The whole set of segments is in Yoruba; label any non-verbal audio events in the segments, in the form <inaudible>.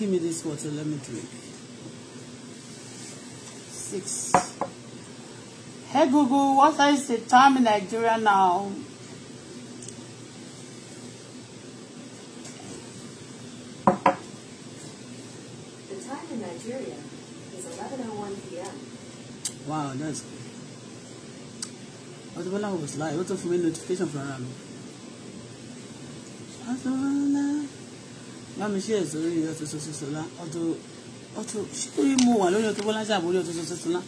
Give me this water, let me drink. Six. Hey Google, what is the time in Nigeria now? The time in Nigeria is 11.01 p.m. Wow, that's good. Ọdúnbọ́lá was live, What's up fún mi notification fún I don't know bá mi ṣe èso rí Auto Success Ola Auto Auto ṣé mo wà lórí Auto Bọ́lá ṣàbórí Auto Success Ola.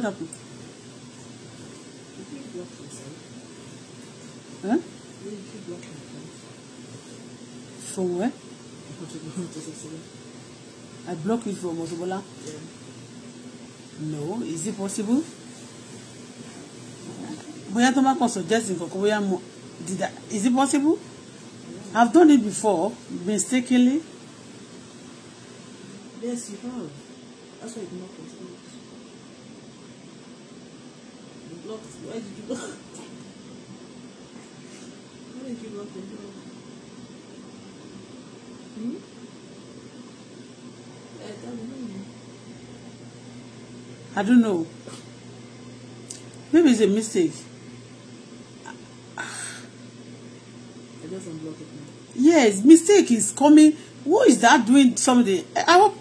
What happened? Huh? Did he From where? I blocked you from Mosobola. Yeah. No, is it possible? We tó má kàn suggest nǹkan kan bóyá did I, is it possible? Yeah. I've done it before mistakenly. Yes, you have. That's why it's not possible. Why did you go? Why did you go the jail? Hmm? I don't know. I don't know. Maybe it's a mistake. I just unblocked it now. Yes, mistake is coming. Who is that doing something? I hope.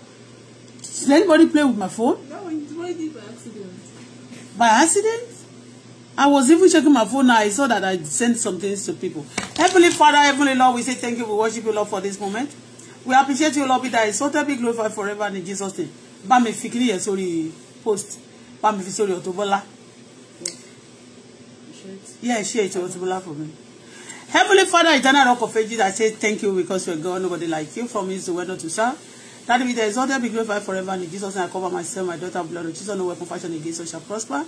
Did anybody play with my phone? No, it was by accident. By accident? I was even checking my phone now. I saw that I sent some things to people. Heavenly Father, Heavenly Lord, we say thank you. We worship you, Lord, for this moment. We appreciate you, Lord, is so to be glorified forever and in Jesus' name. Bam, mi fi sorry post. Bam, mi fi sórí Auto Bola. Yeah, share it to Auto for me. Heavenly Father, eternal rock of ages, I say thank you because you're God, nobody like you. From is the word not to serve. That be the exalted, be glorified forever and in Jesus' name. I cover myself, my daughter, blood of Jesus, no weapon fashioned against us shall prosper.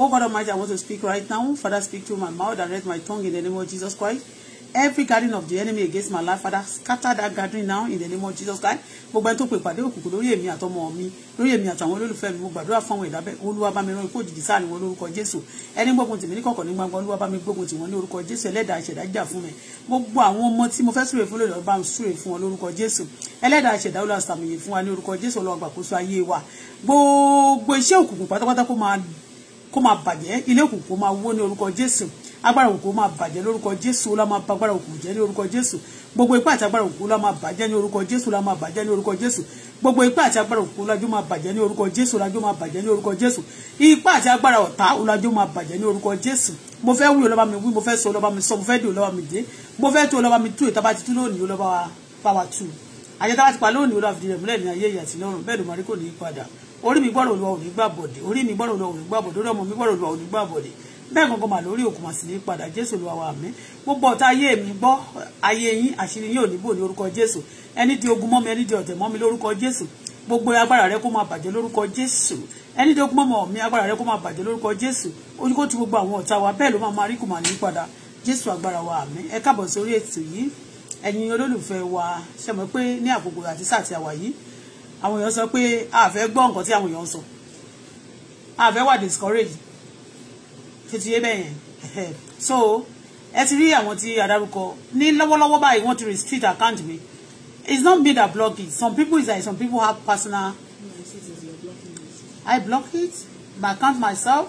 Oh God Almighty, I want to speak right now. Father, speak through my mouth. and Direct my tongue in the name of Jesus Christ. Every gathering of the enemy against my life, Father, scatter that gathering now in the name of Jesus Christ. Gbogbo ẹni tó pe ìpàdé òkùnkùn lórí èmi àtọmọ mi, lórí èmi àtàwọn olólùfẹ́ mi, mo gbàdúrà fún àwọn ìdábẹ́, Olúwa bá mi rán ikú òjijì sáà ní wọn lórúkọ Jésù. Ẹni gbógun tìmí ní kọ̀kọ̀ ní gbangba, Olúwa bá mi gbógun tì ní orúkọ Jésù ẹlẹ́dàá ìṣẹ̀dá fún mi. Gbogbo àwọn ọmọ tí mo fẹ́ súre fún lónìí, ọba súre fún wọn lórúkọ Jésù. Ẹlẹ́dàá ìṣẹ̀dá Olúwa fún wa ní orúkọ Jésù Ọlọ́run ayé wa. Gbogbo iṣẹ́ òkùnkùn pátápátá kó máa kó máa bàjẹ́ ilé òkùnkùn kó máa wó ní orúkọ jésù agbára òkùnkùn máa bàjẹ́ lórúkọ jésù la máa ba agbára òkùnkùn jẹ́ ní orúkọ jésù gbogbo ipá àti agbára òkùnkùn la máa bàjẹ́ ní orúkọ jésù la máa bàjẹ́ ní orúkọ jésù gbogbo ipá àti agbára òkùnkùn lajú máa bàjẹ́ ní orúkọ jésù lajú máa bàjẹ́ ní orúkọ jésù ipá àti agbára ọ̀tá lajú máa bàjẹ́ ní orúkọ jésù mo fẹ́ wí ọlọ́ba mi wí mo fẹ́ sọ ọlọ́ba mi sọ mo fẹ́ dé ọlọ́ba mi dé mo fẹ́ tó ọlọ́ba mi tú ìtaba ti tú lónìí ọlọ́ba wa bá wa tú àyẹ̀taba ti pa lónìí ọlọ́ba fi dìrẹ̀ múlẹ̀ ní ayé ìyàtì lọ́rùn bẹ́ẹ̀ ló máa rí kò ní í padà orí mi gbọ́dọ̀ lọ òní gbàbọ̀dé orí mi gbọ́dọ̀ lọ òní gbàbọ̀dé orí ọmọ mi gbọ́dọ̀ lọ òní gbàbọ̀dé bẹ́ẹ̀ gangan mà lórí òkú mà sì ní padà jésù ló wà mí gbogbo ọ̀tá ayé mi gbọ́ ayé yín àṣírí yóò níbò ní orúkọ jésù ẹni di ogun mọ́ mi ẹni di ọ̀tẹ̀ mọ́ mi lórúkọ jésù gbogbo agbára rẹ kó máa bàjẹ́ lórúkọ jésù ẹni di ogun mọ́ mi agbára rẹ kó máa bàjẹ́ lórúkọ jésù oníkó ti gbogbo àwọn èèyàn sọ pé a fẹ́ gbọ́ nǹkan tí àwọn èèyàn sọ a fẹ́ wà discourage títí yé bẹ́yẹn so ẹ ti rí àwọn tí adarúkọ ní lọ́wọ́lọ́wọ́ báyìí wọ́n ti restrict account mi it's not me that block it some people is like some people have personal I block it but I myself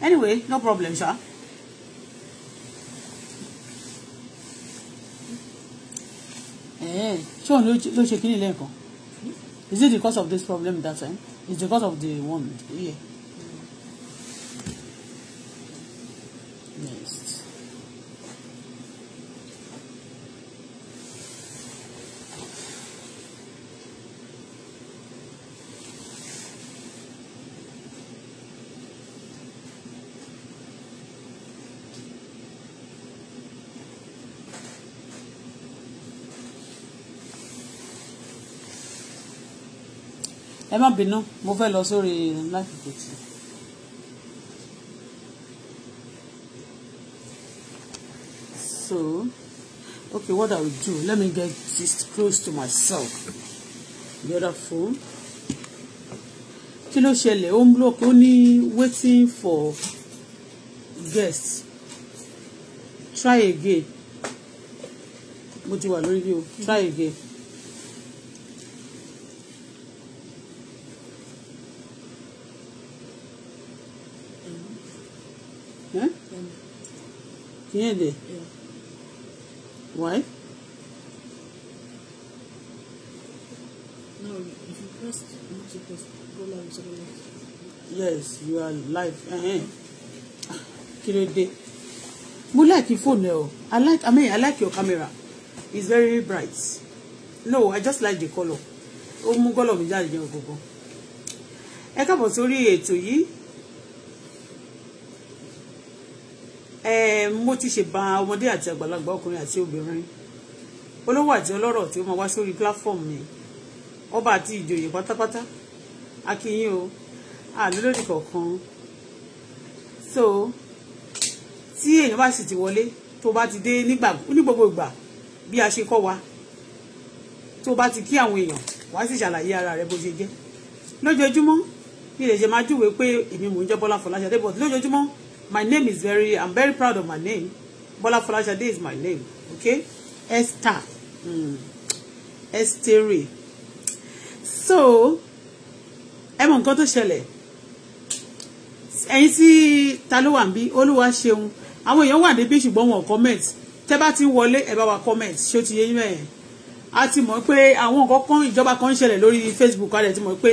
anyway no problem sha. Sure. Mm ṣé òun ló ṣe kíní lẹ́ẹ̀kan is it because of this problem that time eh? Is it because of the one here. Yeah. ẹ má bínú mo fẹ́ lọ sórí láti tètè. so okay what i will do let me get this close to myself the other phone kí ló ṣẹlẹ̀ ó ń block ó ní waiting for guest try again mo ti wà lórí yìí o try again. Can you hear Yeah. Why? No, if you press multiple, go live to the left. Yes, you are live. Uh-huh. Kí ló Mo like your phone now. I like, I mean, I like your camera. It's very bright. No, I just like the color. Ó mú kọ́lọ̀ mi jáde ní ọ̀gọ̀gọ̀. Ẹ káàbọ̀ sórí ètò yìí. mo ti ṣe ba ọmọdé àti àgbàlagbà ọkùnrin àti obìnrin olówó àti ọlọ́rọ̀ tí ó máa wá sórí platform mi ọba àti ìjòyè pátápátá akínyìn o àlélódì kọ̀ọ̀kan so tí èèyàn bá sì ti wọlé tó bá ti dé nígbà ní gbogbo ìgbà bí a ṣe kọ́ wa tó bá ti kí àwọn èèyàn wá sì ṣàlàyé ara rẹ bó ṣe jẹ́ lójoojúmọ́ bí lè ṣe máa júwèé pé èmi mò ń jẹ́ Bọ́lá Fọláṣadé but lójoojúmọ́ my name is very i'm very proud of my name Bola Folashade is my name okay Esther mm. Esther so ẹ mọ nǹkan tó ṣẹlẹ̀ ẹ̀yin tí ta ló wà ń bí olúwa ṣeun àwọn èèyàn wà níbí ṣùgbọ́n wọn comment tẹ́ bá ti ń wọlé ẹ bá wa comment ṣé ó ti yé yín mẹ́yẹn a ti mọ̀ pé àwọn nǹkan kan ìjọba kan ń ṣẹlẹ̀ lórí Facebook a dẹ̀ ti mọ̀ pé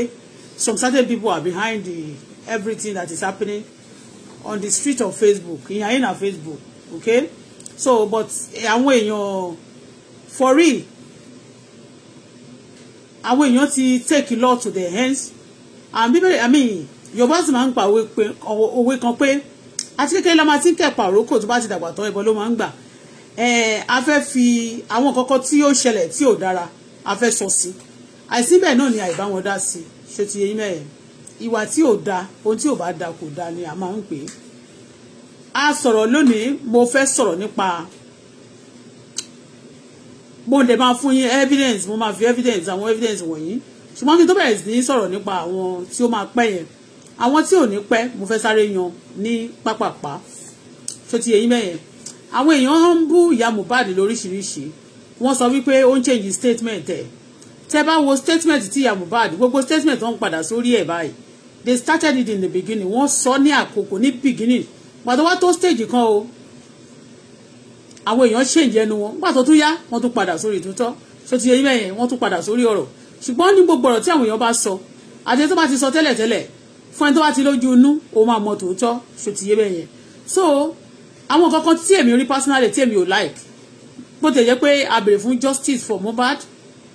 some certain people are behind the everything that is happening on the street of Facebook ìyàn yìí na Facebook okay so but eh, àwọn èèyàn for real àwọn èèyàn ti take law to their hands and bíbélì i mean yorùbá sì máa ń pa òwe kan pé àti kékeré la máa ti ń kẹ̀pà àrókò tó bá ti dàgbà tán ẹbọ ló máa ń gbà eh, a fẹ́ fi àwọn kankan tí ó ṣẹlẹ̀ tí ò dára a fẹ́ sọ sí àìsí bẹ́ẹ̀ náà ni àìbá wọn dá sí ṣé ti yẹ yín mẹ́rin ìwà tí ò da ohun tí ò bá da kò da ni a máa ń pè é a sọ̀rọ̀ lónìí mo fẹ́ sọ̀rọ̀ nípa mo lè máa fún yín evidence mo máa fi evidence àwọn evidence wọ̀nyí ṣùgbọ́n kí n tó bẹ̀rẹ̀ sí ní sọ̀rọ̀ nípa àwọn tí ó máa pẹ́ yẹn àwọn tí ò ní pẹ́ mo fẹ́ sáré yan ní pápápá tó ti yẹyìn bẹ́yẹn àwọn èèyàn ń bú ìyá Mohbad lóríṣiríṣi wọ́n sọ wípé ó ń change statement ẹ̀ tẹ́ bá wo statement tí ìyá Mohbad gbogbo statement wọn padà sórí ẹ̀ báyìí they started it in the beginning wọ́n sọ ní àkókò ní beginning gbàtọ́ wá tó stage kan o àwọn èèyàn change ẹnu wọn nígbà tó tún yá wọ́n tún padà sórí ìtútọ́ tó ti yẹ yín bẹ́yẹn wọ́n tún padà sórí ọ̀rọ̀ ṣùgbọ́n ní gbogbo ọ̀rọ̀ tí àwọn èèyàn bá sọ àti tó bá ti sọ tẹ́lẹ̀tẹ́lẹ̀ fún ẹni tó bá ti lójú inú òun máa mọ tòótọ́ tó ti yẹ bẹ́yẹn so àwọn kankan tí èmi rí personally tí èmi ò like bó ti jẹ́ pé a béèrè fún justice for Mohbad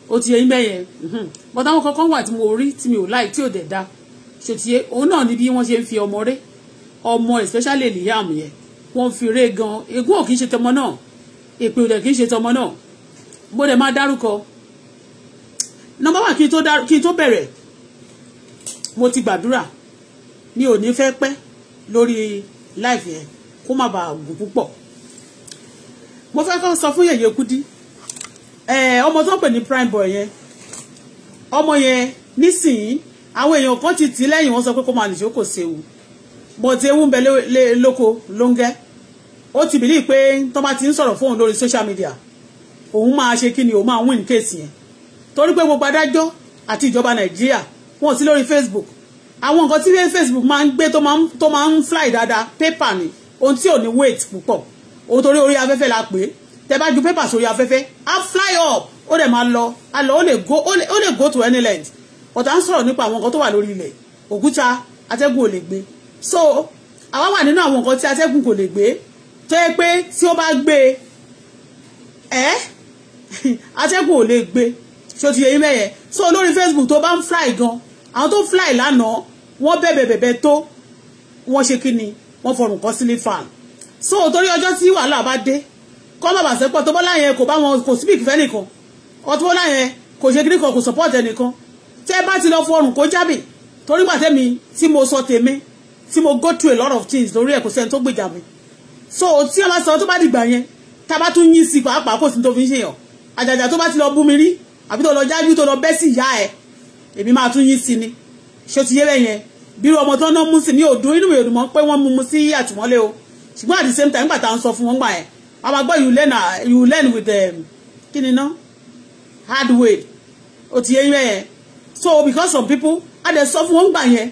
ó ti yẹ yín mhm. but àwọn kankan wà tí mo rí tí mi ò like tí ò dẹ̀ dáa ṣòtíye òun náà ni bí wọ́n ṣe ń fi ọmọ rẹ ọmọ especially Liam yẹn wọ́n fi ré gan egún ò kì í ṣe tọmọ náà èpè ò dẹ̀ kì í ṣe tọmọ náà bó dẹ̀ máa dárúkọ nọ́mbà wà kí n tó bẹ̀rẹ̀ mo ti gbàdúrà mi ò ní fẹ́ pẹ́ lórí life yẹn kó má bàa gùn púpọ̀ mo fẹ́ kọ́ sọ fún yẹ̀yẹ́ kúdí ọmọ tó ń pè ní prime boy yẹn ọmọ yẹn nísìnyí àwọn èèyàn kan ti tì lẹ́yìn wọ́n sọ pé kó máa nìṣó kò séwu bọ̀tí ewu ń bẹ lóko ló ń gẹ́ ó ti bìlí pé tó bá ti ń sọ̀rọ̀ fóun lórí social media òun máa ṣe kí ni òun máa win case yẹn torí pé gbogbo adájọ́ àti ìjọba nàìjíríà wọn ò sí lórí facebook àwọn nǹkan tí facebook máa ń gbé tó máa ń fly dáadáa paper ni ohun tí ò ní weight púpọ̀ ohun torí orí afẹ́fẹ́ la pè é tẹ bá ju paper sórí afẹ́fẹ́ á fly up ó dẹ̀ máa lọ á lọ ó lè go to any length ọ̀tá ń sọ̀rọ̀ nípa àwọn nǹkan tó wà lórí ilẹ̀ òkúta atẹ́gùn ò lè gbé so àwa wà nínú àwọn nǹkan tí atẹ́gùn kò lè gbé tó yẹ pé tí ó bá gbé ẹ <laughs> atẹ́gùn ò lè gbé ṣó ti yẹ yín mẹ́yẹ so lórí Facebook tó bá ń fly gan àwọn tó fly lánàá wọ́n bẹ̀bẹ̀ bẹ̀bẹ̀ tó wọ́n ṣe kí ni wọ́n fọrùn kọ́ sílé fan so torí ọjọ́ tí wàhálà bá dé kọ́ bàbà sẹ́pọ̀ tó bọ́lá yẹn kò bá wọn kò speak fẹ́ nìkan ọtí bọ́lá yẹn kò ṣe kí nìkan kò support ẹnìkan tẹ́ bá ti lọ fọrùn kó jábì torí pàtẹ́ mi tí mo sọ tèmi tí mo go through a lot of things lórí ẹ̀ kò tó gbèjà mi so tí ọba sọ tó bá dìgbà yẹn tá a bá tún yín sí pàápàá kò sí tó fi ń ṣèyàn àjàjà tó bá ti lọ bú mi rí àbí tó lọ jájú tó lọ bẹ́ sí ìyá ẹ̀ èmi máa tún yín sí ni ṣé ti yé bẹ́ẹ̀ yẹn bírú ọmọ tó ná mú sí ní òdùn inú mi ò dùn mọ́ pé wọ́n mú mu sí àtìmọ́lé o ṣùgbọ́n at same time gbàtà ń sọ fún wọn gbà yẹn wọ́n máa gbọ́ you learn you learn with um, kí ni ná hard way o ti yé yín bẹ́ẹ̀ yẹn so because some people a dẹ̀ sọ fún wọn gbà yẹn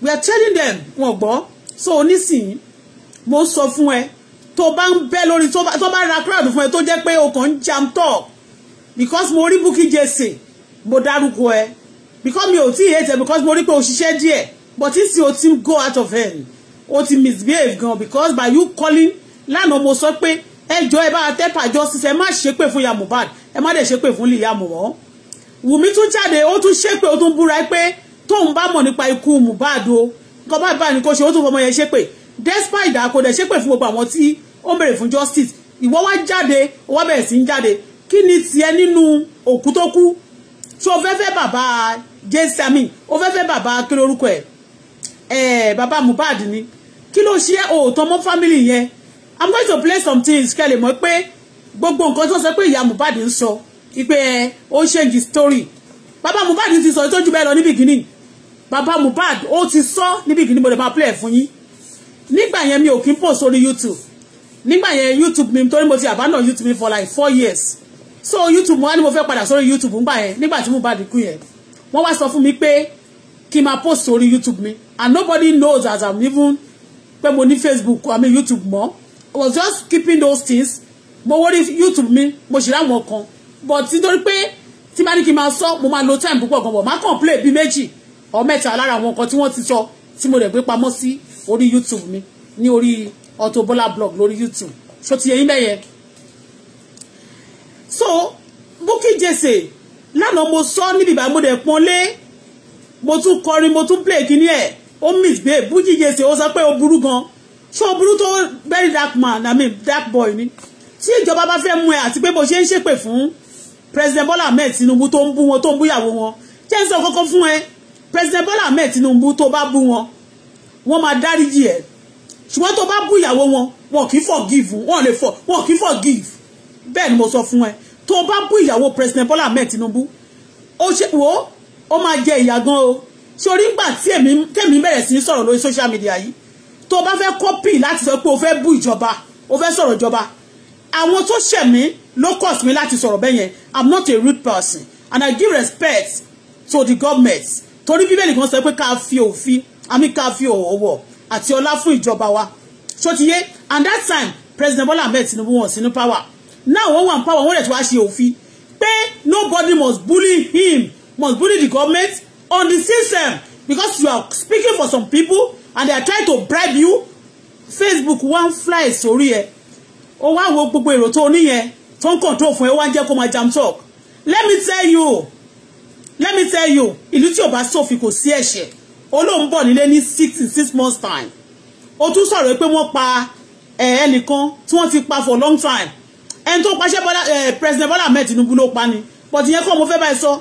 we are telling them wọn gbọ́ so onísìnyí mo sọ fún ẹ tó bá ń bẹ́ lórí tó bá ra crowd fún ẹ tó jẹ́ pé o kàn ń jam talk because mo rí Bukky Jesse mo dárúkọ ẹ because mi ò tí ì hate ẹ because mo rí pé o ṣiṣẹ́ díẹ̀ but if you ti go out of hell o ti misbehave gan because by you calling lánàá mo sọ pé ẹjọ́ ẹ bá tẹ́pà jọ ṣiṣẹ́ má ṣépè fún ìyá Mohbad ẹ má dẹ̀ ṣépè fún ìyá Mohbad Wùmí tún jáde ó tún ṣépè ó tún búra pé tóun bá mọ̀ nípa ikú Mohbad o nǹkan bá báyìí ni kò ṣe ó tún fọmọ yẹn ṣépè despite that kò dẹ̀ ṣépè fún gbogbo àwọn tí ó ń béèrè fún justice ìwọ wá jáde ó wá bẹ̀rẹ̀ sí ń jáde kí ni tiẹ̀ nínú òkú tó kú tí o fẹ́ fẹ́ bàbá jésì àmì o fẹ́ fẹ́ bàbá kí lórúkọ ẹ̀ ẹ̀ bàbá Mohbad ni kí ló ṣe òòtọ́ mọ́ family yẹn i'm going to play some things kẹ́lẹ̀ mọ́ pé gbogbo nǹkan tó sọ pé ìyá Mohbad ń sọ ipe ó change story bàbá Mohbad ti sọ ìtọ́jú bẹ́ẹ̀ lọ ní beginning bàbá Mohbad ó ti sọ ní beginning mo lè máa play ẹ̀ fún yín nígbà yẹn mi ò kí ń post orí YouTube nígbà yẹn YouTube mi torí mo ti abandon YouTube mi for like four years so YouTube wa ni mo fẹ́ padà sórí YouTube ńgbà yẹn nígbà tí Mohbad kú yẹn wọ́n wá sọ fún mi pé kí n máa post orí YouTube mi and nobody knows as I'm even pé mo ní Facebook I mean YouTube mọ́ I was just keeping those things mo wọ́n rí YouTube mi mo ṣì ráwọn kan but nítorí pé tí bá ní kí n máa sọ mo máa lo time púpọ̀ gan bọ̀ má kàn play bíi méjì ọ mẹ́ta lára àwọn nǹkan tí wọ́n ti sọ tí mo rẹ̀ gbé pamọ́ sí orí YouTube mi ni ori autobola blog lórí YouTube ṣó ti yẹ yín bẹ́yẹ. so Bukky la no mo sọ níbi ba mo dẹ̀ pọ́n lé mo tún kori mo tún play kíní ẹ̀ ó misbehave Bukky Jesse ó sọ pé o burú gan ṣé ó burú very dark man I mean dark boy ni tí ìjọba bá fẹ́ mú ẹ àti pé bó ṣe ń ṣépè fún president Bola Ahmed Tinubu tó ń bú wọn tó ń bú ìyàwó wọn jẹ́ ń sọ kọ́kọ́ fún ẹ president Bola Ahmed Tinubu tó bá bú wọn wọ́n máa dáríjì ẹ̀ ṣùgbọ́n tó bá bú ìyàwó wọn wọn kì í forgive wọn lè for wọn kì í forgive bẹ́ẹ̀ ni mo sọ fún ẹ tó bá bú ìyàwó president Bola Ahmed Tinubu ó ṣe wò ó ó máa jẹ ìyà gan o sórí ńgbà tí èmi tèmi bẹ̀rẹ̀ sí sọ̀rọ̀ lórí social media yìí tó bá fẹ́ copy láti sọ pé o fẹ́ bú ìjọba o fẹ́ sọ̀rọ̀ ìjọba àwọn tó ṣẹ̀ mí ló cause mi láti sọ̀rọ̀ bẹ́ẹ̀ yẹn i'm not a rude person and i give respect to the government torí bíbélì kan sọ pé ká fi òfin àmì ká fi ọ̀wọ̀ àti ọlá fún ìjọba wa ṣó ti yé and that time president bola ahmed tinubu wọn sínú power now wọn wà ní power wọn rẹ̀ tí wàá ṣe òfin pé nobody must bully him must bully the government on the system because you are speaking for some people and they are trying to bribe you facebook wan fly sórí ẹ ó wá wo gbogbo èrò tó níyẹn tó ń control fún ẹ ó wá jẹ́ kó máa jam talk let me tell you let me tell you ìlú tí ò bá sófin kò sí ẹ̀ṣẹ̀ olóhùn bọ̀ nílé ní six in six months time ó tún sọ̀rọ̀ pé wọ́n pa eh, ẹnìkan tí wọ́n ti pa for long time ẹni tó paṣẹ eh, president Bola met Tinubu ló pa ni but ìyẹn kọ́ mo fẹ́ báyìí sọ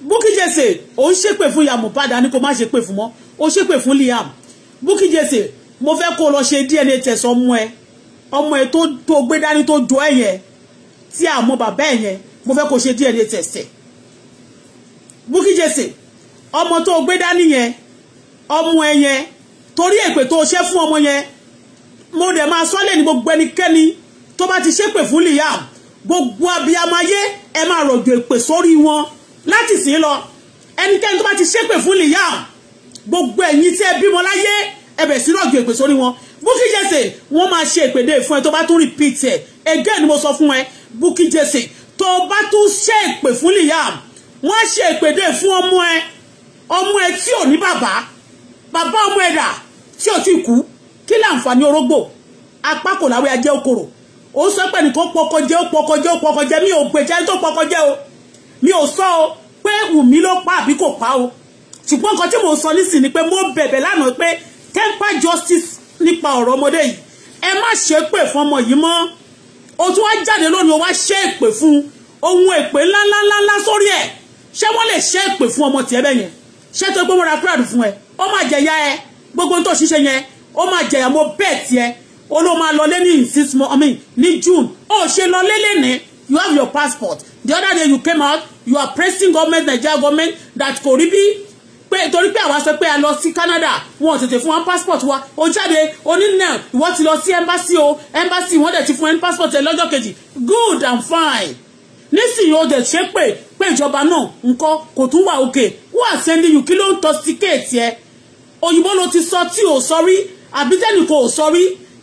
Bukky Jesse ó ń ṣépè fún ìyá Mohbad ní kó má ṣépè fún mọ́ ó ṣépè fún Liam Bukky Jesse mo fẹ́ kó lọ ṣe DNA test ọmọ ẹ ọmọ ẹ tó tó gbé dání tó jọ ẹ yẹn tí a mọ bàbá ẹ yẹn mo fẹ́ kó ṣe DNA test Bukky Jesse ọmọ tó gbé dání yẹn ọmọ ẹ yẹn torí èpè tó ṣe fún ọmọ yẹn mo dẹ̀ máa sọ́lẹ̀ ní gbogbo ẹnikẹ́ni tó bá ti ṣépè fún Liam gbogbo abiyamọ ayé ẹ máa rọ̀jò èpè sórí wọn láti sìn lọ ẹnikẹ́ni tó bá ti ṣépè fún Liam gbogbo ẹ̀yin tí ẹ bímọ láyé ẹ bẹ̀rẹ̀ sí rọ̀gì èpè sórí wọn Bukky Jesse wọ́n máa ṣe ìpèdè fún ẹ tó bá tún repeat ẹ̀ again mo sọ fún ẹ Bukky Jesse tó bá tún ṣe ìpè fún Liam wọ́n á ṣe ìpèdè fún ọmọ ẹ ọmọ ẹ tí ò ní bàbá bàbá ọmọ ẹ dà tí ò ti kú kí láǹfààní orógbò apá kò láwé ajé okòrò ó sọ pé nìkan pọkọ jẹ ó pọkọ jẹ ó pọkọ jẹ mi ò pè jẹ tó pọkọ jẹ o mi ò sọ o pé Wùmí ló pa àbí kò pa o ṣùgbọ́n nǹkan tí mò ń sọ nísìnyí ni pé mo bẹ̀bẹ̀ lánàá pé temper justice nípa ọ̀rọ̀ ọmọdé yìí ẹ má ṣe pè fún ọmọ yìí mọ́ o tún wá jáde lónìí o wá ṣe èpè fún ohun èpè ńláńláńlá sórí ẹ̀ ṣé wọ́n lè ṣe èpè fún ọmọ tiẹ̀ bẹ́ẹ̀ yẹn ṣé tó gbé mọ́ra proud fún ẹ ó máa jẹ̀yà ẹ gbogbo tó ṣiṣẹ́ yẹn ó máa jẹ̀yà mo bẹ́ẹ̀ tiẹ̀ ó ló máa lọ lé ní six months I mean ní June ó ṣe lọ lé lẹ́nìí you have your passport the other day you came out you are pressing government Nigeria government that kò rí bí pé torí pé àwa sọ pé a lọ sí Canada wọn tètè fún wọn passport wa ó jáde onínà ìwọ ti lọ sí embassy o embassy wọn dẹ̀ ti fún ẹni passport ẹ lọ́jọ́ kejì good and fine nísìnyí o dẹ̀ ṣe pé pé ìjọba náà nǹkan kò tún wà òkè wọ́n àtẹ́ndí yìí kí ló ń tọ́ sí kéètì ẹ òyìnbó ló ti sọ tí ò sọ rí àbí kò sọ rí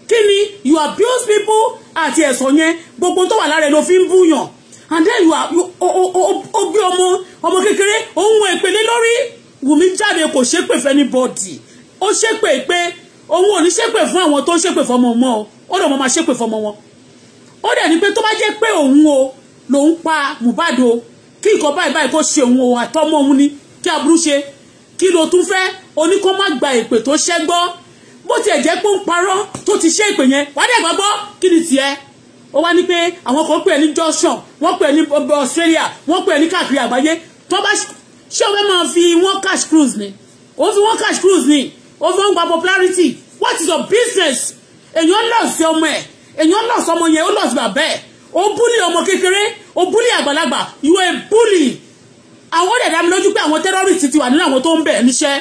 kí ni you abuse people àti ẹ̀sọ̀ yẹn gbogbo tó wà lára ẹ ló fi ń búyàn and then you are o gbé ọmọ ọmọ kékeré òun wọ ìpele lórí Wùmí jáde kò ṣépè fẹ́ ní bọ́ọ̀dì ó ṣépè pé òun ò ní ṣépè fún àwọn tó ń ṣépè fọmọ mọ́ o ó dọ̀ mọ́ máa ṣépè fọmọ wọn ó dẹ̀ ní pé tó bá jẹ́ pé òun o lòun pa Mohbad o kí nǹkan báyìí báyìí kó ṣe òun o àtọ́mọ òun ni kí aburú ṣe kí ló tún fẹ́ oníkó má gba èpè tó ṣẹ́ gbọ́ bó tiẹ̀ jẹ́ pé ń parọ́ tó ti ṣe èpè yẹn wà á dẹ̀ gbọ́ kí ni tiẹ̀ ó wá ní pé àwọn kan pè ní Johnson wọ́n pè ní Australia wọ́n pè ní káàkiri àgbáyé tó bá ṣé o fẹ́ máa fi wọ́n cash cruise ni o fi wọ́n cash cruise ni o fi wọ́n gba popularity what is your business èèyàn lọ́ọ̀sì ọmọ ẹ̀ èèyàn lọ́ọ̀sì ọmọ yẹn ó lọ́ọ̀sì bàbá ẹ̀ o búlì ọmọ kékeré o búlì àgbàlagbà you a bully àwọn ọ̀dẹ̀ dá mi lójú pé àwọn terrorist ti wà nínú àwọn tó ń bẹ̀ níṣẹ́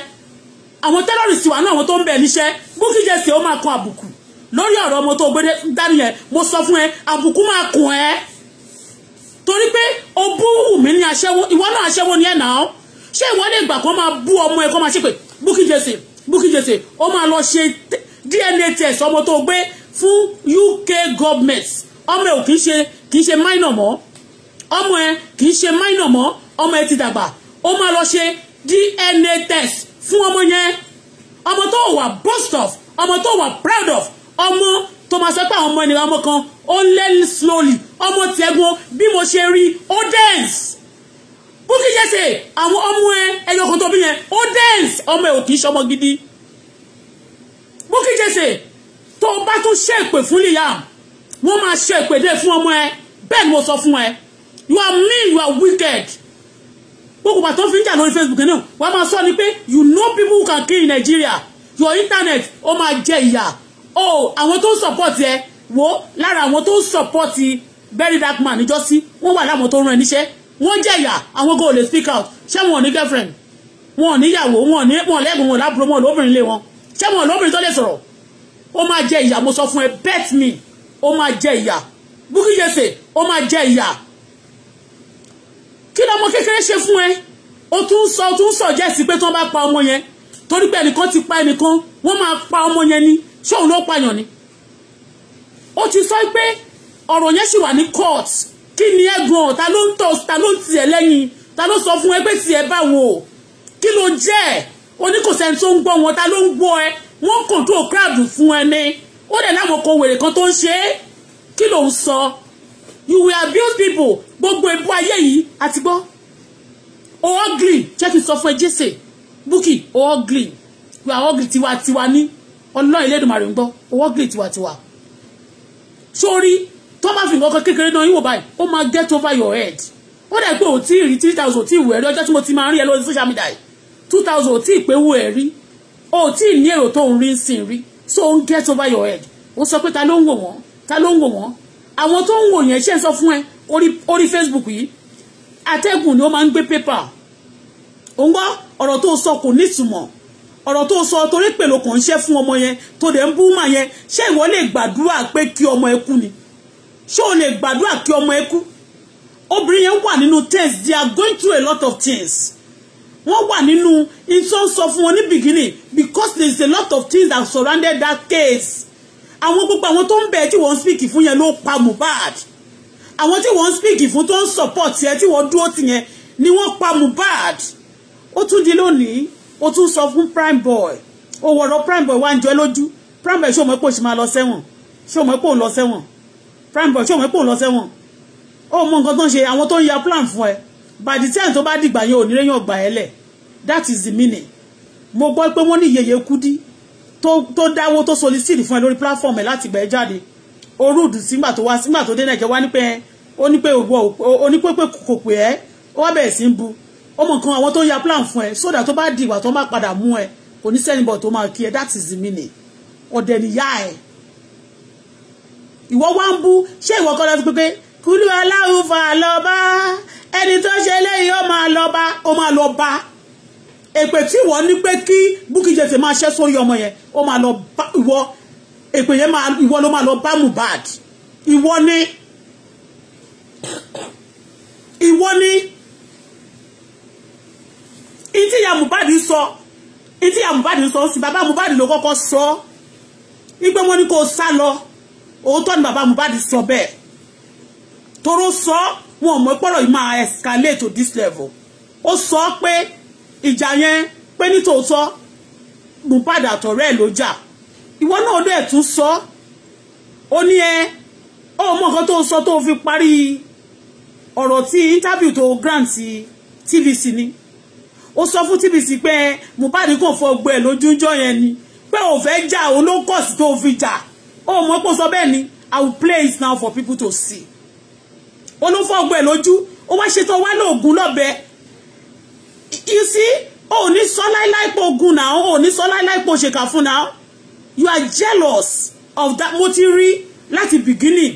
àwọn terrorist ti wà nínú àwọn tó ń bẹ̀ níṣẹ́ Bukky Jesse ó máa kan àbùkù lórí ọ̀rọ̀ ọmọ tó gbé dání yẹn mo sọ fún ẹ àbùkù máa kùn ẹ́ torí pé o bú Wùmí ní aṣẹ́wó ìwọ náà aṣẹ́wó ni ẹ̀ nà ọ́ ṣé ìwọ lè gbà kó máa bú ọmọ ẹ̀ kó máa ṣépè Bukky Jesse Bukky Jesse ó máa lọ ṣe DNA test ọmọ tó gbé fún UK government ọmọ ẹ̀ ò kì í ṣe kì í ṣe minor mọ́ ọmọ ẹ̀ kì í ṣe minor mọ́ ọmọ ẹ̀ ti dàgbà ó máa lọ ṣe DNA test fún ọmọ yẹn ọmọ tó wà boast of ọmọ tó wà proud of ọmọ tó máa sọ pé àwọn ọmọ ènìyàn ọmọ kan ó lé slowly ọmọ tẹ̀gbọ́n bí mo ṣe rí ó dance Bukky Jesse àwọn ọmọ ẹ ẹyọ kan tó bí yẹn ó dance ọmọ ẹ ò kì í ṣọmọ gidi Bukky Jesse tó o bá tún ṣe èpè fún Liam wọ́n máa ṣe èpè dé fún ọmọ ẹ bẹ́ẹ̀ ni mo sọ fún ẹ you are mean you are wicked gbogbo bàtọ́ fi ń jà lórí Facebook náà wọ́n máa sọ ni pé you know people who can kill in Nigeria your internet ó máa jẹ ìyà o àwọn tó ń support ẹ wo lára àwọn tó ń support very dark man níjọ́ sí wọ́n wà láwọn tó ń rán ẹ níṣẹ́ wọ́n jẹ̀yà àwọn go lè speak out ṣé wọn ò ní girlfriend wọn ò níyàwó wọn ò ní wọn lẹ́gùn wọn lábúrò wọn lóbìnrin lé wọn ṣé wọn lóbìnrin tó lè sọ̀rọ̀ ó máa jẹ ìyà mo sọ fún ẹ bet me ó máa jẹ ìyà Bukky Jesse ó máa jẹ ìyà kí lọmọ kékeré ṣe fún ẹ o tún sọ o tún sọ jẹ́sí pé tí wọ́n bá pa ọmọ yẹn torí pé ẹnìkan ti pa ẹnìkan wọ́n máa pa ọmọ yẹn ni ṣóun ló pààyàn ni ó ti sọ pé ọ̀rọ̀ yẹn ṣì wà ní court kí ni ẹ̀gbọ́n ta ló ń tọ́ ta ló ń tiẹ̀ lẹ́yìn ta ló sọ fún ẹ pé tiẹ̀ báwo kí ló jẹ́ ẹ̀ oníkòsẹ́ni tó ń gbọ́ wọn ta ló ń gbọ́ ẹ wọ́n control crowd fún ẹ ní ó dẹ̀ láwọn kan wèrè kan tó ń ṣe é kí ló ń sọ you will abuse people gbogbo ebú ayé yìí àti gbọ́ o ugly jẹ́ kí n sọ fún ẹ jésè búkì o ugly you are ugly tiwa tiwa ní ọlọ́run Elédùmarè ń gbọ́ owó gírí tiwantiwa sórí tó máa fi nǹkan kékeré náà yíwò báyìí ó máa get over your head ó dẹ̀ pé ò tí rí three thousand ò tí ì wù ẹ̀rí ọjọ́ tí mo ti máa ń rí ẹ lórí social media yìí two thousand ò tí ì pé wù ẹ̀rí ò ní èrò tó ń rí sí rí so ń get over your head ó sọ pé ta ló ń wò wọ́n ta ló ń wò wọ́n àwọn tó ń wò yẹn ṣe ń sọ fún ẹ orí Facebook yìí atẹ́gùn ni ó máa ń gbé pépà òun gbọ́ ọ̀rọ̀ tó sọ kò nítumọ̀ ọ̀rọ̀ tó sọ torí pé ló kàn ń ṣẹ́ fún ọmọ yẹn tó dẹ̀ ń bú mà yẹn ṣé ìwọ lè gbàdúrà pé kí ọmọ ẹ kú ni ṣé o lè gbàdúrà kí ọmọ ẹ kú obìnrin yẹn wà nínú things they are going through a lot of things wọ́n wà nínú ìtọ́ sọ fún wọn ní beginning because there is a lot of things that surrounded that case àwọn gbogbo àwọn tó ń bẹ̀ tí wọ́n ń speak fún yẹn ló pa Mohbad àwọn tí wọ́n ń speak fún tó ń support yẹn tí wọ́n dúró tì yẹn ni wọ́n pa Mohbad ó tún di lónìí o tún sọ fún prime boy o wọ̀rọ̀ prime boy wá ń jọ lójú prime boy ṣé o mọ̀ pé o ṣì máa lọ sẹ́wọ̀n ṣé o mọ̀ pé o lọ sẹ́wọ̀n prime boy ṣé o mọ̀ pé o lọ sẹ́wọ̀n o mọ nǹkan tó ń ṣe àwọn tó ń ya plan fún ẹ by the time tó bá dìgbà yẹn ò ní lẹ́yìn ọgbà ẹ lẹ̀ that is the meaning mo gbọ́ pé wọ́n ní yèyé kúdí tó dáwó tó solicit fún ẹ lórí platform ẹ láti gbà ẹ jáde o rúdù sígbà tó wá sígbà tó dé nàìjẹ́ wá ní pé ó ní pé kò pè ẹ́ ó wá bẹ̀rẹ̀ sí ń bu ọmọ nǹkan àwọn tó ya plan fún ẹ sódà tó bá di ìwà tó máa padà mú ẹ kò ní sẹ́nibọ̀ tó máa kí ẹ that is the meaning ọ̀dẹ̀ nìyá ẹ ìwọ wá ń bú ṣé ìwọ kọ́ lọ fi pé kúlú aláwọ̀ lọ́ba ẹni tó ṣe eléyìí ó máa lọ́ba ó máa lọ́ba èpè tí ìwọ ní pé kí Bukky Jesse máa ṣẹ́ sórí ọmọ yẹn ó máa lọ bá ìwọ èpè yẹn máa ìwọ ló máa lọ bá Mohbad ìwọ ni ìwọ ni. Iti ya Mohbad sọ ìtí ìyá Mohbad sọ sí bàbá Mohbad ló kọ́kọ́ sọ wípé wọ́n ní kó sá ni bàbá Mohbad sọ bẹ́ẹ̀ toro so, wọn ò mọ̀ pọ́rọ̀ yìí máa escalate to this level ó sọ pé ìjà yẹn pé nítòótọ́ Mohbad àtọ̀rẹ́ ẹ̀ ló jà ìwọ náà ló ẹ̀ tún so ó ní ẹ ó mọ̀ nǹkan tó fi parí ọ̀rọ̀ tí interview to grant TVC ni ó sọ fún TBC pé Mohbad kò fọ gbọ́ ẹ̀ lójújọ́ yẹn ni pé ò fẹ́ jà ó ló kọ̀ sí tó fi jà ó mọ̀ pé ó sọ bẹ́ẹ̀ ni I will play it now for people to see ó ló fọ gbọ́ ẹ̀ lójú ó wá ṣe tó wá lóògùn lọ́bẹ you see ó ní sọ láíláí pé ogun náà ó ní sọ láíláí pé òṣèkà fún náà you are jealous of that mo ti rí láti beginning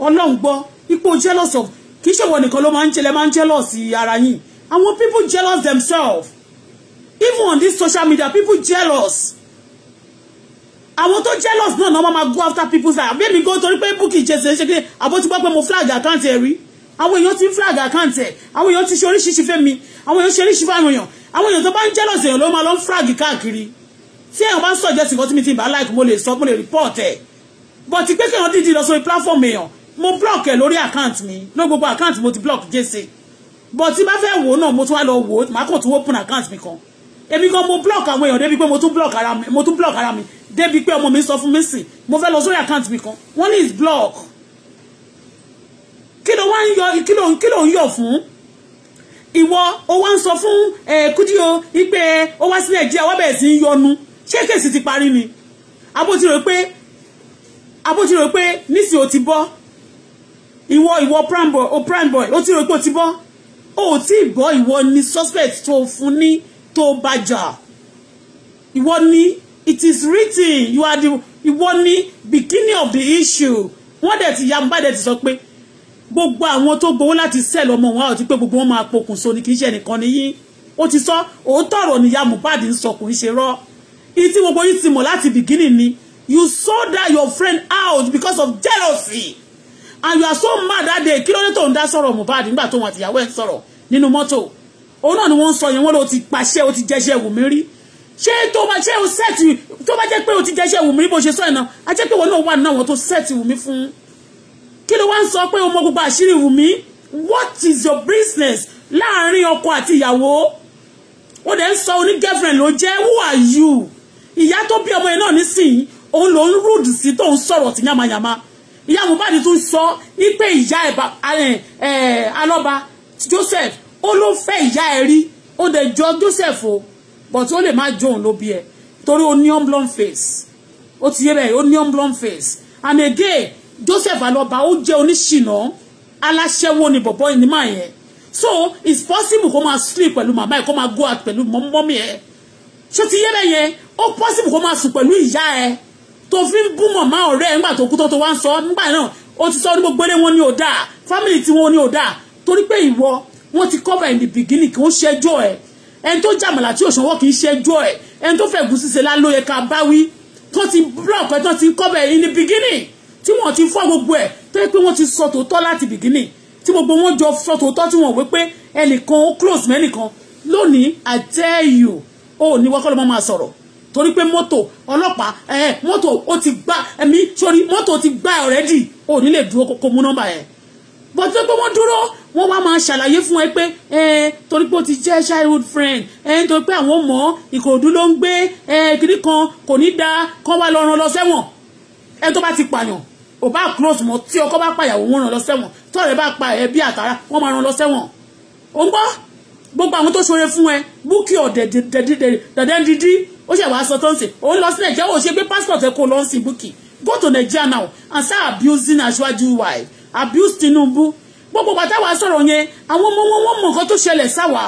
ọlọ́run gbọ́ ipò jealous of kì í ṣèwọ nìkan ló máa ń jẹlẹ máa ń jealous ara yìí And when people jealous themselves, even on this social media, people jealous. Àwọn tó jealous no náà máa go after people's life. Àbí èmi gan torí pé Bukky jẹ̀sẹ̀ ṣe kéde, àbó ti gbọ́ pé mo flag àkáǹtì ẹ̀ rí. Àwọn èèyàn ti ń flag àkáǹtì ẹ̀. Àwọn èèyàn ti ṣe oríṣiríṣi fẹ́mi. Àwọn èèyàn ṣe oríṣiríṣi fáwọn èèyàn. Àwọn èèyàn tó bá ń jealous èèyàn ló máa lọ ń flag káàkiri. Tí èèyàn bá ń sọ̀jẹ́ sí nǹkan tí mi but I like mo lè sọ mo lè report ẹ̀. But pé kéèyàn dídì lọ sórí platform èèyàn, mo block ẹ̀ lórí me. No go gbogbo àkáǹtì mo ti block jẹ̀sẹ̀ but tí bá fẹ́ wò náà mo tún wá lọ wò má kàn tún open account mi kan èmi kan mo block àwọn èèyàn débi pé mo tún block ara mi mo tún block ara mi débi pé ọmọ mi sọ fún mi sìn mo fẹ́ lọ sórí account mi kan wọ́n is block kí ló wá ń yọ kí ló kí ló ń yọ fún ìwọ ó wá ń sọ fún Kudi o wípé ó wá sí Nàìjíríà wá bẹ̀rẹ̀ sí í yọnu ṣé kèsì ti parí ni abótirò pé abótirò pé nísìnyí o ti bọ́ ìwọ ìwọ prime boy o prime boy o ti rò pé o ti bọ́ o ò tí ì gbọ́ ìwọ ni suspect tó fún ní tó bá jà ìwọ ni it is written you are the ìwọ ni beginning of the issue wọ́n dẹ̀ ti yamba dẹ̀ ti sọ pé gbogbo àwọn tó gbowó láti sell ọmọ wọn àti pé gbogbo wọn máa pokùnso ni kì í ṣe ẹnìkan nìyí ó ti sọ òótọ́ ọ̀rọ̀ níyà Mohbad ń sọ kò ń ṣe rọ́ iye tí gbogbo yìí ti mọ̀ láti beginning ni you sold that your friend out because of jealousy and you are so mad that day kí ló dé tó ń dá sọ̀rọ̀ Mohbad nígbà tó wọn àtìyàwó ẹ̀ sọ̀rọ̀ nínú mọ́tò òun náà ni wọ́n ń sọ yẹn wọ́n ló ti paṣẹ́ o ti jẹ́ṣẹ́ Wùmí rí ṣé tó máa ṣe o sẹ́ẹ̀tì tó bá jẹ́ pé o ti jẹ́ṣẹ́ Wùmí bó ṣe sọ ẹ̀ náà a jẹ́ pé wọn náà wà nínú àwọn tó sẹ́ẹ̀tì Wùmí fún kí ló wá ń sọ pé o mọ gbogbo àṣírí Wùmí what is your business láàárín ọkọ àti ìyàwó ó dẹ̀ ń sọ oní girlfriend ló jẹ́ who are you ìyá tó bí ọmọ yẹn náà nísìnyí òun ló ń rúdù sí tóun sọ̀rọ̀ sí yamayama ìyá Mohbad tún sọ wípé ìyá alọ́ba Joseph ó ló fẹ́ ìyá ẹ̀ rí ó dẹ̀ jọ Joseph o but ó lè má jóun ló bí ẹ̀ torí ó ní face ó ti yé bẹ́ẹ̀ ó ní unblown face and again Joseph alọ́ba ó jẹ́ oníṣìnà aláṣẹ́wó ni bọ̀bọ́ ìní máa yẹn so it's possible kó máa sleep pẹ̀lú màmá ẹ̀ kó máa go out pẹ̀lú mọ́mí ẹ̀ ṣó ti yé bẹ́ẹ̀ yẹn ó possible kó máa sùn pẹ̀lú ìyá ẹ̀ tó fi ń bú mọ̀má ọ̀rẹ́ ẹ̀ ńgbà tó kú tó tó wá ń sọ nígbà náà ó ti sọ ní gbogbo eré wọn ní ò dáa family tí wọn ní ò dáa torí pé ìwọ wọn ti cover in the beginning kí wọn ṣẹjọ́ ẹ ẹni tó jàmàlà tí òṣùwọ̀n kì í ṣẹjọ́ ẹ ẹni tó fẹ́ gùsì ṣe lálóye ká báwí tó ti block ẹ tó ti cover in the beginning tí wọn ti fọ́ gbogbo ẹ tó yẹ pé wọn ti sọ tòótọ́ láti beginning tí gbogbo wọn jọ sọ tòótọ́ tí wọn wé pé ẹnìkan ó close mẹ́nìkan lónìí I you ó ní wákọ́lọ́ máa sọ̀rọ̀ torí pé mọ́tò ọlọ́pàá ẹ̀ eh, mọ́tò ó ti gbá ẹ̀mí sórí mọ́tò ti gbá ọ̀rẹ́dì ò ní lè dúró kó mú nọ́mbà ẹ̀ bọ́tí pé wọ́n dúró wọ́n wá máa ṣàlàyé fún ẹ pé ẹ eh, torí pé o ti jẹ́ childhood friend ẹ eh, nítorí pé àwọn ọmọ ìkòròdú ló ń gbé ẹ kiri kan kò ní da kán wá lọ ràn lọ sẹ́wọ̀n ẹ tó bá ti pààyàn ò bá close mọ́ tí ọkọ bá pàyàwó wọn ràn lọ sẹ́wọ̀n tọ́ọ̀rẹ́ bá pa ẹ bí àtàrà wọ́n máa ràn lọ sẹ́wọ̀n ò ń gbọ́ gbogbo àwọn tó ṣoore fún ẹ búkì ọ̀dẹ̀dẹ̀dẹ̀dẹ̀ ó ṣe wàá sọ tó ń sìn ó lọ sí nàìjíríà ó ṣe gbé passport ẹ kó lọ sí búkì go to nigeria now and start abusing aṣáájú wife abuse tinubu gbogbo bàtà wa sọ̀rọ̀ yẹn àwọn ọmọ wọn wọ́n mọ̀ nǹkan tó ṣẹlẹ̀ sáwà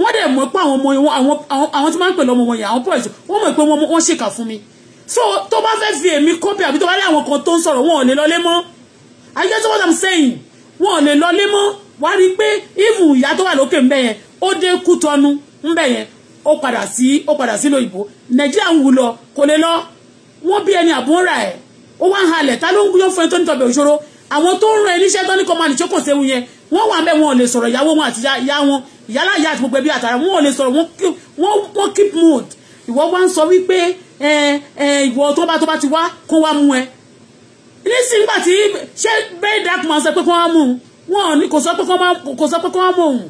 wọ́n dẹ̀ mọ̀ pé àwọn ọmọ wọn àwọn tí máa ń pè lọ́mọ wọn yẹn àwọn boys wọ́n mọ̀ pé wọ́n ṣèkà fún mi so tó bá fẹ́ fi èmi kọ́pì àbí tó bá rí àwọn kan tó ń sọ̀rọ̀ wọn ò lè lọlé mọ́ I get what I'm saying wọn ò lè lọlé mọ́ wá rí i pé even ìyá tó wà lókè ń bẹ yẹn ó dé kú tọnu ń bẹ yẹn ó padà sí ó padà sí lóyìnbó nàìjíríà ń wù lọ kò lè lọ wọ́n bí ẹni àbúrà ẹ̀ ó wá ń halẹ̀ ta ló ń gbúyàn fún ẹni tó ní tọbẹ̀ òṣòro àwọn tó ń ran ẹni iṣẹ́ tó ní kọ́mánì tí kò séwu yẹn wọ́n wà mẹ́ wọn ò lè sọ̀rọ̀ ìyàwó wọn àti ìyá wọn ìyálà ìyá àti gbogbo ẹbí àtàrà wọn ò lè sọ̀rọ̀ wọ́n keep mood ìwọ wá ń sọ wípé ìwọ tó bá tó bá ti wá kó wá mú ẹ nísìnyí nígbà tí ṣé bẹ́ẹ̀ dark man sọ pé kó wá mú un wọn kò sọ pé kó wá mú òun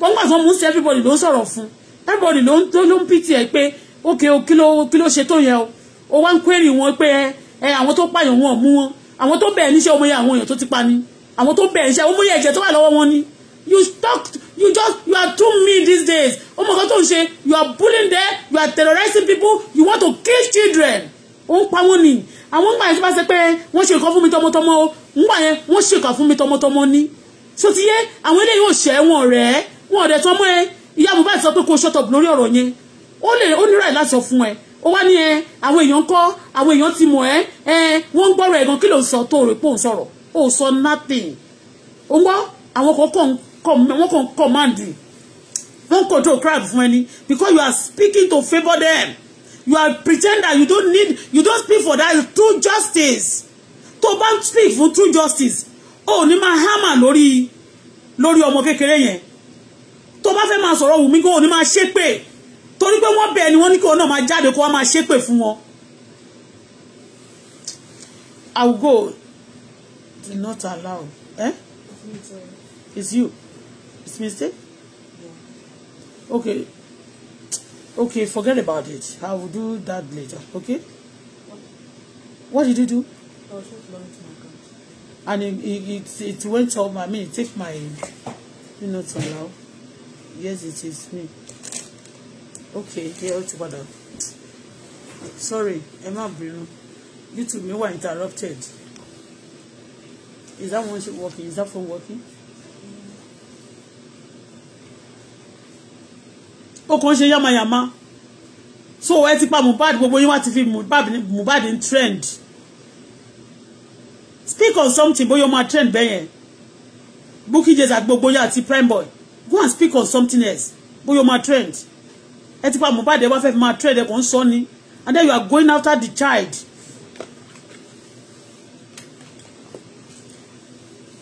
wọ́n gbà tó mú sí everybody ló ń sọ̀rọ̀ fún un everybody ló ń tó ló ń pìtì ẹ pé ókè o kí ló kí ló ṣe tó yẹn o ó wá ń query wọn pé ẹ àwọn tó pààyàn wọn mú wọn àwọn tó bẹ̀ẹ̀ níṣẹ́ ọmọ yẹn àwọn èèyàn tó ti pa ni àwọn tó bẹ̀ẹ̀ níṣẹ́ ọmọ yẹn ẹ̀jẹ̀ tó wà lọ́wọ́ wọn ni you talk you just you are too mean these days ọmọ kan tó ń ṣe you are bullying there. you are terrorizing people you want to kill children ó ń pa wọn ni àwọn gbà yẹn ti bá ṣe pé wọ́n ṣe nǹkan fún mi tọmọtọmọ o ngbà yẹn wọ́n ṣe nǹkan fún mi tọmọtọmọ ni sotiye àwọn eléyìí ò ṣẹ́ wọn rẹ̀ wọn ò dẹ̀ tọmọ ẹ ìyá Mohbad sọ pé kó shut up lórí ọ̀rọ̀ yẹn ó lè ó nira ẹ̀ láti sọ fún ẹ ó wá ní ẹ àwọn èèyàn kọ́ àwọn èèyàn ti mọ̀ ẹ́ ẹ wọ́n ń gbọ́rọ̀ ẹ̀gàn kí ló ń sọ tó rè pò ń sọ̀rọ̀ ó sọ nothing ó ń gbọ́ àwọn kan kàn command wọ́n control crowd fún ẹni because you are speaking to favour them you are pretend that you don't need you don't speak for that true justice tó bá ń speak for true justice ó ní máa hammer lórí lórí ọmọ kékeré yẹn tó bá fẹ́ máa sọ̀rọ̀ wù kó o ní máa ṣépè torí pé wọ́n bẹ̀ ni wọ́n ní kí o náà máa jáde kó o máa ṣépè fún wọn. I will go. Do not allow. Eh? It's you. It's mistake? Yeah. Okay. Okay, forget about it. I will do that later. Okay? What, did you do? And it, it, it, went up. I mean, it took my. Do not allow yes it is me okay here ó ti padà sorry ẹ má bínú youtube mi wà interrupted is that one working is that phone working. O kàn ṣe yamayama so ẹ ti pa Mohbad gbogbo yín wá ti fi Mohbad ń trend speak on something bóyá ó máa trend bẹ́yẹn Bukky Jease gbogbo yín àti Primeboy go and speak on something else bóyá you're my trend ẹ ti pa Mohbad ẹ wá trend ẹ kàn ń ni and then you are going after the child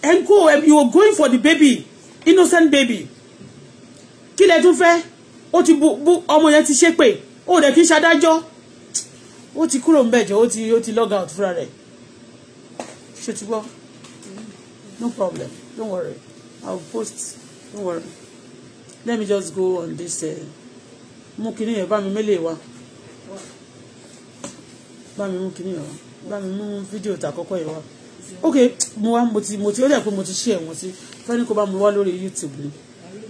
and go you are going for the baby innocent baby kí lẹ tún fẹ́ ó ti bu bu ọmọ ti ṣépè ó dẹ̀ kí n ṣadájọ́ ó ti kúrò ń bẹ̀jọ́ ó ti ó ti log out fúnra rẹ̀ ṣe ti gbọ́ no problem don't worry I'll post don't worry let me just go on this uh, mú kinní yẹn bá mi mélèé wa bá mi mú kinní yẹn wa bá mi mú fídíò tàkọ́kọ́ yẹn wa ok mo wa mo ti mo ti ó dẹ̀ pé mo ti ṣe ẹ̀wọ̀n sí fẹ́ni kó bá mi wá lórí youtube ni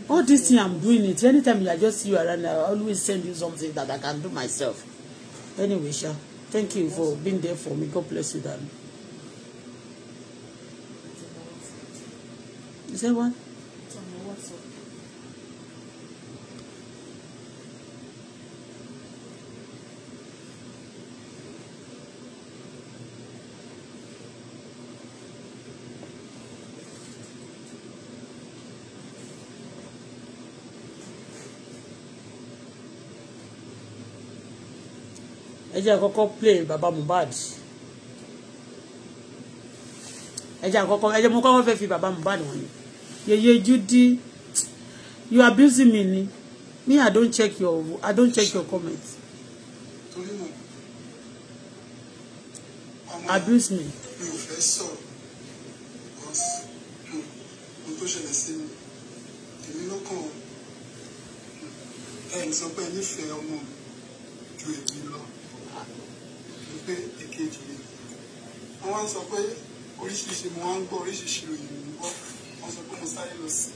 all this thing i'm doing it anytime i just see you around i always send you something that i can do myself anyway sha thank you for being there for me god bless you darling. Is that what? ẹ jẹ́ kọ́kọ́ play baba Mohbad ẹ jẹ́ kọ́kọ́ ẹ jẹ́ mo fẹ́ fi baba Mohbad wọ̀nyí yeye Judy you abusing me ni me i don check your i don check your comment abuse me. mi ò sọ pé nífẹ̀ẹ́ ọmọ ju èmi lọ pé èkejì ni wọ́n wá ń sọ pé oríṣiríṣi mo wá ń gbọ́ oríṣiríṣi òyìn mo ń gbọ́ sọ pé mo sáré lọ sí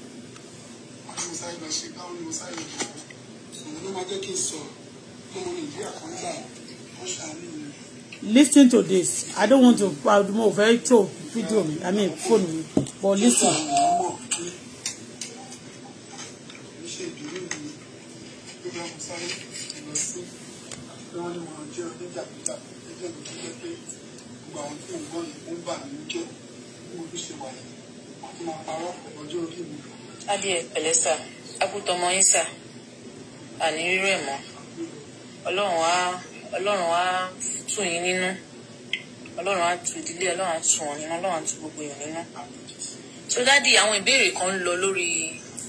wọ́n ní mo sáré lọ ṣe káwọn ní mo sáré lọ bọ̀ òun ló máa jẹ́ kí n sọ̀rọ̀ pé mo ní ìdí àkọ́ńgbà wọ́n ṣàánú mi. Listen to this I don't want to mo fẹ́ tó Video mi I mean phone mi but listen. Thank you pọ́blẹ́mù tó yẹ pé gbogbo àwọn tí ń gbọ́ ni ó ń bà mí jẹ́ mo fi ṣe wáyé àti máa parọ́ ọjọ́ orí mi. adìẹ pẹ̀lẹ́ sà akutọmọ yín sà àní rírọ ẹ mọ Ọlọ́run á Ọlọ́run á tù yín nínú Ọlọ́run á tù ìdílé Ọlọ́run á tù wọn nínú Ọlọ́run á tù gbogbo èèyàn nínú. so dádì àwọn ìbéèrè kan ń lọ lórí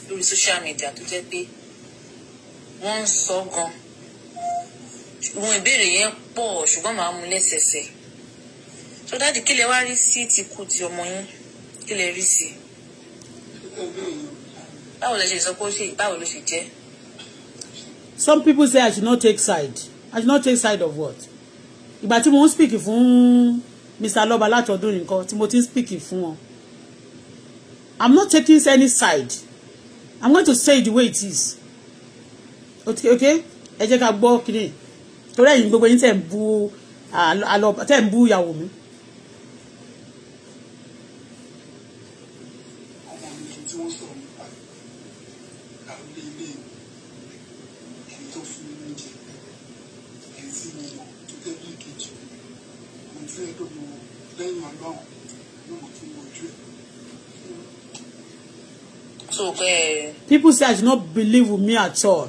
lórí social media tó jẹ́ pé wọ́n ń sọ gan-an ìwọn ìbéèrè yẹn pọ̀ ṣùgbọ́n màá mú lẹ́sẹsẹ so dáàdì kí lè wá rí sí ti kú ti ọmọ yín kí lè rí sí. báwo lè ṣe sọ pé ó ṣe báwo ló ṣe jẹ. some people say i should not take side i should not take side of what ìgbà tí mo ń speak fún mr lọba látọdún nìkan tí mo ti ń speak fún wọn i'm not taking any side i'm going to say the way it is okay okay ẹ jẹ́ ká gbọ́ kiri. Okay? torí ẹ̀yin gbogbo yín tẹ̀ ń bú àlọ́ tẹ̀ ń bú ìyàwó mi. Eh, People say I do not believe with me at all.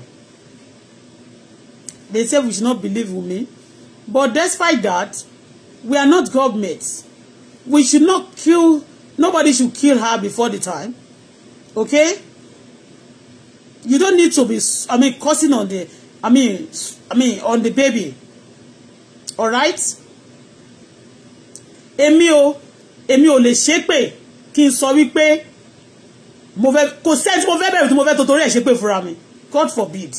They say we should not believe women. But despite that, we are not government. We should not kill, nobody should kill her before the time. Okay? You don't need to be, I mean, cursing on the, I mean, I mean, on the baby. All right? Emio, o, èmi ò lè ṣépè kí n sọ wípé mo fẹ́ kò sẹ́ni mo fẹ́ bẹ̀rù tí mo fẹ́ tòtórí ẹ̀ ṣépè God forbid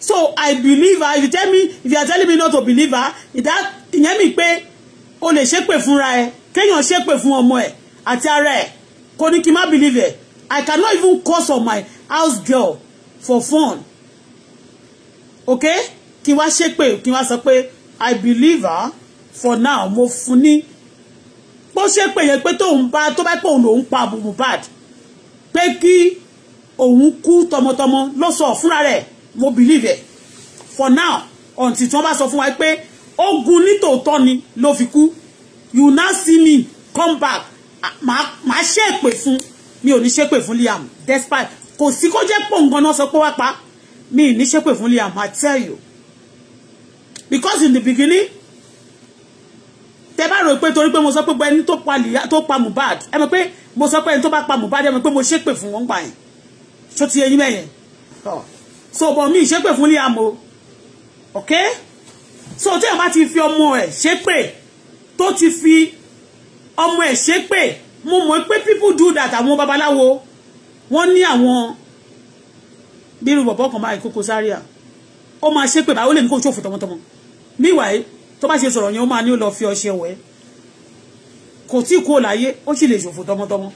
so i believe her if you tell me if you are telling me not to believe her that ìyẹn mi pé o lè ṣépè fúnra ẹ kéèyàn ṣépè fún ọmọ ẹ àti ara ẹ kò ní kí n má believe ẹ i cannot even curse on my house girl for fun okay kí n wá ṣépè kí n wá sọ pé i believe her for now mo fún ní bó ṣépè yẹn pé tóun bá tó bá pé òun lòun pa Mohbad pé kí òun kú tọmọtọmọ ló sọ fúnra rẹ̀ mo believe ẹ̀ for now until tí wọ́n bá sọ fún wa pé ogun nítòótọ́ ni ló fi kú you now see me come back màá ṣe èpè fún mi ò ní ṣépè fún Liam despite kò sí kó jẹ́ pò ń gan náà sọ pé wá pa mi ní ṣépè fún Liam I tell you because in the beginning tẹ bá rò pé torí pé mo sọ pé gbogbo ẹni tó pa lìyá tó pa Mohbad ẹ mọ̀ pé mo sọ pé ẹni tó bá pa Mohbad ẹ mọ̀ pé mo ṣépè fún wọn gbà yẹn ṣó ti eyín mẹ́yẹn so but mi ṣépè fún Liam o okay so tí èèyàn bá ti fi ọmọ ẹ̀ ṣépè tó ti fi ọmọ ẹ̀ ṣépè mo mọ̀ pé people do that àwọn babaláwo wọ́n ní àwọn bírú bọ̀bọ̀ kan báyìí Koko Zaria ó máa ṣépè báyìí ó lè ní kó ṣòfò tọmọtọmọ meanwhile to bá ṣe sọ̀rọ̀ yẹn ó máa ní ó lọ fi ọṣẹ wẹ̀ kò tí kúrò láyé ó sì lè ṣòfò tọmọtọmọ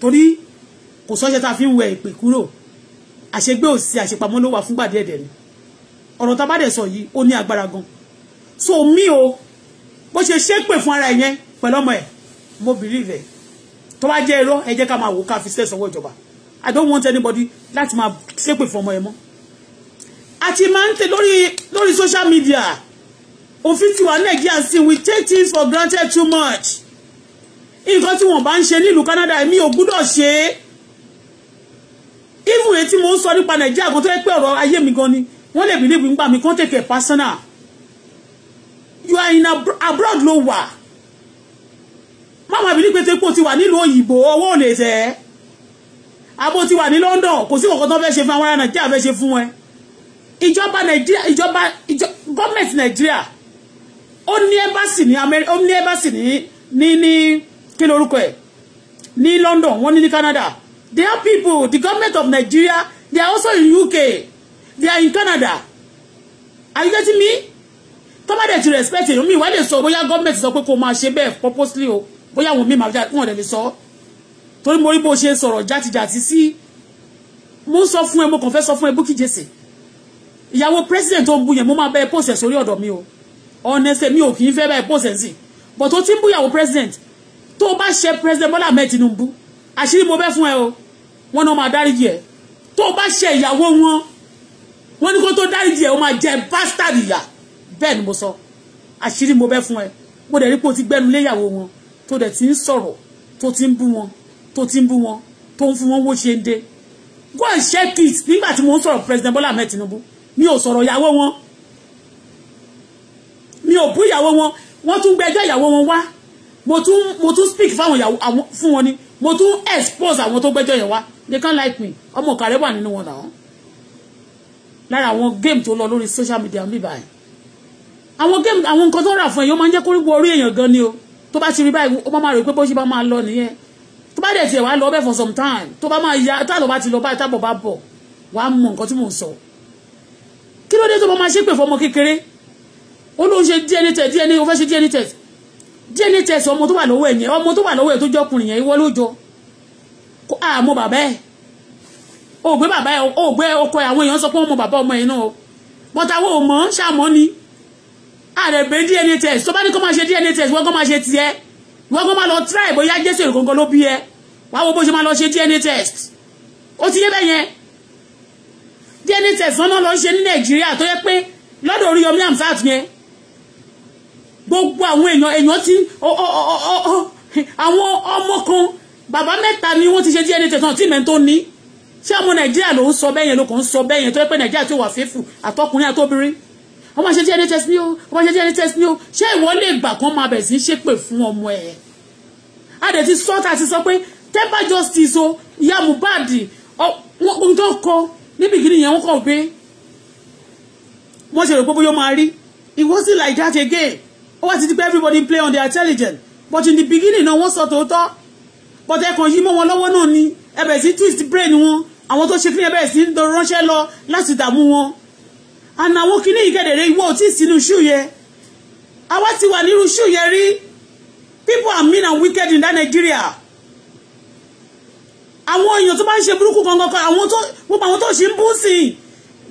torí kò sọ́ṣẹ́ tá a fi ń wẹ ìpè àṣegbé òsì àṣepamọ́ ló wà fúngbà díẹ̀ dẹ̀ ni ọ̀rọ̀ tá a bá dẹ̀ sọ yìí ó ní agbára gan so mi o bó ṣe ṣépè fún ara yẹn pẹ̀lú ọmọ ẹ̀ mo believe ẹ̀ tó bá jẹ́ irọ́ ẹ jẹ́ ká máa wò ká fi ṣe sọ́wọ́ ìjọba i don't want anybody láti máa ṣépè fún ọmọ ẹ mọ́ àti máa ń tẹ lórí lórí social media òfin tiwa nàìjíríà sí we take things for granted too much nǹkan tí wọ́n bá ń ṣe nílùú Canada èmi ò gbúdọ̀ ṣe é even èyí ti mo ń sọ nípa nigeria kan tó pe oro aye ayé mi gan ni wọ́n lè believe nígbà mi kàn take it personal you are in ab abroad ló wà máma believe pé tẹ́kọ̀ ti wa nílùú òyìnbó owó ò lè tẹ́ ẹ́ abo ti wa ni London ko si ni London won ni Canada their people the government of Nigeria they are also in UK they are in Canada are you getting me Come on, dẹ̀ ti respect èèyàn mi ìwà lè sọ government is sọ pé my máa purposely o bóyá àwọn me máa fi wọn dẹ̀ saw. sọ torí mo saw bó ṣe sọ̀rọ̀ játijàti sí mo ń sọ fún ẹ mo kàn Jesse ìyàwó president tó ń mama bear mo máa bẹ́ẹ̀ post ẹ̀ sórí ọ̀dọ̀ mi o honestly me ò kì í fẹ́ bẹ́ẹ̀ post ẹ̀ sí but ó ti ń bu president tó bá ṣe president Bọ́lá in umbu? àṣírí mo bẹ́ fún ẹ o wọ́n náà máa dáríjì ẹ tó o bá ṣe ìyàwó wọn wọ́n ní kó tó dáríjì ẹ o máa jẹ bastard ìyà bẹ́ẹ̀ ni mo sọ àṣírí mo bẹ́ fún ẹ mo dẹ̀ rí pé o ti gbẹ́nu léyàwó wọn tó dẹ̀ ti ń sọ̀rọ̀ tó ti ń bú wọn tó ti ń bú wọn tó ń fún wọn wó ṣe ń dé go and check it nígbà tí mo ń sọ̀rọ̀ president Bola Ahmed Tinubu mi ò sọ̀rọ̀ ìyàwó wọn mi ò bú ìyàwó wọn wọ́n tún gbẹ́jọ́ ìyàwó wọn wá mo tún mo tún speak fáwọn ìyàwó fún wọn ni mo tún expose àwọn tó gbẹ́jọ́ yẹn wá they can't like me ọmọ ọ̀kàrẹ́ wà nínú wọn náà lára àwọn game tó lọ lórí social media mi báyìí àwọn game àwọn nǹkan tó rà fún èèyàn máa ń jẹ́ kó rí orí èèyàn gan ni o tó bá ti rí báyìí ó máa rò pé bó ṣe bá máa lọ nìyẹn tó bá dẹ̀ tiẹ̀ wá lọ ọbẹ̀ for some time tó bá máa ya táàlọ́ bá ti lọ báyìí tábọ̀ bá bọ̀ wàá mọ nǹkan tí mò ń sọ kí ló dé tó bá máa ṣépè fọmọ kékeré ó lóun ṣe DNA test DNA ó fẹ́ ṣe DNA test DNA test ọmọ tó wà lọ́wọ́ ẹ̀ yẹn ọmọ tó wà lọ́wọ́ ẹ̀ tó jọkùnrin yẹn ìwọ ló jọ àmọ́ bàbá ẹ̀ ò gbé bàbá ẹ̀ ò gbé ọkọ ẹ̀ àwọn èèyàn sọ pé wọ́n mọ bàbá ọmọ yẹn náà o but àwọn ò mọ̀ ṣàmọ́ ni àrẹ̀bẹ̀ DNA test tó bá ní kó máa ṣe DNA test wọ́n kó máa ṣe tiẹ̀ wọ́n kó máa lọ try bóyá jésù ìrìnkọ̀ǹkan ló bí ẹ gbogbo àwọn èèyàn èèyàn ti àwọn ọmọ kan bàbá mẹ́ta ni wọ́n ti ṣe DNA test náà tí mẹ́ta tó ní ṣé ọmọ nàìjíríà ló ń sọ bẹ́ẹ̀ yẹn ló kàn ń sọ bẹ́ẹ̀ yẹn tó yẹ pé nàìjíríà tó wà fẹ́fù àtọkùnrin àtọbìnrin ọmọ ṣe DNA test ní o ọmọ ṣe DNA test ní o ṣé ìwọ lè gbà kán máa bẹ̀ sí ṣépè fún ọmọ ẹ̀ a dẹ̀ ti sọ ta ti sọ pé temper justice o ìyá Mohbad ohun tó kọ níbi ìgbìnì yẹn wọ́n kàn gbé wọ́n ṣe rò pé bóyá ó máa rí it wasn't like that again ó wá ti di pé everybody play on their intelligence but in the beginning náà wọ́n sọ tòótọ́ but ẹ̀kan yìí mọ́ wọn lọ́wọ́ náà ni ẹbẹ̀ sí twist brain wọn àwọn tó ṣe kí ni ẹbẹ̀ sí ń ránṣẹ́ lọ láti dààmú wọn àna àwọn kìíní yìí gẹ̀dẹ̀rẹ̀ ìwọ òtí sínú ṣú yẹn àwa ti wà nírú ṣú yẹn rí people are mean and wicked in that Nigeria àwọn èèyàn tó bá ń ṣe burúkú kankan kan àwọn tó gbogbo àwọn tó ṣe ń bú sí i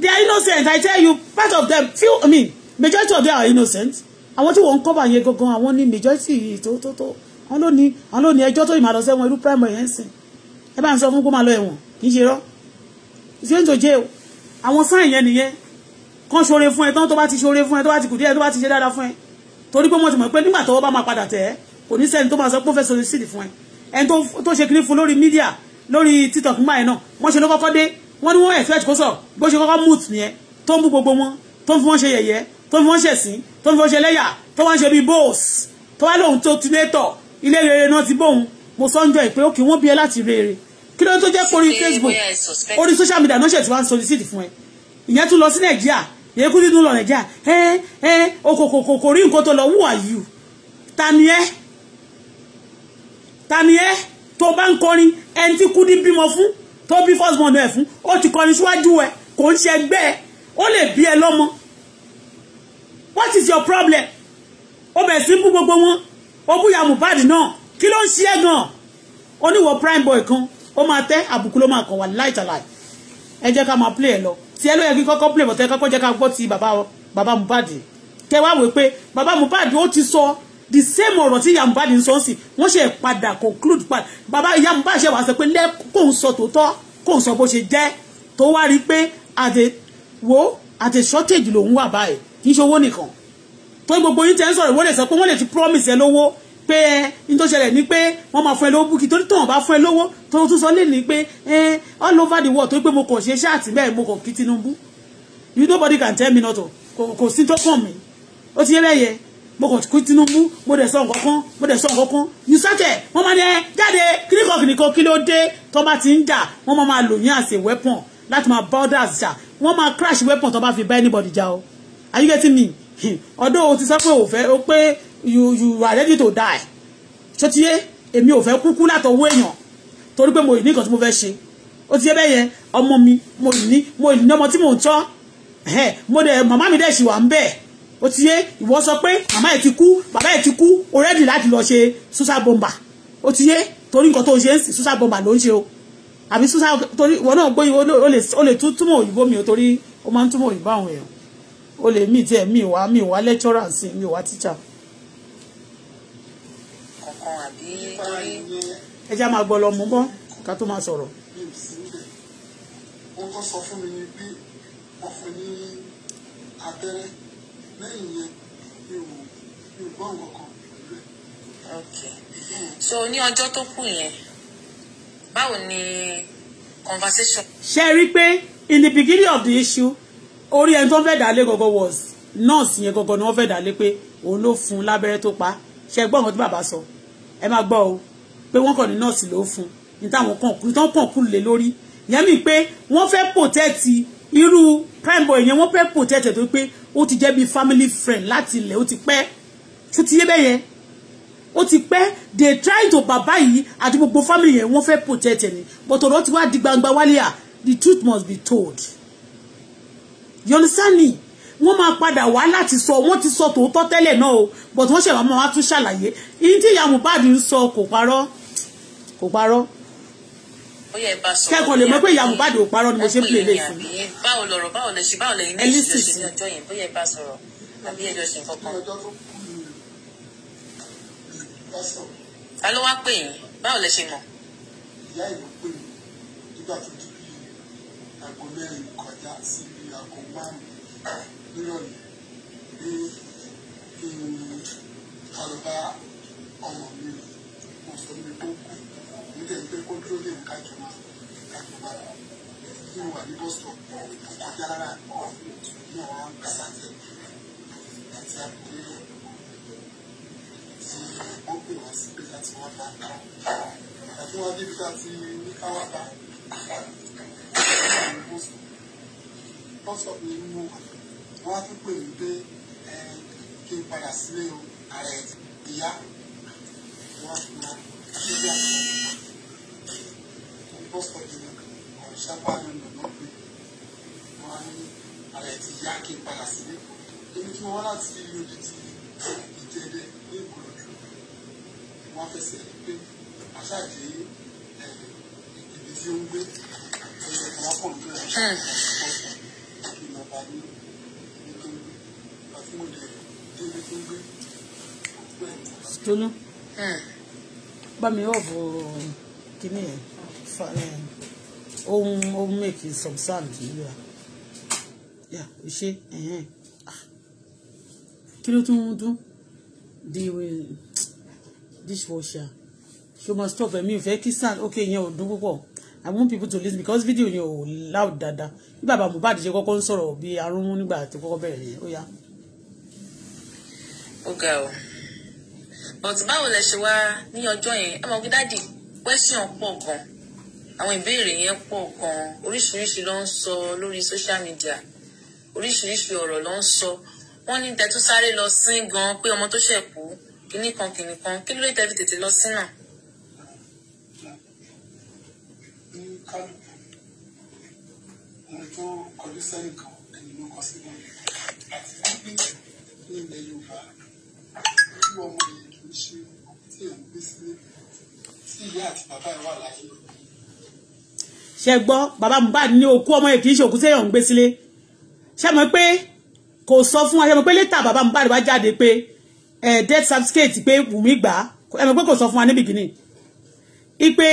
they are innocent I tell you part of them few I mean majority of them are innocent àwọn tí wọ́n ń cover yẹn gangan àwọn ní majority tó tó tó àwọn ló ní àwọn ló ní ẹjọ́ tó ìmàlọ́ sẹ́wọ̀n irú primary yẹn sìn ẹ bá ń sọ fún kó máa lọ ẹ̀wọ̀n kì í ṣe rọ́ ṣé ń tó jẹ́ o àwọn sáà yẹn nìyẹn kan ṣoore fún ẹ tán tó bá ti ṣoore fún ẹ tó bá ti kù díẹ̀ tó bá ti ṣe dáadáa fún ẹ torí pé wọ́n ti mọ̀ pé nígbà tọ́wọ́ bá máa padà tẹ̀ ẹ́ kò ní sẹ́ni tó máa sọ pé ó fẹ́ solicit fún ẹ ẹni tó ṣe kiri fún lórí mídíà lórí tiktok mbà yẹn náà wọ́n ṣe ló kọ́kọ́ dé wọ́n ní wọ́n expect kó sọ bó ṣe kọ́kọ́ mute nìyẹn tó ń tó fi wọ́n ṣẹ̀ sí tó fi wọ́n lẹ́yà tó wọ́n ṣe bí bóòs tó wá lóhun tó ti létọ̀ ilé rere náà ti bóhun mo sọ ń jọ ìpè òkè wọ́n bí ẹ láti rere kí ló ń tó jẹ́ pé Facebook orí social media náà ṣètò wá ń solicit fún ẹ ìyẹn tún lọ sí Nàìjíríà yẹ kú nínú lọ Nàìjíríà ẹ ẹ okòkòkò kò rí nǹkan tó lọ wù àyù ta ni ẹ ta ni ẹ tó bá ń kọrin ẹni tí Kúdí bímọ fún tó bí first born ẹ fún ó ti kọrin síwájú ẹ kò ń ṣe ẹgbẹ́ ẹ ó lè bí ẹ lọ́mọ what is your problem ó bẹ̀rẹ̀ sí bú gbogbo wọn ó búyà Mohbad náà kí ló ń ṣe é gan prime boy kan ó máa tẹ́ àbùkù ló máa kàn wá láìtàláì ẹ jẹ́ ká máa play ẹ̀ lọ tí ẹ ló yẹ kí kọ́kọ́ play bọ̀tẹ́ kọ́kọ́ jẹ́ ká gbọ́ ti bàbá bàbá Mohbad kẹ wá wò pé bàbá Mohbad ó ti sọ the same ọ̀rọ̀ tí ìyá Mohbad ń sọ sí wọ́n ṣe padà conclude padà bàbá ìyá Mohbad ṣe wà sọ pé lẹ́kùn sọ tòótọ́ kò sọ bó ṣe jẹ́ tó wá rí pé àti wo àti shortage lòun wà báyìí kì í ṣowó nìkan tó gbogbo yín tẹ́ ń sọ̀rọ̀ wọ́n lè sọ pé wọ́n lè ti promise ẹ lówó pé ẹ ní tó ṣẹlẹ̀ ni pé wọ́n máa fún ẹ lówó búkì torí tóun bá fún ẹ lówó tó tún sọ lè ní pé ẹ all over the world tó pé mo kàn ṣe ṣáàtì bẹ́ẹ̀ mo kàn kí Tinubu you nobody can tell me not to kò sí tó kàn mí ó ti yẹ lẹ́yẹ mo kàn kí Tinubu mo dẹ̀ sọ nǹkan kan mo dẹ̀ sọ nǹkan kan you sátẹ̀ wọ́n máa ní ẹ jáde kíníkan kíníkan kí ló dé tó bá ti ń jà wọ́n máa lò yín as a weapon láti máa borders jà wọ́n máa crash weapon tó bá fi bá anybody jà o are you getting me Although o ti sọ pé o fẹ́ o pé you you are ready to die ṣó ti yé èmi ò fẹ́ kúkú látọwọ́ èèyàn torí pé mo ní nǹkan tí mo fẹ́ ṣe ó ti yé bẹ́ẹ̀ yẹn ọmọ mi mo ní mo ní ọmọ tí mò ń tọ́ mo dẹ̀ màmá mi dẹ̀ ṣì wà ń bẹ̀ ó ti yé ìwọ sọ pé màmá ẹ̀ ti kú bàbá ẹ̀ ti kú o rẹ́dì láti lọ ṣe susa bomba ó ti yé torí nǹkan tó ń ṣe ń sìn susa bomba ló ń ṣe o àbí susa torí ìwọ náà gbóyè o lè túmọ̀ òyìnbó mi o torí o máa ń túmọ̀ òyìnbó àwọn èèyàn o lè mí tiẹ̀ mí wá mí wá lecturer sí mí wá teacher. ẹ já máa gbọ́ mú bọ́ ká tó máa sọ̀rọ̀. wọ́n kọ́ sọ fún mi ni pé wọ́n fún ní abẹ́rẹ́ lẹ́yìn yẹn mi ò mi ò gbọ́ nǹkan kan so ní ọjọ́ tó kù yẹn báwo ni conversation. ṣe rí i pé in the beginning of the issue orí ẹni tó fẹ́ dálé gọ́gọ́ was nọ́ọ̀sì yẹn gọ́gọ́ ni wọ́n fẹ́ dálé pé òun ló fún un lábẹ́rẹ́ tó pa ṣe gbọ́ nǹkan tí bàbá sọ ẹ máa gbọ́ o pé wọ́n kàn ní nọ́ọ̀sì ló fún un ní táwọn kàn kú lé lórí ìyẹn mi pé wọ́n fẹ́ protect irú prime boy yẹn wọ́n fẹ́ protect ẹ̀ tó pé ó ti jẹ́ bí family friend láti ilẹ̀ ó ti pẹ́ tó ti yé bẹ́yẹn ó ti pẹ́ they try to bàbá yìí àti gbogbo family yẹn wọ́n fẹ́ protect ẹ̀ ni but ọ̀rọ̀ ti wá di gbangba wálé à the truth must be told you understand me wọ́n máa padà wá láti sọ wọ́n ti sọ tòótọ́ tẹ́lẹ̀ náà o but wọ́n ṣẹ̀wá máa wá tún ṣàlàyé ìyí tí ìyá Mohbad ń sọ kò parọ́ kò parọ́ kẹ́kọ̀ọ́ lè mọ̀ pé ìyá Mohbad ò parọ́ ni mo ṣe ń pè lè fún un. báwo lọ̀rọ̀ báwo lè ṣe báwo lè ní ìṣẹ̀lẹ̀ ṣe ìyá ìlú pè mí nígbà tó dúpẹ́ àgọ́ mẹ́rin kọjá sí nírọ̀lẹ́ pé kí n kàlọ́ bá ọmọ mi mo sọ mi tó kù mo dẹ̀ ń pé kó dúró lè ká jọ máa ká jọ máa lọ kí n wà ní bọ́sọ̀ tó kọjá lára ní ọ̀rọ̀ kásátẹ̀ àti àbúrò tí wọ́n pè wá sí pé láti wọ́n bá ká àti wọ́n débi tá ti ní káwá bá bọ́sọ̀ mi mú wà wọ́n á tún pè mí pé kí n padà sílé o ààrẹ ìyá wọ́n á fi máa ṣe bí àná kó sọ jùlọ ọ̀rọ̀ ṣáàpá mi lọ́nà pé wọ́n á ní ààrẹ ti yá kí n padà sílé èmi tí wọ́n láti ilé ojú ti ìjẹ́dẹ́ ní ìkòròdú wọ́n fẹsẹ̀ rí pé àṣàjì ibi tí ó ń gbé ẹ̀rọ ọkọ̀ nígbà tí wọ́n sọ kí n lọ bá tónú bá mi ọ̀bù kíní ẹ̀ ohun ohun make yeah. yíra yà ó ṣe kí ló tún ń dún the dishwasher ṣé o máa stop ẹ̀mí ìfẹ́ kí sand okay? yẹn ò dún púpọ̀ I want people to listen because video you loud dáadáa bí bàbá Mohbad ṣe kọ́kọ́ ń sọ̀rọ̀ bí arúnmú nígbà tó kọ́kọ́ bẹ̀rẹ̀ yẹn ó Oh Yeah ó ga ọ but báwo lẹ ṣe wá ní ọjọ́ yẹn ẹ mọ̀ pé dáàdì question pọ̀ gan àwọn ìbéèrè yẹn pọ̀ gan oríṣiríṣi ló ń sọ lórí social media oríṣiríṣi ọ̀rọ̀ ló ń sọ wọ́n ní tẹ́tú sáré lọ sí gan pé ọmọ tó ṣẹ̀ kú kinní kan kinní kan kí ló dé tẹ́ fi tètè lọ sí náà. ohun tó kọjú sẹ́yìn kan ẹni ló kọ sílẹ̀ àti ní ilẹ̀ Yorùbá ọmọ yìí kì í ṣe tí èèyàn gbé sílé tí ìyá àti bàbá ẹ̀ wà láyé. ṣe gbọ́ bàbá Mohbad ní òkú ọmọ yìí kì í ṣe òkú tí èèyàn ń gbé sílé ṣe mọ̀ pé kò sọ fún wa ṣe mọ̀ pé létà bàbá Mohbad wá jáde pé death certificate pé Wùmí gbà á ẹ mọ̀ pé kò sọ fún wa ní bìgínì ipe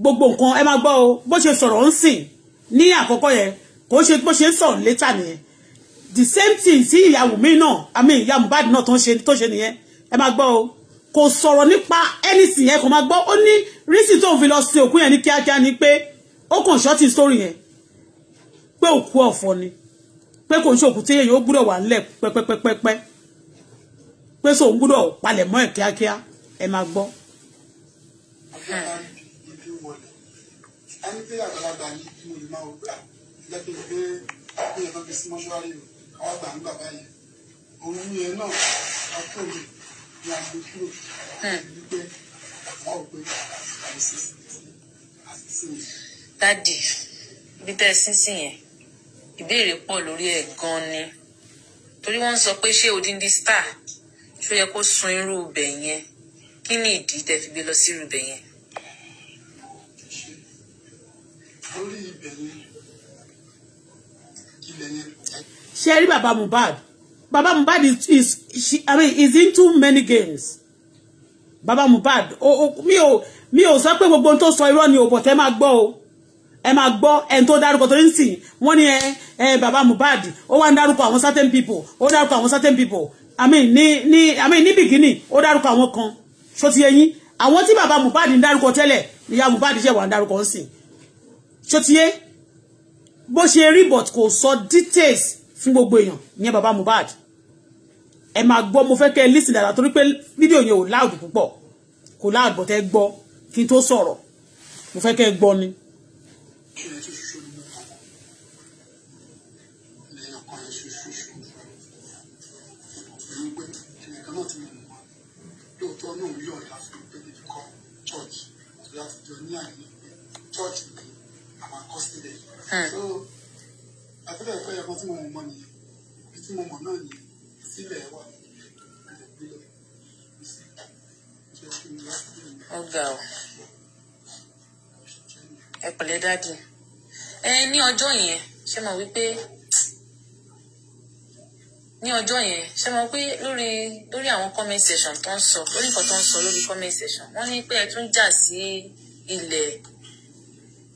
gbogbo nǹkan ẹ máa gbọ́ o bó ṣe sọ̀rọ̀ ń sìn ní àkọ́kọ́ yẹn kò ṣe bó ṣe ń sọ̀rọ̀ létà nìyẹn the same thing sí ìyá Wùmí náà àmì ìyá Mohbad náà tó ń ṣe nìyẹn ẹ máa gbọ́ o kò sọ̀rọ̀ nípa anything yẹn kò máa gbọ́ ó ní rísì tó ń fi lọ sí òkú yẹn ní kíákíá ni pé ó kàn ṣọ́ọ̀tì story yẹn pé òkú ọ̀fọ̀ ni pé kò ń ṣe òkú tí èèyàn gbúdọ̀ wà ńlẹ̀ pẹ́pẹ́pẹ́pẹ́ pé sóun gbúdọ̀ palẹ̀ mọ́ ẹ̀ kíákíá ẹ máa gbọ́. ẹni ń gbà báyìí òun yẹn náà àpéyẹ̀ la gbé kúrò gbígbẹ́ wọ́n ò gbé àṣìṣe. dádì ibi tẹ́ ẹ sínsìn yẹn ìbéèrè pọ̀ lórí ẹ̀ gan-an ni torí wọ́n sọ pé ṣé odindi star ṣó yẹ kó sun irú ibẹ̀ yẹn kí ni ìdí tẹ́ fi gbé lọ sí irú ibẹ̀ yẹn. lórí rí bàbá Mohbad Baba mubad is, is she, I mean, is into many games. Baba mubad. oh, oh, me oh me oh. So I gbogbo tó sọ irọ́ run o but ẹ máa gbọ́ o. Ẹ máa gbọ́ ẹni tó dárúkọ tó ń sìn eh, Baba mubad. Oh, wá ń dárúkọ àwọn certain people ó dárúkọ àwọn certain people I mean ni ni I mean ni. bìgínì ó dárúkọ àwọn kan come. So yé I want to Baba mubad in that hotel. ìyá Mohbad ṣẹ̀ wà ń dárúkọ ń sìn ṣó ti yé bó ṣe rí but So details fún gbogbo èèyàn ìyẹn bàbá Mohbad ẹ máa gbọ́ mo fẹ́ kẹ́ ẹ lísìn dáadáa torí pé fídíò yẹn ò láàdù púpọ̀ kò láàdù bọ́tẹ́ gbọ́ kí n tó sọ̀rọ̀ mo fẹ́ kẹ́ ẹ gbọ́ ni. lóòótọ́ náà ní ọ̀dà fún pé níbi kọ́ church láti jọ ní àìní church ní àwọn akọ́sílẹ̀ so àtúbẹ̀ ẹ̀kọ́ ẹ̀kọ́ tí mo mọ̀ nìyí ibi tí mo mọ̀ náà nìyí sílẹ̀ wà ọgá o ẹ pẹ̀lẹ́ dáàdì ẹ ní ọjọ́ yẹn ṣe mọ̀ wípé ní ọjọ́ yẹn ṣe mọ̀ pé lórí lórí àwọn comment section tó ń sọ lórí nǹkan tó ń sọ lórí comment section wọ́n ní pé ẹ tún jà sí ilẹ̀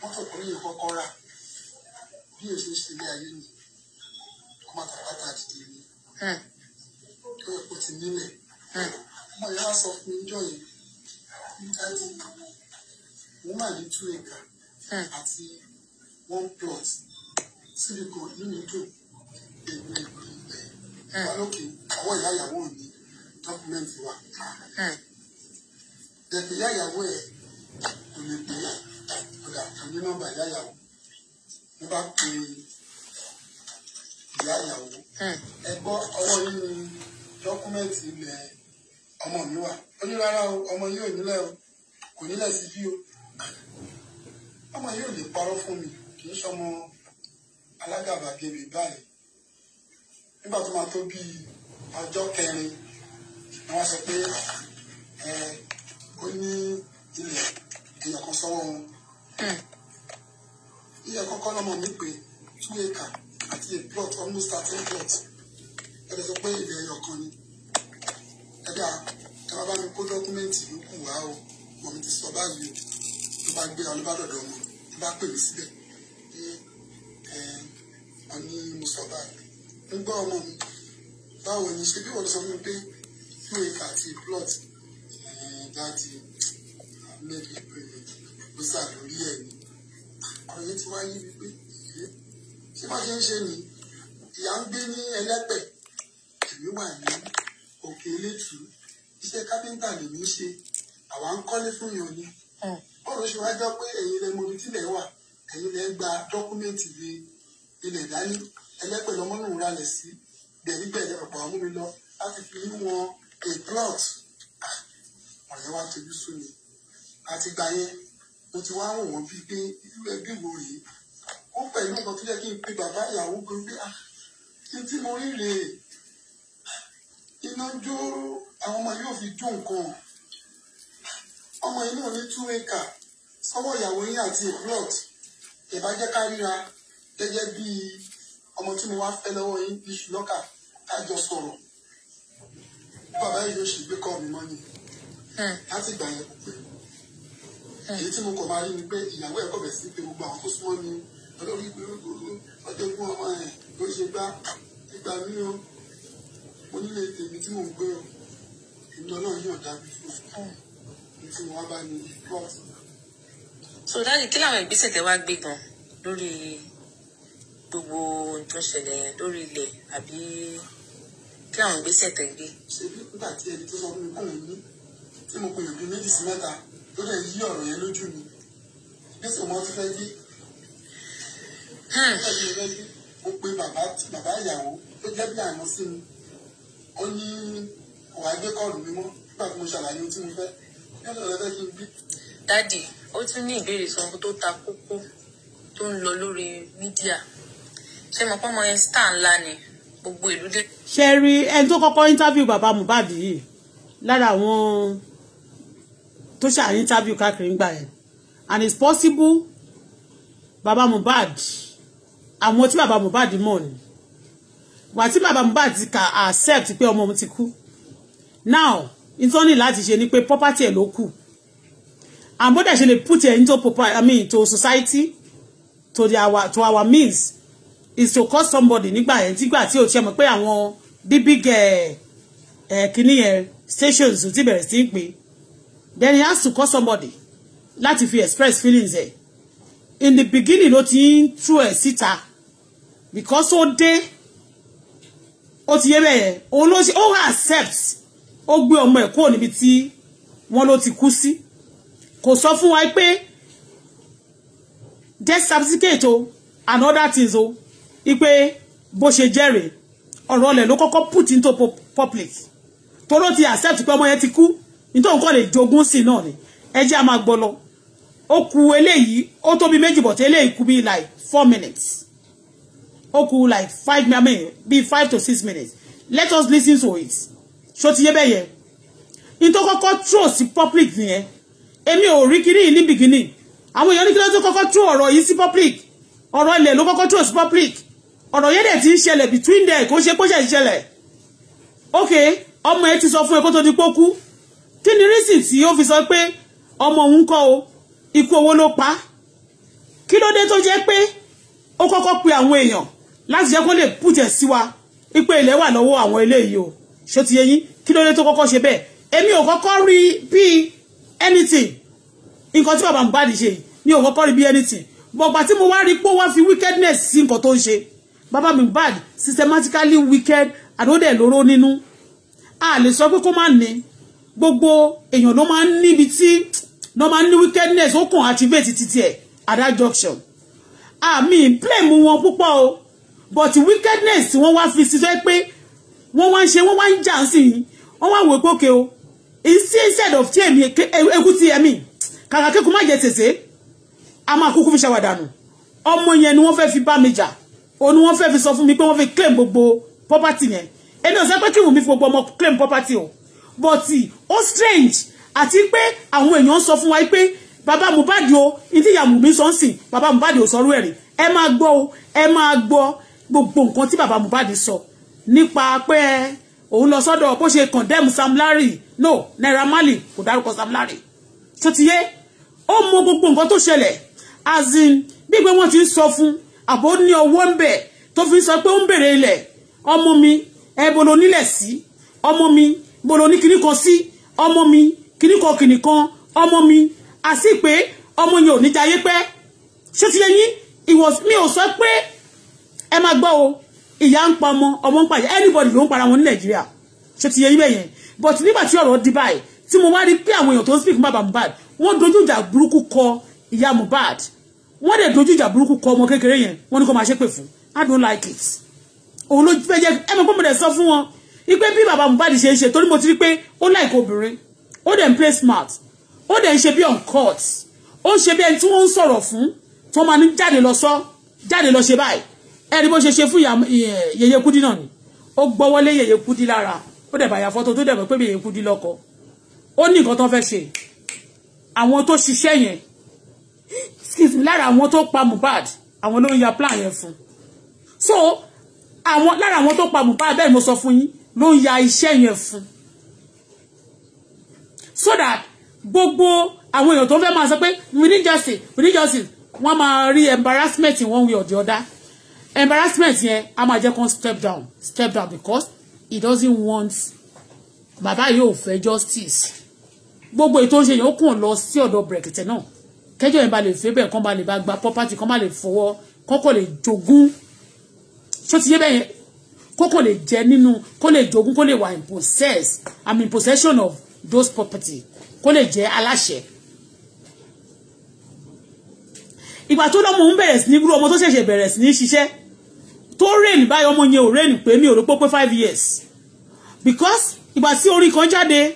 mọ́tò kò ní kọ́kọ́ rà bí èso ṣe ní ayé nì kó má tàbá tà dìde ní kí wọ́n kò ti nílẹ̀ ọmọ ìyá wa sọ fún ìjọ yìí nígbà tí wọ́n mà ní two acre àti one plot síbi kan nínú ìdò èmi ìgbìmọ̀ balókè àwọn ìyá ìyàwó mi dọ́kúmẹ́ǹtì wa dẹ̀pẹ̀ ìyá ìyàwó ẹ̀ kò lè gbé yàrá kódà mo ní nọ́mbà ìyá mo bá pe ìyá ìyàwó hmm. ẹ gbọ́ ọwọ́ nínú dọ́kúmẹ́ǹtì ilẹ̀ ọmọ mi wà ó ní rárá o ọmọ yìí ò nílẹ̀ o kò nílẹ̀ sí bí o ọmọ yìí ò lè parọ́ fún mi kì í sọmọ alágàbàgebè báyìí nígbà tó máa tó bíi ọjọ́ kẹrin ni wọ́n sọ pé ẹ ó ní ilẹ̀ èèyàn kan sọ́wọ́ wọn iye kọ́kọ́ lọ́mọ mi pé two acre àti a plot almost thirteen plot ẹ̀rọ sọ pé ilẹ̀ ẹyọ kan ni ẹ̀dá ẹ bá bá mi kó dọ́kúmẹ́ǹtì ló kù wá o mọ̀ mi ti sọ báyìí o ló bá gbé ọ ló bá dọ̀dọ̀ mọ̀ ló bá pè mí síbẹ̀ ní ẹ̀ ọ ní mo sọ báyìí ń gbọ́ ọmọ mi báwo ni ṣe bí wọ́n sọ mi pé two acre àti plot ẹ̀ dáàdi maybe pray ló sà lórí ẹ̀ ni ọ̀rẹ́ tí wàá yí mi pé ìlé tí wọ́n ṣe ń ṣe ni ìyá ń gbé ní ẹlẹ́pẹ̀ èmi wà ní òkè elétù iṣẹ́ kápẹ́ńtà lèmi ń ṣe àwa ń kọ́lé fún yàn ni hmm. bọ́ọ̀lù ṣe wá jọ pé ẹ̀yin lẹ mọ ibi tílẹ̀ wà ẹ̀yin lẹ gba dọ́kúmẹ́ǹtì lé ilẹ̀ dání ẹlẹ́pẹ̀ lọ́mọ náà ralẹ̀ sí gbẹ̀rígbẹ̀rẹ̀ ọ̀pọ̀ àwọn mi lọ láti fi ní wọn a plot ah, ọ̀rẹ́ wa tojú sú mi àti gbà yẹn mo ti wá wò wọ́n bíi pé irú ẹbí wo yìí ó pẹ̀lú nǹkan tó yẹ kí n pe bàbá ìyàwó gan pé ah tí mo rí rèé iná jó àwọn ọmọ yóò fi jó nǹkan ọmọ inú ní two acre sọ́wọ́ ìyàwó yín àti plot ìbá jẹ́ ká ríra gẹ́gẹ́ bí ọmọ tí mo wá fẹ́ lọ́wọ́ yín bí ṣùlọ́kà ká jọ sọ̀rọ̀ bàbá yìí yóò ṣègbè kọ́ mi mọ́ ni hm. láti gbà yẹn pé. Ah. èyí tí mo kọ̀ máa rí ni pé ìyàwó ẹ̀ kọ̀ sí pé gbogbo àwọn tó súnmọ́ mi olórí gbogbo ọjọ́ gún ọmọ ẹ̀ ló ṣe gbá ìgbà mí o mo nílé tèmi tí mò ń gbé o èmi ọlọ́run yóò dá mi fún mi ah. tí mo wá bá ní bọ́ọ̀t. so dáàdi kí làwọn ìgbésẹ̀ tẹ wá gbé gan lórí gbogbo ohun tó ń ṣẹlẹ̀ lórí ilẹ̀ àbí kí làwọn ìgbésẹ̀ tẹ gbé. ṣe nígbà tí ẹni tó sọ fún mi kò é bí méjì sí ló dẹ̀ yí ọ̀rọ̀ yẹn lójú mi nísìnyí mo ti fẹ́ gbé mo pe bàbá bàbá ìyàwó tó jẹ́ bí àná sí mi ó ní wàá gbé kọ́ọ̀lù mi mọ́ nígbà tí mo ṣàlàyé ohun tí mo fẹ́ yóò lọ́ọ́ fẹ́ kí n gbé. dádì ó tún ní ìbéèrè sanwó tó ta kókó tó ń lọ lórí mídíà ṣé mo pọ́n mọ yẹn star ńlá ni gbogbo ìlú dé. ṣe rí ẹni tó kọ́kọ́ interview bàbá Mohbad yìí lára àwọn. Wọn tó ṣà interview káàkiri ń gbà yẹn and it's possible baba Mohbad àwọn tí baba Mohbad mọ̀ ni wà tí baba Mohbad ti kà accept pé ọmọ mi ti kú now nítorí láti ṣe ni pé property ẹ̀ ló kù and bó dẹ̀ ṣe lè put ẹ̀ into property. I mean to society to the our to our means is to call somebody nígbà yẹn tígbà tí o ti mọ̀ pé àwọn the big ẹ̀ eh, eh, kìíní yẹn stations ti bẹ̀rẹ̀ sí í then he has to call somebody láti fi express feelings ẹ̀ in the beginning ló ti ń tú ẹ̀ síta because ó dé ó ti yé bẹ́ẹ̀ òun ló ṣe ó accept ó gbé ọmọ ẹ̀ kúrò níbi tí wọ́n ló ti kú sí kò sọ fún wa pé death certificate o and other things o ipe bó ṣe jẹ́rìí ọ̀rọ̀ ọ̀lẹ̀ ló kọ́kọ́ put into public tó ló ti accept pé ọmọ yẹn ti kú nítorí nǹkan lè jogún sí náà ni ẹ jẹ́ a máa gbọ́ lọ ó ku eléyìí ó tó bí méjì bọ̀ eléyìí ku bí like four minutes ó ku like five I mean, bí five to six minutes let us listen to it ṣó ti yé bẹ́ẹ̀ yẹn nítorí kọ́kọ́ throw sí public nìyẹn èmi ò rí kiri yìí ní beginning àwọn èèyàn ní kí ló tó kọ́kọ́ throw ọ̀rọ̀ yìí sí public ọ̀rọ̀ ilẹ̀ ló kọ́kọ́ throw sí public ọ̀rọ̀ yẹn dẹ̀ ti ń ṣẹlẹ̀ between there kò ṣe kó ṣe ń ṣẹlẹ̀ okay ọmọ ẹ ti sọ fún ẹ kó tó di pé kí ni rísì tí ó fi sọ pé ọmọ òun kọ́ o ikú owó ló pa kí ló dé tó jẹ́ pé ó kọ́kọ́ pe àwọn èèyàn láti jẹ́ kó lè pùtẹ̀ sí wa ipe ilẹ̀ wà lọ́wọ́ àwọn eléyìí o ṣó ti yé yín kí ló dé tó kọ́kọ́ ṣe bẹ́ẹ̀ èmi ò kọ́kọ́ rí bí anything nǹkan tí bàbá Mohbad ṣe mi ò kọ́kọ́ rí bí anything bọ̀gbà tí mo wá rí pé ó wá fi wickedness sí nǹkan tó ń ṣe bàbá Mohbad systematically wicked àdódẹ̀ lóró nínú a lè sọ pé kó má ní gbogbo èèyàn ló máa ń níbi tí ló máa ń ní wickedness ó kàn activate títí ẹ̀ at that junction àmì ah, blame wọn púpọ̀ o but wickedness tí wọ́n wá fi ṣiṣẹ́ pé wọ́n wá ń ṣe wọ́n wá ń jà sí i wọ́n wá wò pé o instead of tí èmi ekú ti ẹ̀mí kàkà kíkú má jẹ tètè a máa kúkú fi ṣàwàdànù ọmọ yẹn ni wọ́n fẹ́ fi bá mi jà òun ni wọ́n fẹ́ fi sọ fún mi pé wọ́n fi claim gbogbo property yẹn ẹni ọ̀sẹ̀ pé kí wùmí fi gbogbo ọmọ claim property o but eh, ó strange àti pé àwọn èèyàn sọ fún wa pé bàbá Mohbad o ní tí ìyá Wùmí sọ ń sìn bàbá Mohbad ò sọrú ẹ̀rí ẹ máa gbọ́ o ẹ máa gbọ́ gbogbo nǹkan tí bàbá Mohbad sọ nípa pé òun lọ sọ́dọ̀ bó ṣe condemn Sam Larry no Naira Marley kò dárúkọ Sam Larry tó ti yé ó mọ gbogbo nǹkan tó ṣẹlẹ̀ as in bí pé wọ́n ti ń sọ fún àbó ní ọwọ́ ń bẹ̀ tó fi sọ pé ó ń bèrè ilẹ̀ ọmọ mi ẹbọ ló nílẹ̀ sí ọmọ mi gbòòrò ní kinní kan sí ọmọ mi kinní kan kinní kan ọmọ mi àti pé ọmọ yẹn ò ní jayé pẹ́ ṣé ti lẹ́yìn mi ò sọ pé ẹ máa gbọ́ o ìyá ń pa ọmọ ọmọ anybody ló ń para wọn ní nàìjíríà ṣé ti yẹyìn bẹ́yẹn but nígbà tí ọ̀rọ̀ di báyìí tí mo wá rí pé àwọn èèyàn tó ń speak bàbá Mohbad wọ́n dojú ìjà burúkú kọ ìyá Mohbad wọ́n dẹ̀ dojú ìjà burúkú kọ ọmọ kékeré yẹn wọ́n ní kó máa ṣépè fún I don't like it òun ló fẹ́ jẹ́ ẹ mọ̀ mo dẹ̀ sọ fún wọn ipe bí bàbá Mohbad ṣe ń ṣe torí mo ti rí pé ó like obìnrin ó dẹ̀ play smart ó dẹ̀ ń ṣe on court ó ṣe bí ẹni tí wọ́n ń sọ̀rọ̀ fún tó máa ní jáde lọ sọ jáde lọ ṣe báyìí ẹni bó ṣe ṣe fún yèyé kúdí náà ni ó gbọ́wọ́lé yèyé kúdí lára ó dẹ̀ bàyà fọ́tò tó dẹ̀ mọ̀ pé yèyé kúdí lọ́kọ ó ní nǹkan tó fẹ́ ṣe àwọn tó ṣiṣẹ́ yẹn excuse me lára àwọn to pa Mohbad àwọn ló ń ya plan yẹn fún so àwọn lára àwọn tó pa Mohbad bẹ́ẹ̀ mo sọ fún yín No, ń ya iṣẹ́ yẹn fún so that gbogbo àwọn èèyàn tó fẹ́ máa sọ pé we need justice we need justice wọ́n máa rí embarrassment in one way or the other embarrassment yẹn a máa jẹ́ kó step down step down because he doesn't want bàbá yìí ò fẹ́ justice gbogbo ètò ìṣe yẹn ó kàn lọ sí ọ̀dọ̀ brèkìtẹ̀ náà kẹjọ yẹn ba lè fẹ́ bẹ́ẹ̀ kán ba lè ba gba property kán ba lè fọwọ́ kọ́kọ́ lè jogún ṣó ti yé bẹ́ẹ̀ yẹn kó kò lè jẹ nínú kó lè jogún kó lè wà in possess i'm in possession of those property kó lè jẹ aláṣẹ. ìgbà tó lọ́mọ ń bẹ̀rẹ̀ sí ní irú ọmọ tó ṣẹ̀ṣẹ̀ bẹ̀rẹ̀ sí ní ṣiṣẹ́ tó rìn báyìí ọmọ yẹn ò rìn pé mi ò rò pé five years because ìgbà tí orin kan jáde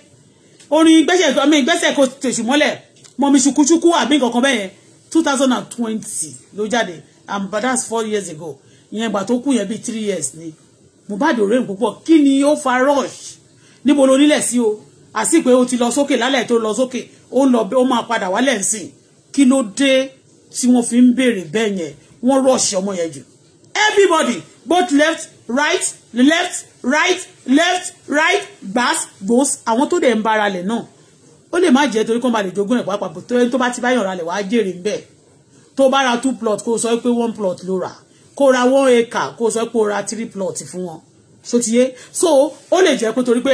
orin gbẹ́sẹ̀ ọmọ ìgbẹ́sẹ̀ kò tèṣù mọ́lẹ̀ mọ̀mí ṣukúṣukú àbí nǹkan kan bẹ́ẹ̀ yẹn two thousand and twenty ló jáde and but that's four years ago ìyẹn ìgbà tó kù yẹn bíi three years ni Mohbad ò rẹ́rìn púpọ̀ kí ni ó fa rush níbo lo nílẹ̀ sí o àti pé o ti lọ sókè lálẹ́ tó lọ sókè ó lọ ó máa padà wálẹ̀ nsìn kí ló dé tí wọ́n fi ń béèrè bẹ́ẹ̀ yẹn wọ́n rush ọmọ yẹn jù everybody both left right left right left right gbas gbos àwọn tó dẹ̀ ń bára lẹ̀ náà ó lè má jẹ́ torí kó má lè jogún ẹ̀ pàápàá tó bá ti bá yàn ra lẹ̀ wàá jèrè ń bẹ̀ tó bá two plot kó sọ pé one plot ló rà á kó ra one acre kó sọ pé ó ra three plot fún wọn so ti yé so ó lè jẹ́ pé torí pé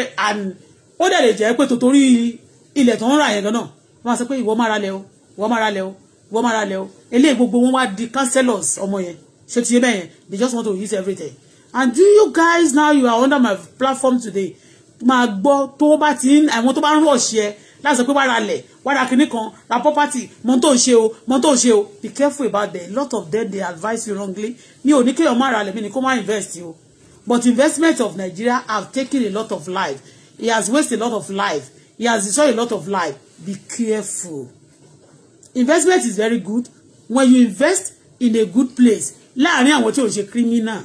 ó dẹ̀ lè jẹ́ pé torí ilẹ̀ tó ń rà yẹn gan-an wọ́n á sọ pé ìwọ máa ra lẹ̀ o ìwọ máa ra lẹ̀ o ìwọ máa ra o eléyìí gbogbo wọn wá di councillors ọmọ yẹn so ti yé bẹ́ẹ̀ yẹn they just want to use everything and do you guys now you are under my platform today máa gbọ́ tó bá ti ń àwọn tó bá ń rọ̀ ṣe ẹ́ láti sọ pé wàá ra lẹ̀ wàá kan ra property mọ tó ń ṣe o mọ tó ń ṣe o be careful about that lot of them dey advise you wrongly mi ò ní kéèyàn má ra lẹ̀ mi ní kó má invest o but investment of Nigeria have taken a lot of life he has wasted a lot of life he has destroyed a lot of life be careful investment is very good when you invest in a good place láàrin àwọn tí ò ṣe criminal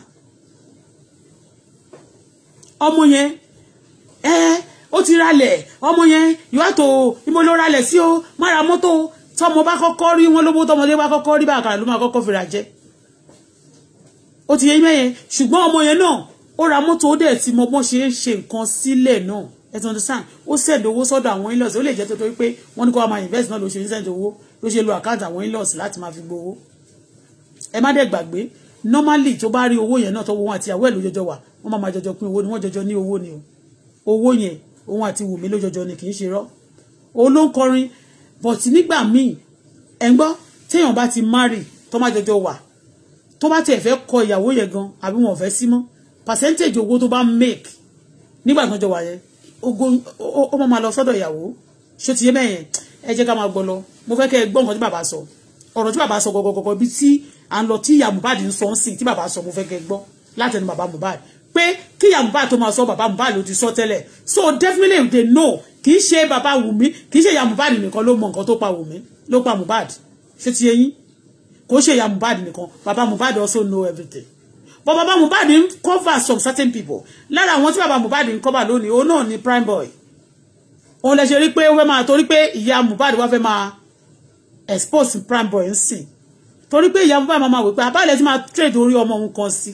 ọmọ yẹn ẹ. Eh, ó ti ralẹ̀ ọmọ yẹn you have to ibo ló ralẹ̀ sí o má ra mọ́tò tọmọ bá kọ́kọ́ rí wọn lówó tọmọdé bá kọ́kọ́ rí bàkàrà ló máa kọ́kọ́ fìrà jẹ ó ti yẹ mẹ́yẹn ṣùgbọ́n ọmọ yẹn náà ó ra mọ́tò ó dẹ̀ ti mọ bọ́n ṣe ń ṣe nǹkan sílẹ̀ náà ẹ ti understand ó sẹ̀dọ̀ owó sọ́dọ̀ àwọn in-laws ó lè jẹ́ tó torí pé wọ́n ní kó wá máa invest náà ló ṣe ń sẹ̀dọ̀ owó ló ṣe lo àkáǹtì àwọn in-laws láti máa fi gbowó ẹ má dẹ̀ gbàgbé normally tó bá rí owó yẹn náà tó wọ́n àti ìyàwó ẹ̀ ló jọjọ wà wọ́n máa jọjọ pín owó ni wọ́n jọjọ ní owó ni o owó yẹn òun àti wùmí lójoojọ ni kì í ṣe rọ òun ló ń kọrin but nígbà míì ẹ̀ téèyàn bá ti marry tó má jọjọ wà tó bá tiẹ̀ fẹ́ kọ ìyàwó yẹn gan àbí wọn ò fẹ́ percentage owó tó bá make nígbà tó jọ wà yẹn ó máa lọ sọ́dọ̀ ìyàwó ṣó ti yé mẹ́yẹn ẹ jẹ́ ká máa gbọ́ lọ mo fẹ́ kẹ́ ẹ gbọ́ nǹkan tí bàbá sọ ọ̀rọ̀ tí bàbá sọ gọ̀gọ̀gọ̀gọ̀ bí tí à ń lọ tí ìyá ń sọ ń sìn tí bàbá sọ mo fẹ́ kẹ́ ẹ látẹnu bàbá Mohbad pé kí ìyá Mohbad tó máa sọ bàbá Mohbad ló ti sọ tẹ́lẹ̀ so definitely they know kì í ṣe bàbá Wùmí kì í ṣe ìyá Mohbad nìkan ló mọ nǹkan tó pa Wùmí ló pa Mohbad ṣé ti yẹn yín kò ṣe ìyá Mohbad nìkan bàbá Mohbad also know everything but bàbá Mohbad ń cover some certain people lára àwọn tí bàbá Mohbad ń cover lónìí òun náà ni prime boy òun lè ṣe rí pé ó fẹ́ máa torí pé ìyá Mohbad wá fẹ́ máa expose prime boy ń sìn torí pé ìyá Mohbad máa máa wò pé àbálẹ̀ tí trade orí ọmọ òun kan sí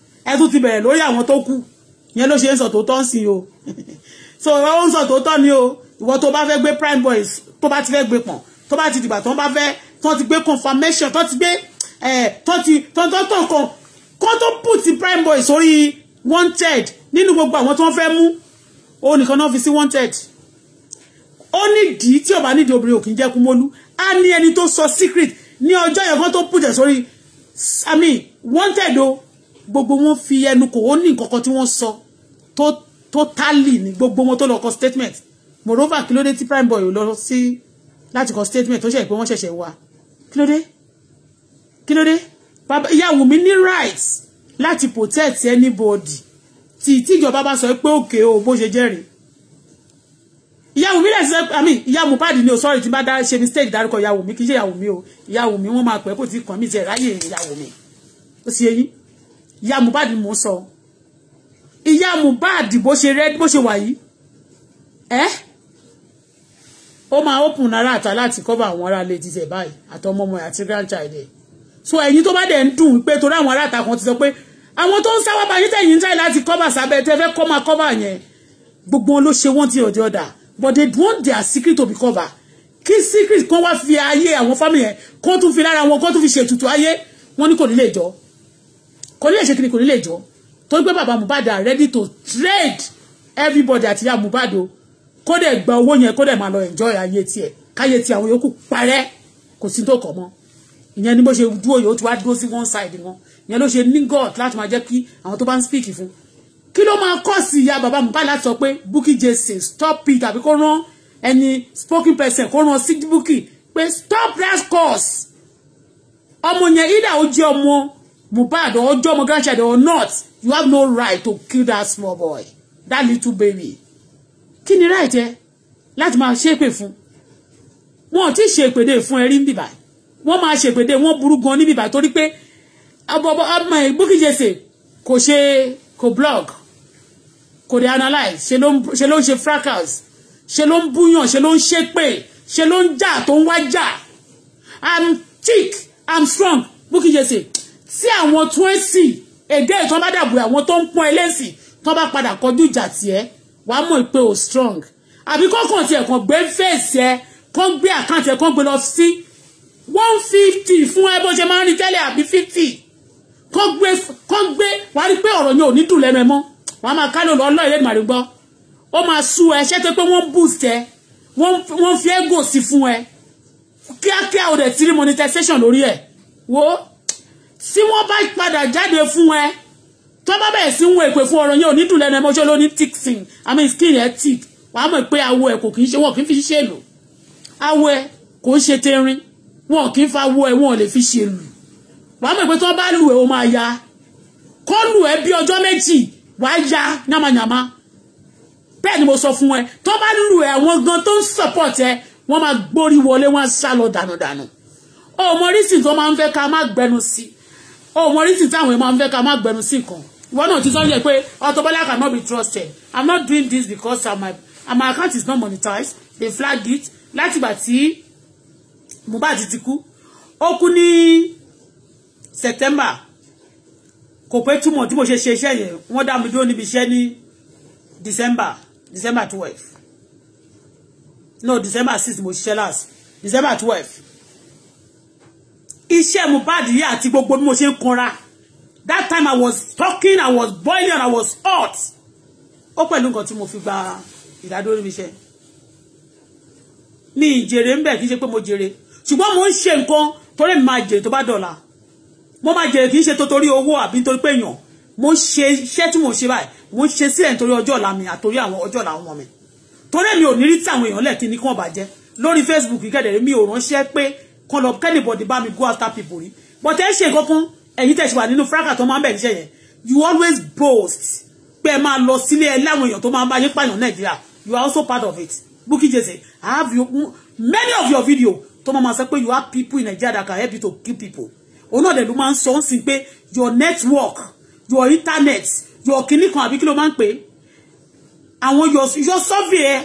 ẹ tún ti bẹ̀rẹ̀ lórí àwọn tó kù yẹn ló ṣe ń sọ tó tọ́ sí o <laughs> so ó ń sọ tó tọ́ ni o ìwọ tó bá fẹ́ gbé prime boys tó bá ti fẹ́ gbé pọ̀n tó bá ti dìgbà tó bá fẹ́ tó ti gbé confirmation tó ti gbé tó ti tó tó tó kan kó tó put prime boys sórí wanted nínú gbogbo àwọn tó ń fẹ́ mú ó nìkan náà fi sí wanted ó nídìí tí ọba nídìí obìnrin òkì jẹ́ kúmọ́lú á ní ẹni tó sọ secret ní ọjọ́ yẹn kan tó put ẹ̀ sórí i mean wanted o gbogbo wọn fi ẹnu kò ó ní nǹkan tí wọ́n sọ tó totally ní gbogbo wọn tó lọ kọ statement moreover kí ló dé tí prime boy lọ sí láti kọ statement tó ṣe pé wọ́n ṣẹ̀ṣẹ̀ wá kí ló dé kí ló dé bàbá ìyàwó mi ní right láti protect anybody tí tíjọba bá sọ pé òkè o bó ṣe jẹ́rìí ìyàwó mi lẹ́sẹ̀ àmì ìyá Mohbad ni o sorry tí bá dá ṣe mistake dárúkọ ìyàwó mi kì í ṣe ìyàwó mi o ìyàwó mi wọ́n máa pẹ́ kó ti kàn mí jẹ́ ráyè ìyàwó mi ó sì yẹ ìyá Mohbad mò ń sọ ìyá Mohbad bó ṣe rẹ bó ṣe wà yìí ẹ ó máa open náírà àtà láti cover àwọn ará ilé títẹ báyìí àtọmọ ọmọ àti grandchild ẹ so ẹ̀yin tó bá dẹ̀ ń dùn pé torí àwọn ará àtàkùn ti sọ pé àwọn tó ń sáwá báyìí tẹ̀yìn ń tẹ̀ láti cover sábẹ́ tẹ́ fẹ́ kọ́ máa cover yẹn gbogbo wọn ló ṣe wọ́n ti ọ̀dẹ̀ ọ̀dà but they want their secret to be covered kí secret kan wá fi ayé àwọn family yẹn kó tún fi lára wọn kó tún fi ṣètùtù ayé wọn ní kò nílé ìjọ kò ní lè ṣe kí ni kò ní lè jọ tó gbé bàbá Mohbad are ready to trade everybody àti ìyá Mohbad o kó dẹ̀ gba owó yẹn kó dẹ̀ máa lọ enjoy ayé tiẹ̀ káyé ti àwọn yòókù parẹ́ kò sí tó kọ̀ mọ́ ìyẹn ni bó ṣe dúró yòó ti wá dúró sí one side wọn ìyẹn ló ṣe ní god láti máa jẹ́ kí àwọn tó bá ń speak fún kí ló máa kọ́ sí ìyá bàbá Mohbad láti sọ pé Bukky Jease stop Peter àbí kó rán ẹni spoken person kó rán sí Bukky pé stop that course ọmọ yẹn ìdá ó jẹ́ ọmọ Mohbad or ọjọ́ ọmọ or not you have no right to kill that small boy that little baby Kini right Eh? Let máa ṣépè fún wọn ò tí ì ṣèpèdè fún ẹ rí níbà wọn máa ṣèpèdè wọn burú gan níbà torí pé ọmọ ẹ Bukky-Jesse kò ṣe kò blog kò dé analyse ṣe ló ń ṣe fracas ṣe ló ń búyàn ṣe ló ń ṣépè ṣe ló ń jà i'm thick i'm strong you say? sí àwọn tó ń sìn èdè ìtàn bá dàbò àwọn tó ń pọ́n ẹlẹ́sìn tó bá padà kọjú ìjà tiẹ̀ wà á mọ̀ pé o strong àbí kọ́kàn tiẹ̀ kàn gbé fèsì ẹ kàn gbé àkáǹtì ẹ kàn gbé lọ sí one fifty fún ẹ bó ṣe máa ń rí tẹ́lẹ̀ àbí fifty kàn gbé kàn gbé wàá rí pé ọ̀rọ̀ yẹn ò ní dùn lẹ́nu ẹ mọ́ wàá máa kálò lọ ọlọ́ọ̀ ilé ìmàrí gbọ́ ó máa sú ẹ ṣé tó pé wọ́n boost ẹ wọ́n fi ẹ́ gò sí fún ẹ kíákíá o dẹ̀ ti rí monetization lórí ẹ̀ wò tí wọ́n bá padà jáde fún ẹ tó bá bẹ̀rẹ̀ sí ń wo èpè fún ọ̀rọ̀ yẹn ò ní dùn lẹ́nu ẹ mọ́jọ́ ló ní thick skin i mean skin ẹ thick wàá mọ̀ pé awo ẹ kò kì í ṣe wọn kì í fi ṣe lò awo ẹ kò ń ṣe tẹrin wọn kì í fa wo ẹ wọn ò lè fi ṣe lù wàá mọ̀ pé tó bá lù ẹ o máa ya kó lù ẹ bí ọjọ́ méjì wàá ya yàmàyàmà bẹ́ẹ̀ ni mo sọ fún ẹ tó bá lù ẹ àwọn gan tó ń support ẹ wọ́n máa gbórí wọlé wọ́n á sá lọ dànùdànù ọmọ rísìn tó máa ń fẹ́ ká má gbẹnu sí i ọmọ orísìí táwọn èèyàn máa ń fẹ́ ká má gbẹnu sí nǹkan ìwọ náà ti sọ yẹ pé Auto Bola cannot be trusted i'm not doing this because I'm my, my account is not monetized they flag it látìgbà tí Mohbad ti kú ó kú ní September kò pé túmọ̀ tí mo ṣe ṣe iṣẹ́ yẹn wọ́n dá mi dúró níbi iṣẹ́ ní December December twelve no December six mo ṣiṣẹ́ last December twelve iṣẹ́ Mohbad yìí àti gbogbo bí mo ṣe ń kanra that time I was talking I was boiling and I was hot ó pẹ̀lú nǹkan tí mo fi gba ìdádúró mi ṣe mi ìjèrè ń bẹ̀ kì í ṣe pé mo jèrè ṣùgbọ́n mo ń ṣe nǹkan torí mi máa jèrè tó bá dọ̀la mo máa jèrè kì í ṣe torí owó àbí nítorí pé èèyàn mo ń ṣe iṣẹ́ tí mo ṣe báyìí mo ń ṣe sílẹ̀ nítorí ọjọ́ ọ̀la mi àtòrí àwọn ọjọ́ ọ̀la ọmọ mi torí mi ò ní rí tí àwọn èèyàn lẹ̀ kí ni kí wọ́n bàjẹ́ lórí Facebook kẹ́dẹ̀rẹ́ mi ò ránṣẹ́ pé kọ́ lọ kẹ́nìbọ̀dì bá mi go after people but ẹ ṣe go ẹ̀yin and wà nínú fúrákà tó máa ń bẹ̀ níṣẹ́ you always boast pé man máa lọ sílé ẹ láwọn èèyàn tó máa ń bá you are also part of it Bukky Jesse I have you, many of your video tó máa ma you have people in Nigeria that can help you to kill people òun náà dẹ̀ man, so ń sọ your network your internet your kìnnì kan àbí kí ló máa ń pè your survey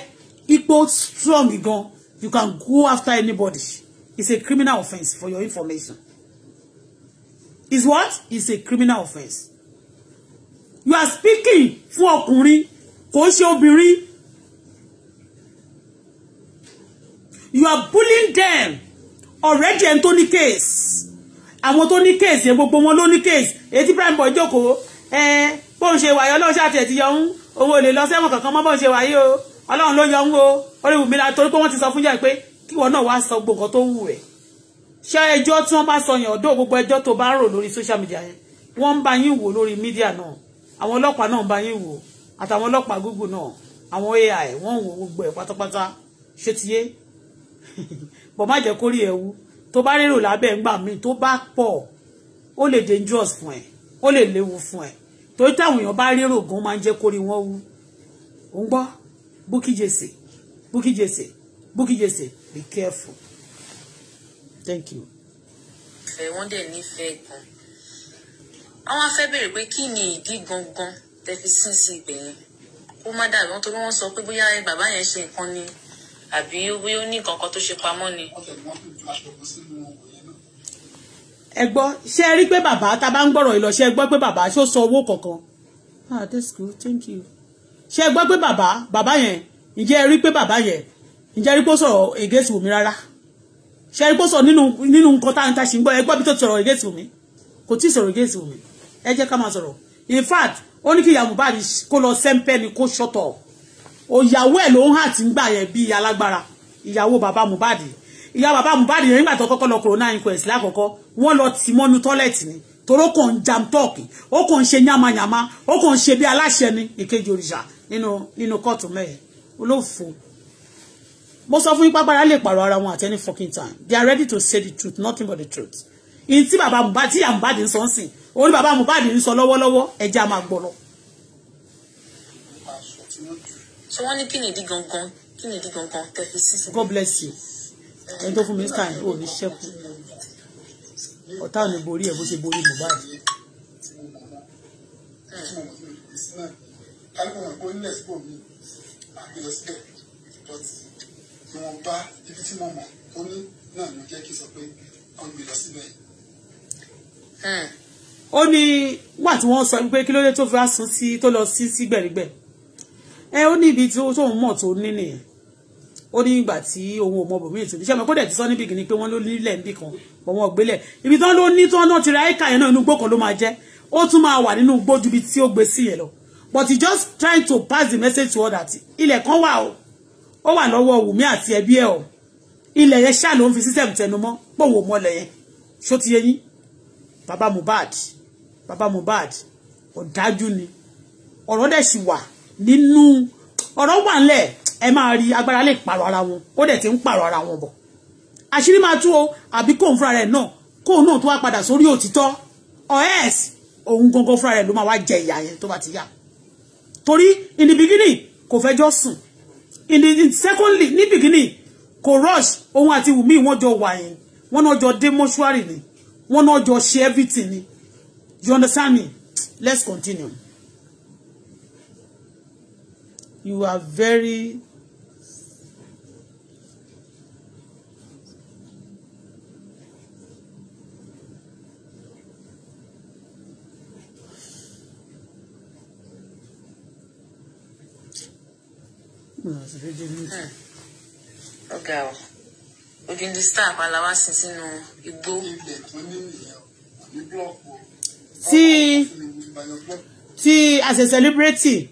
ipò strong gan you can go after anybody. It's a criminal offense for your information. It's what? It's a criminal offense. You are speaking fún ọkùnrin kò ṣe obìnrin. You are bullying them already ẹni tó case. Àwọn tó ní case yẹn gbogbo wọn ló ní case. Etí prime boy jókòó ẹ bóun ṣe wáyé ọlọ́run ṣáà tiẹ̀ ti yọ ń owó lè lọ sẹ́wọ̀n kankan mọ́ bóun ṣe wáyé o ọlọ́run ló yọ ń wo orí wùmí la torí pé wọ́n ti sọ fún yà pé kí wọn náà wá sọ gbogbo nǹkan tó wù ẹ́ ṣé ẹjọ́ tí wọ́n bá sọ yàn ọ̀dọ́ gbogbo ẹjọ́ tó bá rò lórí social media yẹn wọ́n ń bá yín wò lórí media náà àwọn ọlọ́pàá náà ń bá yín wò àtàwọn ọlọ́pàá Google náà àwọn AI wọ́n ń wò gbogbo ẹ̀ pátápátá ṣé ti yé <laughs> bọ̀ má jẹ́ kórìí ẹ̀wú tó bá rérò lábẹ́ ńgbà míì tó bá pọ̀ ó lè dangerous fún ẹ̀ ó lè léwu fún ẹ̀ torí táwọn èèyàn bá rérò gan máa ń jẹ́ kórìí wọn wú ò ń gbọ́ Bukky Jesse Bukky Jesse Bukky Be careful. Thank you. Ìfẹ́ wọ́n dẹ̀ nífẹ̀ẹ́ gan. Àwọn afẹ́ bèrè pé kí ni ìdí gangan tẹ fi sín sí ibẹ̀ yẹn. Ó má dàbí wọn torí wọ́n sọ pé bóyá bàbá yẹn ṣe nǹkan ni àbí bóyá ó ní nǹkan kan tó ṣe pamọ́ ni. Ẹ gbọ́ ṣé ẹ rí pé bàbá tá a bá ń gbọ́rọ̀ yìí lọ ṣé ẹ gbọ́ pé bàbá ṣó sọ owó kankan. Ah that's good thank you. Ṣé ẹ gbọ́ pé bàbá bàbá yẹn ǹjẹ́ ẹ rí pé bàbá yẹn ǹjẹ́ rí pé ó sọ̀rọ̀ against Wùmí rárá ṣe rí pé ó sọ̀rọ̀ nínú nínú nǹkan tá à ń ta ṣì ń gbọ́ ẹ gbọ́ bí tó ti sọ̀rọ̀ against Wùmí kò tí ì sọ̀rọ̀ against Wùmí ẹ jẹ́ ká máa sọ̀rọ̀ in fact ó ní kí ìyá Mohbad kó lọ sẹ́ńpẹ́ ni kó ṣọ́tọ̀ òyàwó ẹ̀ ló ń hàn tí ń gbà yẹn bí alágbára ìyàwó bàbá Mohbad ìyá bàbá Mohbad yẹn nígbà tó kọ́kọ́ lọ corona inquest jam tọ́ọ̀kì ó kàn ń ṣe yánmayànmá ó kàn ń ṣe bí aláṣẹ ni mo sọ fún yín pápára lè pààrọ̀ ara wọn at any fucking time they are ready to say the truth nothing but the truth ìyí ba bàbá Mohbad tí ìyá Mohbad ń sọ ń sìn òun ni bàbá Mohbad ń sọ lọ́wọ́lọ́wọ́ ẹja máa gbọ́rọ̀. so wọ́n ní kí ni ìdí gangan kí ni ìdí gangan tẹ̀fí sí God bless you ẹni tó fún mi sàn ò ní ṣẹ́kù ọ̀tá ò ní borí ẹ̀ bó ṣe borí Mohbad kálífọ̀n àgbo nílẹ̀ síbò mi àgbẹ̀lẹ̀ síbẹ̀ ìtọ́tì ni wọ́n bá ibi tí mo mọ̀ ó ní náà ló jẹ́ kí n sọ pé wọ́n gbé lọ síbẹ̀ yìí. ó ní wà tí wọ́n sọ pé kí ló dé tó fi sùn sí tó lọ sí sí gbẹ̀rígbẹ̀ ẹ ó ní ibi tí tóun mọ̀ tó ní nìyẹn ó ní ìgbà tí òun ò mọ bòmí ìtòlú iṣẹ́ mi ti sọ níbi kìíní pé wọ́n ló nílẹ̀ níbì kan bọ̀ wọ́n ibi tán ló ní tán náà ti ra ẹ̀ka yẹn náà inú igbó kan ló máa jẹ́ ó tún máa wà nínú igbó ju ibi tí ó gbé sí yẹn lọ but he just trying to pass the message to others ilẹ̀ kan wà o ó wà lọ́wọ́ Wùmí àti ẹbí ẹ̀ o ilẹ̀ yẹn ṣáà ló ń fi sísẹ̀mù tẹnumọ́ pòwò mọ́lẹ̀ yẹn ṣó ti yẹ yín bàbá Mohbad bàbá Mohbad ọ̀dájú ni ọ̀rọ̀ dẹ̀ sì wà nínú ọ̀rọ̀ wà ńlẹ̀ ẹ máa rí agbára lè pààrọ̀ ara wọn ó dẹ̀ ti ń pààrọ̀ ara wọn bọ̀ àṣírí máa tú o àbí kóun fúnra rẹ̀ náà kóun náà tó wá padà sórí òtítọ́ ọ̀ẹ́s òun gangan fúnra rẹ̀ ló máa wá jẹ ìyà yẹn tó bá ti yá torí in the beginning kò fẹ́ jọ sùn in the in secondly ní beginning kò rush òun àti Wùmí wọ́n jọ wà yẹn wọ́n náà jọ dé mọ́ṣúárì ni wọ́n náà jọ ṣe everything ni you understand me let's continue you are very ọgá ọ ojú ndí star palawa sí sínú igbó. tí tí as a celebrity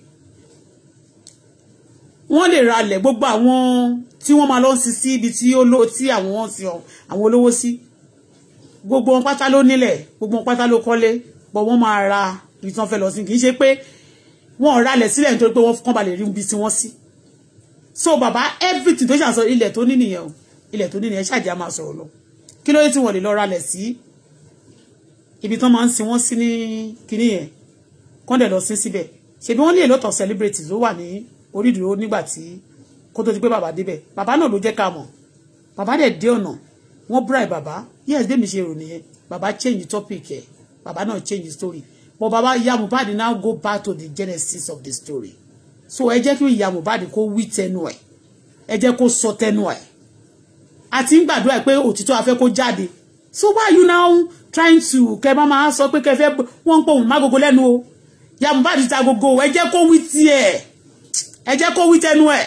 wọ́n lè ralẹ̀ gbogbo àwọn tí wọ́n máa lọ sí sí ibi tí ó lọ tí àwọn ti àwọn olówó sí gbogbo wọn pátá ló nílẹ̀ gbogbo wọn pátá ló kọ́lé bọ́ wọ́n máa ra ibi tí wọ́n fẹ́ lọ sí kì í ṣe pé wọ́n ralẹ̀ sílẹ̀ nítorí pé wọ́n kàn balẹ̀ rí ibi tí wọ́n sí. Si so Baba, everything tó ṣàṣọ ilẹ̀ tó ní nìyẹn o ilẹ̀ tó ní nìyẹn ṣàjẹ́ máa sọ̀rọ̀ lọ kí ló dé tí wọ́n lè lọ ralẹ̀ sí ibi tán máa ń sin wọ́n sí ní kinní yẹn kán dẹ̀ lọ sí síbẹ̀ ṣèbí wọ́n ní a lot of celebrities ló wà ní orí ìdúró nígbà tí kó tó ti pé Baba débẹ̀ bàbá náà ló jẹ́ ká mọ̀ bàbá dẹ̀ dé ọ̀nà wọ́n bribe Baba. yes bẹ́ẹ̀ mi ṣe rò nìyẹn bàbá change topic ẹ̀ bàbá náà change story but Baba, ya Mohbad now go back to the genesis of the story so ẹ jẹ́ kí ìyá Mohbad kó wí tẹnu ẹ̀ ẹ jẹ́ kó sọ tẹnu ẹ̀ àti ń gbàdúrà pé òtítọ́ afẹ́ kó jáde so why you now trying to kẹ bá máa sọ pé kẹfẹ́ wọ́n ń pọ̀ òun má gogo lẹ́nu o ìyá Mohbad ta gogo ẹ jẹ́ kó wí tiẹ̀ ẹ jẹ́ kó wí tẹnu ẹ̀.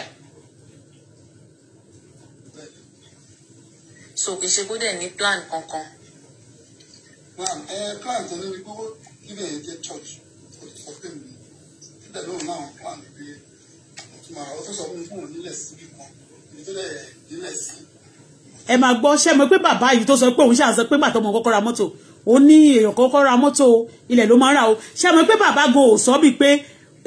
so kì í ṣe gbọ́dọ̀ ní plan kankan. plan ẹ plan tẹ̀lé ni gbogbo ibẹ̀ yẹn jẹ́ church tẹ̀lé òun láwọn plan pé mo tún máa ọ tó sọ fún mi fún òun nílẹ̀ sí bí kan èyí tó dẹ̀ nílẹ̀ sí. ẹ máa gbọ́ ṣé mo pé bàbá yìí tó sọ pé òun ṣáà sọ pé gbàtọ́ ọmọ kọ́kọ́ ra mọ́tò ó ní èèyàn kọ́kọ́ ra mọ́tò ilẹ̀ ló máa ń rà o ṣé mo pé bàbá go ò sọ bíi pé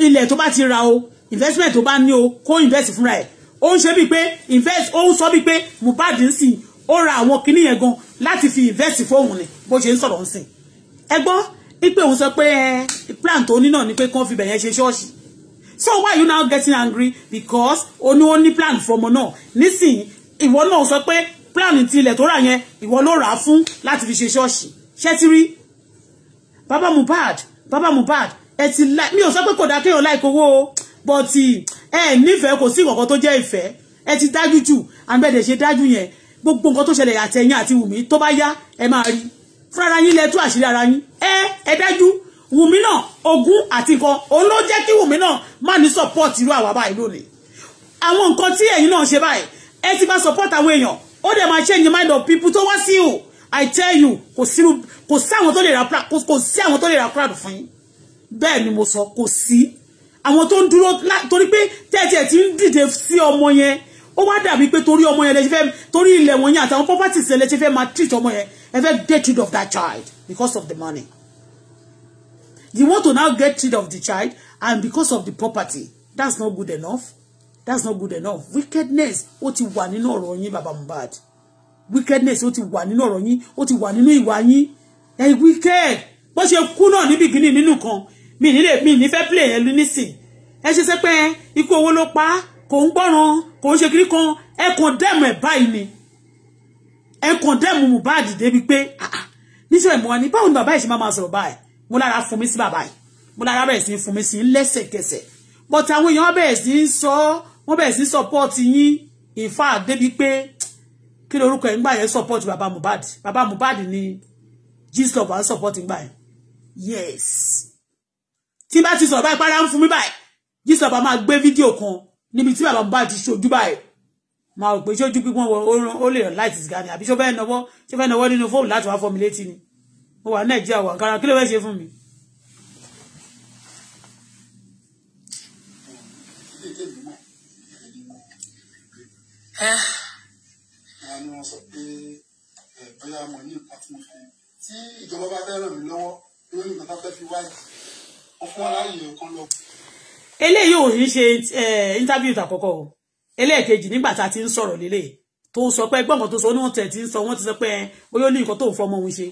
ilẹ̀ tó bá ti ra o investment tó bá ní o kó invest fúnra ẹ̀ ó ń ṣe bíi pé invest ó ń sọ bíi pé Mohbad ń sìn ó ra àwọn kinní yẹn gan láti fi invest fóun ni bó ṣe ń sọ̀rọ̀ ń sìn ẹ gbọ́ ipe òun sọ pé ẹ eh, plan tó ní náà ni pé kán fi bẹ̀yẹn ṣe ṣọ́ọ̀ṣì so why you now getting angry because o ní o ní plan fọmọ náà nísìnyí ìwọ náà sọ pé plan ti ilẹ̀ tó rà yẹn ìwọ ló rà á fún láti fi ṣe ṣọ́ọ̀ṣì ṣé ti rí baba Mohbad baba Mohbad ẹ ti láì mi ò sọ pé kò dá kéèyàn láì kówó o but eh, ẹ nífẹ̀ẹ́ kò sí nǹkan tó jẹ́ ìfẹ́ ẹ ti dájú jù àbẹ̀dẹ̀ ṣe dájú yẹn gbogbo nǹkan tó ṣẹlẹ̀ àtẹ̀yìn àti wùmí tó bá yá ẹ máa rí i fúnra yín lẹ tú àṣírí ara yín ẹ ẹ dájú wùmí náà ogún àti nǹkan òun ló jẹ́ kí wùmí náà má ní support irú àwa báyìí lónìí àwọn nǹkan tí ẹ̀yin náà ṣe báyìí ẹ ti bá support àwọn èèyàn ó dẹ̀ máa change mind of people tó wá sí o i tell you kò sí kò sí àwọn tó lè ra kò sí àwọn tó lè ra crowd fún yín bẹ́ẹ̀ ni mo sọ kò sí àwọn tó ń dúró torí pé tẹ́tí ẹ̀ ti ń dìde sí ọmọ yẹn ó wá dàbí pé torí ọmọ yẹn lè ṣe fẹ́ torí ilẹ̀ wọn àtàwọn properties yẹn lè ṣe fẹ́ máa treat ọmọ yẹn Ever get rid of that child because of the money you want to now get rid of the child and because of the property that's not good enough that's not good enough wickedness ó ti wà nínú ọ̀rọ̀ yín baba Mohbad wickedness ó ti wà nínú ọ̀rọ̀ yín ó ti wà nínú ìwà yín ẹ wicked But ṣe kú náà ní bìgínì nínú kan mi ní lè mi ní fẹ́ play yẹn lu nísìn ẹ ṣe sẹ́pẹ́ ikú owó ló pa kò ń gbọ́ràn kò ń ṣe kiri kan ẹ kàn dẹ́mu ẹ̀ báyìí ni ẹ condemn Mohbad débi pé ah, ah, níṣẹ́ ìmọ̀ ni báwo ni bàbá yìí ṣe máa máa sọ̀rọ̀ báyìí mo lára fún mi sí bàbá mo lára bẹ̀rẹ̀ sí fún mi sí lẹ́sẹ̀kẹsẹ̀ but àwọn èèyàn bẹ̀rẹ̀ sí so. sọ wọ́n bẹ̀rẹ̀ sí support yín in fact débi pé kí lorúkọ ẹ̀ ń gbà yẹn support bàbá Mohbad bàbá Mohbad ni jesus lọ́ba ń support ń yes tí bá ti sọ̀rọ̀ báyìí pàrọ̀ ń fún mi báyìí jesus lọ́ba máa gbé fídíò kan níbi tí bàbá Mohbad ti ṣojú báyìí máa rò pé ṣójú pípọ́n wọn ó lè láì tìsíkà ni àbí ṣó fẹ́ nọwọ́ ṣó fẹ́ nọwọ́ nínú fóònù láti wá fọ́ mi létí ni mo wà nàìjíríà wà kára kí ló fẹ́ ṣe fún mi. Ah. Eh, tí ìjọba bá fẹ́ ràn mí lọ́wọ́ lórí nǹkan tó fẹ́ fi wáyé ó fún aláìyẹ kan lọ. eléyìí ò ní ṣe eh, interview tàkọ́kọ́ o ẹlẹ́ẹ̀kejì nígbà tá a ti ń sọ̀rọ̀ lélẹ̀ tó sọ pé ẹgbọ́n kan tó sọ ní wọ́n tẹ̀ ti ń sọ wọ́n ti sọ pé bóyá ó ní nǹkan tó ń fọmọ òun ṣe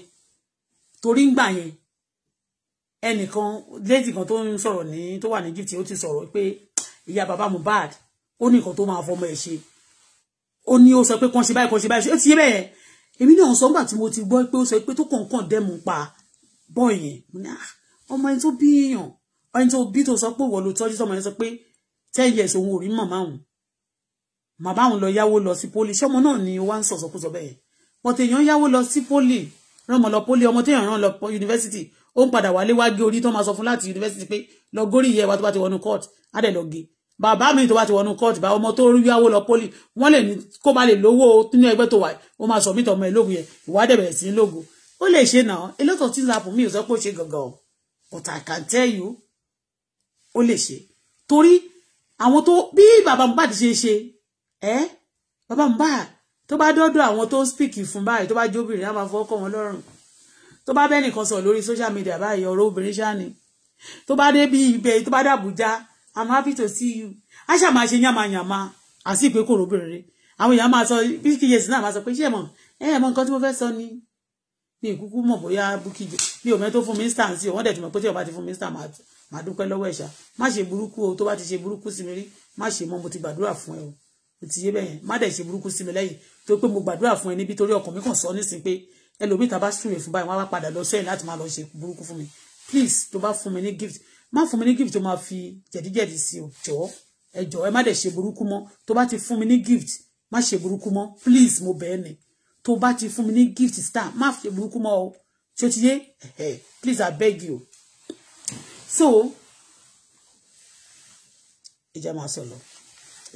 torí ń gbà yẹn ẹnìkan lẹ́tì kan tó ń sọ̀rọ̀ ní tó wà ní Egypt ó ti sọ̀rọ̀ pé ìyá bàbá Mohbad ó ní nǹkan tó máa fọmọ ẹ̀ ṣe ó ní ó sọ pé kàn ṣe báyìí kàn ṣe báyìí ó ti yé bẹ́ẹ̀ èmi náà sọ nígbà tí mo ti gbọ́ pé ó sọ pé tó kàn kàn dẹ́mu pa bọ́ yẹn ah, ọmọ ẹni tó bí èèyàn ẹni tó bí tó sọ pé ìwọ ló tọ́jú sọmọ ẹni sọ pé ten years òun ò rí màmá òun màá bá òun lọ yáwó lọ sí pólì ṣé ọmọ náà ni wá ń sọ̀sọ̀ kú sọ bẹ́ẹ̀ but èèyàn yáwó lọ sí pólì rán ọmọ lọ pólì ọmọ téèyàn rán lọ yunifásitì ó ń padà wálé wá gé orí tó máa sọ fún láti yunifásitì pé lọ górí ìyẹ́ wa tó bá ti wọnú court á dẹ̀ lọ gé bàbá mi tó bá ti wọnú court bá ọmọ tó rí yáwó lọ pólì wọ́n lè ní kó ba lè lówó nínú ẹgbẹ́ tó wà ó máa sọ mítọ̀ ọmọ ẹ̀ lógun yẹn ìwà dẹ̀ bẹ̀rẹ̀ a lot of things happen mi ò sọ pé ó ṣe gangan but I can tell you ó lè ṣe torí àwọn tó bí bàbá Mohbad ṣe ṣe ẹ bàbá mi báà tó bá dọ́dọ̀ àwọn tó ń speak fún báyìí tó bá jóbìnrin á máa fọwọ́ kọ́ wọn lọ́rùn tó bá bẹ́ẹ̀ nìkan sọ̀rọ̀ lórí social media báyìí ọ̀rọ̀ obìnrin ṣáà ni tó bá dé bí ibẹ̀ tó bá dàbújá i'm happy to see you a ṣáà máa ṣe yàmàyàmà àti ìpè kò róbìnrin rẹ àwọn èèyàn máa sọ bí kí yẹsì náà máa sọ pé ṣé ẹ mọ̀ ẹ mọ̀ nǹkan tí mo fẹ́ sọ ni mi ìkúkú mọ̀ bóyá búkì jù mi ò mẹ́ tó fún mínísítà sí ọ wọ́n dẹ̀ ti mọ̀ pé tí ọba ti fún mínísítà máa dúpẹ́ lọ́wọ́ ẹ̀ṣà má ṣe burúkú o tó bá ti ṣe burúkú sí mi rí má ṣe mọ́ mo ti gbàdúrà fún ẹ o ó bẹ́ẹ̀ má dẹ̀ ṣe burúkú sí mi lẹ́yìn tó pé mo gbàdúrà fún ẹ níbi torí ọkàn mi kàn sọ nísìnyí pé ẹlòmíì tá bá súre fún báyìí wọn á padà lọ sẹ́yìn láti máa lọ ṣe burúkú fún mi please tó bá fún mi ní gift má fún mi ní gift tó máa fi jẹ̀díjẹ̀dí sí o jọ̀ọ́ ẹ jọ̀ọ́ ẹ má dẹ̀ ṣe burúkú mọ́ tó bá ti fún mi ní gift má ṣe burúkú mọ́ please mo bẹ̀ ni tó bá ti fún mi ní gift star má ṣe burúkú mọ́ o ṣé o ti yé please I beg you so ìjà máa sọ lọ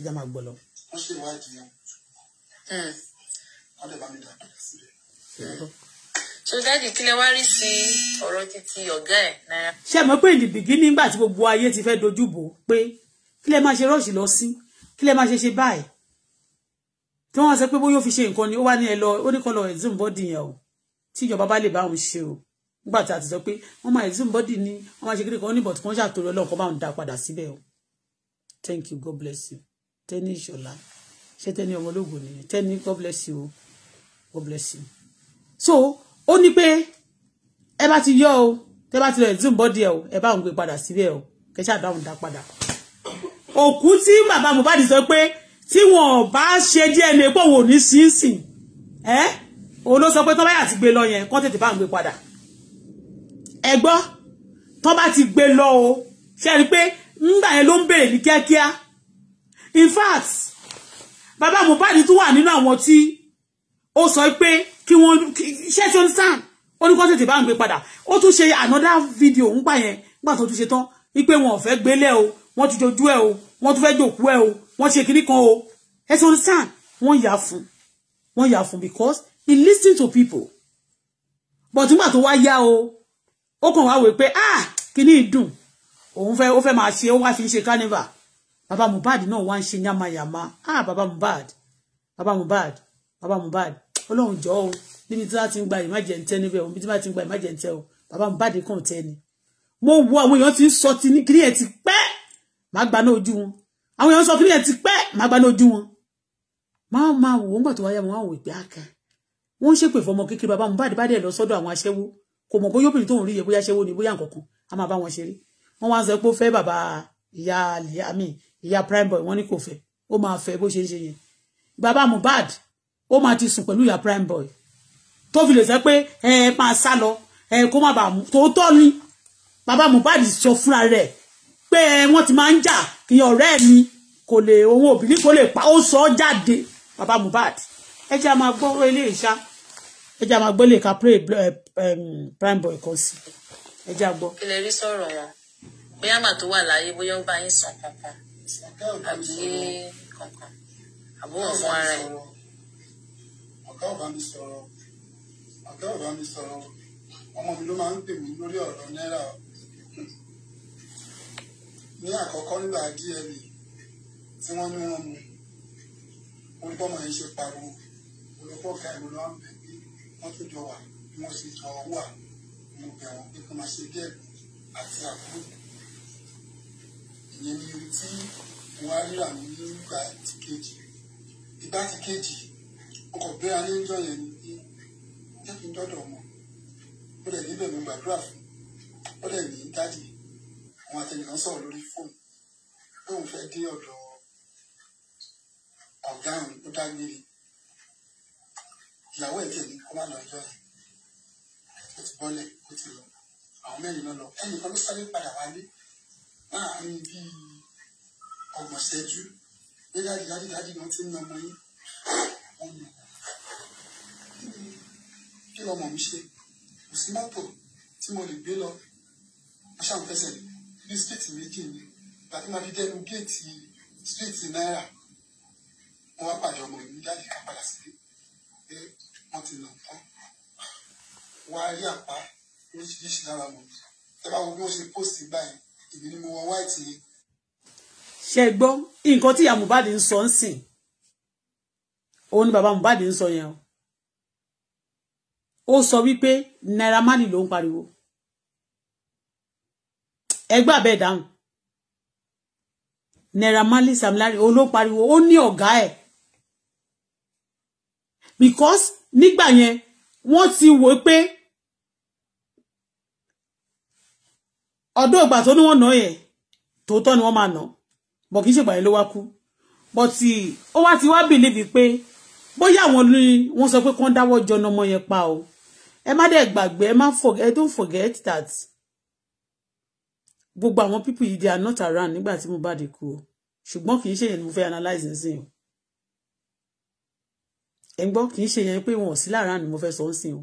ìjà máa gbọ́ lọ ṣe ìwádìí hmm. hmm. so dáàdi kí lẹ wá rí sí ọ̀rọ̀ títí ọ̀gá ẹ̀ náírà. ṣé pé in the beginning nígbà tí gbogbo ayé ti fẹ́ dojú bò ó pé kí lẹ máa ṣe rọ́ọ̀ṣì lọ sí kí lẹ máa ṣe ṣe báyìí tí wọ́n sọ pé bóyá ó fi ṣe nǹkan ni ó wá ní ẹ lọ ó ní kọ́ lọ exhume body yẹn o tí ìjọba bá lè bá òun ṣe o nígbà tí a ti sọ pé wọ́n máa exhume body ni wọ́n máa ṣe kékeré kan ó ní bọ̀tí kan ṣàtòrò ọlọ́run kan bá òun dá padà síbẹ̀ o thank you god bless you. Tẹ́ni Ìṣọ̀lá ṣé Tẹ́ni ọmọlógo ni Tẹ́ni God bless you God bless you so ó ní pé ẹ bá ti yọ o tẹ bá ti lọ ìdí bọ́dí ẹ o ẹ bá òun gbé padà síbẹ̀ o kẹṣẹ àdáhùn dá padà òkú tí bàbá Mohbad sọ pé tí wọn ò bá ṣe DNA pọ̀ wò ní sínsìn ẹ òun ló sọ pé tọ́lá yà ti gbé lọ yẹn kọ́ tètè bá òun gbé padà ẹ gbọ́ tọ́ bá ti gbé lọ o ṣe é rí i pé ńgbà yẹn ló ń bèrè ní kíákíá in fact Baba, Mohbad tún wà nínú àwọn tí ó sọ pé kí wọ́n ṣe tí ó ń sàn ó ní kó tètè bá ń gbé padà ó tún ṣe another video ń gbà yẹn nígbà tó tún ṣe tán wípé wọn ò fẹ́ gbélé o wọ́n ti jojú ẹ̀ o wọ́n tún fẹ́ jòkú ẹ̀ o wọ́n ṣe kinní kan o ẹ ti understand wọ́n yà fún wọ́n yà fún because he listen to people but nígbà tó wá yá o ó kàn wá wò pé ah kinní dùn òun fẹ́ ó fẹ́ máa ṣe ó wá fi ń ṣe carnival baba mubad náà wá ń ṣe yamayama ah baba mubad baba mubad baba mubad ọlọ́run jọ o níbi tí wọ́n ti ń gba ìmájẹ̀ntẹ́ níbẹ̀ o níbi tí wọ́n ti ń gba ìmájẹ̀ntẹ́ o bàbá Mohbad kàn tẹ́ ni mo wo àwọn èèyàn ti ń sọ ti ní kiri ẹ̀ ti pẹ́ ma gba náà ojú wọn àwọn èèyàn sọ kiri ẹ̀ ti pẹ́ màá gba náà ojú wọn máa máa wò ó ńgbà tó wáyà wọn àwọn ìpè àkà ah, wọn ń ṣépè fọmọ kékeré bàbá Mohbad bá dẹ̀ lọ sọ́dọ̀ àwọn aṣẹ́wó kò mọ̀ bóyá obìnrin tó ń rí yẹ bóyá aṣẹ́wó ni bóyá nǹkan a máa bá wọn ṣeré wọ́n wá ń sọ pé ó fẹ́ bàbá ìyá àmì ìyá prime boy wọ́n ní kò fẹ́ ó máa fẹ́ bó ṣe ń ṣe yẹn bàbá Mohbad ó máa ti sùn pẹ̀lú ìyá prime boy tó fi lè sọ pé ẹ máa sá lọ ẹ kó má bàa tòótọ́ ni bàbá Mohbad sọ fúnra rẹ̀ pé wọ́n ti máa ń jà kí ọ̀rẹ́ mi kò lè owó òbílí kò lè pa ó sọ ọ́ jáde bàbá Mohbad ẹ jẹ́ a gbọ́ ilé ìṣá ẹ jẹ́ a gbọ́ ilé ìka prime boy kan sí ẹ jẹ́ a gbọ́. ilé rí sọ̀rọ̀ wọn bóyá màá tó wà láyé bóyá ó bá yín sàn kankan àbí kankan àbúrò fún ara ẹ̀. ọ̀gá ò bá mi sọ̀rọ̀ ọ̀gá ò bá mi sọ̀rọ̀ ọmọ mi ló máa ń pè mí lórí ọ̀rọ̀ náírà ní àkọ́kọ́ nígbà díẹ̀ ni tí wọ́n ní wọn mú olùkọ́ máa ń ṣe pariwo olùkọ́ ọ̀gá ìlú ló ń bẹ̀ pé wọ́n tó jọ wà wọ́n sì jọ wà mo bẹ̀ wọ́n pé kí wọ́n máa ṣe díẹ̀ àti àbúrò ìyẹn ni ibi tí buhari rà mí nígbà tí kejì ìgbà tí kejì mo kàn gbéra ní ìjọ yẹn ní jẹ́ kí n dọ́dọ̀ wọn ó dẹ̀ níbẹ̀ mo gbàdúrà fún ó dẹ̀ ní dáàdì àwọn àtẹnìkan sọ̀rọ̀ lórí fóònù pé òun fẹ́ dé ọ̀dọ̀ ọ̀gá òun tó dágbére ìyàwó ẹ̀ tẹ̀lé kó má lọ ìjọ yẹn ó ti bọ́lẹ̀ ó ti lọ àwọn mẹ́rin náà lọ ẹnìkan ló sáré padà wálé láàrin bí ọgbọ̀n ṣẹ́jú pé dájú dájú dájú ni wọ́n ti ń na ọmọ yín wọ́n nà kí lọmọ mi ṣe kò sí mọ́tò tí mo lè gbé lọ mo ṣàǹfẹsẹ̀ bísíkìtì méjì ni gbàtí máa fi dẹnu géètì stíìtì náírà mo wá pàdé ọmọ mi jáde ká padà sílé pé wọ́n ti nà tán wá rí àpá oríṣiríṣi lára wọn ẹ bá wo bí wọ́n ṣe póòsì gbà èmi ni mo wọ white yẹn. ṣe gbọ́ nǹkan tí ìyá Mohbad ń sọ ń sìn òun ni bàbá Mohbad ń sọ yẹn o ó sọ wípé Naira Marley ló ń pariwo ẹgbẹ́ abẹ́ dáhùn Naira Marley Sam Larry ló pariwo ó ní ọ̀gá ẹ̀ because nígbà yẹn wọ́n ti wò pé ọdún ìgbà tó ní wọ́n nà yẹn tòótọ́ ni wọ́n máa nà bọ̀ kì í ṣègbà yẹn ló wá kú but ó wá ti wá bìlíbi pé bóyá àwọn ni wọ́n sọ pé kán dáwọ́ jọna ọmọ yẹn pa o ẹ má dẹ̀ gbàgbé ẹ má forget don't forget that gbogbo àwọn people yìí they are not around nígbà tí mo bá dé kú o ṣùgbọ́n kì í ṣe yẹn ni mo fẹ́ analyse nísìnyí o ẹ̀ ń gbọ́ kì í ṣe yẹn pé wọn ò sí lára ni mo fẹ́ sọ ń sìn o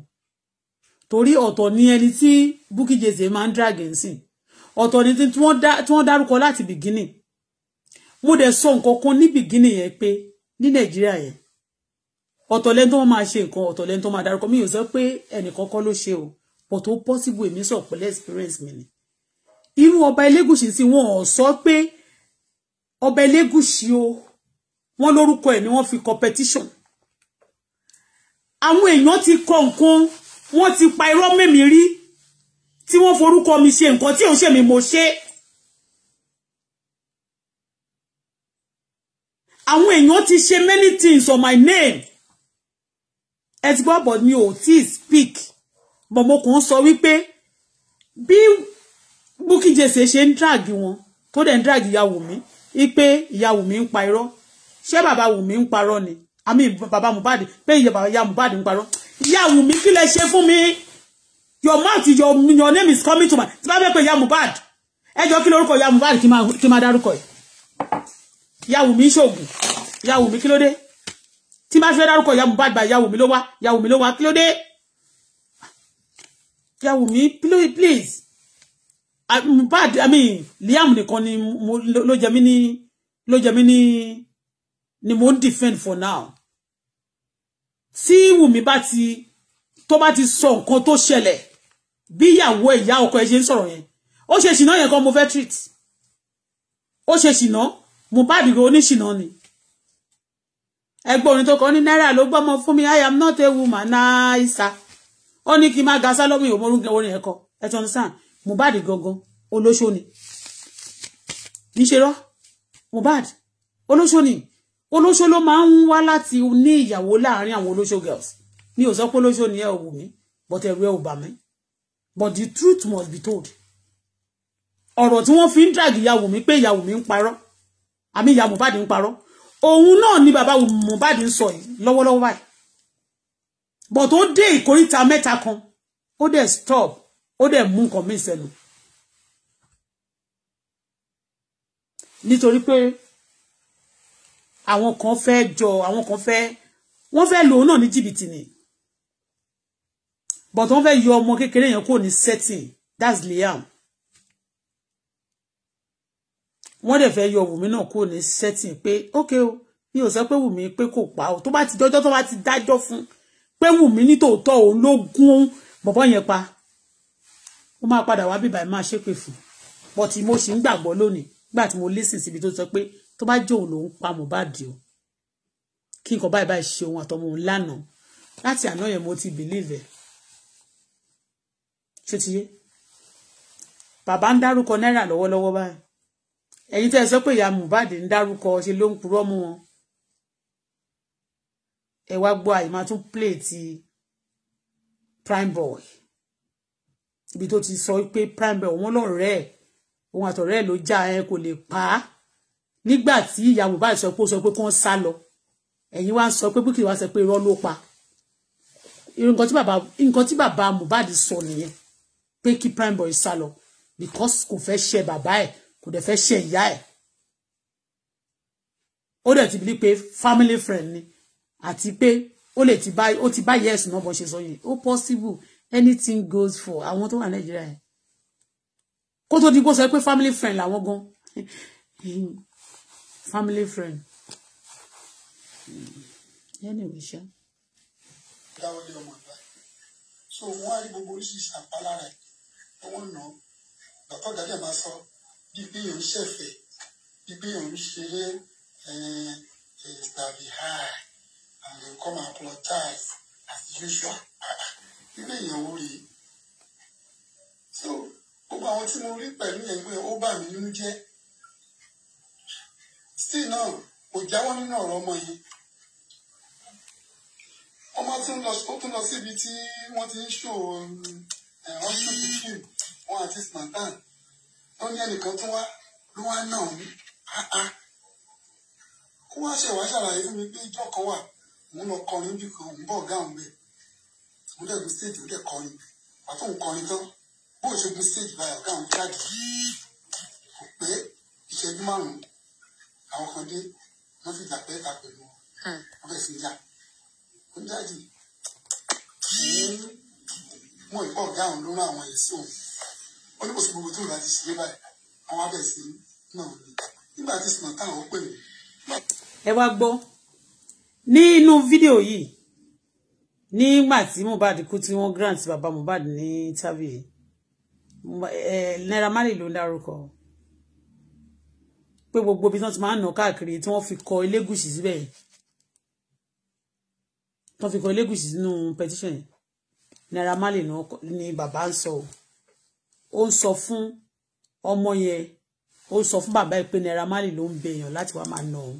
torí ọ̀tọ̀ ni ẹni tí Bukky máa ń drag sìn ọ̀tọ̀ ni tí wọ́n dárúkọ láti bìgínì mo dẹ̀ sọ nǹkan kan ní bìgínì yẹn pé ní nàìjíríà yẹn ọ̀tọ̀ lẹ́ni tó wọ́n máa ṣe nǹkan ọ̀tọ̀ lẹ́ni tó máa dárúkọ mi ò sọ pé ẹnìkan kọ́ ló ṣe o pọ̀ tó possible èmi sọ pẹ̀lú experience mi ni irú ọba elégùsì sí wọn ò sọ pé ọba elégùsì o wọn lórúkọ ẹ̀ ni wọ́n fi competition àwọn èèyàn ti kọ nǹkan wọ́n ti pa irọ́ mẹ́mi rí tí wọ́n forúkọ mi ṣe nǹkan tí ò ń ṣe mi mo ṣe àwọn èèyàn ti ṣe many things on my name ẹ ti gbọ́ bọ̀ mi ò tí speak bọ̀ mo kàn ń sọ wípé bí Bukky Jesse ṣe drag wọn tó dẹ̀ ń drag ìyá Wùmí wípé ìyá Wùmí ń pa irọ́ ṣé bàbá Wùmí ń parọ́ ni àmì bàbá Mohbad pé ìyá Mohbad ń parọ́ ìyá Wùmí kí lẹ ṣe fún mi your mouth your your name is coming to my tí bá fẹ́ pé ìyá Mohbad ẹ jọ kí lórúkọ ìyá Mohbad kí máa dárúkọ yìí ìyá Wùmí ṣògùn ìyá Wùmí kí ló dé tí bá fẹ́ dárúkọ ìyá Mohbad bá ìyá Wùmí ló wá ìyá Wùmí ló wá kí ló dé ìyá Wùmí please Mohbad i mean Liam nìkan ni ló jẹ mí ní ló jẹ mí ní ni mo defend for now tí Wùmí bá ti tó bá ti sọ nǹkan tó ṣẹlẹ̀ bí ìyàwó ìyá ọkọ ẹ ṣe ń sọ̀rọ̀ yẹn ó ṣe ṣìnà yẹn kan mo fẹ́ treat ó ṣe ṣìnà Mohbad go oníṣìnà ni ẹgbọ́n orin tó kọ ní náírà ló gbọ́mọ fún mi I am not a woman náà ìsà ó ní kí n má ga sálọ́mù ìhòmórúngẹ orin ẹ̀kọ́ ẹ ti understand Mohbad gangan olóṣó ni níṣe rọ Mohbad olóṣó ni olóṣó ló máa ń wá láti ní ìyàwó láàárín àwọn olóṣó girls mi ò sọ pé olóṣó ni ẹ ò wù mí bọ́tẹ̀ ẹ̀rù ẹ ò bà mí but the truth must be told ọ̀rọ̀ tí wọ́n fi ń drag ìyá Wùmí pé ìyá Wùmí ń parọ́ àmì ìyá Mohbad ń parọ́ òun náà ni bàbá Mohbad ń sọ yìí lọ́wọ́lọ́wọ́ báyìí but ó dé ìkóríta mẹ́ta kan ó dẹ̀ stop ó dẹ̀ mú nǹkan mí sẹ́nu nítorí pé àwọn kan fẹ́ jọ àwọn kan fẹ́ wọ́n fẹ́ lòun náà ní jìbìtì ni but wọ́n fẹ́ yọ ọmọ kékeré yẹn kò ní setting that's Liam wọ́n dẹ̀ fẹ́ yọ Wùmí náà kò setting pay. Okay, o mi ò pay woman pay pé kò pa o tó bá ti dọ́jọ́ tó bá ti dájọ́ fún pé Wùmí ní tòótọ́ òun ló gún bọ̀bọ́ yẹn pa ó máa padà wá bíbá ẹ máa ṣépè but mo sì ń gbàgbọ́ lónìí listen to tó sọ pé tó bá jẹ́ òun lòún pa Mohbad o kí nǹkan báyìí báyìí ṣe òun àtọmọ òun lánàá láti àná yẹn mo believe ẹ ṣó ti yé bàbá ń dárúkọ náírà lọ́wọ́lọ́wọ́ báyìí ẹ̀yin tẹ́ ẹ sọ pé ìyá Mohbad ń dárúkọ ṣe ló ń purọ́ mú wọn ẹ wá gbọ́ àyè máa tún pléètì prime boy ibi tó ti sọ pé prime boy òun lọ́rẹ́ ẹ̀ òun àtọ̀rẹ́ ẹ̀ ló já ẹ kò lè pa á nígbà tí ìyá Mohbad sọ pé ó sọ pé kó ń sá lọ ẹ̀yin wá ń sọ pé búkì wá sọ pé irọ́ ló pa nǹkan tí bàbá Mohbad sọ nìyẹn pé kí prime boy sá lọ because kò fẹ́ ṣe bàbá ẹ̀ kò dẹ̀ fẹ́ ṣe ìyá ẹ̀ ó dẹ̀ ti bí pé family friend ni àti pé ó lè ti bá ó ti bá yes náà bọ́ ṣe sọ yìí ó possible anything goes for àwọn tó wà nàìjíríà yẹn kó tó di kó sọ pé family friend làwọn gan <laughs> family friend anyway ṣá. so wọ́n á rí gbogbo oríṣiríṣi àpá lára ọwọ́ nà bàbá ọ̀gá dẹ̀ máa sọ bíi pé òun ṣẹ̀fẹ̀ bíi pé òun ṣeré ìgbàgbé high and you come and apologize as usual ilé èèyàn ò rí so gbogbo àwọn tí mo rí pẹ̀lú yẹn pé ó bà mí nínú jẹ́ sí náà kò jáwọ́ nínú ọ̀rọ̀ ọmọ yìí ọmọ tún lọ síbi tí wọ́n ti ń ṣòro wọ́n ṣòkè fún wọn àti smartan wọ́n ní ẹnìkan tó wá ló wá náà mú áá kó wá ṣe wá ṣàlàyé fún mi pé ìjọ kan wà òun lọ kọrin bí kan òun bọ̀ ọ̀gá òun bẹ̀ òun dẹ̀ gun stage òun dẹ̀ kọrin pàtó òun kọrin tán bó o ṣe gun stage báyìí ọ̀gá òun jáde kò pé ìṣẹ́jú márùn-ún àwọn kan dé wọ́n fi gbàgbé ta pẹ̀lú wọn hmm. wọ́n fẹ́ sí yá òun jáde wọn ìkọ́ ọ̀gá àwọn ló rán àwọn ẹ̀ sí òun ó ní kò sí gbogbo tó ìbá ti ṣe báyìí àwọn abẹ́ sí náà ni nígbà tí sùnà táwọn ó pè mí. ẹ wá gbọ́ ní inú fídíò yìí nígbà tí Mohbad kú tí wọ́n grant bàbá Mohbad ní tábì Naira Marley ló ń dárúkọ pé gbogbo ibi tí wọ́n ti máa ń nà káàkiri tí wọ́n fi kọ Elégùṣì síbẹ̀ tí wọ́n fi kọ Elégùṣì sínú petition yìí Naira Marley ni bàbá ń sọ ó ń sọ fún ọmọ yẹn ó ń sọ fún bàbá yìí pé Naira Marley ló ń bẹ èèyàn láti wá máa nà òun.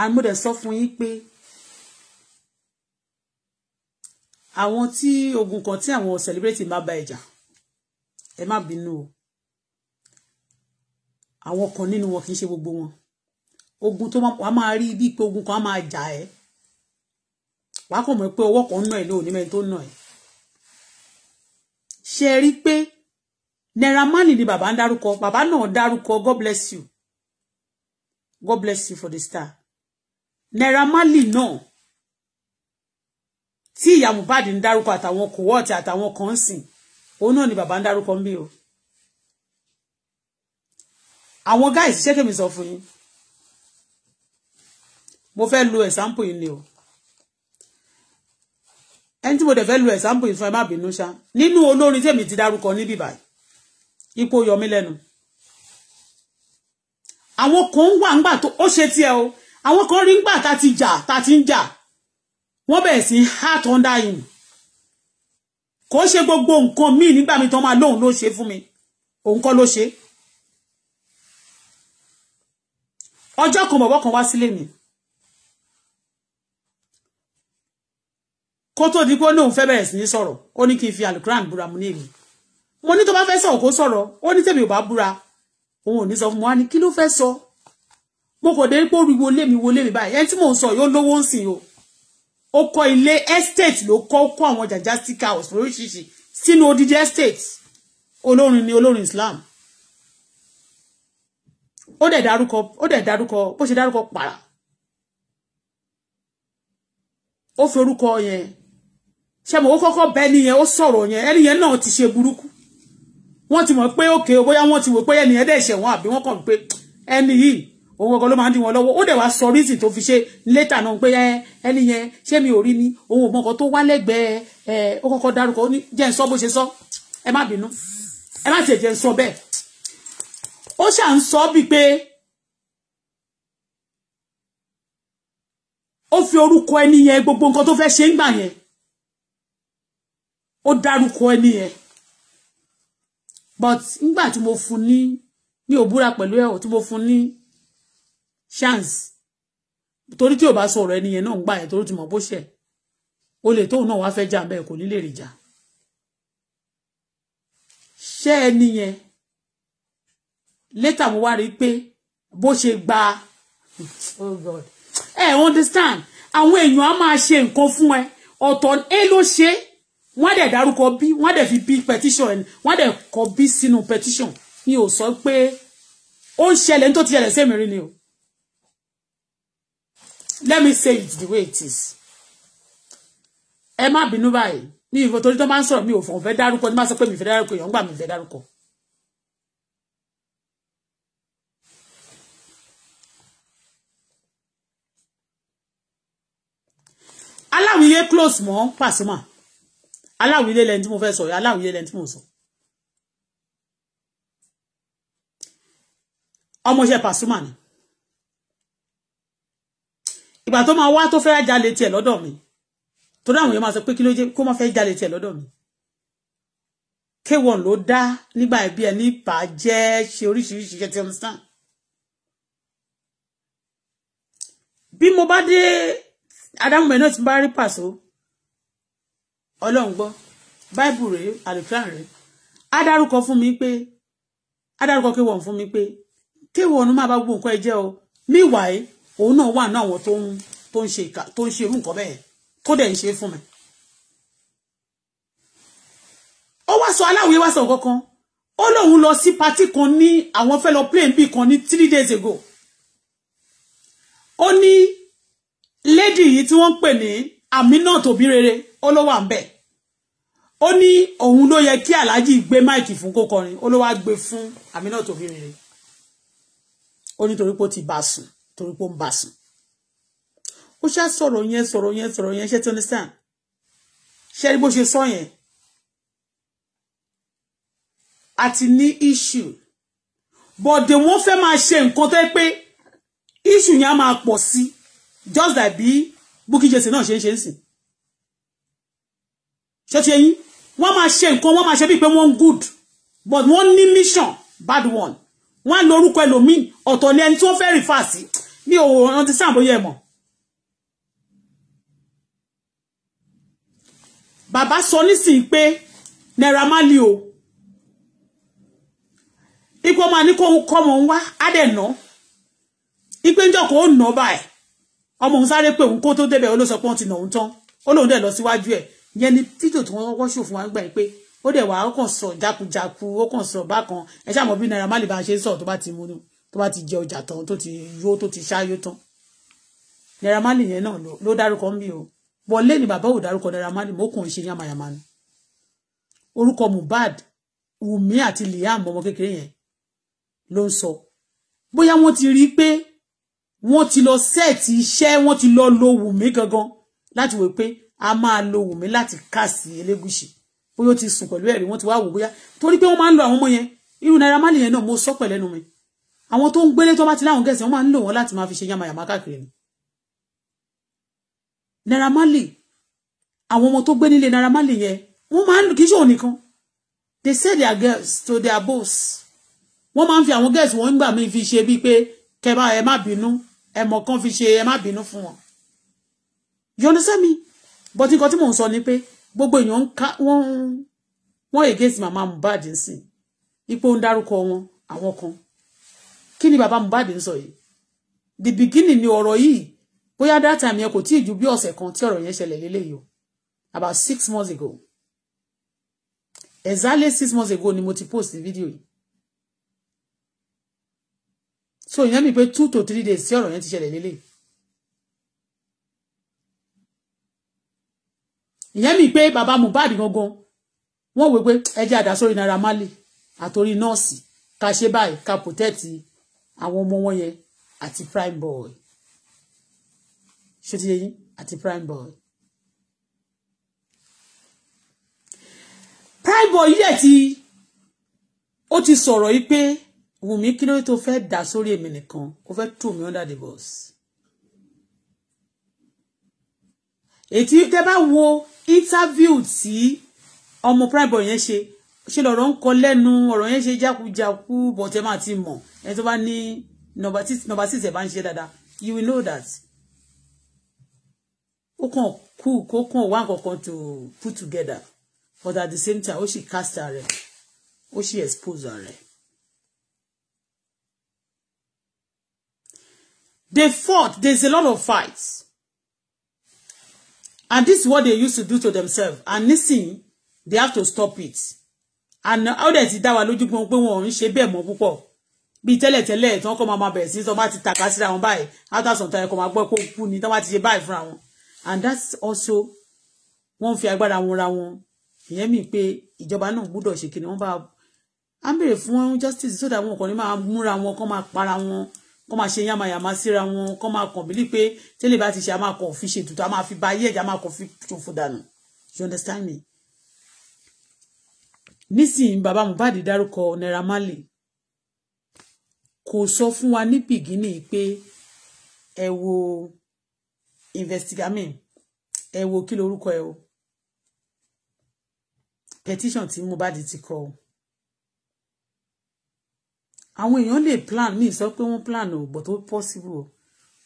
àwọn mo dẹ̀ sọ fún yín pé àwọn tí ogun kan tí àwọn celebrate bá ba ẹ̀jà ẹ má bínú o àwọn kan nínú wọn kì í ṣe gbogbo wọn ogun tó máa rí bíi pé ogun kan á máa jà ẹ́ wàá kò mọ̀ pé ọwọ́ kan nà ẹ̀ lóò ní mẹ́rin tó nà ẹ̀ ṣe rí pé Naira Marley ni bàbá ń dárúkọ bàbá náà dárúkọ God bless you God bless you for the star Naira Marley náà tí ìyá Mohbad ń dárúkọ àtàwọn kòwọ́ọ̀tì àtàwọn kan sìn òun náà ni bàbá ń dárúkọ ń bí o àwọn guys ṣé kèmi sọ fún yín mo fẹ́ lo example yìí ni o ẹni tí mo dẹ̀ fẹ́ lu example ìfún ẹ má bínú ṣá nínú olórin tèmi ti dárúkọ níbí báyìí ipò yọ mí lẹ́nu àwọn kan wà ńgbà tó ó ṣe tiẹ̀ o àwọn kan rí ńgbà tá ti jà tá ti ń jà wọ́n bẹ̀rẹ̀ sí heart under him kò ṣe gbogbo nǹkan míì nígbà mi tán máa lóun ló ṣe fún mi òun kọ́ ló ṣe ọjọ́ kan bọ̀bọ̀ kan wá sílé mi kó tó di pé ó lóun fẹ́ bẹ̀rẹ̀ sí ní sọ̀rọ̀ ó ní kí n fi alukuran búra mu ní èmi mo ní tó bá fẹ́ sọ̀rọ̀ kó sọ̀rọ̀ ó ní tèmi ò bá búra òun ò ní sọ fún mi wá ní kí mo kò dé pé ó rí wọlé mi wọlé mi báyìí ẹni tí mò ń sọ yóò lówó ń o ó kọ́ estate lo kọ́ kó àwọn jàjà sticker house lóríṣiríṣi sínú odidi estate olórin ni olórin Islam ó dẹ̀ dárúkọ ó dẹ̀ daruko bó ṣe dárúkọ pàrà ó fi orúkọ ṣe mọ̀ ó kọ́kọ́ bẹ ẹni yẹn ó sọ̀rọ̀ yẹn ẹni yẹn náà ti ṣe burúkú wọ́n ti mọ̀ pé òkè bóyá wọ́n ti wò pé ẹni yẹn dẹ̀ ṣẹ̀ wọ́n àbí wọ́n kàn pé ẹni yìí òun ọkọ ló máa ń dí wọn lọ́wọ́ ó dẹ̀ wá sọ rísì tó fi ṣe létà náà pé ẹni yẹn ṣé mi ò rí ni òun ò mọ̀kàn tó wá lẹ́gbẹ̀ẹ́ ẹ o kọ́kọ́ dárúkọ ó ní jẹ́ ń sọ bó ṣe sọ ẹ má bínú ẹ má tiẹ̀ jẹ́ ń sọ bẹ́ẹ̀ ó ṣà ń sọ bíi pé fi orúkọ ẹni yẹn gbogbo nǹkan tó fẹ́ ṣe ń gbà ó dárúkọ ẹni yẹn but nígbà tí mo fún ní ní òbúra pẹ̀lú ẹ̀ tí mo fún ní chance torí tí ò bá sọ ọ̀rọ̀ ẹni yẹn náà ń gbà ẹ̀ torí ti mọ̀ bó ṣẹ̀ o lè tóun náà wá fẹ́ jà bẹ́ẹ̀ kò ní lè rí jà ṣé ẹni yẹn later mo wá rí i pé bó ṣe gba oh god ẹ hey, understand àwọn èèyàn á máa ṣe nǹkan fún ẹ ọ̀tọ̀ ẹ ló ṣe é wọ́n dẹ̀ dárúkọ bí wọ́n dẹ̀ fi bí petition ẹni wọ́n dẹ̀ kọ bí sínú petition mi ò sọ pé ó ń ṣẹlẹ̀ ní tó ti ṣẹlẹ̀ sẹ́mi rí ni o let me say it the way it is ẹ má bínú báyìí ní ìfò torí tó máa ń sọ̀rọ̀ mi ò fọ̀n fẹ́ dárúkọ ní máa sọ pé mi fẹ́ dárúkọ èèyàn gbà mi fẹ́ dárúkọ. aláwìyé close mọ́ Pasuma aláwìn ilé lẹni tí mo fẹ́ sọ aláwìn ilé lẹni tí mo sọ. ọmọọṣẹ́ Pasuma ni ìgbà tó máa wá tó fẹ́ jalè tiẹ̀ lọ́dọ̀ mi torí àwọn èèyàn máa sọ pé kí ló jẹ́ kó má fẹ́ jalè tiẹ̀ lọ́dọ̀ mi k1 ló dá nígbà ẹbí ẹ nípa jẹ́ ṣe oríṣiríṣi ṣe ti understand. bí mo bá dé adámọ̀mẹ́ náà ti bá rí pàṣọ ọlọ́run gbọ́ báìbù rèé àlùfáà rèé á dárúkọ fún mi pé á dárúkọ kéwọ̀n fún mi pé kéwọ̀n ọ̀nù máa bá gbogbo nǹkan ẹ jẹ́ o meanwhile òun náà wà náà àwọn tó ń tó ń ṣe ìka tó ń ṣe irú nǹkan bẹ́ẹ̀ tó dẹ̀ ń ṣe fún mi. ó wá sọ aláwìí wá sọ kankan ó lóun lọ sí patí kan ní àwọn fẹ́ lọ plane bíi kan ní three days ago ó ní lady yìí tí wọ́n ń pè ní àmì náà tòbí rere ó ló wà ń bẹ̀ ó ní òun ló yẹ kí aláàjì gbé máìkì fún kó kọrin ó ló wá gbé fún Aminat Obirere ó ní torí ti bá sùn torí ń bá sùn ó ṣá sọ̀rọ̀ yẹn sọ̀rọ̀ yẹn sọ̀rọ̀ yẹn ṣé tí understand ṣe rí bó ṣe sọ yẹn àti ní issue bọ̀dé wọ́n fẹ́ máa ṣe nǹkan tẹ́ pé issue yẹn á máa pọ̀ sí just like bí Bukky Jesse náà ṣe ń ṣe ń sìn ṣé ti ẹ̀yin wọ́n máa ṣe nǹkan wọ́n máa ṣe bíi pé wọ́n good but wọ́n ní mission bad one wọ́n á lo orúkọ ẹlòmíì ọ̀tọ̀ ni ẹni tí wọ́n fẹ́ rìn fà sí mi ò rántí sáà bóyá ẹ mọ̀. bàbá sọ nísìnyí pé Naira Marley o ipò máa ní kó kọ́mọ ń wá á dẹ̀ nà ipe ń jọkọ̀ ó nà báyìí ọmọ òun sáré pé òun kó tó débẹ̀ ó ló sọ pé wọ́n ti nà òun tán ó lóun dẹ̀ lọ síwájú ẹ̀ ìyẹn ni fídíò tí wọ́n kọ́kọ́ ṣò fún wa gbà pé ó dẹ̀ wá ó kàn sọ jákujáku ó kàn sọ bákan ẹ ṣáà mọ̀ bí Naira Marley bá ṣe ń sọ tó bá ti mú tó bá ti jẹ ọjà tán tó ti yó tó ti ṣáyó tán Naira Marley yẹn náà ló dárúkọ ń bí o wọlé ni bàbá ò dárúkọ Naira Marley mo kàn ń ṣe yamayama ni orúkọ Mohbad Wùmí àti Liam ọmọ kékeré yẹn ló ń sọ bóyá wọ́n ti rí pé wọ́n ti lọ sẹẹtì iṣẹ́ wọ́n ti lọ lo Wùmí gangan láti wò pé a máa lo Wùmí láti kásì Elégùṣì bóyá ó ti sùn pẹ̀lú ẹ̀rí wọ́n ti wá wò bóyá torí pé wọ́n máa ń lo àwọn ọmọ yẹn irú Naira Marley yẹn náà mo sọ pẹ̀lẹ́nu mi àwọn tó ń gbélé tó bá ti láwọn gẹ̀ẹ́sì wọ́n máa ń lò wọ́n láti máa fi ṣe yamayama káàkiri ni Naira Marley àwọn ọmọ tó gbé nílé Naira Marley yẹn wọ́n máa ń lò kì í ṣe òun nìkan they sell their girls to their boss wọ́n máa ń fi àwọn girls wọ́n gbà mí fi ṣe bíi pé kẹ́ ẹ but nǹkan tí mò ń sọ ni pé gbogbo èèyàn wọ́n wọ́n against màmá Mohbad nsìn ipò ń dárúkọ wọn àwọn kan kí ni bàbá Mohbad ń sọ yìí the beginning ni ọ̀rọ̀ yìí bóyá that time yẹn kò tí ì ju bí ọ̀sẹ̀ kan tí ọ̀rọ̀ yẹn ṣẹlẹ̀ lélẹ́yìí o about six months ago exactly six months ago ni mo ti post video yìí so ìyẹn mi pé two to three days tí ọ̀rọ̀ yẹn ti ṣẹlẹ̀ lélẹ́yìí ìyẹn mi pé bàbá Mohbad gangan wọ́n wò pé ẹjẹ́ àdá sórí Naira Marley àtòrí nọ́ọ̀sì ká ṣe báyìí ká pòtẹ́ẹ̀tì àwọn ọmọ wọn yẹn àti prime boy ṣé ti yé yín àti prime boy. prime boy yìí dẹ̀ ti ó ti sọ̀rọ̀ yìí pé Wùmí kí ló tó fẹ́ dà sórí èmi nìkan ó fẹ́ tù mí under the bus. ètí tẹ́ bá wo interview tí ọmọ prime boy yẹn ṣe ṣe lọ̀rọ̀ ń kọ lẹ́nu ọ̀rọ̀ yẹn ṣe jákujáku bọ̀tẹ́ máa ti mọ̀ ẹni tó bá ní nọmba six ẹ̀ bá ń ṣe dáadáa you will know that ó kàn kú kó kàn wá nǹkankan to put together but at the same time ó sì cast rẹ̀ ó sì expose rẹ̀. they fought there's a lot of fights And this is what they used to do to themselves. And nísìnyí, they have to stop it. And how does it that wa lójú pé wọn ò ń ṣe bẹ́ẹ̀ mọ́ púpọ̀. Bí tẹ́lẹ̀tẹ́lẹ̀ tí wọ́n kọ́ máa máa bẹ̀rẹ̀ sí tọ́ bá ti tàka síra wọn báyìí. After some time, kò máa gbọ́ pé ó kú ni tọ́ bá ti And that's also wọ́n fi agbára wọn ra wọn. Ìyẹn mi pé ìjọba náà gbúdọ̀ ṣe kí ni wọ́n bá. À ń justice so that wọn kò ní máa múra wọn kó máa para wọn kọ́ máa ṣe yàmàyàmà síra wọn kọ́ máa kàn bílí pé tẹ́lẹ̀ bá ti ṣe a máa kàn fi ṣètùtù a máa fi ba ayé ẹ̀jẹ̀ a máa kàn fi ṣòfò dànù you understand me. nísìnyí bàbá Mohbad dárúkọ Naira Marley kò sọ fún wa ní bìgínì pé ẹ wo investigami ẹ wo kí lorúkọ ẹ o petition tí Mohbad ti kọ o àwọn èèyàn lè plan mi sọ pé wọ́n plan ò but ó possible o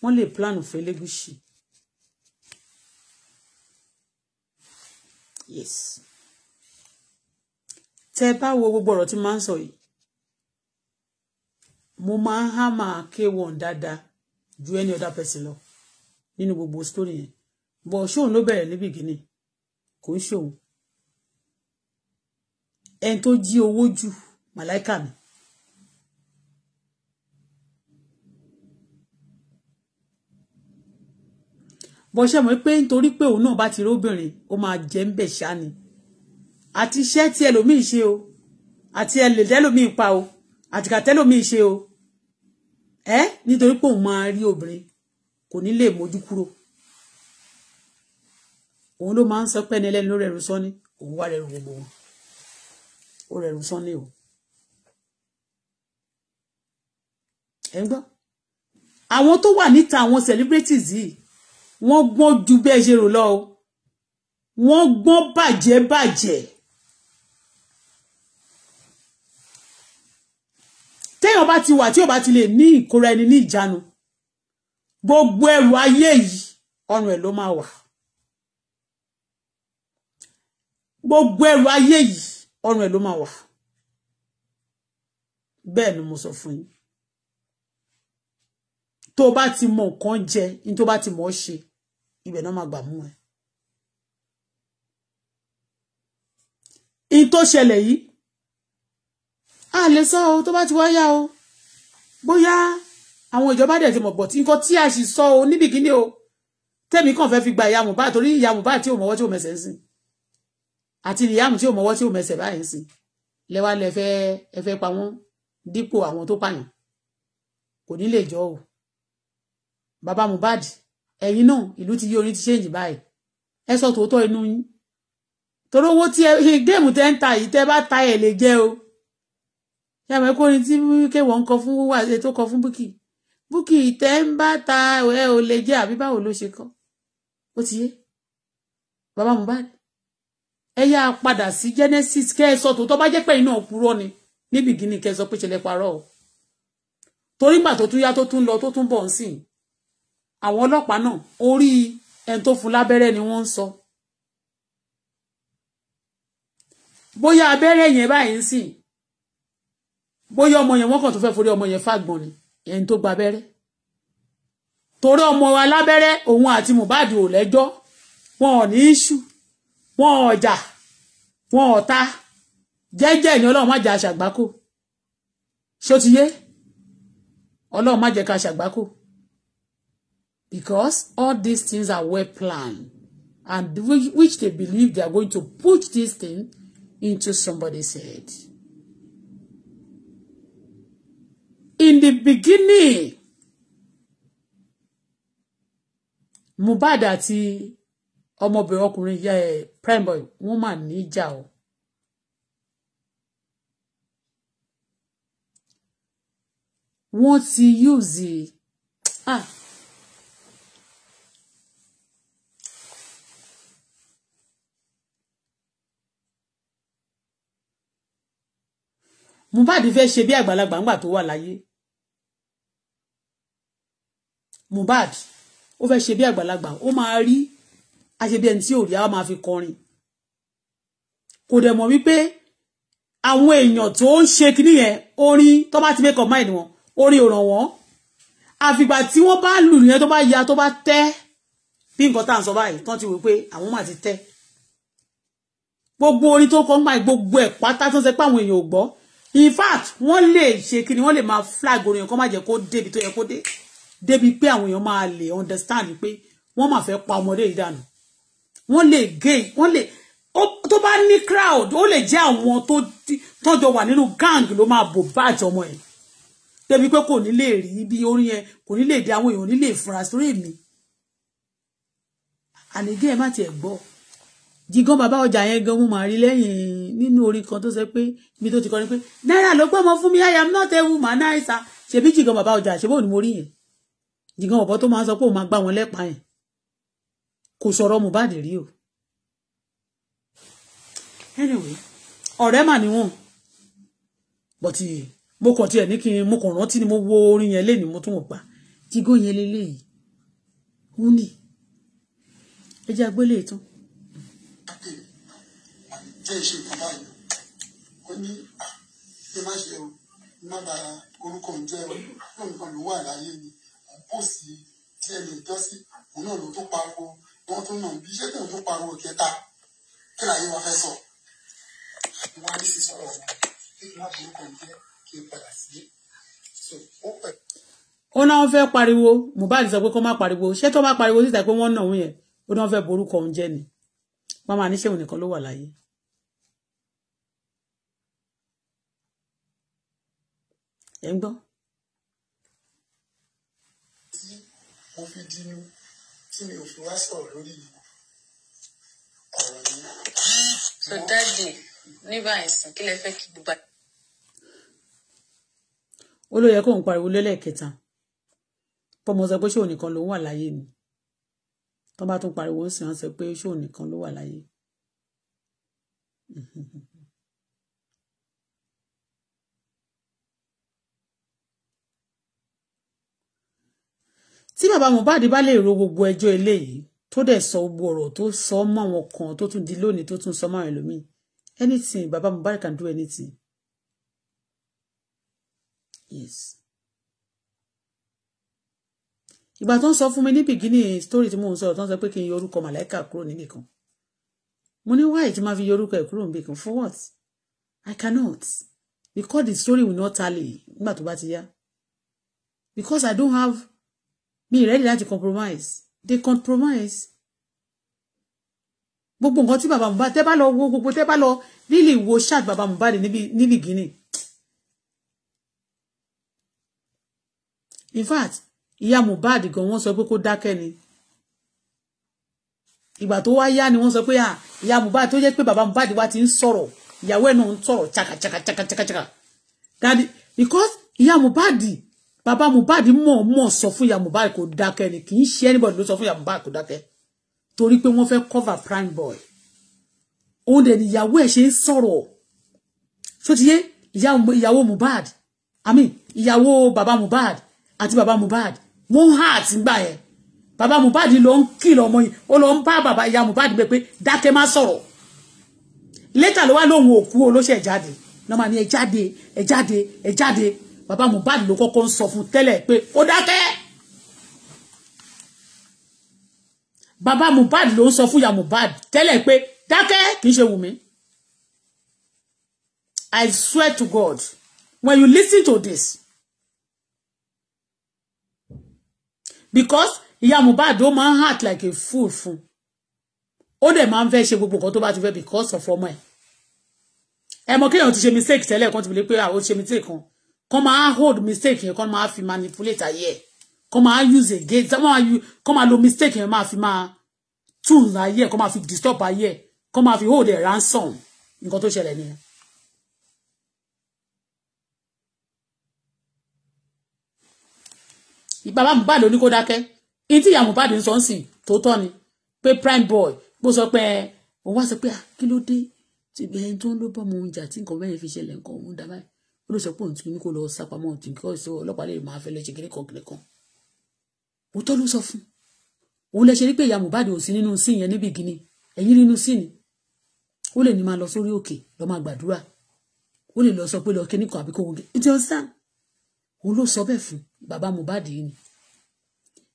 wọ́n lè plan fún Elégùṣì yes tẹ bá wo gbogbo ọ̀rọ̀ tí máa ń sọ yìí mo máa ń hámà k1 dáadáa ju any other person lọ nínú gbogbo story yẹn bọ̀ ṣóun ló bẹ̀rẹ̀ ní bìgínì kò ń ṣòun ẹni tó jí owó jù màláìka mi bó ṣe mọ̀ pé nítorí pé òun náà bá ti róbìnrin ó máa jẹ́ ń bẹ̀ ṣá ni àti iṣẹ́ tí ẹlòmíì ṣe o àti ẹlẹ̀ tẹ́lòmíì pa o àtìkà tẹ́lòmíì ṣe o ẹ nítorí pé òun máa rí obìnrin kò ní lè mójú kúrò òun ló máa ń sọ pé ẹni ẹlẹ́ni ló rẹ̀rù sọ́ni òun wá rẹ̀rù gbogbo wọn ó rẹ̀rù sọ́ni o ẹ ń gbọ́ àwọn tó wà níta àwọn celebrities yìí wọ́n gbọ́n ju bẹ́ẹ̀ ṣe rò lọ o wọ́n gbọ́n bàjẹ́ bàjẹ́ téèyàn bá ti wà tí ò bá ti lè ní ìkóra ẹni ní ìjánu gbogbo ẹrù ayé yìí ọrùn ẹ̀ ló máa wà gbogbo ẹrù ayé yìí ọrùn ẹ̀ ló máa wà bẹ́ẹ̀ ni mo sọ fún yín tó bá ti mọ nǹkan jẹ ní tó bá ti mọ ṣe ibẹ̀ náà máa gbà mú ẹ. in tó ṣẹlẹ̀ yìí a lè sọ o tó bá ti wá yá o bóyá àwọn ìjọba dẹ̀ ti mọ̀ pọ̀ tí nǹkan tí a sì sọ o níbi kíní o tẹ́mi kàn fẹ́ fi gba ìyá Mohbad torí ìyá Mohbad tí ò mọ̀wọ́ tí ò mẹsẹ̀ ń sìn àti ìyá mi ò mọ̀wọ́ tí ò mẹsẹ̀ báyìí ń sìn lẹ́wà lẹ fẹ́ ẹ fẹ́ pa wọ́n dípò àwọn tó pààyàn kò ní lè jọ o bàbá Mohbad ẹ̀yin náà ìlú ti yí orin ti ṣéǹjì báyìí ẹ sọ tòótọ́ inú yín torí owó tí ẹ géèmù tẹ́ ń ta yìí tẹ́ bá ta ẹ̀ lè jẹ́ o ṣé àmọ́ ẹ̀kọ́ orin tí wíkẹ́ wọ́n ń kọ fún wíwà tó kọ fún búkì búkì tẹ́ ń bá ta ẹ ò lè jẹ́ àbí báwo ló ṣe kọ́ ó ti yé bàbá Mohbad ẹ yá padà sí Genesis kẹ́ ẹ sọ tòótọ́ bá jẹ́ pé iná òpùrọ́ ni níbi gíní kẹ́ ẹ sọ pé ṣẹlẹ̀ parọ́ o torí gbà tó tún yá tó tún lọ tó tún bọ̀ ń sìn àwọn ọlọ́pàá náà orí ẹni tó fún lábẹ́rẹ́ ni wọ́n ń sọ bóyá abẹ́rẹ́ yẹn báyìí ń sìn bóyá ọmọ yẹn wọ́n kàn tó fẹ́ forí ọmọ yẹn fàgbọ̀n ni ẹni tó gba abẹ́rẹ́ torí ọmọ wa lábẹ́rẹ́ òun àti Mohbad ò lẹ́jọ́ wọn ò ní í ṣù wọn ò jà wọn ò ta jẹ́jẹ́ ni ọlọ́run má jẹ́ aṣàgbákò ṣó ti yé ọlọ́run má jẹ́ ká aṣàgbákò because all these things are well planned and which they believe they are going to push this thing into somebody's head. In the beginning, Mohbad àti ọmọbìnrin ọkùnrin yẹ Primeboy wọ́n mà níjà o. Wọ́n you use ah Mohbad fẹ́ ṣe bí àgbàlagbà ńgbà tó wà láyé Mohbad ó fẹ́ ṣe bí àgbàlagbà ó máa rí aṣebí ẹni tí ò rí a máa fi kọrin kò dẹ̀ mọ̀ wípé àwọn èèyàn tó ń ṣe kinní yẹn orin tó bá ti make up wọn orin ò ràn wọ́n àfìgbà tí wọ́n bá lù yẹn tó bá ya tó bá tẹ́ bí nǹkan tá à ń sọ báyìí tán ti wò pé àwọn máa ti tẹ́ gbogbo orin tó kọ́ ń gbà gbogbo ẹ̀ pátá tó ń sẹ pé àwọn èèyàn ò gbọ́ in fact wọ́n lè ṣe kí ni wọ́n lè máa flag orin kan má jẹ́ kó débi tó yẹ kó dé débi pé àwọn èèyàn máa lè understand pé wọ́n máa fẹ́ pa ọmọdé yìí dànù wọ́n lè gay wọ́n lè tó bá ní crowd ó lè jẹ́ àwọn tó tọ́jọ wà nínú gang ló máa bò bá àti ọmọ ẹ̀ débi pé kò ní lè rí bí orin yẹn kò ní lè dé àwọn èèyàn ò ní lè fura sórí mi ànígé ẹ má tiẹ̀ gbọ́ jìgàn bàbá ọjà yẹn gan mo máa rí lẹ́yìn nínú orin kan tó sọ pé ibi tó ti kọrin pé náírà ló pẹ́ mọ́ fún mi I am not a woman náírà ṣebí jìgàn bàbá ọjà ṣebí òní mo rí yẹn jìgàn bàbá tó máa ń sọ pé òun máa gbá wọn lẹ́pàá yẹn kò sọ̀rọ̀ Mohbad rí o anyway ọ̀rẹ́ mà níwọ̀n but mo kàn tiẹ̀ ní kí n mo kàn rántí ni mo wo orin yẹn lénìí mo tún wọ̀ pa jígó yẹn lélẹ́yìí wúni ẹ jẹ́ agbélé tán àkè jẹ́ ìṣe ìkàbá yìí ó ní ṣe má ṣe o má ba orúkọ ń jẹ́ o fún nǹkan ló wà láyé ni kò sí tí ẹ lè jọ sí òun náà ló tó pariwo wọn tó nà bí iṣẹ́ tó pariwo kẹta kí láyé wa fẹ́ sọ wọn á ní sí sọ̀rọ̀ wọn kí n má borúkọ ń kí n padà sí ó náà fẹ́ pariwo Mohbad sọ pé kó má pariwo ṣé tó bá pariwo síta pé wọ́n nà òun ó náà fẹ́ borúkọ òun ni wọ́n máa ní ṣéun nìkan ló wà láyé. ẹ ń gbọ́. tí mo fi dínú tí mi ò fi wá sọ̀rọ̀ lórí ọ̀rọ̀ yìí. so dáàdì ní báyìí sàn kí lẹ fẹ́ kí gbogbo. ó ló yẹ kóun pariwo lélẹ̀kẹta pọ́nmọ́ pé ṣéun nìkan ló wà láyé ni tó bá tún pariwo sí wọn sọ pé ṣóò nìkan ló wà láyé <laughs> tí bàbá Mohbad bá lè ro gbogbo ẹjọ́ eléyìí tó dẹ̀ sọ gbogbo ọ̀rọ̀ tó sọ mọ́ àwọn kan tó tún di lónìí tó tún sọ mọ́ àwọn ẹlòmíì anything bàbá Mohbad can do anything yes ìgbà tó ń sọ fún mi ní bìgínì story tí mò ń sọ̀rọ̀ tó ń sọ pé kí n yọ orúkọ màláìka kúrò níbìkan mo ní why tí máa fi yọ orúkọ ẹ̀ kúrò níbìkan for what i cannot because the story will not tally nígbà tó bá ti yá because i don't have me ready to compromise they compromise gbogbo nǹkan tí bàbá Mohbad tẹ́ bá lọ wo gbogbo tẹ́ bá lọ lílì wo ṣáàt bàbá Mohbad ní bìgínì in fact ìyá Mohbad gan wọ́n sọ pé kó dákẹ́ ni ìgbà tó wá yá ni wọ́n sọ pé à ah, ìyá Mohbad tó jẹ́ pé bàbá Mohbad wá ti ń sọ̀rọ̀ ìyàwó ẹ̀ náà ń sọ̀rọ̀ chakachakachakachaka dadi because ìyá Mohbad bàbá Mohbad mọ̀ mọ̀ sọ fún ìyá Mohbad kó dákẹ́ ni kì í ṣe anybody ló sọ fún ìyá Mohbad kó dákẹ́ torí pé wọ́n fẹ́ cover prime boy òun dẹ̀ níyàwó ẹ̀ ṣe ń sọ̀rọ̀ ṣó ti yé ìyàwó Mohbad i mean ìyàwó bàbá Mohbad àti bàbá Mohbad heart wọ́n há àtìgbà yẹn bàbá Mohbad ló ń kìlọ̀ ọmọ yìí ó lọ ń bá bàbá ìyá Mohbad gbé pé dákẹ́ má sọ̀rọ̀ létà ló wá lóun òkú olóṣẹ̀ jáde nọ́mà ni ẹ jáde ẹ jáde ẹ jáde bàbá Mohbad ló kọ́kọ́ ń sọ fún tẹ́lẹ̀ pé ó dákẹ́ bàbá Mohbad ló ń sọ fún ìyá Mohbad tẹ́lẹ̀ pé dákẹ́ kì í ṣe Wùmí I swear to God when you listen to this because ìyá Mohbad ó máa ń hàt like a fool fún ó dẹ̀ máa ń fẹ́ ṣe gbogbo nǹkan tó bá ti fẹ́ because of ọmọ ẹ̀ ẹ mọ̀ kéèyàn ti ṣe mistake tẹ́lẹ̀ kan ti bìlẹ̀ pé àwọn ah, ṣe mistake kan kan máa hold mistake yẹn kan máa fi manipulate ayé ẹ̀ kan máa use again kan máa lo mistake yẹn máa fi máa tools ayé ẹ̀ kan máa fi disturb ayé ẹ̀ kan máa fi hold a ransom nǹkan tó ṣẹlẹ̀ nìyẹn. bàbá Mohbad ló ní kó dákẹ́ ní tí ìyá Mohbad ń sọ ń sìn tó tọ́ ni pé prime boy bó sọ pé òun wá sọ pé kí ló dé tí ẹni tó ń ló bọ́ ọmọ oúnjẹ àti nǹkan mẹ́rin fi ṣẹlẹ̀ nǹkan òun dá báyìí ó ló sọ pé òun ti ní kó lọ sápamọ́ òun ti kọ́ ìṣó ọlọ́pàá lè máa fẹ́ lọ ṣe kíríkan kíríkan òótọ́ ló sọ fún òun lẹ ṣe rí pé ìyá Mohbad ò sí nínú sín yẹn níbi gíní ẹ̀yìn nínú sín ni ó lè ní máa lọ sórí òkè lọ máa gbàdúrà ó lè lọ sọ pé lọ kíníkan àbí kò wọ́n gé ìjọ sáà òun ló sọ bẹ́ẹ̀ fún bàbá Mohbad yìí ni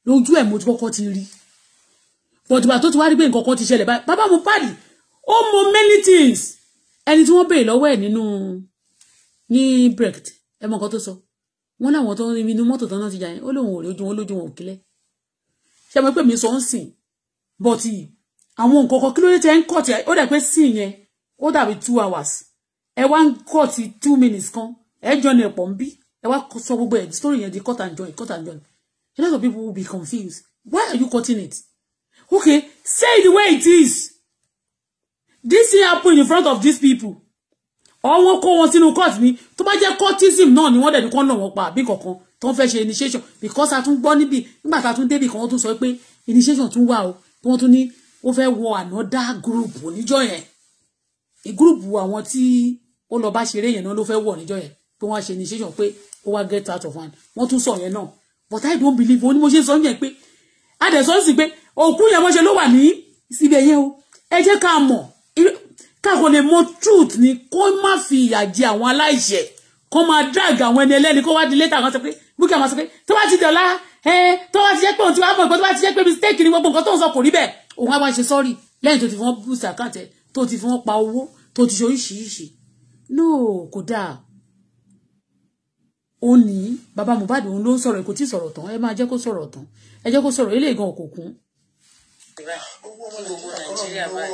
lójú ẹ̀ mo ti kọ́kọ́ ti rí bọ̀dùbà tó ti wá rí pé nǹkan kan ti ṣẹlẹ̀ báyìí bàbá Mohbad ó mọ many things ẹni tí wọ́n béèrè lọ́wọ́ ẹ̀ nínú ní brecht ẹ mọ nǹkan tó sọ wọn láwọn tó ń inú mọ́tò tán náà ti jà yẹn ó lóun ò lójú wọn lójú wọn ò kílẹ̀ ṣe mọ̀ pé mi sọ ń sìn bọ́tì àwọn nǹkan kan kí ló dé tẹ́ ń kọ̀ tí ó dà pé sìn yẹn ó dàbí two hours ẹ wá ń kọ̀ tí two minutes kan ẹ jọ ní ẹ̀pọ̀ ń bí ẹ wá sọ gbogbo ẹ̀ story yẹn di cut and join cut and join a lot of people will be confused why are you cutting it okay say the way it is this thing happen in front of these people ọwọ́ kó wọn sínú court ni tó bá jẹ́ courtism náà ni wọ́n dẹ̀ ní kán náà wọ́n pa àbí kankan tó ń fẹ́ ṣe initiation because a tún gbọ́ níbi nígbà tá a tún débì kan wọ́n tún sọ pé initiation tún wà o tí wọ́n tún ní ó fẹ́ wọ another group níjọ́ yẹn group àwọn tí ó lọ bá ṣeré yẹn náà ló fẹ́ wọ̀ níjọ́ yẹn pé wọ́n á ṣe initiation pé ó wá get out of hand wọ́n tún sọ yẹn náà but i don't believe ó ní mo ṣe sọ yẹn pé adẹ̀sọ́ sì pé òkú yẹn mo ṣe ló wà ní síbẹ̀ yẹn o ẹ jẹ́ ká mọ̀ káàkó lè mọ truth ni kó má fi ìyà jẹ àwọn aláìṣẹ̀ kó máa drag àwọn ẹni ẹlẹ́ni kó wá di later kan sọ pé búkì àwọn sọ pé tó bá ti dọ̀la ẹ tó bá ti jẹ́ pé òun ti wá mọ̀ ìgbọ́n tó bá ti jẹ́ pé mistake ni gbogbo nǹkan tó ń sọ kò rí bẹ́ẹ̀ òun á wá ṣe sorry lẹ́yìn tó ti fi wọ́n boost account ẹ̀ tó ti fi wọ́n pa owó tó ti ṣe oríṣiríṣi no kò dáa ó ní bàbá Mohbad òun ló ń sọ̀rọ̀ kò tí ì sọ̀rọ̀ tán ẹ máa jẹ́ kó sọ̀rọ̀ tán ẹ jẹ́ kó sọ̀rọ̀ ilé ìgan kò kún. Eh, gbogbo ohun tó ṣẹlẹ̀ kò ṣe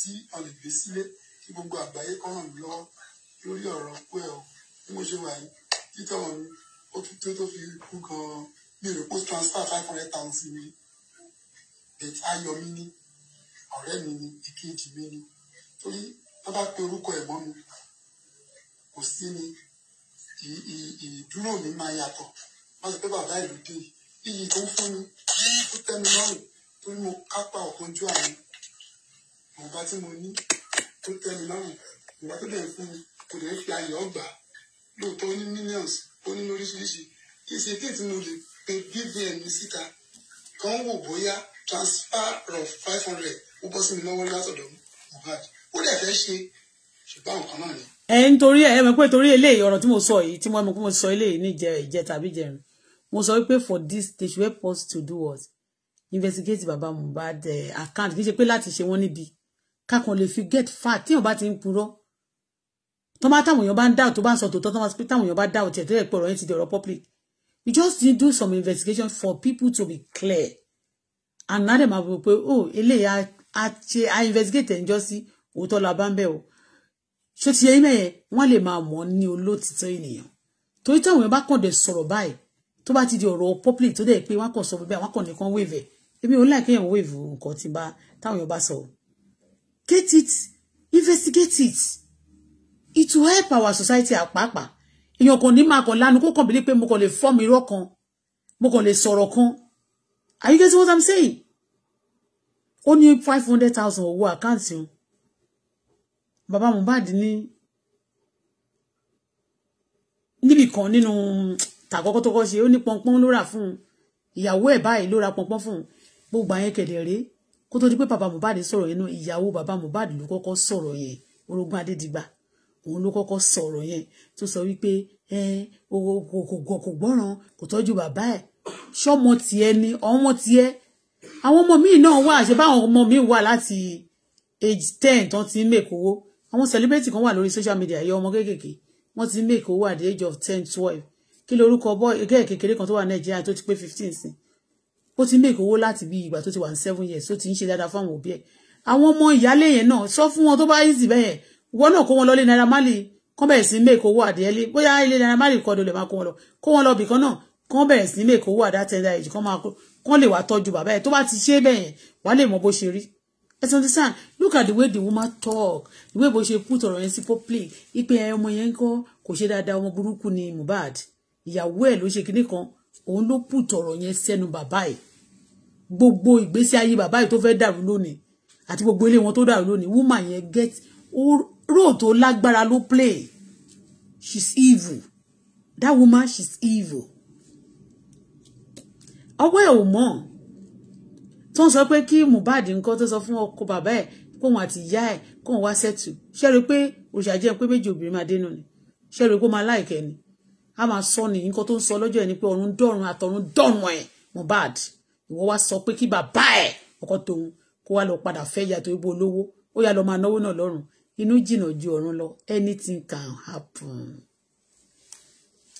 tí wọn lè gbé sílé kí gbogbo àgbáyé kan ràn mí lọ́wọ́ lórí ọ̀rọ̀ pé ọ bí mo ṣe wà yìí títọ́ wọn ó tún tó tó fi kú gan-an mi rò kó transfer five hundred thousand sí mi bẹ̀tẹ̀ ayọ̀ mi ni ọ̀rẹ́ mi ni ìkejì mi ni torí wọ́n bá pe orúkọ ẹ̀ mọ́ mi kò sí ni ìdúró mi máa yàtọ̀ wọ́n sọ pé bàbá ìlú dé iyì tó ń fún mi ó tẹ́ mi lọ́rùn torí mo kápá ọ̀kanjú àmì ìwọ̀nba tí mo ní tó tẹ́ mi lọ́rùn ìwọ̀nba tó dẹ̀ fún mi kò dẹ̀ fi ayọ̀ gbà lóòótọ́ ní millions ó ní lóríṣiríṣi kì í ṣe kí ètò mo lè bbn mi síta kan wò bóyá transfer of five hundred ó bọ́ sí mi lọ́wọ́ látọ̀dọ̀ Mohbad ó dẹ̀ fẹ́ ṣe ṣùgbọ́n àwọn kan náà ni. ẹ ń torí ẹ mọ̀ pé torí eléyìí ọ̀rọ̀ tí mo sọ yìí tí mo mọ̀ pé mo sọ eléyìí ní ìjẹ ìjẹ tàbí jẹrin mo sọ wípé for this they should help us to do what investigate baba Mohbad eh, account kì í ṣe pé láti ṣe wọ́n níbi kákan lè fi get fat tí wọ́n bá ti ń purọ́ tó bá táwọn èèyàn bá ń dáwọ̀ tó bá ń sọ tòótọ́ tó bá ń sọ pé táwọn èèyàn bá dáwọ̀ tiẹ̀ tó yẹ pé ọ̀rọ̀ yẹn ti di ọ̀rọ̀ public you just need do some investigation for people to be clear and now dem ma wo oh eléyà a ṣe a investigate and just see. sí òótọ́ la bá ń bẹ̀ o ṣó ti yẹ yín mẹ́yẹn wọ́n lè máa mọ̀ ní olótìtọ́ ènìyàn torí táwọn èèyàn bá kàn dẹ̀ sọ̀rọ̀ báyìí tó bá ti di ọ̀rọ̀ public tó dẹ̀ pé wọ́n kàn sọ̀rọ̀ báyìí wọ́n kàn nìkan wave ẹ̀ èmi ò láì kéèyàn wave nǹkan tí bá táwọn èèyàn bá sọ̀rọ̀ get it investigate it it will help our society àpapàá èèyàn kò ní máa kàn lánàá kó kàn bí pé mo kàn lè form mi irọ́ kan mo kàn lè sọ̀rọ̀ kan are you getting what i'm saying Only ní five hundred thousand owó àkáǹtì o bàbá Mohbad ní níbì kan nínú tàkọ́kọ́ tó kọ́ ṣe ó ní pọnpọ́n ló lo ra fun. ìyàwó e báyìí lo ra pọnpọ́n fún un gbogbo àyẹn kẹ̀dẹ̀ rèé kó tó di pé bàbá Mohbad sọ̀rọ̀ yẹn náà ìyàwó bàbá Mohbad ló kọ́kọ́ sọ̀rọ̀ yẹn orogún òun ló kọ́kọ́ sọ̀rọ̀ yẹn tó sọ wípé ẹ kò gbọ́ràn kò tọ́jú bàbá ẹ̀ ṣọ́mọ tiẹ̀ ni ọmọ tiẹ̀ àwọn ọmọ míì náà wà ṣe báwọn ọmọ míì wà láti age ten tán ti ń make owó àwọn celebrity kan wà lórí social media yẹ ọmọ kéékèèké wọ́n ti ń make owó at the age of ten twelve kí lorúkọ bọ́ ẹgẹ́ kékeré kan tó wà nàìjíríà tó ti pé fifteen sí ó ti make owó láti bí ìgbà tó ti wà ní seven years tó ti ń ṣe dáadáa fáwọn òbí ẹ̀ àwọn ọmọ ìyálé yẹn náà sọ fún wọn tó bá yìí sì bẹ́ẹ̀ ìwọ náà kó wọn lọ lé Naira Marley kán bẹ̀rẹ̀ sí make owó àdéhẹ́lé bóyá ilé Naira Marley kọ́ ló máa kó wọn lọ kó wọn lọ bìkan náà kán bẹ̀rẹ̀ sí make owó àdá tẹ́lẹ̀ èjì kán máa kán lè wá tọ́jú bàbá ẹ̀ tó bá ti ṣe bẹ́ẹ̀ yẹn lè mọ bó ṣe rí ẹ ti understand look at the way the woman talk the way bó ṣe put ọ̀rọ̀ yẹn sí public ipe ọmọ yẹn kọ́ kò ṣe dáadáa ọmọ burúkú ni Mohbad ìyàwó ẹ̀ ló ṣe kinní kan òun ló put ọ̀rọ̀ yẹn sẹ́nu bàbá ẹ̀ gbogbo ìgbésí ayé bàbá ẹ̀ tó fẹ́ dàrú lónìí àti gbogbo ilé wọn woman yẹn get role tó lágbára ló play she's evil that woman she's evil ọwọ́ ẹ̀ ò mọ̀ tó ń sọ pé kí Mohbad nǹkan tó sọ fún ọkọ bàbá ẹ̀ kóun àti ìyá ẹ̀ kóun wá sẹ́tù ṣe rí i pé òṣàjẹ́ pé méjì obìnrin máa dénú ni ṣe rí i pé ó máa láìkẹ́ ni a máa sọ ní nǹkan tó ń sọ lọ́jọ́ ẹ̀ ni pé ọ̀run dọ̀run àtọ̀run dọ̀run ẹ̀ Mohbad ìwọ wá sọ pé kí bàbá ẹ̀ ọkọ tòun kó wá lọ padà fẹ́ ìyá tó ibo olówó ó yá lọ máa náwó náà lọ́rùn inú jìnnà ju ọ̀run lọ anything can happen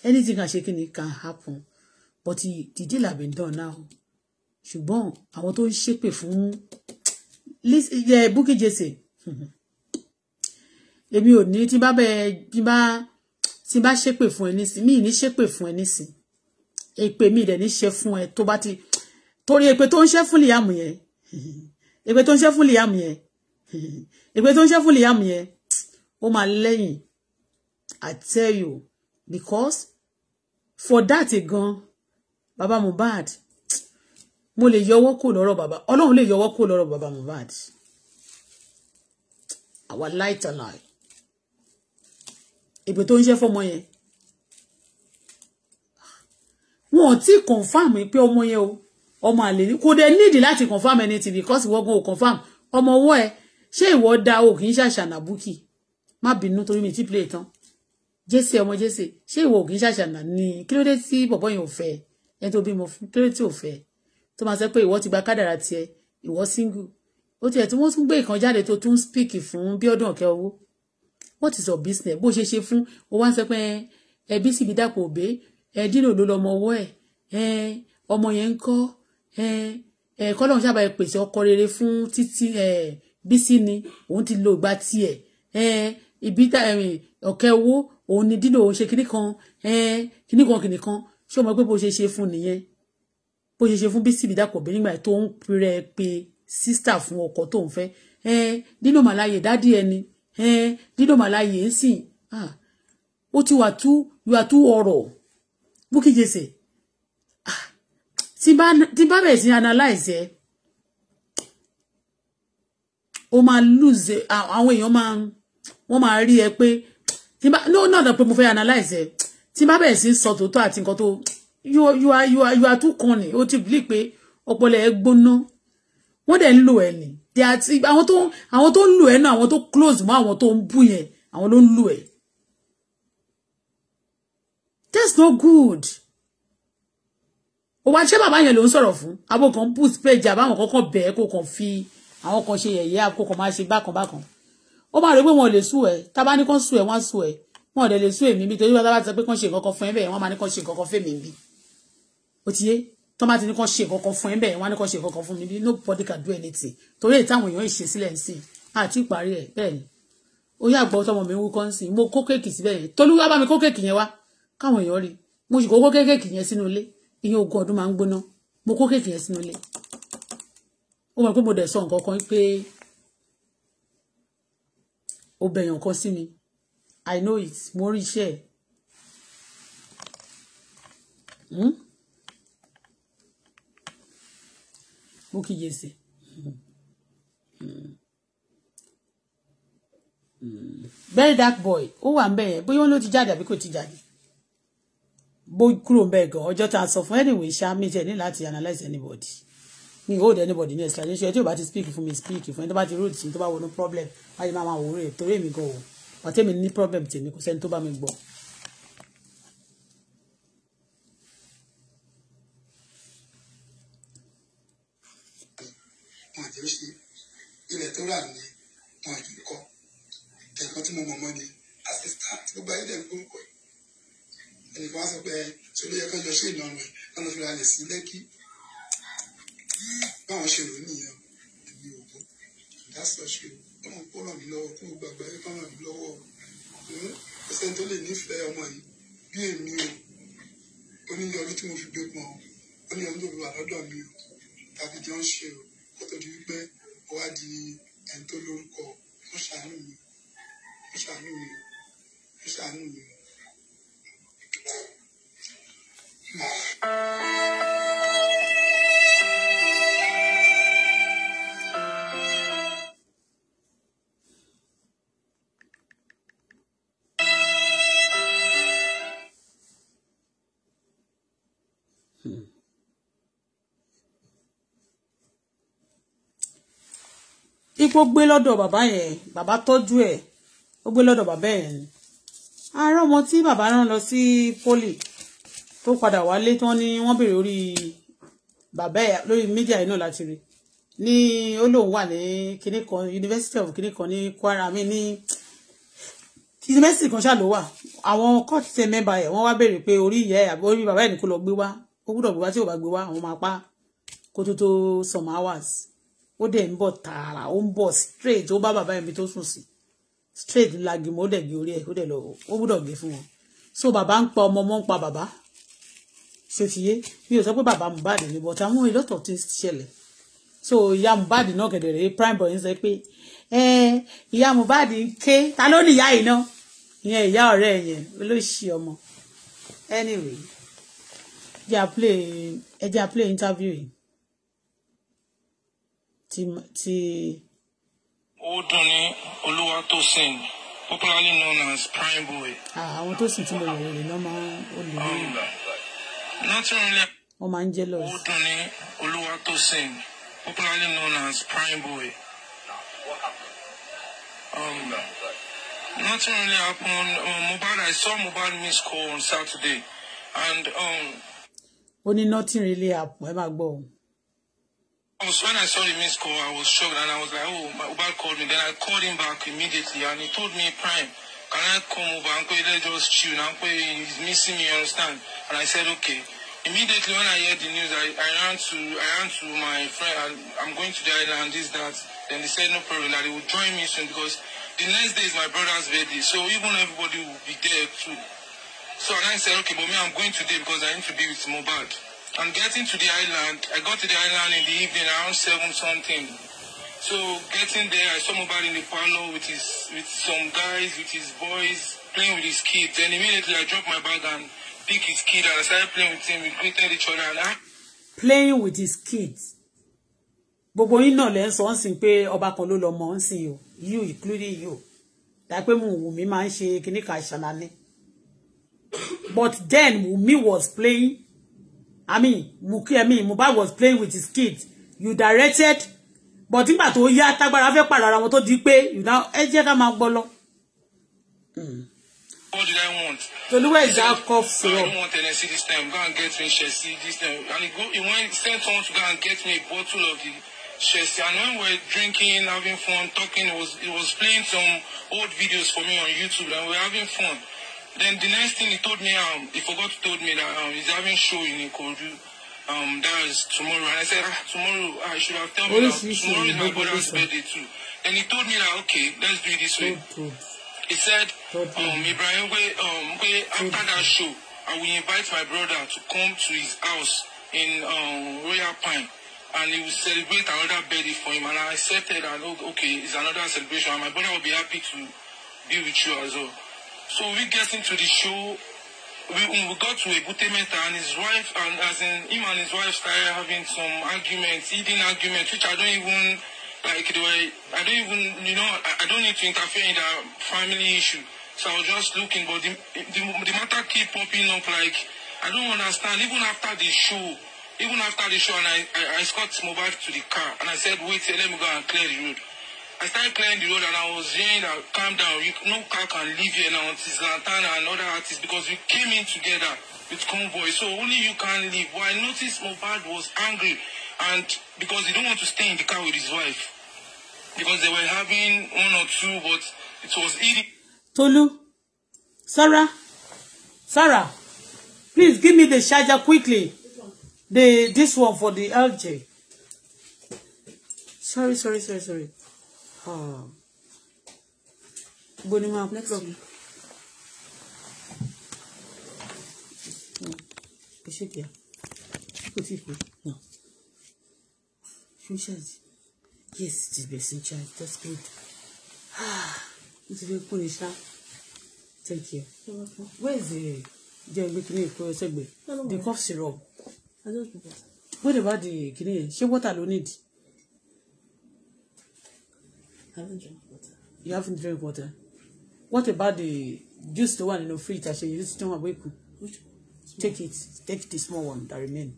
anything can ṣe kí can happen but the deal have been done now ṣùgbọ́n àwọn tó ń ṣépè fún eh, Bukky Jesse <laughs> èmi ò ní tí bá bẹ tí bá tí bá ṣépè fún ẹ nísìn mí ní ṣépè fún ẹ nísìn èpè mi dẹ̀ ní ṣe fún ẹ tó bá ti torí èpè tó ń ṣe fún Liam yẹn <laughs> èpè tó ń ṣe fún Liam yẹn <laughs> ìpè tó ń ṣe fún Liam yẹn ó máa lẹ́yìn I tell you because for that gan baba Mohbad mo lè yọwọ́ kò lọ́rọ̀ baba ọlọ́run lè yọwọ́ kò lọ́rọ̀ baba Mohbad àwa light and light ìpè tó ń ṣe fọmọ yẹn wọn ò tí confam pé ọmọ yẹn o ọmọ àlè ni kò dé need láti confam anything because ìwọ gan ò confam ọmọ ọwọ́ ẹ ṣé ìwọ da o kì í ṣàṣànà búkì má bínú torí mi ti play tán jésè ọmọ jésè ṣé ìwọ kì í ṣàṣànà ni kí ló dé tí bọ̀bọ̀ yẹn ò fẹ́ ẹni tó bímọ fún kí ló dé tí ò fẹ́ tó máa sọ pé ìwọ ti gba kádàrà tiẹ̀ ìwọ single ó tiẹ̀ tí wọ́n tún gbé ìkan jáde tó tún speak fún Bíọ́dún ọ̀kẹ́ owó what is your business bó ṣe ṣe fún ó wá ń sọ pé ẹbí síbi dàpọ̀ òbé ẹdínlò ló lọmọ ọwọ́ ẹ̀ ọmọ yẹn ń kọ́ ẹ̀ kọ́lọ́run sábà pèsè ọkọ rere fún títí bísí ni òun ti lo ìgbà tiẹ̀ ibi ọ̀kẹ́ owó òun ni dídò ṣe kinní kan kinní kan kinní kan ṣé o mọ̀ pé bó ṣe ṣe fún nìyẹn bó ṣe ṣe fún bísí ìdàpọ̀ bí nígbà tó ń rẹ pé sísítà fún ọkọ tó ń fẹ́ dídò màláyè dádì ẹni dídò màláyè ń sìn ó ti wà tú yóò tú ọ̀rọ̀ Bukky Jesse tí bá bẹ̀rẹ̀ sí analyze ẹ ó máa lose àwọn èèyàn máa wọ́n máa rí ẹ pé tí bá no náà pé mo fẹ́ analyze ẹ tí bá bẹ̀rẹ̀ sí sọ tòótọ́ àti nǹkan tó you you are you are you are too cunning ó ti believe pé ọpọlọ ẹ gbóná wọ́n dẹ̀ ń lò ẹ ni àwọn tó to. tó ń lò ẹ náà àwọn tó close mọ́ àwọn tó ń bú yẹn àwọn ló ń that's not good ó wá ṣé bàbá yẹn ló ń sọ̀rọ̀ fún put page àbáwọn kọ́kọ́ bẹ̀ẹ́ kó kàn fi àwọn kan ṣe yẹ̀yẹ́ àkókò máa ṣe bákan bákan ó máa rí pé wọn ò lè sú ẹ tábà ní kán sú ẹ wọn á sú ẹ wọn ò dẹ̀ lè sú èmi bí torí wọn tábà ti sọ pé kán ṣe nǹkan kan fún ẹ bẹ́ẹ̀ wọn máa ní kán ṣe nǹkan kan fún èmi bí ó ti yé tọ́ bá ti ní kán ṣe nǹkan kan fún ẹ bẹ́ẹ̀ wọn á ní kán ṣe nǹkan kan fún mi bí nobody can do anything torí èyí táwọn èèyàn ìṣe sílẹ̀ ń sìn àti ìparí ẹ̀ bẹ́ẹ̀ ni ó yà gbọ́ tọmọ mi ń wú kán sìn mo kó kéèkì síbẹ̀ yẹn tolúwa bá mi kó kéèkì yẹn wá káwọn èèyàn rí mo sì kó kéèkì yẹn sínú ilé ìyẹn ogún ọdún máa ń gbóná mo kó kéèkì yẹn sínú ilé ó mọ̀ pé mo dẹ̀ sọ nǹkan kan pé ó bẹ̀yàn kan sí mi i know it mo rí iṣẹ́ ẹ̀. Hmm? mo kíyèsí. very dark boy ó wà ń bẹ̀ yẹn bóyá wọn ló ti jáde àbí kò ti jáde bó kúrò ń bẹ̀ gan ọjọ́ tá a sọ fún anyway ṣá mi tẹ̀ ní láti analyse anybody mi hold anybody ní extradition tí o bá ti speak fún mi speak fún ẹni tó bá ti road sí tó bá wọnú problem wáyé máa máa wòrò ẹ̀ torí èmi gan o ọ̀tẹ́ mi ní problem tèmi kò sẹ́ni tó bá mi gbọ́. ilẹ̀ tó rà ní wọn ìlú kọ́ ẹ̀kọ́ tí mo mọ̀ mọ́ ni àṣìṣà tí gbogbo ayé dẹ̀ ń ẹ̀ ẹnìkan sọ pé ṣọlẹ́yẹ kan yọ ṣé ìlànà ẹ̀ lọ́nà fúnra rẹ̀ sí lẹ́kì báwọn ṣe rò nìyẹn èmi ò gbọ́ ìdásọ ṣe ọmọ kó ràn mí lọ́wọ́ kó gbàgbà yẹ kó ràn mí lọ́wọ́ ẹsẹ̀ tó lè nífẹ̀ẹ́ ọmọ yìí bí èmi o oníyọrí tí mo fi gbé pọn oníyọrí tó fi wà lọ́dọ̀ mi o tàbí jọ ń ṣe o kó tó di wípé ó wá di ẹni tó lórúkọ ó ṣàánú mi ó ṣàánú mi ó ṣàánú mi. Thank you. pé ó gbé lọ́dọ̀ bàbá yẹn bàbá tọ́jú ẹ̀ ó gbé lọ́dọ̀ bàbá yẹn ni àárọ̀ ọmọ tí bàbá rán lọ sí poli tó padà wálé tán ni wọ́n béèrè orí bàbá ẹ̀ lórí mídíà yìí náà láti rí ní ó lóun wà ní kinní kan university of kinní kan ní Kwara mi ní university kan ṣáà ló wà àwọn court ṣe mẹ́ba ẹ̀ wọ́n wá béèrè pé orí ìyá ẹ̀ àbí orí bàbá ẹ̀ ní kó lọ gbé wá ó gbúdọ̀ gbé wá tí ò bá gbé wá àwọn máa pa kó tó tó some hours ó dẹ̀ ń bọ̀ tààrà ó ń bọ̀ straight ó bá bàbá mi tó sùn sí straight lagi ó dẹ̀ gé orí ẹ̀ ó dẹ̀ lọ ó gbúdọ̀ gé fún wọn so bàbá ń pa ọmọ ọmọ ń pa bàbá ṣé ti yé mi ò sọ pé bàbá Mohbad ni but àwọn a lot ṣẹlẹ̀ so ìyá Mohbad náà kẹ̀dẹ̀rẹ̀ prime boy ń sọ pé ìyá Mohbad ń ké ta ló ní ìyá yìí náà ìyẹn ìyá ọ̀rẹ́ yẹn olóṣì ọmọ anyway ẹ jẹ́ à play interview yìí ti. ti ó dùn ní olúwa tó sìn popularly known as prime boy. àwọn tó sì ti lọ yẹ̀rẹ̀ rẹ̀ náà máa ń olè lórí. nothing really. wọ́n máa ń jẹ́ lọ́ọ̀sì. ó dùn ní olúwa tó sìn popularly known as prime boy. Um, nothing really happened. Um, Mohbad, I saw Mohbad miss call on Saturday and. Um, ó ní nothing really happen ẹ máa gbọ́ o was when I saw the missed call, I was shocked and I was like, oh, my Uber called me. Then I called him back immediately and he told me, Prime, can I come over? Uncle Ede just chill. Uncle He's missing me, you understand? And I said, okay. Immediately when I heard the news, I, I ran to I ran to my friend. I, am going to the island, this, that. Then they said, no problem, that he would join me soon because the next day is my brother's birthday. So even everybody will be there too. So and I said, okay, but me, I'm going today because I need to be with Mobad. On getting to the island, I got to the island in the evening around seven something. So getting there, I saw Mohbad in the parlor with his with some guys, with his boys, playing with his kid. Then immediately I dropped my bag and picked his kid and I started playing with him. We greeted each other and I... Ah, playing with his kids. Gbogbo yín náà lẹ́ ń sọ ń sìn pé ọba kan ló lọ mọ̀ ń sìn o, you including you. Dá pé mo Wùmí máa ń ṣe kíní kan But then Wùmí was playing I mean, Muki, I mean, Mohbad was playing with his kids. You directed, but nígbà tó yá tágbára fẹ́ pààrọ̀ ara wọn tó di pé you now ẹ jẹ́ ká máa gbọ́ lọ. What did I want? where is that cough syrup. I don't want Tennessee this time. Go and get me Chelsea this time. And he, go, he went, sent someone to go and get me a bottle of the Chelsea. And when we were drinking, having fun, talking, it was, it was playing some old videos for me on YouTube and we were having fun. Then the next thing he told me, um, he forgot to told me that um, he's having show in Ikodu. Um, that is tomorrow. And I said, ah, tomorrow, I ah, should have told me that tomorrow is my brother's birthday too. And he told me that, okay, let's do it this way. He said, um, Ibrahim, wait, um, after that show, I will invite my brother to come to his house in um, Royal Pine and he will celebrate another birthday for him. And I accepted and okay, it's another celebration. And my brother will be happy to be with you as well. So we get into the show. We, we got to a Meta and his wife, and as in him and his wife started having some arguments, eating arguments, which I don't even like. the way. I don't even, you know, I, I don't need to interfere in their family issue. So I was just looking, but the, the, the matter keep popping up. Like I don't understand. Even after the show, even after the show, and I I, I escorted Mobad to the car, and I said, wait, let me go and clear the road. I started clearing the road and I was hearing that calm down, you, no car can leave here now until Zlatan and other artists because we came in together with convoy. So only you can leave. Well, I noticed Mobad was angry and because he don't want to stay in the car with his wife because they were having one or two, but it was easy. Tolu, Sarah, Sarah, please give me the charger quickly. The this one for the LJ. Sorry, sorry, sorry, sorry gbogbo ni máa plọ. o ṣe kìá kò tí ì pé no fuchers yes it is best in charge that's good Ah, ti fi kún ni thank you where is the jẹ́ ẹgbẹ́ kìíní for ẹsẹ̀ gbé the cough syrup what about the kidney? She what water ló need. I haven't drank water. You haven't drank water. What about the juice the one in the fridge? I say you still have wake Which? Take it. Take the small one that remain.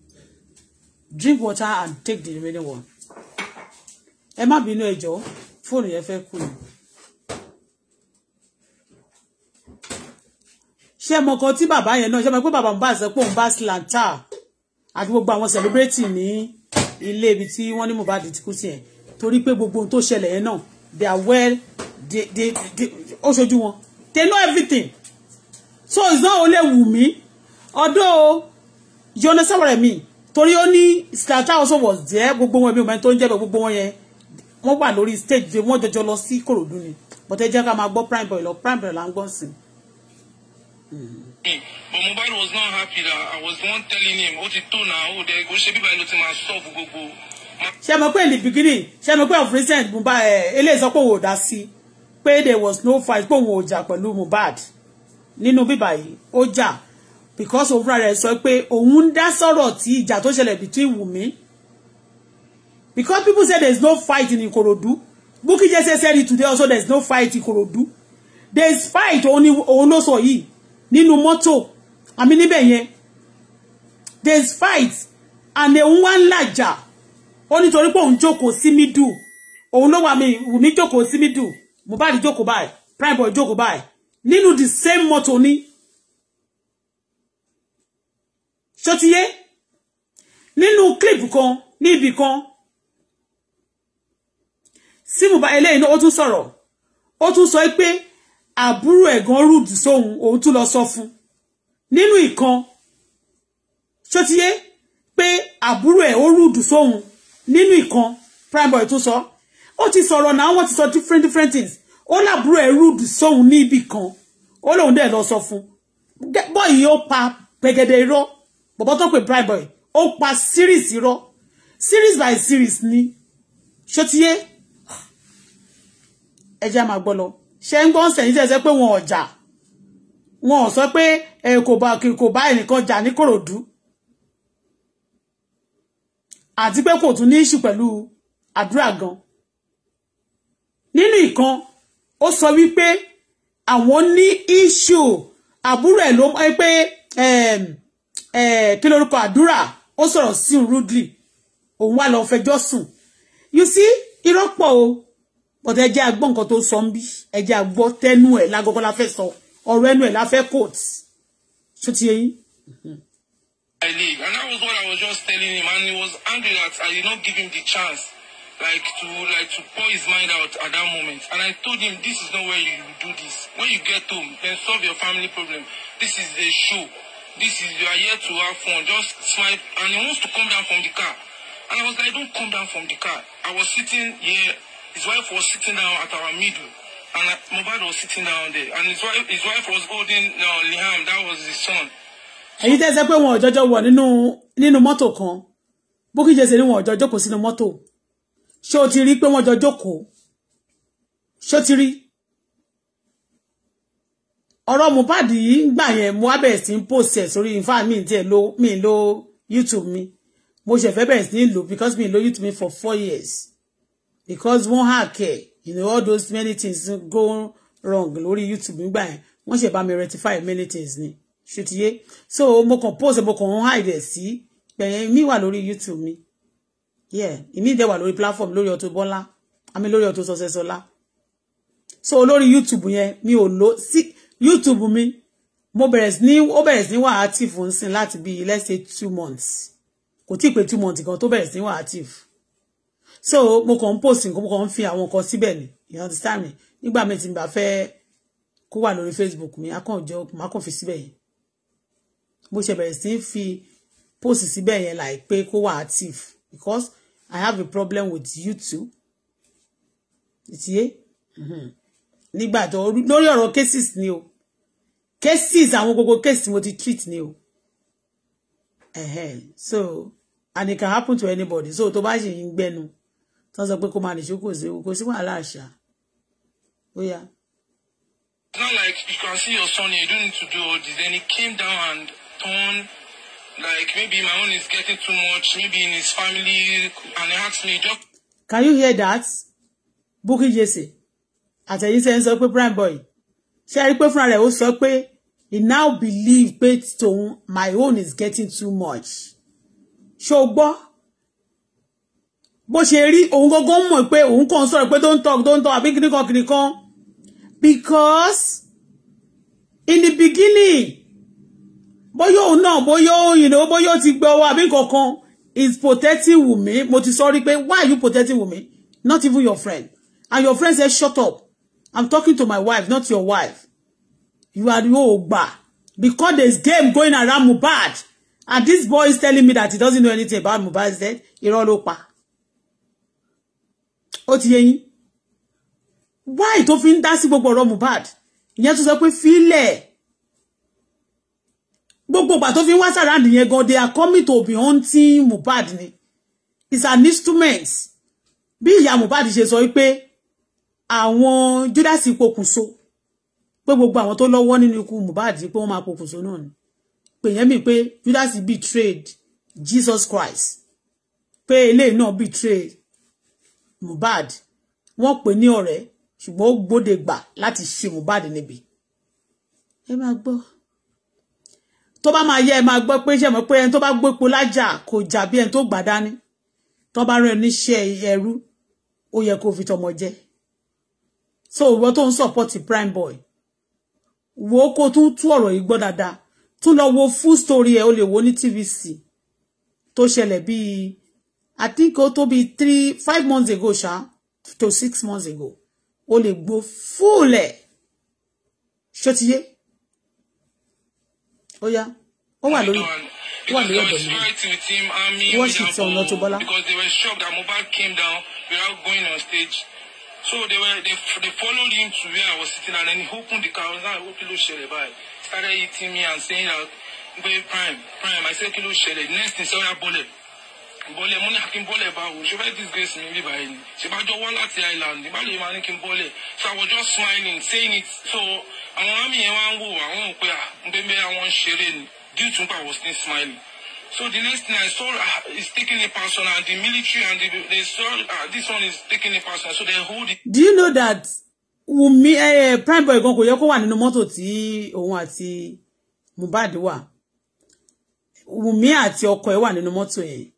Drink water and take the remaining one. Emma má bínú ẹ jọ̀ọ́, fóònù yẹn fẹ́ kú ni. ṣé ẹ mọ kan tí bàbá yẹn náà ṣe mọ pé bàbá Mohbad sọ pé òun bá slanta àti gbogbo àwọn celebrity ní ilé ibi tí wọ́n ní ti kú sí yẹn torí pé gbogbo ohun tó ṣẹlẹ̀ yẹn náà they are well they they they ó ṣojú wọn they know everything so it's not only Wumi although you understand what I mean torí ó ní slata also was there gbogbo wọn ẹbí ọmọ ẹni tó ń jẹ́ gbogbo wọn yẹn wọ́n wà lórí stage they wọ́n jọjọ lọ sí Ìkòròdú ni but ẹ jẹ́ ká máa gbọ́ prime boy lọ prime boy là ń gbọ́ sí i. but Mohbad was not happy that I was the one telling him ó ti tó náà ó dẹ ó ṣe bíbá ẹ ló ti máa solve gbogbo ṣe mọ̀ pé in the beginning ṣe mọ̀ pé of recent Mohbad eh, eléyìí sọ pé òun ò dá sí there was no fight pé òun ò jà pẹ̀lú Mohbad nínú bíbà yìí ó jà because of fúnra rẹ̀ sọ pé òun ń dá sọ̀rọ̀ tí ìjà between Wùmí because people say there's no fight in Ikorodu Bukky Jesse said today also there's no fight in Ikorodu There's fight only ló sọ yìí nínú mọ́tò àmì níbẹ̀ yẹn there fight and òun wá ń làjà ó nítorí pé òun jókòó sí middle òun ló wà mí Wùmí jókòó sí middle Mohbad jókòó báyìí Prime Boy joko báyìí nínú the same mọ́tò ni ṣótiyé nínú clip kan níbi kan sí Mohbad eléyìí náà ó tún sọ̀rọ̀ so tún aburu pé àbúrò ẹ̀gán rúdì sóhun òun tún lọ sọ fún nínú ìkan ṣótiyé pé àbúrò ẹ̀ ó rúdì sóhun nínú ìkan prime boy tún sọ ó ti sọ̀rọ̀ náà wọ́n ti sọ different different things ó làbúrò ẹ̀ rúdù sóhun ní ibì kan ó lóun dẹ̀ lọ sọ fún bọ́ọ̀ yìí ó pa pẹ̀gẹ̀dẹ̀ irọ́ bọ̀bọ́ tó pè prime boy ó pa series irọ́ series by series ni ṣó ti yé ẹjẹ́ máa gbọ́ lọ ṣe ń gbọ́n sẹ̀yìn jẹ́ pé wọn ọ̀jà wọn ò sọ pé ẹ kò bá ẹnìkan jà ní Kòròdú àti pé kò tún ní ìṣù pẹ̀lú àdúrà gan nínú ìkan ó sọ wípé àwọn ní ìṣù àbúrò ẹ̀ ló mọ̀ pé ehm, eh, kí lórúkọ àdúrà ó sọ̀rọ̀ sí rudely òun wà lọ fẹjọ́ sùn you see irọ́ pọ̀ o bọ̀dọ̀ ẹ jẹ́ a gbọ́ nǹkan tó sọ ń bí ẹ jẹ́ a tẹ́nu ẹ̀ lágọ́gọ́ la fẹ́ sọ ọ̀rọ̀ ẹnu ẹ̀ la fẹ́ kóòtù ṣó ti yẹ yín. And that was what I was just telling him. And he was angry that I did not give him the chance like to like to pour his mind out at that moment. And I told him this is not where you do this. When you get home, then solve your family problem. This is a show. This is you are here to have fun. Just smile and he wants to come down from the car. And I was like, Don't come down from the car. I was sitting here, his wife was sitting down at our middle. And my dad was sitting down there. And his wife his wife was holding now uh, Liham, that was his son. ẹ̀yin tẹ́ sẹ́ pé wọn ò jọjọ wọ̀ nínú nínú mọ́tò kan Bukky Jesse ni wọn ò jọ jókòó sínú mọ́tò ṣé o ti rí pé wọ́n jọ jókòó ṣé o ti rí ọ̀rọ̀ Mohbad yìí ń gbà yẹn mo abẹ́ẹ̀ sí ń post ẹ̀ sórí in fact mi ń tiẹ̀ lo mi lo YouTube mi mo ṣe fẹ́ bẹ̀rẹ̀ sí ń lò because mi ń lo YouTube mi for four years because one hack ẹ̀ you know all those many things go wrong lórí YouTube nígbà yẹn wọ́n ṣe bá mi rectify many things ni ṣùtìyé so mo kàn post mo kàn hide ẹ̀ sí pẹ̀yẹ́ mi wà lórí youtube mi yeah ìmí dẹ̀ wà lórí platform lórí Auto Bola àmì lórí Auto Success Ola so lórí youtube yẹn mi ò lo sí youtube mi mo bẹ̀rẹ̀ sí ní ó bẹ̀rẹ̀ sí ní wà active ń sìn láti bíi let's say two months kò tí ì pé two months kan tó bẹ̀rẹ̀ sí ní wà active so mo kàn ń post nǹkan mo kàn ń fi àwọn nǹkan síbẹ̀ ni you understand me nígbà mi ti gbà fẹ́ kó wà lórí facebook mi akànjọ màá kàn fi síbẹ̀ yìí mo ṣe bẹ̀rẹ̀ sí fi post síbẹ̀ yẹn láìpé kó wà active because I have a problem with YouTube ìtìyé mm-hmm. nígbà tó lórí ọ̀rọ̀ cases ni o cases àwọn gbogbo cases mo ti treat ni o so and it can happen to anybody so tó bá ṣì ń gbẹnu tó sọ pé kó máa nìṣó kò sí kò sí wàhálà àṣà ó yá. It's not like you can see your son, you don't need to do all this. Then he came down and turned like maybe my own is getting too much, maybe in his family, and he asked me just. Can you hear that? Bukky Jesse. Àtẹ̀yí ṣe ń sọ pé prime boy. Ṣé ẹ rí pé fúnra rẹ̀ ó sọ pé he now believe pé tòun my own is getting too much. Ṣé o gbọ́? Bó ṣe rí òun gangan mọ̀ pé òun kàn sọ̀rọ̀ pé don't talk don't talk àbí kìnìkan kìnìkan. Because in the beginning bóyá òun náà bóyá ìnáwó bóyá ó ti gbọ́ owó àbí kankan is protecting Wumi mo ti sọ rí pé why are you protecting Wumi not even your friend and your friend say shut up i'm talking to my wife not your wife you are the ogba because there's game going around Mohbad and this boy is telling me that he doesn't know anything about Mohbad's death irọ́ ló pa ó ti yé yín why tó fi ń dá sí gbogbo ọ̀rọ̀ Mohbad ìyẹn tó sọ pé fílẹ̀ gbogbo ìgbà tó fi wá sára nìyẹn gan they are coming to be hunting Mohbad ni it's an instrument bí ìyá Mohbad ṣe sọ wípé àwọn Judas pokùnso pé gbogbo àwọn tó lọ́wọ́ nínú ikú Mohbad pé wọ́n máa pokùnso náà ni pè yẹn mi pé Judas betrayed Jesus Christ pé eléyìí náà betray Mohbad wọ́n pè ní ọ̀rẹ́ ṣùgbọ́n ó gbódegbà láti ṣe Mohbad níbi ẹ máa gbọ́ tó bá máa yẹ ẹ máa gbọ́ pé ṣe mọ̀ pé ẹni tó bá gbépo lájà kò jà bí ẹni tó gbà dání tó bá rán níṣẹ́ ẹrú ó yẹ kó fi tọmọ jẹ so ìwọ tó ń sọpọ́tì prime boy wo kó tún tú ọ̀rọ̀ yìí gbọ́ dáadáa tún lọ wo full story ẹ̀ o lè wo ní tvc tó ṣẹlẹ̀ bíi i think ó tó bíi three five months ago ṣá to six months ago o lè gbọ́ full ẹ̀ ṣó ti yé ó yá ó wà lórí ó wà lórí ọ̀dọ̀ mi wọ́n sì ti ọ̀nà tó bọ́lá. because they were shocked that Mohbad came down without going on stage so they were they, they followed him to where I was sitting and then he opened the car and open oh, ló ṣẹlẹ̀ báyìí started eating me and saying that wey prime prime I said kí ló next thing sọ́yà bullet bọ́lẹ̀ mo ní kí n bọ́lẹ̀ báwo ṣe fẹ́ disgrace mi bíbá yìí ni ṣe bá jọ wá láti island ìbálò yìí máa ní kí n bọ́lẹ̀ so I was just smiling saying it so àwọn àmì yẹn wá ń wò àwọn ò pé à ń bẹ́ẹ̀ bẹ́ẹ̀ àwọn ń ṣeré ni due to I was still smiling so the next thing I saw uh, is taking a person and the military and the, they saw uh, this one is taking a person so they hold it. Do you know that Wunmi eh, eh, prime boy gan kò yẹ kó wà nínú mọ́tò tí òun àti Mohbad wà Wunmi àti ọkọ ẹ̀ wà nínú mọ́tò yẹn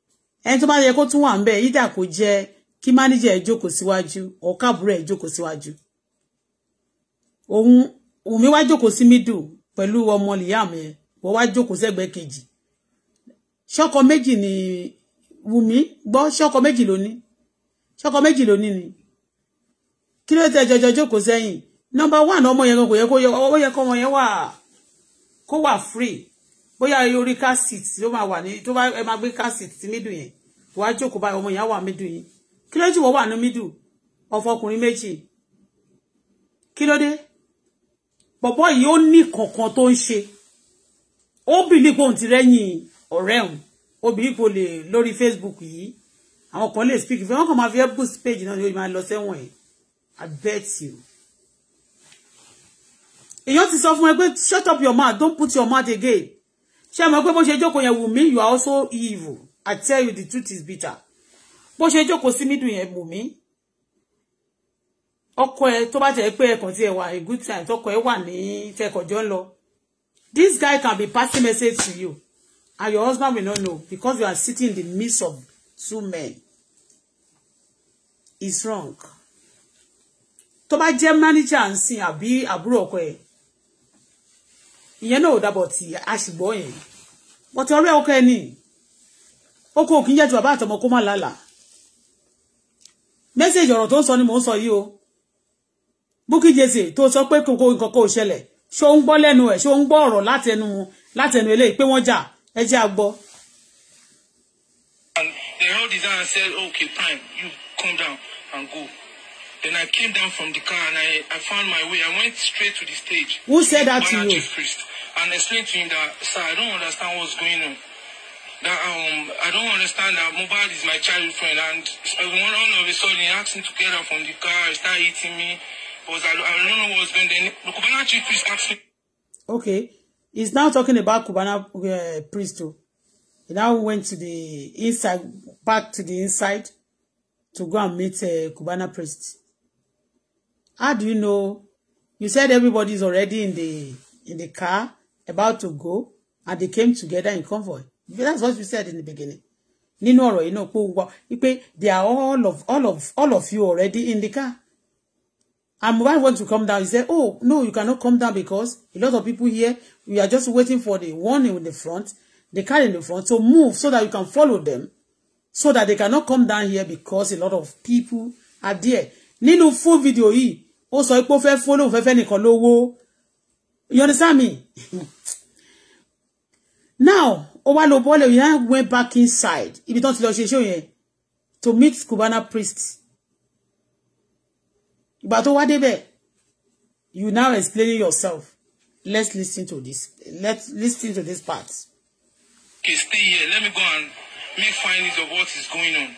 ẹni tó bá yẹ kó tún wà ń bẹ yídà kó jẹ́ kí mánéjà ẹ̀ jókòó síwájú ọ̀kàbúrò ẹ̀ jókòó síwájú òun Wùmí wá jókòó sí middle pẹ̀lú ọmọ Liam yẹn wọ́n wá jókòó sẹ́gbẹ́ kejì ṣọ́kọ méjì ni Wùmí gbọ́ ṣọ́kọ méjì ló ní ṣọ́kọ méjì ló ni kí ló tẹ jọjọ jókòó sẹ́yìn nọ́mbà one ọmọ yẹn kò yẹ kó yẹ ọmọ yẹn wà kó wà free bóyá orí car seat ló máa wà ní tó bá ẹ máa gbé car seat sí middle yẹn wà á jókòó báyìí ọmọ yẹn á wà middle yẹn kí ló jù wọ́n wà ní middle ọ̀fọ̀ ọkùnrin méjì kí ló dé bọ̀bọ̀ yìí ó ní kankan tó ń ṣe ó bìlí pé òun ti rẹ́yìn ọ̀rẹ́ òun ó bìlí pé o lè lórí Facebook yìí àwọn kan lè speak ìfẹ́ wọn kàn máa fi help boost page náà ni ó máa lọ sẹ́wọ̀n ẹ̀ I bet you èèyàn ti sọ fún ẹ pé shut up your mouth don't put your mouth again ṣé mọ̀ pé bó ṣe jókòó yẹn Wùmí you are also evil I tell you the truth is bitter bó ṣe jókòó sí mídùn yẹn Wùmí ọkọ ẹ tó bá tẹ̀ pé ẹkàn tí ẹ wà a good time tọkọ ẹ wà ní tẹkọjọ ń lọ this guy can be passing message to you and your husband will not know because you are sitting in the midst of two men it's wrong tó bá jẹ́ manager ń sìn àbí àbúrò ọkọ ẹ̀ ìyẹn náà ò dábọ̀ tí a sì gbọ́ yẹn bọ́tí ọ̀rẹ́ ọkọ ẹni oko òkín jẹ́ ti bàbá àtọmọ kó má lálàá mẹ́sẹ̀jì ọ̀rọ̀ tó ń sọ ni mò ń sọ yìí o Bukky Jesse tó sọ pé kòkó nǹkan kò ṣẹlẹ̀ ṣó ń gbọ́ lẹ́nu ẹ̀ ṣó ń gbọ́ ọ̀rọ̀ látẹnu látẹnu eléyìí pé wọ́n jà ẹ jẹ́ àgbọ́. and the hell designer said okay fine you come down and go Then I came down from the car and I, I found my way. I went straight to the stage. Who said that to you? Priest, and explained to him that, sir, I don't understand what's going on. That um, I don't understand that Mubad is my childhood friend. And everyone all of a sudden he asked him to get out from the car. He started hitting me. Because I, I don't know what's going on. The Cubana chief priest asked me. Okay. He's now talking about Kubana uh, priest too. He now went to the inside, back to the inside to go and meet uh, Cubana priest. How do you know? You said everybody is already in the in the car about to go and they came together in convoy. That's what you said in the beginning. Nínú ọ̀rọ̀ yìí náà pé wá pé they are all of all of all of you already in the car. And Mohbad want to come down. He said, oh, no, you cannot come down because a lot of people here, we are just waiting for the one in the front, the car in the front. So move so that you can follow them so that they cannot come down here because a lot of people are there. Nínú full video yìí, ó sọ pé ó fẹ́ fún olóhùn fẹ́fẹ́ nìkan lówó you understand me <laughs> now ó wá lọ bọ́ọ̀lù yìí náà went back inside ibi tán ti lọ ṣe iṣẹ́ yẹn to meet Cubana priest ìgbà tó wá débẹ̀ you now explaining yourself let's listen to this let's listen to this part. okay stay here let me go and make findings of what is going on.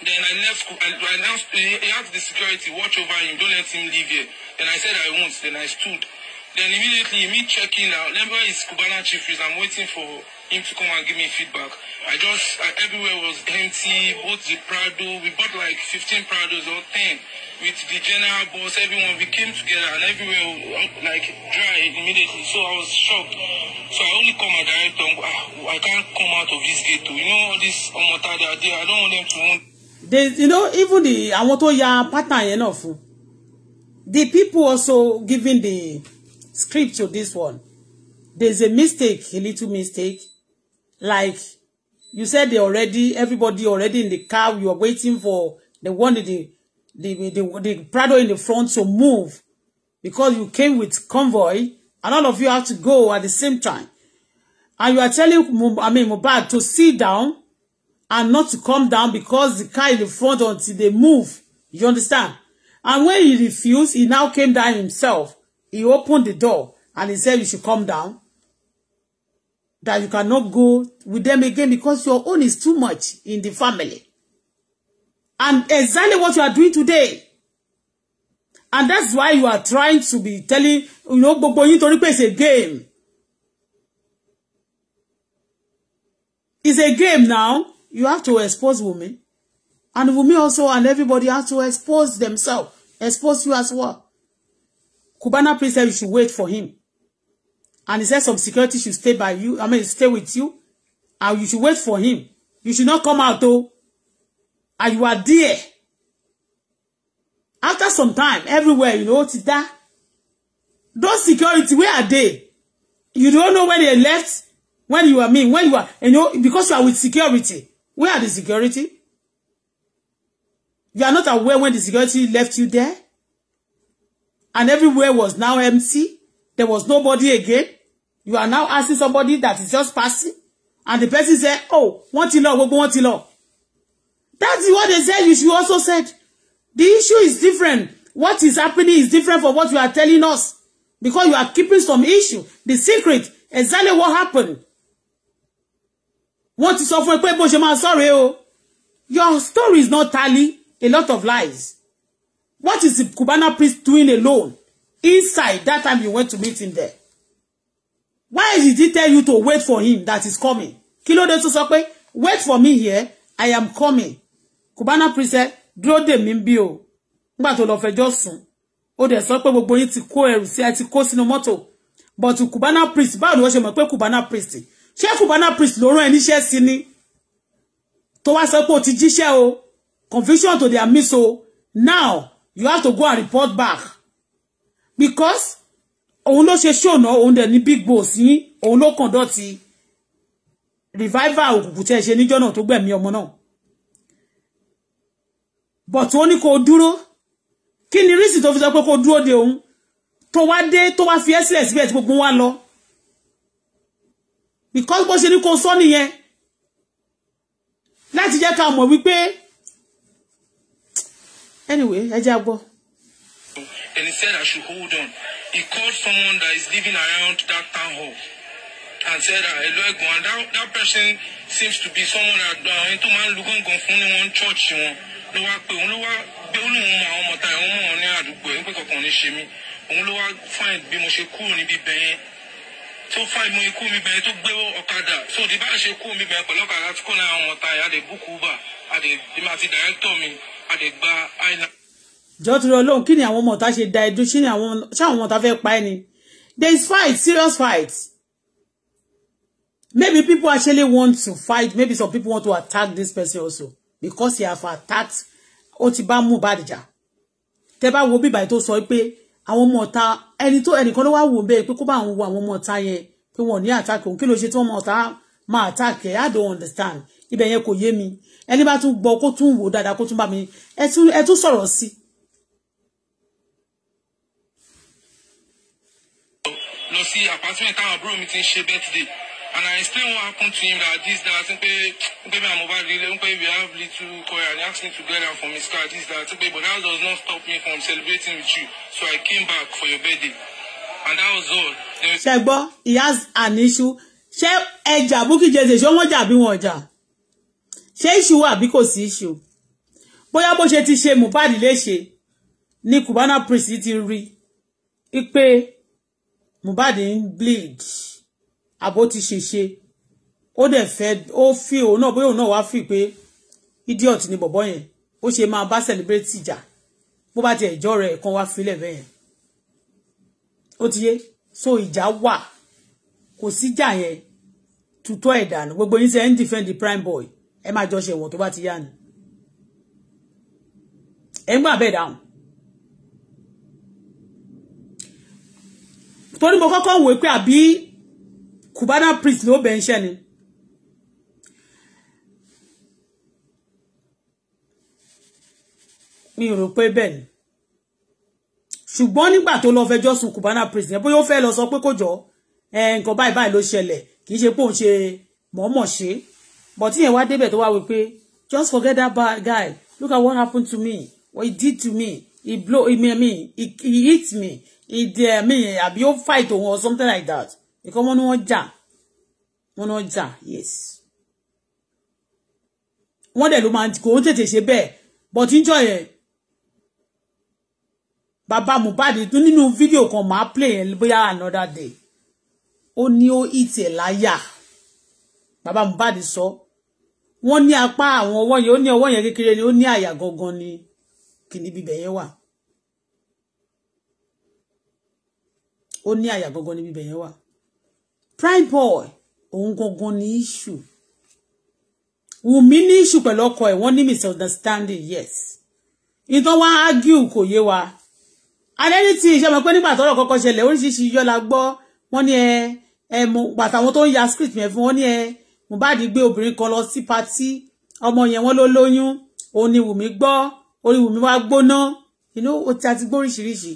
Then I left, I, I announced, he asked the security, watch over him, don't let him leave here. Then I said I won't, then I stood. Then immediately, me checking out, remember his Cubana chief is, I'm waiting for him to come and give me feedback. I just, I, everywhere was empty, both the Prado, we bought like 15 Prados or 10 with the general boss, everyone, we came together and everywhere like dry immediately. So I was shocked. So I only come and direct, ah, I can't come out of this gate. You know, all this Omota, I don't want them to they you know even the àwọn tó ya pattern yẹn náà fún the people also giving the script to this one there's a mistake a little mistake like you said they already everybody already in the car you are waiting for the one the the the, the, the Prado in the front to move because you came with convoy and all of you have to go at the same time and you are telling I mean Mohbad to sit down and not to come down because the car in the front until they move. You understand? And when he refused, he now came down himself. He opened the door and he said, you should come down. That you cannot go with them again because your own is too much in the family. And exactly what you are doing today. And that's why you are trying to be telling, you know, gbogbo you torí replace a game. It's a game now you have to expose women and women also and everybody has to expose themselves expose you as well Kubana, priest said you should wait for him and he said some security should stay by you I mean stay with you and you should wait for him you should not come out though and you are there after some time everywhere you know ti da those security where are they you don't know where they left when you are mean when you are you know because you are with security Where are the security? You are not aware when the security left you there? And everywhere was now empty. There was nobody again. You are now asking somebody that is just passing. And the person said, oh, want ti lọ, go want ti lọ. That's what they said. You also said. The issue is different. What is happening is different from what you are telling us. Because you are keeping some issue. The secret, exactly what happened wọ́n ti sọ fún ẹ pé bó ṣe máa sọ̀rọ̀ o your story is not tally a lot of lies what is the Cubana priest doing alone inside that time you went to meet him there why did he tell you to wait for him that is coming kí ló dé tó sọ pé wait for me here i am coming Cubana priest ẹ dúró dè mí bí o nígbà tó lọ fẹjọ́ sùn ó dẹ̀ sọ pé gbogbo yín ti kó ẹrù sí ẹ ti kó sínú mọ́tò but Cubana priest báwo ni wọ́n ṣe mọ̀ pé Cubana priest ṣé Cubana priest ló rán ẹ níṣẹ́ sí ni tó wá sọ pé o ti jíṣẹ́ o confusion to their miss o now you have to go and report back because òun ló show ṣòna òun dẹ̀ ni big boss yín òun ló kàn dọ̀tí revival òkùnkùn tẹ́ ṣe níjọ́ náà tó gbẹ̀mí ọmọ náà but ó ní kó dúró kí ni rísì tó fi sọ pé kó dúró de òun tó wá dé tó wá fi ẹ́ sílẹ̀ síbẹ̀ tí gbogbo wa lọ because bó ṣe ní kó sọ nìyẹn láti jẹ́ ká mọ̀ wípé anyway ẹ já gbọ́. and he said I should hold on he called someone that is living around that town hall and said that hello ẹ̀gbọ́n and that, that person seems to be someone that uh into man ń lu gángan fún ní church wọn ló wá pé òun ló wá pé ó lóun mọ àwọn ọmọ táyà òun mọ ọ ní àdúgbò ẹ ń pè kankan ní ṣe mí mo ṣe kúrò níbi bẹ́ẹ̀ yẹn tó fọ́ ìmú ikú mi bẹ̀rẹ̀ tó gbé ọ̀kadà so di bá ṣe kú mi bẹ̀rẹ̀ pẹ̀lú ọ̀kadà tí kò ní àwọn ọ̀tá yà lè búkú uber á lè bí ma ti dàrẹ́tọ̀ mi á lè gba àìlà. jọ́ torí ọlọ́run kí ni àwọn ọmọ ọ̀tá ṣe da ẹdún ṣé àwọn ọmọ ọ̀tá fẹ́ pa ẹni there is fight serious fight maybe people actually want to fight maybe some people want to attack this person also because he have attacked ó ti bá Mohbad jà tẹ bá wo bíbá yìí tó sọ pé àwọn ọmọ ọ̀tá ẹni tó ẹnìkan ló wá wò bẹ́ẹ̀ pé kó bá àwọn wo àwọn ọmọ ọ̀tá yẹn pé wọn ò ní àtàkì òun kí ló ṣe tí wọn ọmọ ọ̀tá máa àtàkì I don't understand ibẹ̀ yẹn kò yé mi ẹni bá tún gbọ́ kó tún wò dáadáa kó tún bá mi ẹ tún sọ̀rọ̀ sí i lọ sí apartment táwọn àbúrò mi ti ń ṣe birthday and I explained what happened to him that this that pe pe me and Mohbad really pe we have little quarrel and he asked me to get am from his car this that pe but that does not stop me from celebrating with you so I came back for your birthday and that was all. ṣe he has an issue ṣé ẹjà Bukky Jease ṣé wọ́n jà bí wọ́n jà ṣé issue wà bí kò sí issue bóyá bó ṣe ti ṣe Mohbad léṣe ni kubana priest ti rí i pé Mohbad ń bleed àbó ti ṣèṣe ó dẹ̀ fẹ́ ó fi òun náà bóyá òun náà wá fi pé idiot ni bọ̀bọ́ yẹn ó ṣe máa bá celebrate ìjà bó bá ti ẹ̀jọ́ rẹ̀ kan wá filẹ̀ bẹ́yẹn ó ti yé so ìjà wà kò síjà yẹn tutọ́ ẹ̀ dànù gbogbo yín ṣe ń defend the prime boy ẹ máa jọ ṣe ìwọ̀n tó bá ti yá ni ẹ ń gbà bẹ́ẹ̀ dáhùn torí mo kọ́kọ́ wò pé àbí Kubana priest no bẹ̀ ń ṣẹ́ ni. mi ò rò pé bẹ́ẹ̀ ni ṣùgbọ́n just Kubana priest yẹn bóyá ó fẹ́ lọ sọ pé kò jọ nǹkan báyìí báyìí ló ṣẹlẹ̀ kì í but yẹn what débẹ̀ tó wá wí pé just forget that bad guy look at what happened to me what he did to me he blow me me he, he hit me he dare eh, me I be fight òun or something like that ìkọ́ wọn ni wọ́n jà wọn náà jà yes wọ́n dẹ̀ ló máa kò ń tètè but enjoy it. Baba, jọ yẹn Do Mohbad nínú video? kan máa play yẹn bóyá another day ó ní ó ìtì ẹ̀ láyà bàbá Mohbad sọ wọ́n ní apá àwọn ọwọ́ yẹn ó ní one yẹn kékeré ni ó ní àyà gangan ni kìnní bíbẹ̀ yẹn wà ó ní àyà gangan ni bíbẹ̀ yẹn wà prime boy òun gangan ní issue Wùmí ní issue pẹ̀lú ọkọ ẹ̀ wọ́n ní misunderstanding yes ìtàn wa argue kò yé wa adẹ́ni tí ìṣẹ́ mọ̀ pé nígbà tọ́rọ̀ kọ́kọ́ ṣẹlẹ̀ oríṣiríṣi yọ́ la gbọ́ wọ́n ní ẹ ẹ mo bàtà àwọn tó ń ya script yẹn fún wọn ní ẹ Mohbad gbé obìnrin kan lọ sí patí ọmọ yẹn wọ́n ló lóyún òun ni Wùmí gbọ́ orí Wùmí wá gbóná inú ó ti àti gbóríṣiríṣi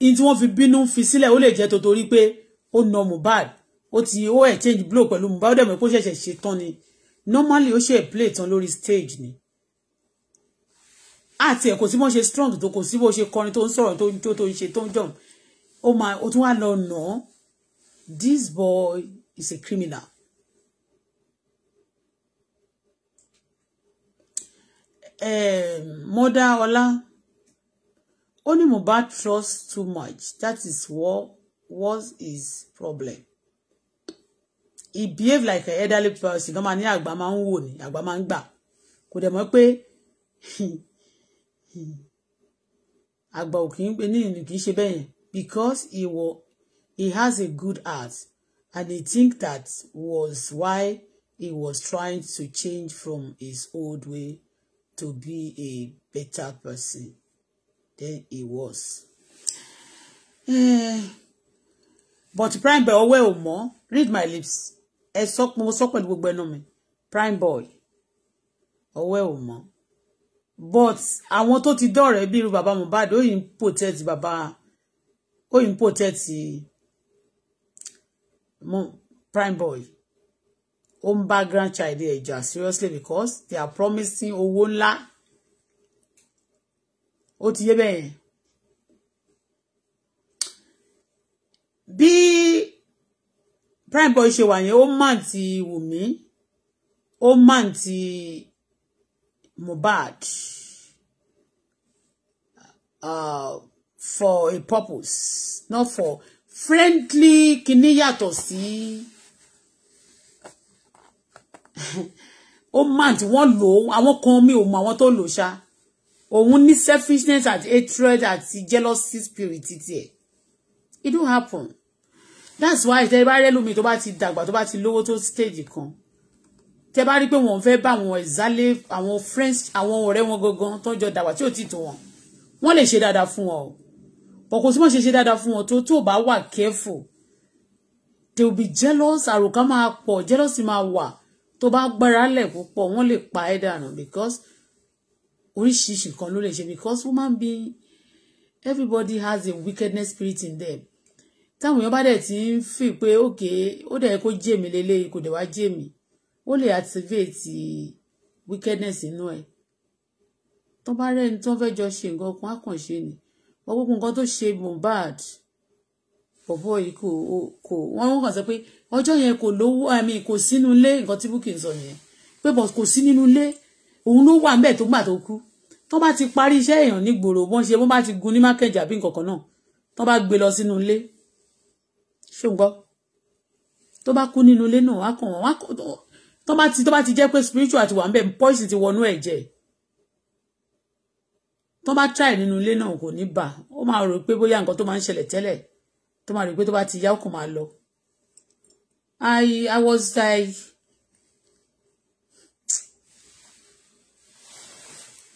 in tí wọ́n fi bínú fi sílẹ̀ ó lè jẹ́ torí pé ó nà Mohbad ó ti ó exchange blow pẹ̀lú Mohbad ó dẹ̀ mọ̀ pé ó ṣẹ̀ṣẹ̀ ni normally ó ṣe play tán lórí stage ni àti ẹ̀ kò sí mọ́ ṣe strong tó kò sí bó ṣe kọrin tó ń sọ̀rọ̀ tó ń jó tó ń ṣe tó ń jọ̀ ó máa ó this boy is a criminal. Eh, mọ́dá ọlá. Only ní Mohbad trust too much that is what was his problem he behaved like an elderly person gan ma ní àgbà máa ń wò ní àgbà máa ń gbà <laughs> pe ní ìlú kì í ṣe bẹ́ẹ̀ yẹn because he was he has a good heart and he think that was why he was trying to change from his old way to be a better person Then he was. Eh, but prime boy ọwọ́ ẹ̀ ò read my lips ẹ sọ pé mo sọ pẹ̀lú gbogbo ẹnu mi prime boy ọwọ́ ẹ̀ ò but I want to dọ̀rẹ́ bí irú bàbá Mohbad ó yìí ń protect bàbá ó prime boy own background child. grandchild just seriously because they are promising Oh, won't ńlá ó ti yé bẹ́ẹ̀ prime boy ṣe wà yẹn ó màn ti Wùmí ó màn ti Mohbad uh, for a purpose not for friendly kìíní yàtọ̀ sí <laughs> ó man, tí wọ́n lò ó àwọn kan mi ò mọ àwọn tó lò ṣáá òun ní selfishness àti hatred àti jealousy spirit tiẹ̀ it don happen that's why tẹ bá rẹ́lùmí tó bá ti dàgbà tó bá ti lówó tó stage kan tẹ bá rí pé wọ́n fẹ́ bá àwọn ìzálé àwọn friends àwọn ọ̀rẹ́ wọn gangan tó ń jọ dàgbà tí ò tí tó wọn wọ́n lè ṣe dáadáa fún wọn o but kò sí wọ́n ṣe ṣe dáadáa fún wọn tó tó bá wà careful they will be jealous àròkà máa pọ̀ jealousy máa wà tó bá gbára lẹ̀ púpọ̀ wọ́n lè pa ẹ́ dànù because oríṣiríṣi nǹkan ló lè ṣe because woman being everybody has a wickedness spirit in them táwọn èèyàn bá dẹ̀ ti ń fi pé òkè ó dẹ̀ kó jèmi lélẹ́yìí kò dẹ̀ wá jèmi ó lè activate wickedness inú ẹ̀ tó bá rẹ́ni tó fẹ́ jọ ṣe nǹkan ọkùnrin àkànṣe ni wọ́n gbogbo nǹkan tó ṣe Mohbad bọ̀bọ̀ yìí kò kò wọ́n wọ́n kàn sọ pé ọjọ́ yẹn kò lówó àmì kò sínú ilé nǹkan tí Bukky sọ yẹn pé bọ̀ kò sí nínú ilé òun ló wà ńbẹ̀ tó gbà tó kú tó bá ti parí iṣẹ́ èèyàn nígboro wọ́n ṣe wọ́n bá ti gun ní mákẹ́jì àbí nǹkan kan náà tó bá gbé lọ sínú ilé ṣùgbọ́n tó bá kú nínú ilé náà wá kàn wá kàn tó bá ti tó bá ti jẹ́ pé spiritual ti wà ńbẹ̀ poison ti wọnú ẹ̀jẹ̀ tó bá try nínú ilé náà kò ní bà ó máa rò pé bóyá nǹkan tó máa ń ṣẹlẹ̀ tẹ́lẹ̀ tó máa rò pé tó bá ti yá ó kàn máa lọ I I was like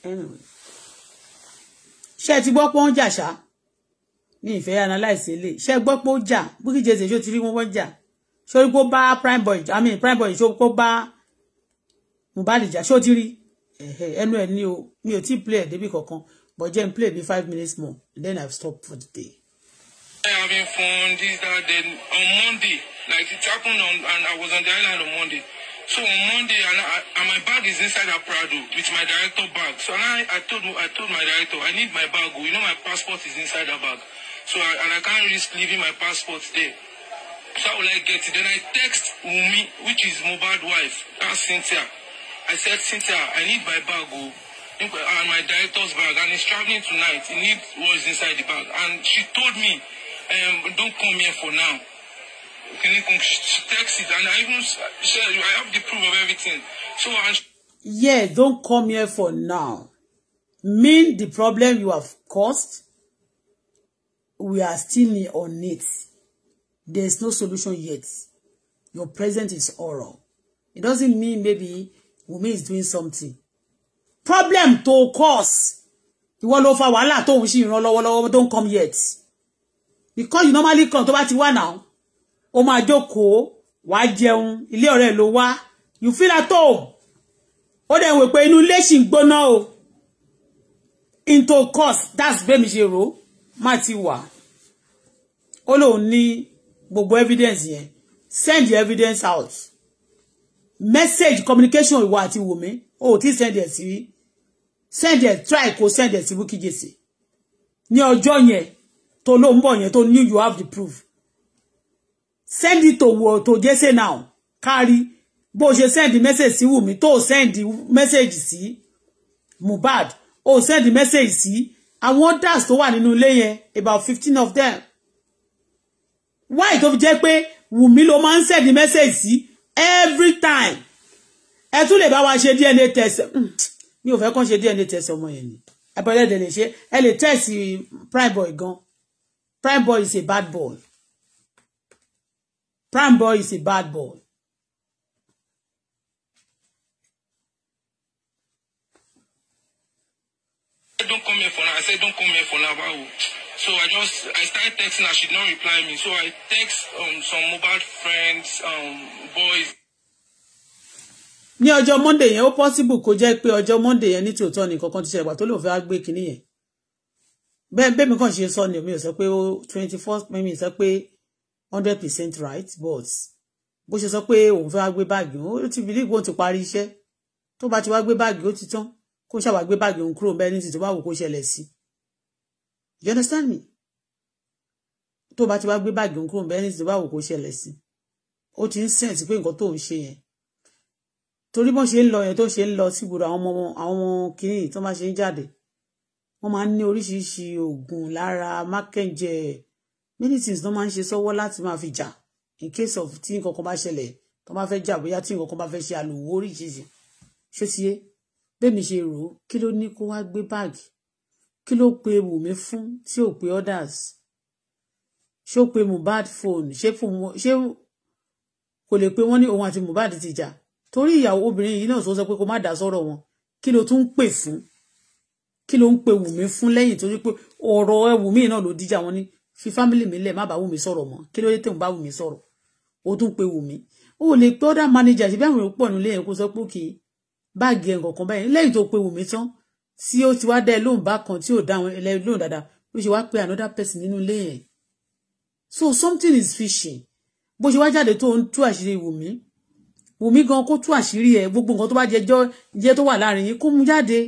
anyway ṣé ti gbọ́ pé ó ń jà ṣá ní ìfẹ́ analyze ilé ṣé gbọ́ pé ó jà Bukky Jease ṣó ti rí wọn wọ́n jà ṣó rí pé ó bá prime boy i mean prime boy ṣó kó bá Mohbad jà ṣó ti rí ẹnu ẹ ní o mi ò tí play ẹ débi kankan but jẹ́ n play bí five minutes more then i stop for the day. I having fun this that then on Monday like it happened on and i was on the island on Monday So on Monday, and, I, and my bag is inside a Prado with my director bag. So I, I told I told my director, I need my bag. Oh. You know, my passport is inside the bag. So I, and I can't risk leaving my passport there. So how will I get it? Then I text Umi, which is Mobad wife, that's Cynthia. I said, Cynthia, I need my bag, oh. and my director's bag, and he's traveling tonight. He needs what is inside the bag. And she told me, um, don't come here for now. Yeah, don't come here for now. Mean the problem you have caused, we are still on it. There's no solution yet. Your present is oral. It doesn't mean maybe woman is doing something. Problem to cause. You want fa wàhálà tó don't come yet. Because you normally come to bá you wá now. O máa jókòó wá jẹun ilé ọ̀rẹ́ ló wá you feel at all? O dẹ̀ we pé inú ilé ṣì ń gbóná o into cost that's bẹ́mi ṣe rò má ti wà ó lóun ní gbogbo evidence yẹn send the evidence out message communication ìwà àti wòmí o ò send ẹ̀ sí send ẹ̀ try kó send ẹ̀ sí Bukky Jesse Ni ojo yẹn tó ló ń bọ̀ yẹn tó you have the proof send it to uh, to Jesse now carry bó ṣe send message si sí mi to send message sí Mubad. ó send message sí àwọn dash tó wà nínú ilé yẹn about fifteen of them why tó fi jẹ́ pé Wùmí ló máa send message sí every time ẹ tún lè bá wa ṣe DNA test hmm, mi ò fẹ́ kàn ṣe DNA test ọmọ yẹn ni abẹ́rẹ́ dẹ̀ lè ṣe ẹ lè test prime boy gan prime boy is a bad boy Prime boy is a bad boy. don't come here for now. I said, don't come here for now. So I just, I started texting her. She did not reply me. So I text um, some mobile friends, um, boys. ní ọjọ́ monday yẹn ó possible kó jẹ́ pé ọjọ́ monday yẹn ní to ni kankan ti ṣe ìgbà tó lóun fẹ́ wá gbé kinní yẹn bẹ́ẹ̀ Be mi kàn ṣe sọ ni mi ò sọ pé ó twenty four mi ò sọ pé hundred percent right but bó ṣe sọ pé òun fẹ́ wá gbé báàgì òun ó ti believe wọ́n ti parí iṣẹ́ tó bá ti wá gbé báàgì ó ti tán kó ṣàwà gbé báàgì òun kúrò bẹ́ẹ̀ ní ti tó bá wù kó ṣẹlẹ̀ sí you understand me tó bá ti wá gbé báàgì òun kúrò bẹ́ẹ̀ ní ti tó bá wù kó ṣẹlẹ̀ sí ó ti ń sense pé nǹkan tó ń ṣe yẹn torí bọ́n ṣe ń lọ yẹn tó ṣe ń lọ síbùdó àwọn ọmọ àwọn kìnnìún tó máa ṣe ń jáde wọ́n máa ń ní oríṣiríṣi oògùn lára mákẹ́ǹjẹ́ many things ló máa ń ṣe sọ́wọ́ láti máa fi jà in case of tí nǹkan kan bá ṣẹlẹ̀ tó bá fẹ́ jà bóyá tí nǹkan kan bá fẹ́ ṣe àlòwò oríṣiríṣi ṣó ti yé bẹ́ẹ̀ mi ṣe rò ó kí ló ní kó wá gbé báàgì kí ló pe wùmí fún tí ò pe others ṣó pe Mohbad phone ṣé kò lè pe wọ́n ní òun àti Mohbad ti jà torí ìyàwó obìnrin yìí náà tó sọ pé kó má dá sọ́rọ̀ wọn kí ló tún pè fún kí ló ń pe wùmí fún lẹ́yìn tó pé ọ̀rọ̀ ẹ wùmí náà ló díjà wọn ní fi family mi lẹ̀ má bàa Wùmí sọ̀rọ̀ mọ́ kí ló dé tẹ̀wọ̀n bá Wùmí sọ̀rọ̀ ó tún pe Wùmí ó lè pé ọ́dà manager ṣe bí àwọn èèyàn pọ̀ nílé yẹn kó sọ pé kì í báàgì ẹ̀ nǹkan báyìí lẹ́yìn tó pe Wùmí tán tí ó ti wá dá ẹ lóhùn bá kan tí ò dá àwọn ẹlẹ́ lóhùn dáadáa ó ṣe wá pe another person nínú ilé yẹn so something is fishy bó ṣe wá jáde tó ń tú àṣírí Wùmí Wùmí gan kó tú àṣírí ẹ gbogbo nǹkan tó bá jẹjọ jẹ tó wà láàrin yín kó mú jáde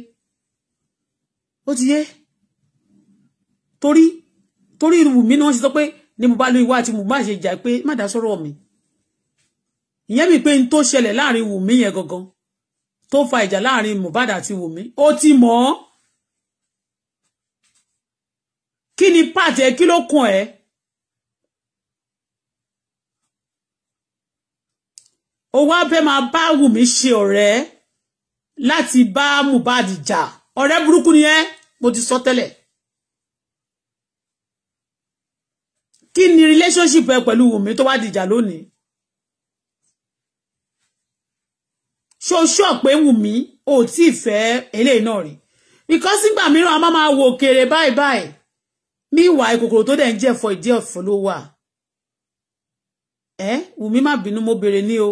ó ti yé torí torí Wùmí náà ṣe sọ pé ní mo bá lóyún wá àti mo bá ṣe jà pé má dá sọ́rọ̀ mi ìyẹn mi pé n tó ṣẹlẹ̀ láàrin Wùmí yẹn gangan tó fa ìjà láàrin Mohbad àti Wùmí ó ti mọ̀ ọ́ kí ni pàtẹ kí ló kàn ẹ́ ó wá fẹ́ máa bá Wùmí ṣe ọ̀rẹ́ láti bá Mohbad jà ọ̀rẹ́ burúkú ni ẹ́ mo ti sọ tẹ́lẹ̀. kí ni relationship ẹ pẹ̀lú Wùmí tó wá dìjà lónìí ṣó ṣọ́ pé Wùmí ò tí ì fẹ́ eléyìí náà rí because nígbà mìíràn a máa máa wo òkèrè báyìí báyìí ní ìwà ìkòkòrò tó dẹ̀ ń jẹ́ ẹ̀fọ́ ìdí ẹ̀fọ́ ló wà ẹ Wùmí má bínú mo béèrè ní o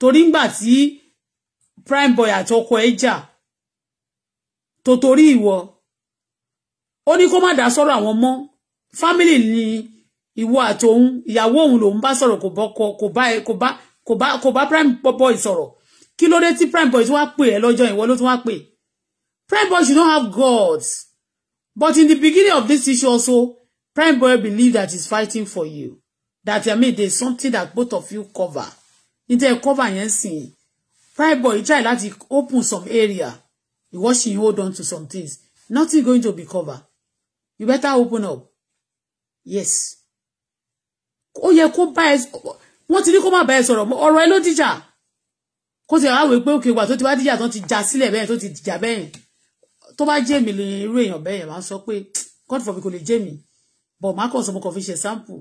torí ngbà tí prime boy àti ọkọ ẹ̀ jà tó torí ìwọ ó ní kó má dá sọ́rọ̀ àwọn mọ́ family ni iwo àti òun ìyàwó òun lòun bá sọ̀rọ̀ kò bọ́ kò bá kò bá kò bá kò bá prime boy soro. kí ló dé prime boy tí wàá pè ẹ́ lọ́jọ́ ìwọ ló tún wàá pè prime boy you don't have gods but in the beginning of this issue also prime boy believe that he's fighting for you that i mean there's something that both of you cover níta ẹ cover yẹn sìn prime boy try láti open some area You watch ṣì hold on to some things nothing going to be cover. you better open up yes ó yẹ kó bá ẹ wọ́n ti ní kó má bá ẹ sọ̀rọ̀ ọ̀rọ̀ ẹ ló dìjà kó ti àwọn ìpè òkè wà tó ti bá dìjà tó ti já sílẹ̀ bẹ́ẹ̀ tó ti dìjà bẹ́ẹ̀ tó bá jẹ́ mi lè irú èèyàn bẹ́ẹ̀ máa sọ pé God forbid kò lè jẹ́ mi but má kàn sọ mo kàn fi ṣe sample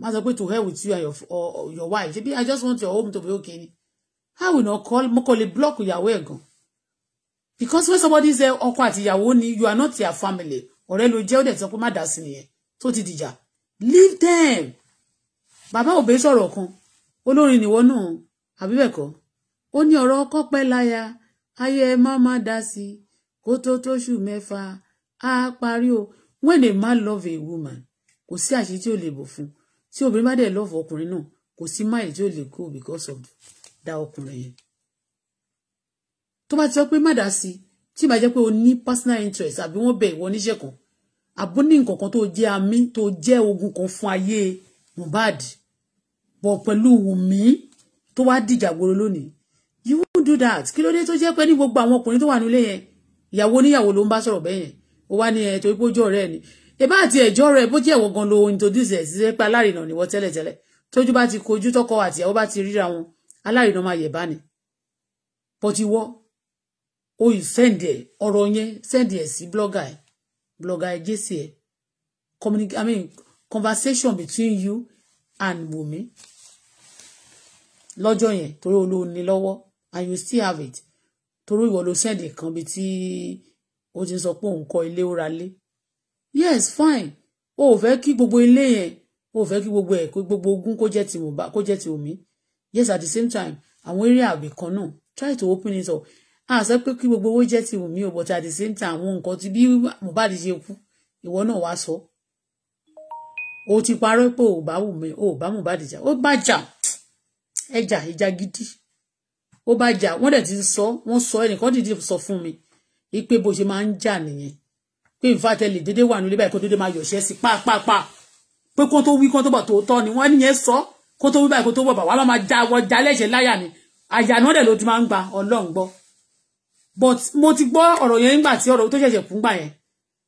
má sọ pé to hell with you and your, or, your wife ṣebí I just want your home to be okay ni how we no call mo kàn lè block ìyàwó ẹ̀ gan because when somebody say ọkọ àti ìyàwó ni you are not their family ọ̀rẹ́ ló jẹ́ ó dẹ̀ sọ pé má dá sí nìyẹn tó ti dìjà leave them bàbá òbí sọ̀rọ̀ kan olórin nìwọ náà àbí bẹ́ẹ̀ kọ́ ó ní ọ̀rọ̀ kọ́pẹ́ láya ayé ẹ má má dá sí i kó tó tóṣù mẹ́fà á parí o when a man love a woman kò sí àṣírí tí ò lè bò fún tí obìnrin bá dẹ̀ love ọkùnrin náà kò sí máìlì tí ò lè go because of dá ọkùnrin yẹn tó bá ti sọ pé má dá sí i tí ìbá jẹ́ pé o ní personal interest àbí wọ́n bẹ̀ ìwọ oníṣẹ́ kan àbó ní nǹkan kan tó jẹ́ amí tó jẹ́ ogun kan fún ayé Mohbad bọ̀ pẹ̀lú Wùmí tó wá dìjà gbòòrò lónìí you won't do that kí ló dé tó jẹ́ pé ní gbogbo àwọn ọkùnrin tó wà nílé yẹn ìyàwó níyàwó ló ń bá sọ̀rọ̀ bẹ́ẹ̀ ó wá ní ẹ̀ torí pé ó ọ̀rẹ́ ẹ̀ ni ìbá àti ẹ̀jọ́ rẹ̀ bó jẹ́ ìwọ̀n gan lo introduce ẹ̀ sí pé alárinà ni wọ́n tẹ́lẹ̀tẹ́lẹ̀ tójú bá ti kojú tọkọ àti ìyàwó bá ti ríra wọn alárinà máa yẹ̀ bá ni pọtiwọ́ oyè sẹ́ndì ẹ̀ ọ̀rọ̀ yẹn sẹ́ndì ẹ̀ sí blọ́gà ẹ̀ blogger JCA, communic I mean, conversation between you and Wumi. Lọ́jọ́ yẹn, torí olóò ní lọ́wọ́, and you still have it. Torí ìwọ ló send nǹkan bí tí ó ti sọ pé òun Yes, fine. O ò fẹ́ kí gbogbo ilé yẹn, o ò fẹ́ kí gbogbo ẹ̀ gbogbo ogún kó jẹ́ ti Wùmí. Yes, at the same time, àwọn eré àgbẹ̀ kan náà try to open it up a sọ pé kí gbogbo owó jẹ́ ti wù mí o but at the same time àwọn nǹkan ti bí Mohbad ṣe kú ìwọ náà wá sọ o ti parọ́ pé ò bá wù mí ò bá Mohbad jà ó bá jà ẹ jà ìjà gidi ó bá jà wọ́n dẹ̀ ti sọ wọ́n sọ ẹnìkan dìde sọ fún mi ipe bó ṣe máa ń jà nìyẹn pé ìfàtẹ́lẹ̀ déédéé wà nílé báyìí kó déédéé máa yọ̀ṣẹ́ sí pàápàá pé kó tó wí kó tó bọ̀ tó tọ́ ni wọ́n nìyẹn sọ kó tó wí báyìí kó tó bọ̀ bàbá máa já wọ́n já lẹ́sẹ̀ láyà ni àyà náà dẹ̀ ló ti máa ń gba ọlọ́run gbọ́ but mo ti gbọ́ ọ̀rọ̀ yẹn nígbà tí ọ̀rọ̀ tó ṣẹ̀ṣẹ̀ fún gbà yẹn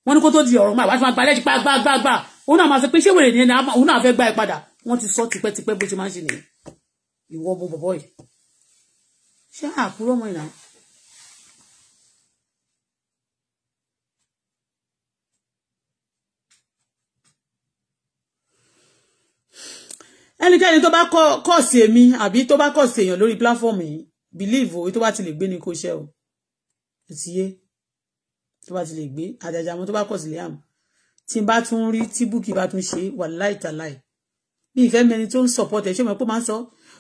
wọ́n ní kó tó di ọ̀rọ̀ máa wá tí wọ́n gbalẹ̀ jípa gbàgbàgbà òun náà máa sọ pé ṣé wèrè nìyẹn òun náà fẹ́ gbà ẹ padà wọ́n ti sọ tipẹ́tipẹ́ bó ṣe máa ń ṣe nìyẹn ìwọ ọmọ bọ̀bọ̀ yìí ṣé àkúrọ̀ mọ́ ìlànà ẹnikẹ́ni tó bá kọ̀ sí èmi àbí tó bá kọ̀ sí èèyàn lórí pláfọ́ọ̀mù yìí bìlíìvù èyí tó bá ti lè gbé ni kó ṣe o ti yé tó bá ti lè gbé àjàjà àwọn tó bá kọ̀ sílẹ̀ àmọ́ tí n bá tún rí tí búkì bá tún ṣe wà láìtàláì bí ìfẹ́ mẹni tó ń support ẹ̀ ṣé mo pé máa ń sọ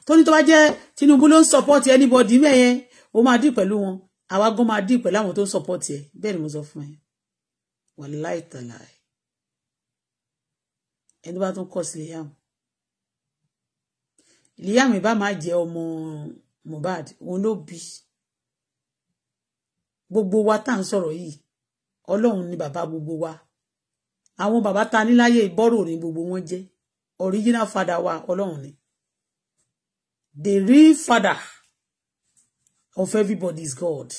tó ní tó bá jẹ́ Tinubu ló ń support anybody mẹ́yẹn ó máa dì pẹ̀lú wọn àwa gan máa dì pẹ̀lú àwọn tó ń support ẹ̀ bẹ́ẹ̀ ni mo sọ fún ẹ wà láìtàláì ẹni bá tún kọ̀ sí Liam Liam ìbá máa jẹ ọmọ Mohbad òun ló bí gbogbo wa tá à ń sọ̀rọ̀ yìí ọlọ́run ni bàbá gbogbo wa àwọn bàbá ta níláyé ìbọ́rò ni gbogbo wọn jẹ́ original father wa ọlọ́run ni the real father of everybody is God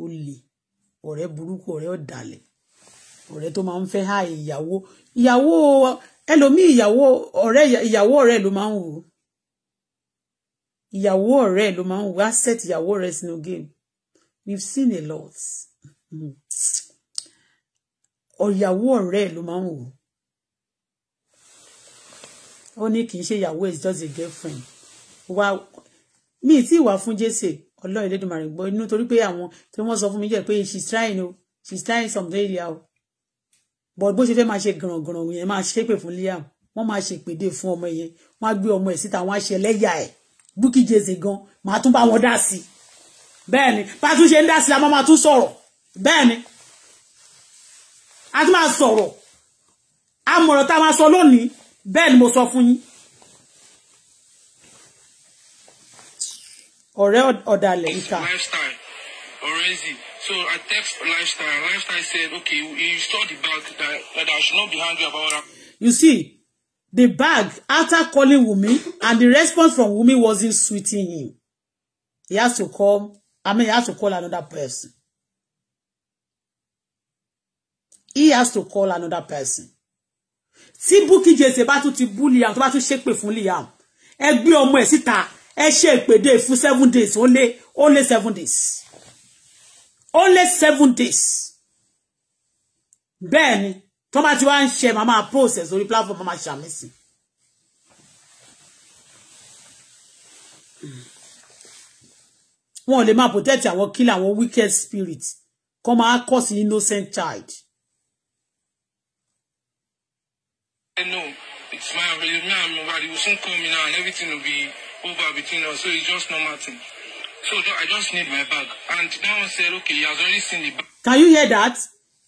olè ọ̀rẹ́ burúkú ọ̀rẹ́ ọ̀dàlẹ̀ ọ̀rẹ́ tó máa ń fẹ́ háì ìyàwó ìyàwó ẹlòmíì ìyàwó ọ̀rẹ́ ìyàwó ọ̀rẹ́ ló máa ń wò ó ìyàwó ọ̀rẹ́ ẹ̀ ló máa ń wá set ìyàwó rẹ̀ sínú game we've seen a lot ìyàwó ọ̀rẹ́ ẹ̀ ló máa ń wò ó ní kì í ṣe ìyàwó it's just a girlfriend wá mi ì tí ì wá fún jésè ọlọ́run Elédùmarè gbọ́ inú torí pé àwọn tí wọ́n sọ fún mi jẹ́ pé she's trying o she's trying something area o but bó ṣe fẹ́ máa ṣe gànràngànràn yẹn máa ṣépè fún Liam wọ́n máa ṣèpèdè fún ọmọ yẹn wọ́n á gbé ọmọ ẹ̀ síta wọ́n á ṣe ẹlẹ́yà ẹ̀ Bukky Jesse gan màá tún bá wọn dá sí i ni bá tún ṣe ń dá sí la máa máa tún sọ̀rọ̀ bẹ́ẹ̀ ni a tún máa sọ̀rọ̀ amọ̀rọ̀ tá a máa sọ lónìí bẹ́ẹ̀ ni mo sọ fún yín ọ̀rẹ́ ọ̀dàlẹ̀ ìka. so I text lifestyle. Lifestyle said, "Okay, you saw the bag that, that I should not be angry about." You see, the bag after calling Wumi, and the response from Wumi wasn't sweeting him. He has to call, I mean, he has to call another person. He has to call another person. Si buki je bá tún ti bú Liam, tó bá tún ṣépè fún Liam, omo gbé ọmọ ẹ̀ síta, ẹ ṣe seven days, only. Only seven days. Only seven days. Bẹ́ẹ̀ tó bá ti wá ń ṣe post. process orí platform màmá ṣàmì sí. wọn ò lè máa protect àwọn killer àwọn wicked spirit Come and cause sí innocent child. I know it's my opinion me my wife will soon call me now and everything will be over between us so it's just no matter. so I just need my bag and now one said okay he has already seen the bag. Can you hear that?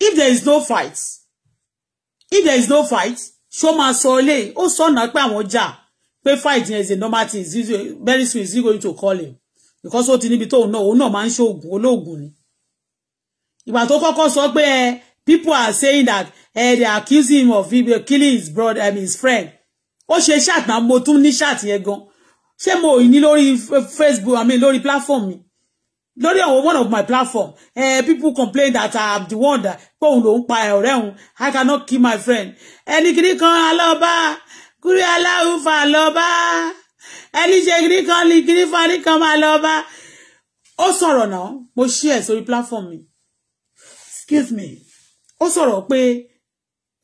If there is no fight if there is no fight ṣó máa sọ ilé ó sọ̀nà pé àwọn jà pé fight yẹn is a normal thing is very soon is he going to call him because ó ti níbi to náà òun náà máa ń ṣoògùn olóògùn ni ìgbà tó kọ́kọ́ sọ pé eh, people are saying that eh, they accuse him of eh, killing his brother um, his friend ó ṣe ṣáàtì náà mo tún ní ṣáàtì yẹn gan ṣé mo ì ní lórí facebook i mean lórí platform mi lórí àwọn one of my platform eh, people complain that i'm the one that pé òun lòún pa ọ̀rẹ́ òun i cannot kill my friend ẹni kiri kan alọ́ba kúrẹ́ aláwùfà lọ́ba ẹni ṣe kiri kan ní kiri fani kan máa lọ́ba ó sọ̀rọ̀ náà mo share sórí platform mi excuse me ó sọ̀rọ̀ pé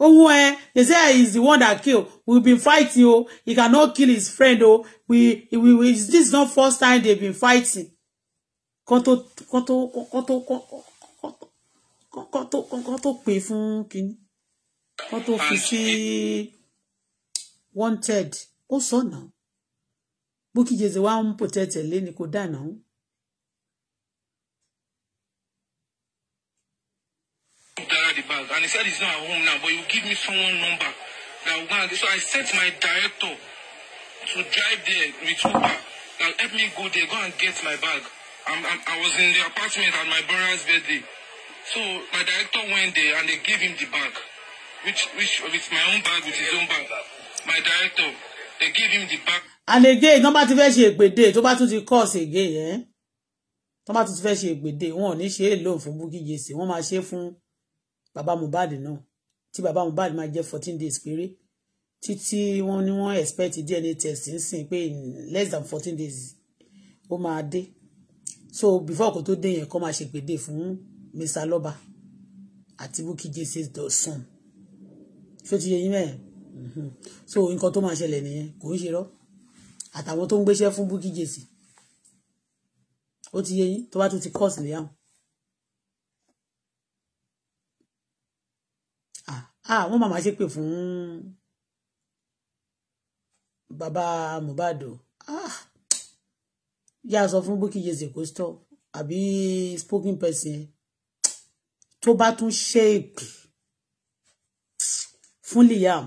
ohun ẹ they say is the one that kill we been fighting o he cannot kill his friend o we we we this is not first time they been fighting kán tó kán tó kán tó kán tó kán tó pè fún kínní kán tó fi sí wanted ó sọ náà Bukky Jesse wa ń pòtẹ́tẹ̀ lé ni kò dáná. and he said he's not at home now but you give me someone number that will go and so I sent my director to drive there with Uber and help me go there go and get my bag I'm, I'm, I was in the apartment at my brother's birthday. So my director went there and they gave him the bag, which, which with my own bag, with his own bag. My director, they gave him the bag. And again, tó bá ti fẹ́ ṣe ègbèdè, tó the course again, eh? Tó bá tún ti fẹ́ ṣe ègbèdè, loan ò ní ṣe é lóun fún Bukky Jesse, wọ́n máa ṣe Baba bàbá Mohbad náà. Tí bàbá Mohbad fourteen days period, Títí wọ́n one wọ́n expect DNA test ń sìn pé less than fourteen days Oh my day so before kò tó dé yẹn kọ́ máa ṣègbèdè fún mr lọ́ba àti Bukky Jesse dọ̀sán ṣó ti yẹ yín mẹ́ẹ̀ mhm. so nǹkan tó máa ṣẹlẹ̀ nìyẹn kò ń ṣe rọ́ àtàwọn tó ń gbéṣẹ́ fún Bukky Jesse ó ti yẹ yín tó bá tún ti kọ́ọ̀sì lè yàwó. ah wọ́n máa ma ṣépè fún bàbá Mohbad ah yá sọ fún Bukky Jesse kó stop àbí spoken person tó bá tún ṣéèkì fún Liam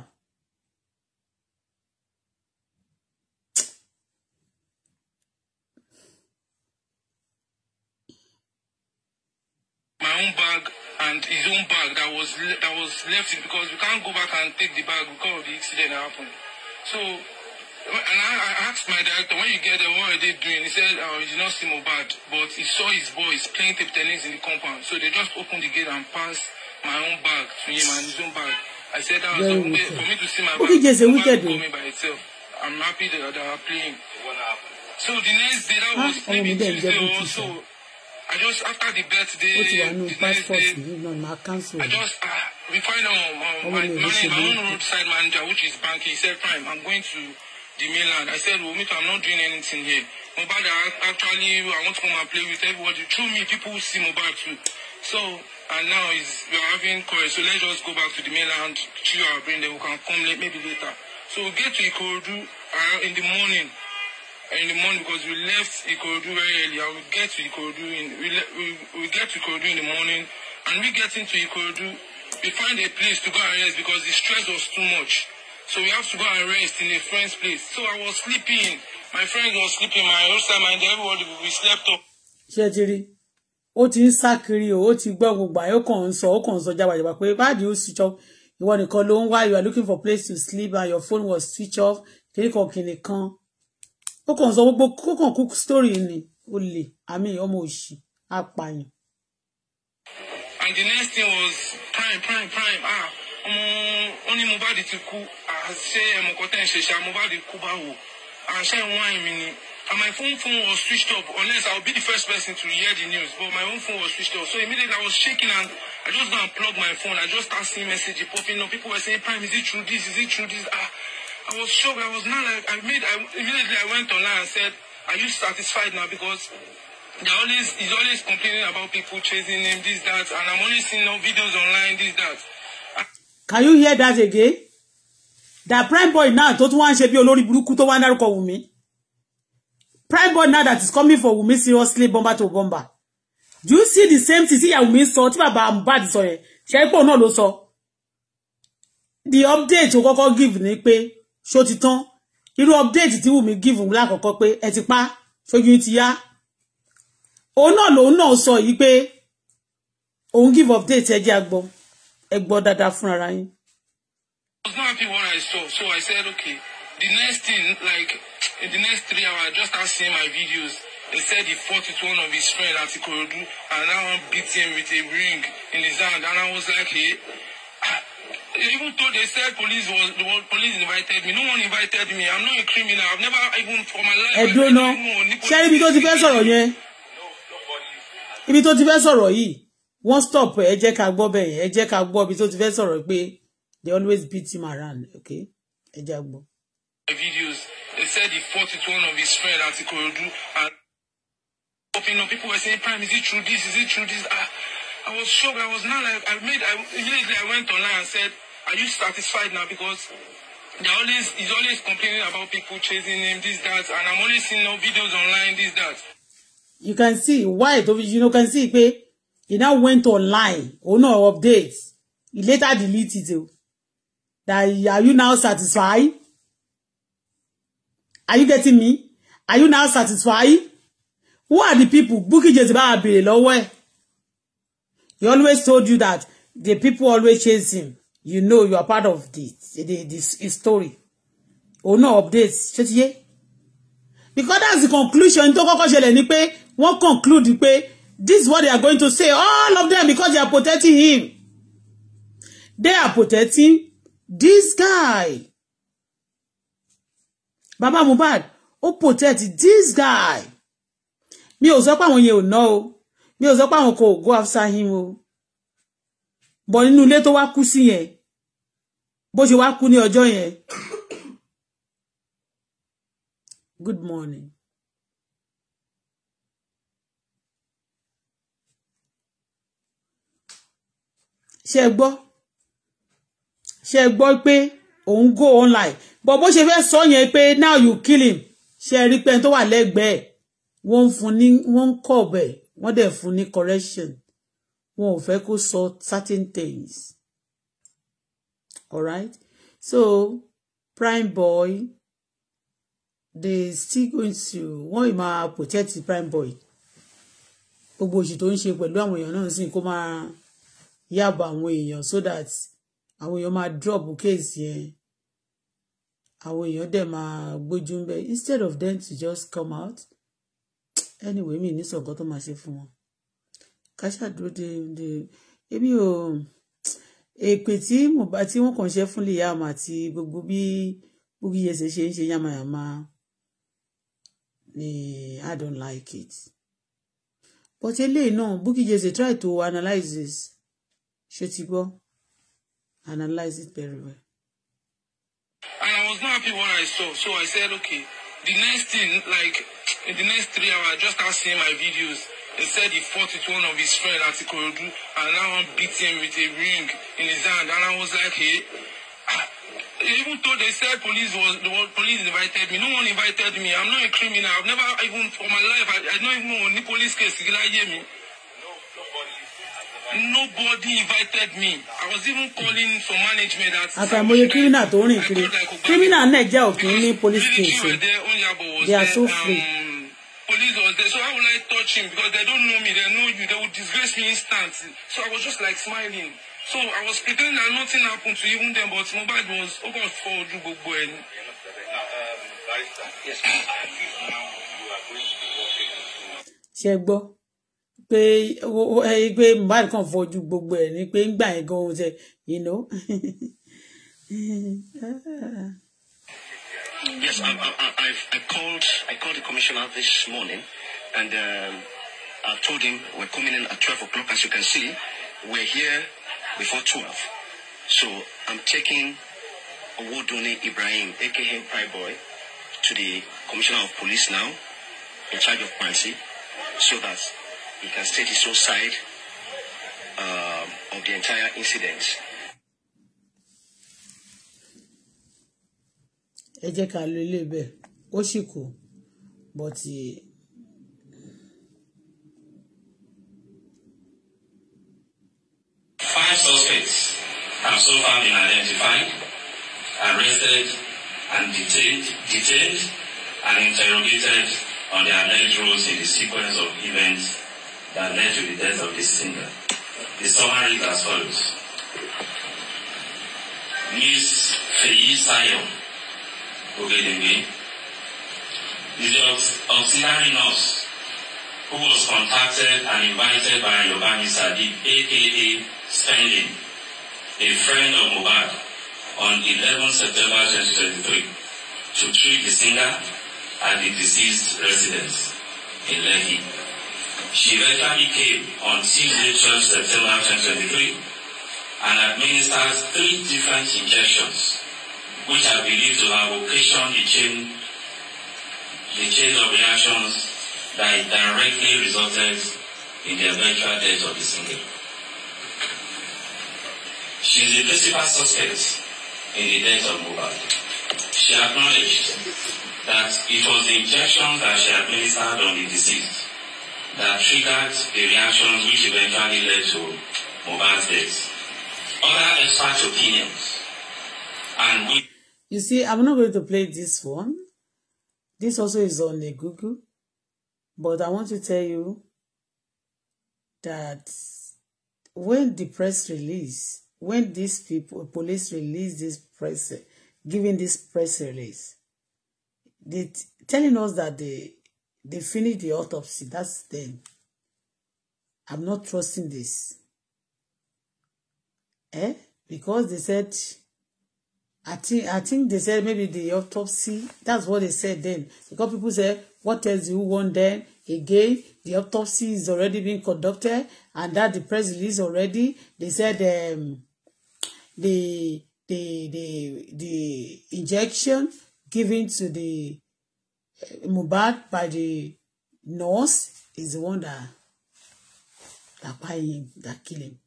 my own bag and his own bag that was that was left because we can't go back and take the bag because of the accident that happened so and I, I asked my director, when you get there, what are they doing? He said, oh, he did not see bad, but he saw his boys playing table tennis in the compound. So they just opened the gate and passed my own bag to him and his own bag. I said, that was Very okay. for me to see my okay, bag. Yes, Mobad wicked, by itself. I'm happy that, that I playing. So the next day, that was ah, maybe Tuesday or so. I just after the birthday, the next day, no, no, I, just uh, we find out um, um, my, my, my own roadside manager, which is banking, he said, "Prime, I'm going to." the mainland. I said, Womito, I'm not doing anything here. Mobad, actually, I want to come and play with everybody. Through me, people see Mobad too. So, and now is we are having Korea. So let's just go back to the mainland, chill our brain, then we can come late, maybe later. So we get to Ikorodu uh, in the morning. In the morning, because we left Ikorodu very early, and we get to Ikorodu in we, le- we we get to Ikorodu in the morning, and we get into Ikorodu, we find a place to go and rest because the stress was too much. So we have to go and rest in a friend's place. So I was sleeping. My friend was sleeping. My hostel and everybody we slept up. Ṣé ti rí? Ó ti ń sá kiri o, ó ti gbọ́ gbogbo àyè, ó kàn ń sọ, ó kàn ń sọ jábàjábà pé báàdì ó switch off. Ìwọ nìkan ló ń wá, you are looking for place to sleep and your phone was switch off. Kìnìkan kìnìkan. Ó kàn sọ gbogbo kókàn kúkú story ni. Ó lè, àmì ọmọ òṣì, apààyàn. And the next thing was prime, prime, prime. Ah, Mm, ó ní Mohbad ti kú àṣẹ ah, ẹ̀mọ̀kọ́ tẹ̀ ń ṣe ṣá Mohbad kú báwo àṣẹ ah, ìwọ̀n àìmí ni and ah, my phone phone was switched off. unless I would be the first person to hear the news but my own phone was switched off so immediately I was shaking and I just go and plug my phone I just start seeing messages popping up people were saying Prime is it true this is it true this ah I was shocked I was now like I made I immediately I went online and said are you satisfied now because they always he's always complaining about people chasing him this that and I'm only seeing no videos online this that can you hear that again that prime boy now tó tún wá ń ṣe bí olórí burúkú tó wá ń dárúkọ Wùmí prime boy now that is coming for Wùmí seriously bomber to bomber do you see the same thing tí ìyá Wùmí sọ tí bàbá Mohbad sọ yẹn ṣe náà ló sọ the update ó kọ́kọ́ give ni pé ṣó ti tán irú update tí Wùmí give lákọ̀ọ́kọ́ pé ẹ ti pa ṣojú ti yá òun náà lòun náà sọ yìí pé òun give update ẹ jẹ́ àgbọ̀n ẹ gbọ́ dáadáa fúnra yín. I was not happy with what I saw, so I said, okay, the next thing, like, in the next three hours, I just start seeing my videos. They said he fought with one of his friends at Ikorodu, and now one beat him with a ring in his hand. And I was like, eh? hey, even though they said police was the police invited me, no one invited me. I'm not a criminal. I've never even for my life. I don't know. Ṣé because tó ti fẹ́ sọ̀rọ̀ yẹn? Ibi tó ti fẹ́ sọ̀rọ̀ yìí wọ́n stop ẹ jẹ́ ká gbọ́ bẹ́ẹ̀ yẹn ẹ jẹ́ ká gbọ́ ibi tó ti fẹ́ sọ̀rọ̀ pé they always beat him around okay ẹ jẹ́ gbọ́. videos they said he fought with one of his friends at Ikorodu and open up people were saying prime is it true this is it true this ah I was shocked I was now like I made I immediately I went online and said are you satisfied now because they always he's always complaining about people chasing him this that and I'm only seeing no videos online this that. you can see why you know, can see pe. Pay... He now went online. Oh no, updates. He later deleted it. That are you now satisfied? Are you getting me? Are you now satisfied? Who are the people? Bukky Jesse bá a He always told you that the people always chase him. You know you are part of the, the, the, the story. Oh no, updates. Ṣé Because that's the conclusion tó kọ́kọ́ ṣẹlẹ̀ ni pé wọ́n conclude pé. This is what they are going to say. All of them because they are protecting him. They are protecting this guy. Baba Mohbad, ó protect this guy. Mi ò sọ pé àwọn yẹn ò ná o. Mi ò sọ pé àwọn kò go after him o. Bọ̀ nínú ilé tó wá kú sí yẹn. Bó ṣe wá kú ní ọjọ́ yẹn. Good morning. ṣe gbọ́ ṣe gbọ́ pé òun go online but bó ṣe fẹ́ sọ yẹn pé now you kill him ṣe rí pé ẹni tó wà lẹ́gbẹ̀ẹ́ wọ́n fún ní wọ́n ń kọ̀ bẹ̀ wọ́n dẹ̀ fún ní correction wọn ò fẹ́ kó sọ certain things alright so prime boy they still going to wọ́n ì máa protect prime boy gbogbo òṣì tó ń ṣe pẹ̀lú àwọn èèyàn náà sì kó máa yàbọ̀ àwọn èèyàn so that àwọn èèyàn máa drop case yẹn àwọn èèyàn dẹ̀ máa gbójú ń bẹ instead of them to just come out anyway mi ní sọ̀kan tó máa ṣe fún wọn káṣá dúró de de ebi o èpè tí mo bá tí wọ́n kàn ṣe fún Liam àti gbogbo bí Bukky Jesse ṣe ń ṣe yàmàyàmà ni I don't like it but eléyìí náà Bukky Jesse try to analyze this ṣé ti gbọ́ analyze it very well. and I was not happy when I saw so I said okay the next thing like in the next three hours I just start seeing my videos he said he fought with one of his friends at Ikorodu and now I'm beating him with a ring in his hand and I was like eh? ah, hey even though they said police was the police invited me, no one invited me. I'm not a criminal. I've never even for my life I, I don't even know any police case nobody invited me i was even calling for management at. àfàìmọye kírímìnà tó rìn kiri kírímìnà náà jẹ́ òkín ní police station they are so um, free. police was there so how would i touch him because they don't know me they know you they would disgrace me instant so i was just like smiling so i was pretending that nothing happened to even them but mobile was open for you, ojú go. ẹni. ṣe gbọ́. pé pé kàn fojú gbogbo ẹ̀ ni pe yẹn ṣe you know. <laughs> yes, I, I, I, I called I called the commissioner this morning and um, I told him we're coming in at 12 o'clock. As you can see, we're here before 12. So I'm taking Owodune Ibrahim, aka Pie Boy, to the commissioner of police now in charge of policy so that he can state his own side um, uh, of the entire incident. ẹ jẹ́ ká lo ilé bẹ́ẹ̀ ó sì kú bọ́tì. E, Five suspects have so far been identified, arrested, and detained, detained and interrogated on their alleged roles in the sequence of events that led to the death of the singer. The summary is as follows. Miss Feyi Sion Ogedengbe is the auxiliary nurse who was contacted and invited by Yobani Sadiq, aka Spending, a friend of Mohbad, on 11 September 2023 to treat the singer at the deceased residence in Lekki. She later became, on 6 12 September 2023, and administered three different injections, which are believed to have occasioned the chain, the chain of reactions that e directly resulted in the eventual death of the singer. She is the principal suspect in the death of Mohbad. She acknowledged that it was the injections that she administered on the deceased that triggered the reactions, which eventually led to Mohbad's death. Other expert opinions and we. You see, I'm not going to play this one. This also is on the Google, but I want to tell you that when the press release, when these people, police release this press, giving this press release, they telling us that the They finished the autopsy. That's them. I'm not trusting this. Eh? Because they said, I think, I think they said maybe the autopsy, that's what they said then. Because people said, what else you want then? Again, the autopsy is already being conducted and that the press release already, they said um, the, the, the, the injection given to the Mohbad by the nurse is the one that that buy him, that kill him.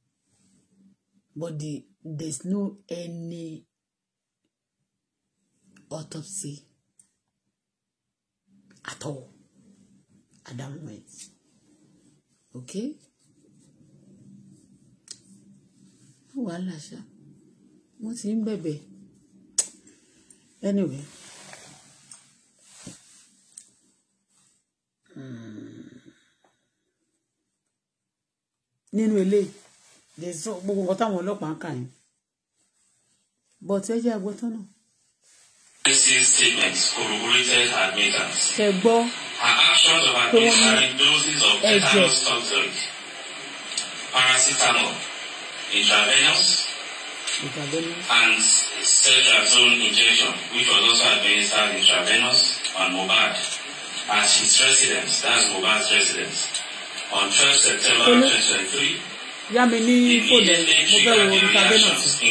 But the, there's no any autopsy at all at that moment. Okay? Well, ṣá what's ti baby? anyway. Hmm. nínú eléyìí gbogbo nǹkan táwọn ọlọ́pàá ń kà yín but ẹ jẹ́ àgbọ̀ tọ́nà. Stacy's statements corroborated her gbọ́? Her actions of admits doses of tetanus toxoid, paracetamol, intravenous, and ceftriaxone injection which was also administered intravenous on Mohbad at his residence, that's Mohbad's residence, on 12 September 2023. yá mi ní fóònù mo fẹ́ wo intervenance that's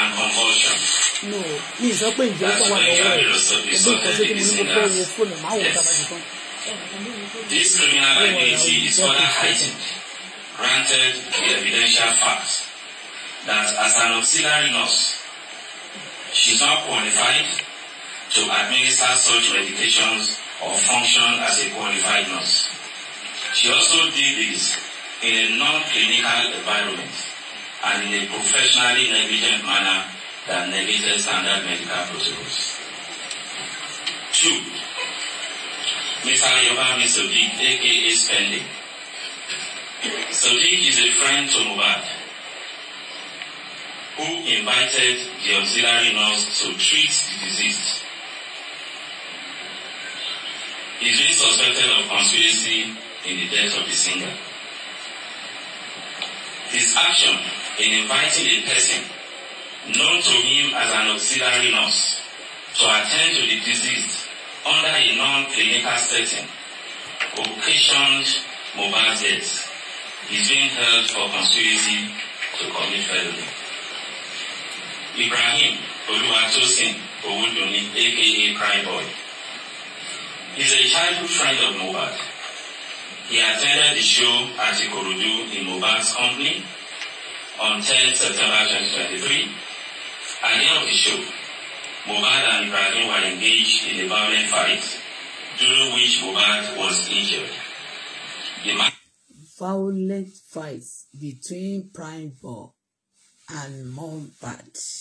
and convulsions. no he's ì sọ pé injection This criminal liability is further heightened, granted the evidential fact that as an auxiliary nurse, she is not qualified to administer such medications or function as a qualified nurse. She also did this in a non-clinical environment and in a professionally negligent manner that negated standard medical protocols. Two, Mr. Ayobami Sodiq, aka Spending. Sodiq is a friend to Mubad who invited the auxiliary nurse to treat the deceased. He is being suspected of conspiracy in the death of the singer. His action in inviting a person known to him as an auxiliary nurse to attend to the deceased under a non-clinical setting occasioned Mohbad's death. He is being held for conspiracy to commit felony. Ibrahim Oluwatosin Owundoni, aka Cry Boy, He's a childhood friend of Mohbad. He attended the show at Ikorodu in Mohbad's company on 10 September 2023. At the end of the show, Mohbad and Ibrahim were engaged in a violent fight during which Mohbad was injured. The man violent fights between Prime Ball and Mohbad.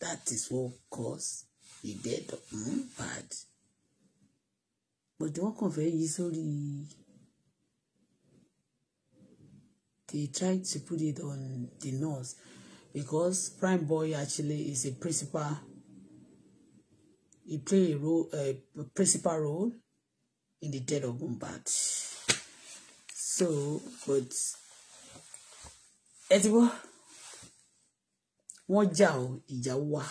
That is what caused the death of Mohbad. But wọ́n kàn fẹ́ yí sórí. They tried to put it on the nurse because Prime Boy actually is a principal. He play a role, a principal role in the death of Mohbad. So, but, ẹ wọ́n jà ó ìjà wà.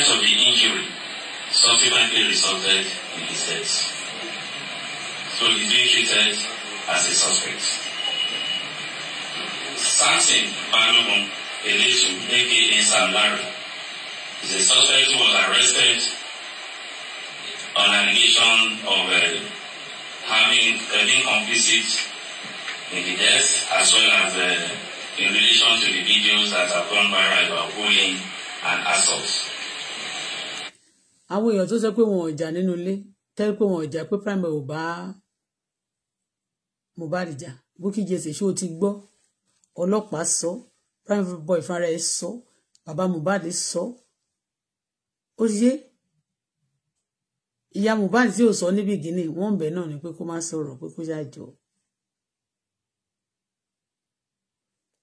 Of the injury, something resulted in his death. So he's being treated as a suspect. Samson Balogun Eletu, aka Sam Larry, is a suspect who was arrested on allegation of uh, having uh, being complicit in the death as well as uh, in relation to the videos that have gone viral about bullying and assault. àwọn èèyàn tó sọ pé wọn ò jà nínú ilé tẹ́lẹ̀ pé wọn ò jà pé prime ò bá Mohbad jà Bukky Jesse ṣé o ti gbọ́ ọlọ́pàá sọ prime boy fúnra ẹ̀ sọ bàbá Mohbad sọ ó yé ìyá Mohbad tí ò sọ ní bìgínì wọ́n ń bẹ̀ náà ni pé kó má sọ̀rọ̀ pé kó ṣàjọ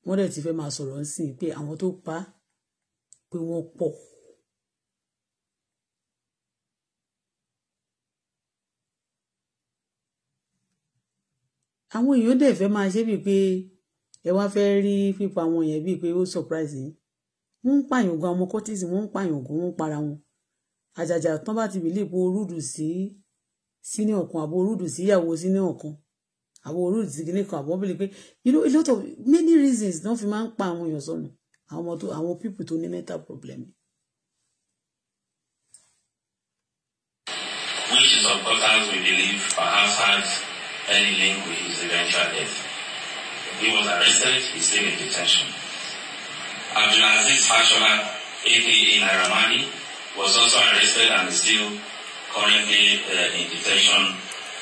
wọ́n dẹ̀ ti fẹ́ máa sọ̀rọ̀ ńsìn pé àwọn tó pa pé wọ́n pọ̀ àwọn èèyàn dẹ̀ fẹ́ máa ṣe bíi pé ẹ wá fẹ́ rí pípa àwọn yẹn bíi pé ó surprise yín ń pààyàn gan ọmọ kọ́tìsì wọ́n ń pààyàn gan wọ́n ń para wọn àjàjà tán bá ti bìlí ipò orúdù sí sínú ọ̀kan àbò orúdù sí ìyàwó sínú ọ̀kan àbò orúdù sí kíní kan àbò bìlí pé you know a lot of many reasons náà fi máa ń pa àwọn èèyàn sọnù àwọn ọmọ tó àwọn people tó ní mental problem. Which is of course we believe perhaps has any link with his eventual death. He was arrested, he's still in detention. Abdulaziz Fashola, aka Naira Marley, was also arrested and is still currently uh, in detention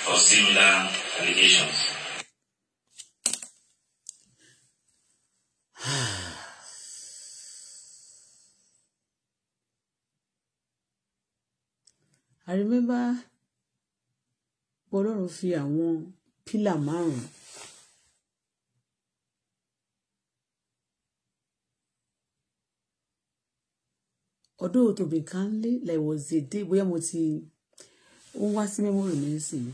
for similar allegations. <sighs> I remember Ọlọ́run fi àwọn pillar márùn-ún although to be kindly like was bóyá mo ti ó wá sí memory mi nísìnyí.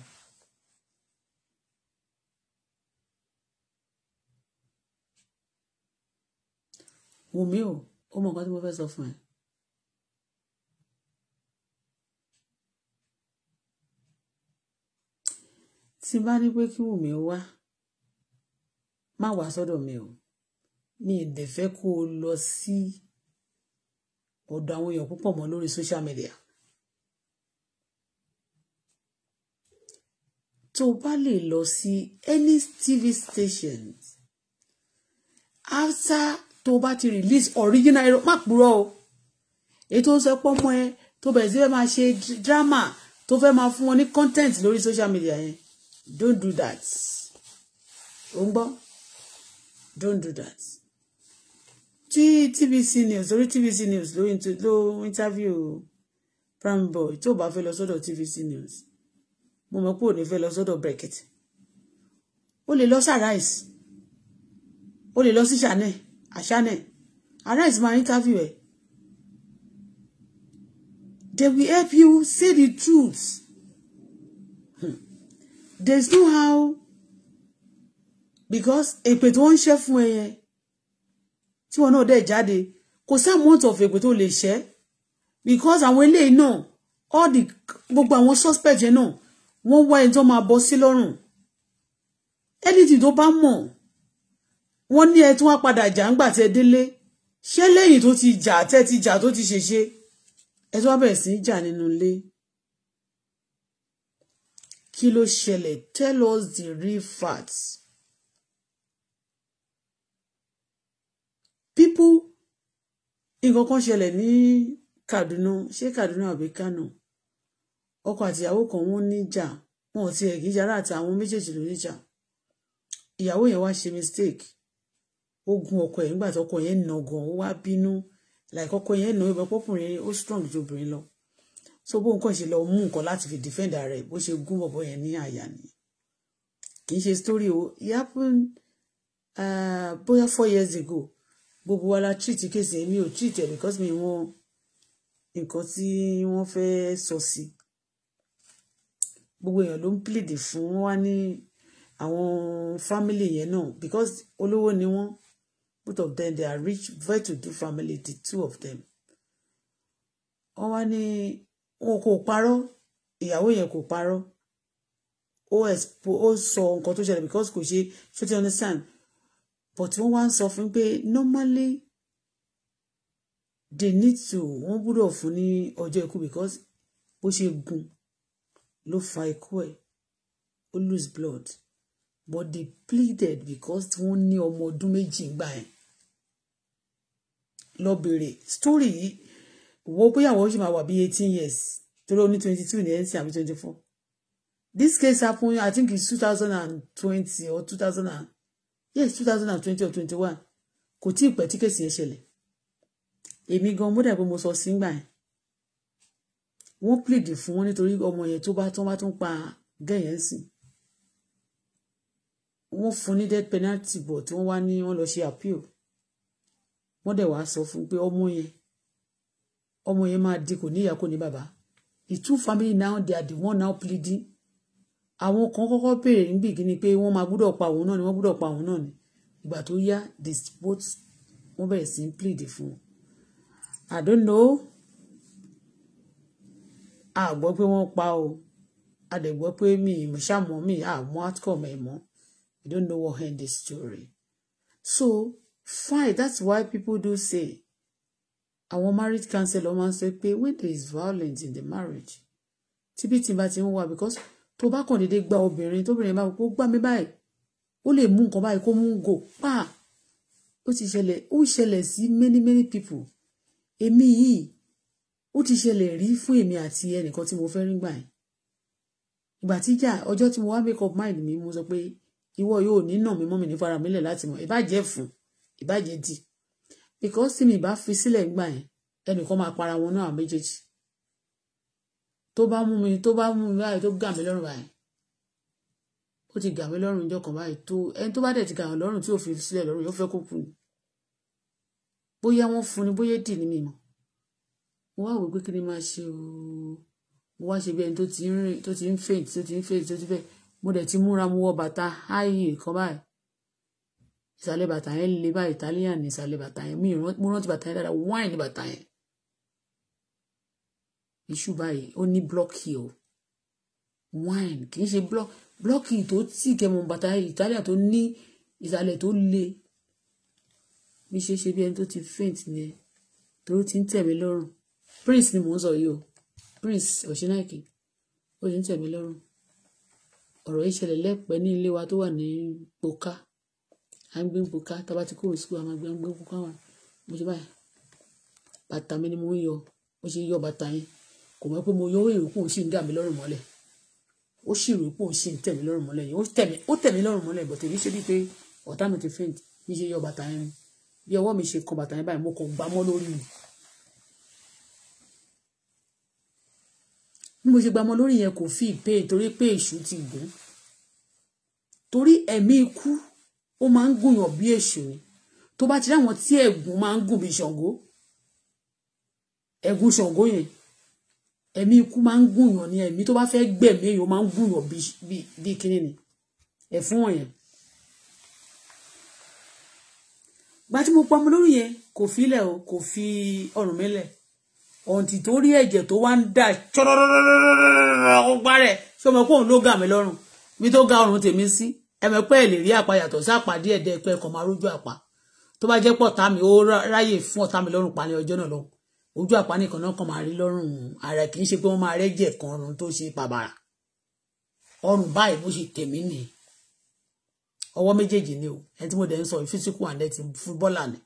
wùmí o ó mọ nǹkan tí mo fẹ́ sọ fún ẹ. tí bá ní pé kí wùmí wá má wá sọ́dọ̀ mi o mi ì dẹ̀ fẹ́ kó o lọ sí. Si ọ̀dọ̀ àwọn èèyàn púpọ̀ mọ́ lórí social media. tó bá lè lọ sí any TV station after tó bá ti release original irọ́ má purọ́ o èyí tó ń sọ pọ́ mọ́ ẹ tó bẹ̀rẹ̀ sí fẹ́ máa ṣe drama tó fẹ́ máa fún wọn ní content lórí social media yẹn don't do that. Ó ń gbọ́? Don't do that tí TVC News lórí TVC News ló ló interview prime boy tí ò bá fẹ́ lọ sọ́dọ̀ TVC News mo mọ̀ pé ò ní fẹ́ lọ sọ́dọ̀ bracket ó lè lọ sí Arise ó lè lọ sí Channel Channel Arise máa interview ẹ̀ they will help you say the truth hmm. there is no how because èpè tó ń ṣe fún ẹ yẹn tí wọn náà dẹ̀ jáde kò sáàmọ́tò ọ̀fẹ́ pé tó lè ṣẹ́ because àwọn eléyìí náà all the gbogbo àwọn suspect yẹn náà wọ́n wá ẹni tó máa bọ́ sí lọ́rùn ẹnìtì tó bá mọ̀ wọ́n ní ẹ tí wọ́n padà jà ń gbà tẹ délé ṣé lẹ́yìn tó ti jà tẹ́ ti jà tó ti ṣèṣe ẹ tí wọ́n bẹ̀rẹ̀ sí í jà nínú ilé kí ló ṣẹlẹ̀ tell us the real facts. people nǹkan kan ṣẹlẹ̀ ní Kaduna ṣé Kaduna àbí Kano ọkọ àtìyàwó kan wọ́n níjà wọn ò tiẹ̀ kíjà láti àwọn méjèèjì ló níjà ìyàwó yẹn wá ṣe mistake ó gun ọkọ yẹn nígbà tí ọkọ yẹn nà gan ó wá bínú like ọkọ yẹn nà ìbọn pọkùnrin ó strong ju obìnrin lọ so bó nǹkan ṣe lọ mú nǹkan láti fi defend ara ẹ̀ bó ṣe gún bọ̀bọ̀ yẹn ní àyà ni kì í ṣe story o it happen uh, bóyá four years ago gbogbo wa la treat kéèsì èmi ò treat ẹ̀ because mi wọ́n nǹkan tí wọ́n fẹ́ sọ sí gbogbo èèyàn ló ń plead fún wa ní àwọn family yẹn náà because olówó ni wọ́n both of them they are rich very to do family the two of them wọ́n wá ní wọn kò parọ́ ìyàwó yẹn kò parọ́ ó sọ nǹkan tó ṣẹlẹ̀ because kò ṣe ṣó ti understand but wọ́n wá ń sọ fún pé normally they need to wọ́n gbúdọ̀ fún ní ọjọ́ ikú because bó ṣe gún ló fa ikú ẹ̀ ó lose blood but they pleaded because wọ́n ní ọmọ ọdún méjì gbà ẹ̀ lọ bèrè story yìí wo bóyá ṣì máa wà bí eighteen years torí ó twenty two ní ẹ̀sìn àbí twenty four this case happen i think it's two thousand and twenty or two thousand and yes two thousand and twenty or twenty one kò tí ì pẹ́ tí kèsì yẹn ṣẹlẹ̀ èmi gan mo dàbí mo sọ sígbà yẹn wọ́n plead fún wọn nítorí ọmọ yẹn tó bá tán bá tún pa gẹ̀yẹ́ sí wọ́n fún ní death penalty bọ̀ tí wọ́n wá ní wọ́n lọ ṣe appeal wọ́n dẹ̀ wàá sọ fún pé ọmọ yẹn ọmọ yẹn máa di kò níyà kò ní bàbá the two family now they are the one now pleading àwọn kan kọ́kọ́ béèrè ní bìgínní pé wọ́n máa gbúdọ̀ pa òun náà ni wọ́n gbúdọ̀ pa òun náà ni ìgbà tó yá the boat wọ́n bẹ̀rẹ̀ sí í plead fún un I don't know a gbọ́ pé wọ́n pa o a dẹ̀ gbọ́ pé mi ìmọ̀ṣàmọ́ mi àmọ́ outcome ẹ̀ mọ́ I don't know what end this story so fine that's why people do say àwọn marriage counselor máa ń sọ pé when there is violence in the marriage tíbi tí n bá ti ń wà because tó bá kàn déédéé gba obìnrin tóbìnrin bá kó gbá mi báyìí ó lè mú nǹkan báyìí kó mú gò pa ó ti ṣẹlẹ̀ ó ṣẹlẹ̀ sí many many people èmi yìí ó ti ṣẹlẹ̀ rí fún èmi àti ẹnìkan tí mo fẹ́ rí gbà yẹn ìgbà tíjà ọjọ́ tí mo wá make up mind mi mo sọ pé ìwọ yóò nínà mi mọ́ mi ní fara mi lẹ̀ láti mọ̀ ìbàjẹ́ fún ìbàjẹ́ dì because tí mi bá fi sílẹ̀ gbà yẹn ẹnìkan máa para wọn náà méjèèjì tó bá mú mi tó bá mú mi báyìí tó gà mí lọ́rùn báyìí ó ti gà mí lọ́rùn ìjọ kan báyìí tó ẹni tó bá dẹ̀ ti gà lọ́rùn tí ò fi sílẹ̀ lọ́rùn yóò fẹ́ kó kú ni bóyá wọ́n fún ni bóyá dì ní mi mọ̀ mo wá wò pé kí ni máa ṣe ooo mo wá ṣe bí ẹni tó ti ń rìn tó ti ń faint tó ti ń faint tó ti fẹ́ mo dẹ̀ ti múra mo wọ bàtà háyì kan báyìí ìsàlẹ̀ bàtà yẹn le báyìí Italian ìsàlẹ̀ bàtà yẹn mi rántí bàtà yẹn dáadáa wine bàtà yẹn iṣu báyìí ó ní blọọkì o wine kì í ṣe blọọkì tó tì kẹmọ bàtà ìtàlẹ̀ tó ní ìsàlẹ̀ tó le mi ṣe ṣe bí ẹni tó ti faint ni torí ti ń tẹ̀mí lọ́rùn prince ni mò ń sọ yìí o prince ọ̀ṣínáìkì ó ti ń tẹ̀mí lọ́rùn ọ̀rọ̀ yìí lẹ́pẹ́ ní ilé wa tó wà ní poka à ń gbé poka tábà ti kúrò síkú àmọ́ à ń poka wà mo ṣe báyìí bàtà mi ni mo ń yọ mo ṣe yọ bàtà yẹn kò mọ̀ pé mo yọ èrò pòun sì ń dà mí lọ́rùn mọ́lẹ̀ ó sì rò pòun sì ń tẹ̀ mí lọ́rùn mọ́lẹ̀ yẹn ó tẹ̀ mí lọ́rùn mọ́lẹ̀ bọ̀tẹ̀ mi ṣe bíi pé ọ̀tá mi ti faint mi ṣe yọ bàtà yẹn bí ọwọ́ mi ṣe kan bàtà yẹn báyìí mo kàn gbámọ́ lórí mi bí mo ṣe gbámọ́ lórí yẹn kò fi ìpè torí pé èṣù ti gùn torí ẹ̀mí ikú ó máa ń gùnyàn bí èṣù ni tó bá ti rí tí ẹ̀gún máa ń gùn bí ṣàngó ẹ̀gún ṣàngó yẹn ẹ̀mí ikú máa ń gùnyàn ní ẹ̀mí tó bá fẹ́ gbẹ̀mí èèyàn máa ń gùnyàn bíi kíní ni ẹ̀fún wọ̀nyẹn. gba tí mo pa ọmọ lórí yẹn kò filẹ̀ o kò fi ọrùn mi lẹ̀ ọ̀ǹtì tó rí ẹ̀jẹ̀ tó wá ń dà ó gbá rẹ̀ ṣé ọmọ kóun ló gà mí lọ́rùn mi tó ga ọrùn tèmi sí ẹ̀mẹ̀ pẹ́ ẹ̀ lè rí àpá yàtọ̀ sí àpá díẹ̀ dẹ́ pẹ́ kọ̀ máa rójú àpá tó bá jẹ́ pọ̀ tá mi ó ráyè fún ọ̀tá mi lọ́rùn pa ní ọjọ́ náà lọ́hùn ojú àpá nìkan náà kàn máa rí lọ́rùn ara kì í ṣe pé wọ́n máa rẹ́jẹ̀ kan ọrùn tó ṣe pàbàrà ọrùn báyìí bó ṣe tèmi nì ọwọ́ méjèèjì ni o ẹni tí mo dẹ̀ ń sọ physical and ẹ̀tì fúbọ́là ni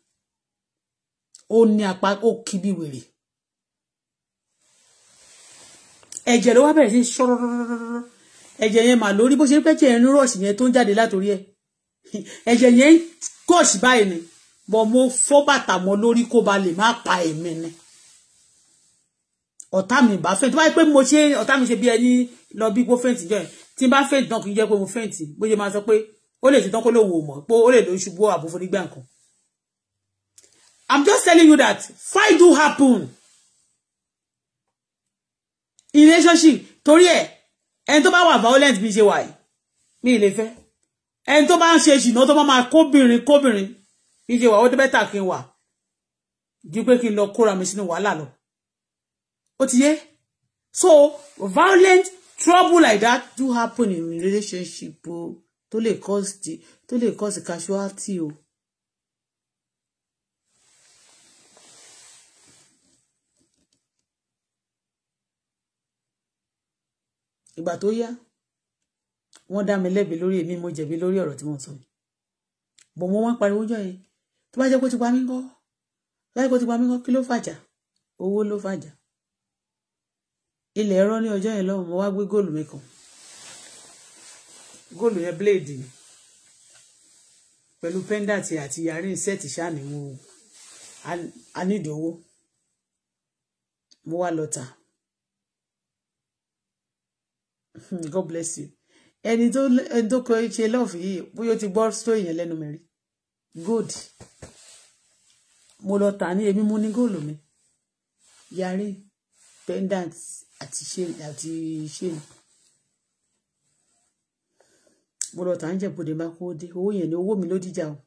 ó ní apá ó kí bí wèrè ẹ̀jẹ̀ ló wá bẹ̀rẹ̀ sí ṣọ́rọ́rọ́rọ́rọ́ ẹ̀jẹ̀ yẹn mà lórí bó ṣe ń pẹ́jẹ̀ ẹ̀rín rọ̀ọ̀ṣì yẹn tó ń jáde látòrí ẹ̀ ẹ̀jẹ̀ yẹn ń báyìí ni bọ̀ mo fọ́ bàtà mọ́ lórí kó ba lè má pa èmi ni ọ̀tá mi bá fẹ́ǹtì wáyé pé mo ṣe ọ̀tá mi ṣe bí ẹni lọ bí gbó fẹ́ǹtì jọ ẹ̀ tí n bá fẹ́ǹtì náà kì í jẹ́ pé mo fẹ́ǹtì bó ṣe máa sọ pé ó lè ṣe tán kó lóun ò mọ̀ pé ó lè lóun ṣubú àbúfo nígbà kan I'm just telling you that fight do happen in relationship torí ẹ ẹni tó bá wà violent bí ṣe wà yìí mi ì lè fẹ́ ẹni tó bá ń ṣe ṣìnà tó bá máa kóbìnrin kóbìnrin bí ṣe wà ó débẹ́ tà kí n wà ju pé kí n lọ kóra mi sínú wàhálà lọ ó ti yé so violent trouble like that do happen in relationship o to le cause the to le cause casualty o. ìgbà tó yá wọ́n dá mi lẹ́bi lórí èmi mo jẹ̀bi lórí ọ̀rọ̀ tí mo sọ yìí bọ̀ mo wọ́n pariwo jọ yẹn tó bá jẹ́ kó ti pa mí ńkọ́ tó bá jẹ́ ti pa mí ńkọ́ kí ló fàjà owó ló ilẹ̀ ẹ̀rọ ní ọjọ́ yẹn lọ́wọ́ mo wá gbé góòlù mi kan góòlù yẹn bléèdì pẹ̀lú pẹ́ńdàtì àti yarin sẹ́ẹ̀tì sáàmì mo anídòwó mo wá lọ tà hmm, God bless you ẹni tó ẹni tó kọ ṣe lọ́ọ̀fù yìí bóyá ó ti gbọ́ sórí yẹn lẹ́nu mi rí gold mo lọ tà ní èmi mo ní góòlù mi yarin pendants àti ṣéènì àti ṣéènì mo lọ tà ń jẹ bòde má kó dé owó yẹn ni owó mi ló dìjà o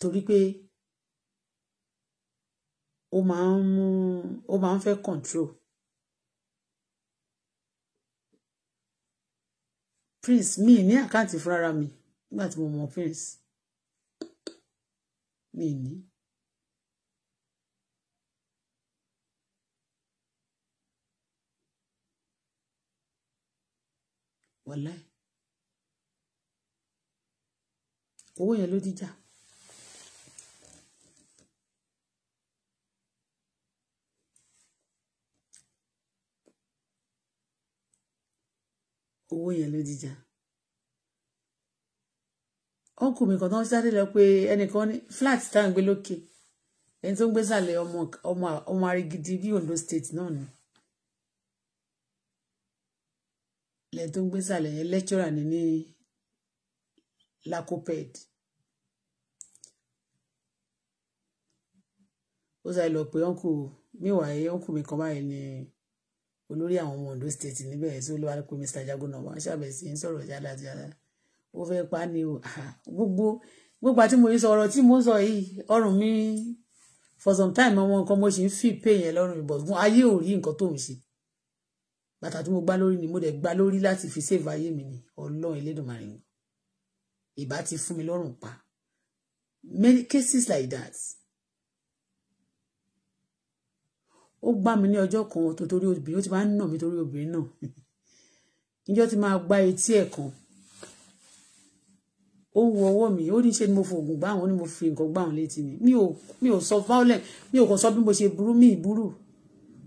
torí pé ó máa ń mú ó máa ń fẹ́ control prince mi ní àkáǹtì fúnra mi nígbà tí mo mọ prince mi ní. wàláì owó yẹn ló dìjà. owó yẹn ló dìjà ọkù mi kan tó ń sáré lọ pé ẹnìkan ní flat tá à ń gbé lókè ẹni tó ń gbé sàlẹ̀ ọmọ ọmọ arigidi bí Ondo state náà ni lẹ́yìn tó ń gbé sàlẹ̀ yẹn lecturer ni ní lacoped ó sáré lọ pé ọ̀nkù meanwhile ọ̀nkù mi kan báyìí ni olórí àwọn ọmọ Ondo state níbẹ̀ tí olúwa pé Mr. Jagona wọn ṣàbẹ̀ sí ń sọ̀rọ̀ yálà yálà ó fẹ́ pa ni o gbogbo gbogbo àti mo sọ ọ̀rọ̀ tí mo sọ yìí ọrùn mi for some time ọmọ nǹkan mo ṣì ń fi pay yẹn lọ́rùn ìbọ̀ ayé ò rí nǹkan tó ń ṣe bàtà tí mo gbá lórí ni mo dẹ̀ gbá lórí láti fi save ayé mi ni ọlọ́run elédùnmarè ni ìbá ti fún mi lọ́rùn pa many cases like that ó gbá mi ní ọjọ́ kan tó torí obìnrin ó ti máa ń nà mí torí obìnrin náà níjọ́ <laughs> tí máa gbá etí ẹ̀ kan ó ń wo ọwọ́ mi ó ní ṣe ni mo fòògùn gbá àwọn ni mo fi nǹkan gbá àwọn létí mi mi ò mi ò sọ violent mi ò kàn sọ bí mo ṣe burú mi ìburú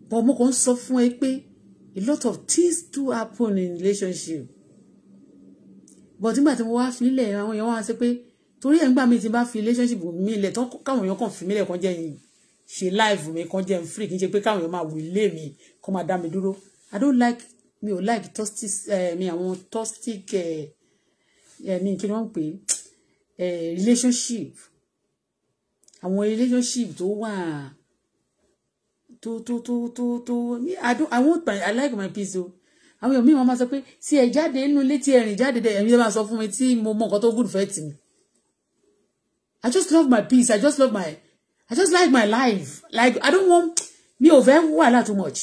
bọ̀ mo kàn ń sọ fún ẹ pé a lot of things do happen in relationship but nígbà tí mo wá filẹ̀ àwọn èèyàn wá sọ pé torí ẹ̀ ń gbà mí ti bá fi relationship mi lẹ̀ tán káwọn èèyàn kàn fi mí lẹ̀ kàn jẹ́ yìí ṣe live mi kàn jẹ́ n free kì í ṣe pé káwọn èèyàn máa wò ilé mi kàn máa dá mi dúró i don't like mi ò like toxic eh, mi àwọn toxic eh, eh, mi kí ni wọ́n pè relationship àwọn relationship tó wà. Wow tó tó tó tó tó i don't i want my i like my peace o àwọn èèyàn mi wọn máa sọ pé tí ẹ jáde nínú ilé tí ẹ rìn jáde dẹ ẹ̀yin máa sọ fún mi tí mo mọ nǹkan tó good for tì mí i just love my peace i just love my i just like my life like i don't want mi ò fẹ́ wàhálà too much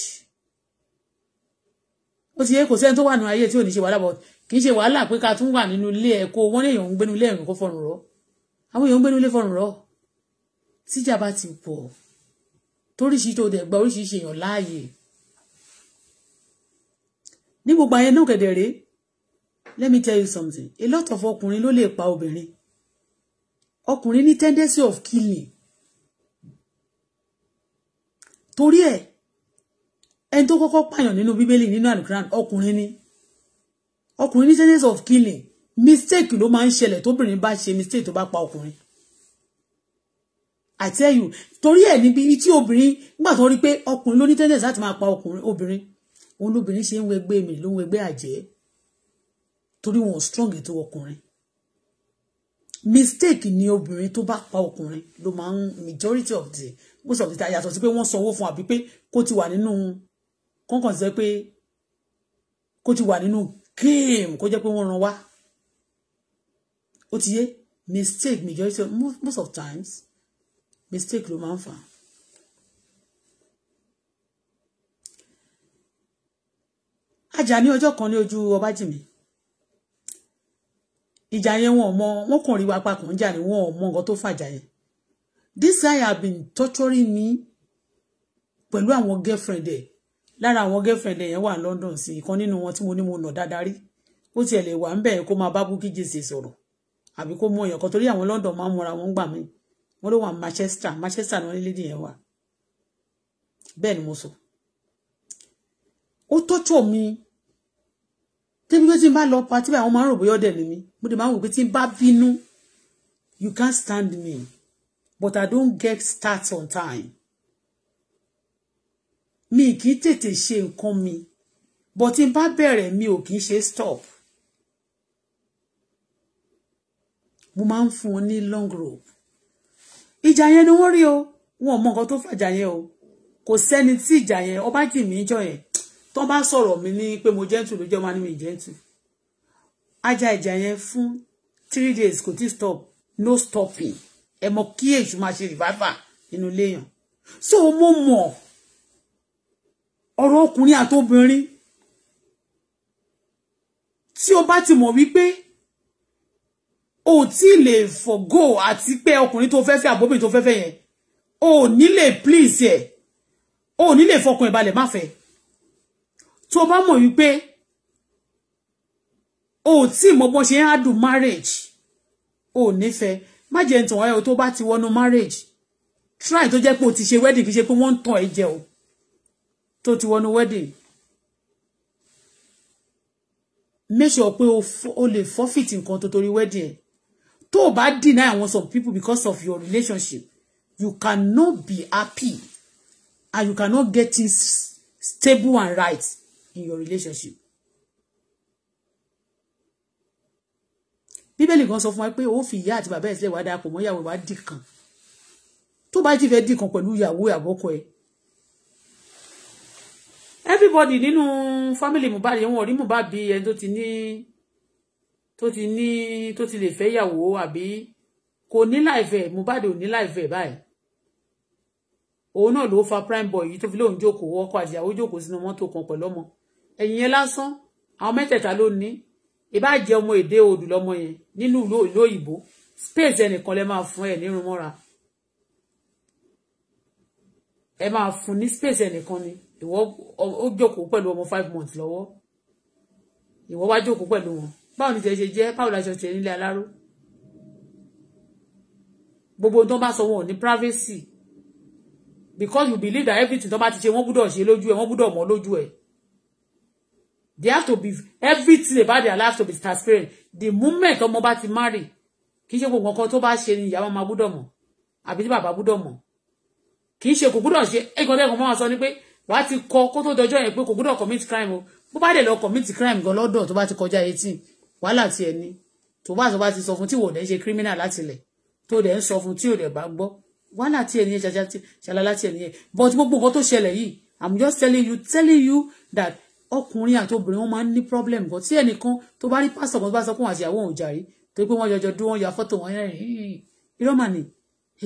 ó ti yẹ kò sẹ́ni tó wà nínú ayé tí ò ní ṣe wàhálà but kì í ṣe wàhálà pé ká tún wà nínú ilé ẹ̀kọ́ wọ́n lè yàn ń gbénu ilé ẹ̀rìn kó fọrùn rọ àwọn èèyàn ń gbénu ilé fọrùn rọ tíjà bá ti pọ̀ toríṣiríṣi tó dẹ̀ gba oríṣiríṣi èèyàn láàyè ní gbogbo ayé náà kẹ̀dẹ̀ rèé let me tell you something a lot of ọkùnrin ló lè pa obìnrin ọkùnrin ní tendency of killing torí ẹ̀ ẹni tó kọ́kọ́ pààyàn nínú bíbélì nínú àlùkùránì ọkùnrin ni ọkùnrin ní tendency of killing mistake ló máa ń ṣẹlẹ̀ tóbìnrin bá ṣe mistake tó bá pa ọkùnrin I tell you torí ẹ̀ níbi tí obìnrin nígbà tó rí pé ọkùnrin ló ní tẹ́ndẹ̀sì láti máa pa ọkùnrin obìnrin òun lóbìnrin ṣe ń wẹgbẹ́ mi ló ń wẹgbẹ́ àjẹ́ torí wọn strong ètò ọkùnrin mistake ni obìnrin tó bá pa ọkùnrin ló máa ń majority of the most of the time yàtọ̀ sí pé wọ́n sanwó fún àbí pé kó ti wà nínú kọ́ńkàn sí pé kó ti wà nínú game kó jẹ́ pé wọ́n ràn wá ó ti yé mistake majority most of times mistake ló máa ń fà á. ajá ní ọjọ́ kan ní ojú ọbájìmí ìjà yẹn wọn mọ wọn kàn rí wa papọ̀ ń jà ní wọn mọ nǹkan tó fàjà yẹn this guy have been torturing me pẹ̀lú àwọn girlfriend ẹ̀ lára àwọn girlfriend ẹ̀ yẹn wà London sí ìkan nínú wọn tí mo ní mo nà dáadáa rí ó tiẹ̀ lè wà ń bẹ̀ kó máa bá Bukky Jesse sọ̀rọ̀ àbí kó mú èèyàn kan torí àwọn London máa ń múra wọn gbà míì wọ́n ló wà Manchester Manchester ni wọ́n lédè yẹn wà bẹ́ẹ̀ ni mo sọ ó tọ́jọ́ mi débi pé tí n bá lọ pa tí àwọn máa ń rò bóyá ọ̀dẹ̀ ni mi mo dẹ̀ máa ń wò pé tí n bá bínú you can't stand me but I don't get start on time mi kì í tètè ṣe nǹkan mi but tí n bá bẹ̀rẹ̀ mi ò kì í ṣe stop mo máa ń fún ọ ní long rope ìjà yẹn ni wọ́n rí o wọn ò mọ nǹkan tó fàjà yẹn o kò sẹ́ni tí ìjà yẹn ọba jì mí jọ yẹn tó bá sọ̀rọ̀ mi ní pé mo jẹ́ntù ló jẹ́ wọn ní mi jẹ́ntù ajá ìjà yẹn fún three days kò tí stop no stopping ẹ mọ kí èṣù máa ṣe rìbáfà nínú léèyàn so mo mọ ọ̀rọ̀ ọkùnrin àtobìnrin tí o bá ti mọ̀ wípé o ti lè forgo ati pe ọkùnrin tó fe fe àbóbìnrin to fe fe. yẹn o ní lè please ẹ̀ o ní lè fọkùn ìbalẹ̀ má fẹ́ tó mo mọ̀ wípé o tí mo bọ́n ṣe adu hádùn marriage o nífẹ̀ẹ́ má jẹ́ ntàn wáyé o tó bá ti wọnú marriage try to jẹ́ pé o ti ṣe wedding kì í ṣe pé wọ́n ń o tó ti wọnú wedding make sure pé o le forfeit nǹkan tó torí wedding tó o bá deny àwọn some people because of your relationship you cannot be happy and you cannot get things stable and right in your relationship. bíbélì kan sọ fún wa pé ó fi ìyá àti bàbá ẹ̀ sílẹ̀ wá darapọ̀ mọ́ ìyàwó wa dì kan tó bá ti fẹ́ dì kan pẹ̀lú ìyàwó àbọ́kọ ẹ̀ everybody nínú family Mohbad wọn rí Mohbad bí ẹni tó ti ní. Ni tó ti ní tó ti lè fẹ́ yàwó àbí kò ní láìfẹ́ Mohbad ò ní láìfẹ́ báyìí òun náà ló fa prime boy yìí tó fi lóun jókòó ọkọ àti ìyàwó jókòó sínú mọ́tò kan pẹ̀lú ọmọ ẹ̀yìn yẹn lásán àwọn mẹ́tẹ̀ẹ̀ta ló ní ìbá ọmọ èdè odù lọ́mọ yẹn nínú ìlú òyìnbó space ẹnìkan lẹ máa fún ẹ nírun mọ́ra ẹ máa fún ní space ẹnìkan ni ìwọ ó jókòó pẹ̀lú ọmọ five months lọ́wọ́ ìwọ wá jókòó pẹ̀lú wọn báwo ni tiẹ̀ ṣe jẹ́ báwo la ṣe tiẹ̀ nílé aláró gbogbo tó bá sọ wọn ò ní privacy because you believe that everything tó bá ti ṣe wọ́n gbúdọ̀ ṣe lójú ẹ̀ wọ́n gbúdọ̀ mọ̀ lójú ẹ̀ they have to be everything about their life to be transparent the moment ọmọ bá ti marry kì í ṣe gbogbo nǹkan tó bá ṣe ni ìyàwó máa gbúdọ̀ mọ̀ àbí tí bàbá gbúdọ̀ mọ̀ kì í ṣe kò gbúdọ̀ ṣe ẹ̀gbọ́n tẹ́gbọ́n máa sọ ni pé wàá ti kọ kó tó dọjọ́ yẹn pé kò gbúdọ̀ commit crime o bó bá dẹ̀ lọ commit crime gan lọ́dọ̀ tó bá ti kọjá eighteen wàhálà ti ẹ ní tó bá tó bá ti sọ fún tí wò dẹ́ ń ṣe criminal láti lẹ̀ tó dẹ̀ ń sọ fún tí ò dẹ̀ bá gbọ́ wàhálà ti ẹ ní ṣàlàlá ti ẹ ní but gbogbo nǹkan tó ṣẹlẹ̀ yìí i'm just telling you telling you that ọkùnrin àti obìnrin wọn máa ń ní problem kan tí ẹnìkan tó bá rí pásítọ̀ kan tó bá sọ fún àti àwọn òjàrí tó pé wọ́n jọjọ dúró wọn ya fọ́tò wọn rẹ̀ irọ́ mà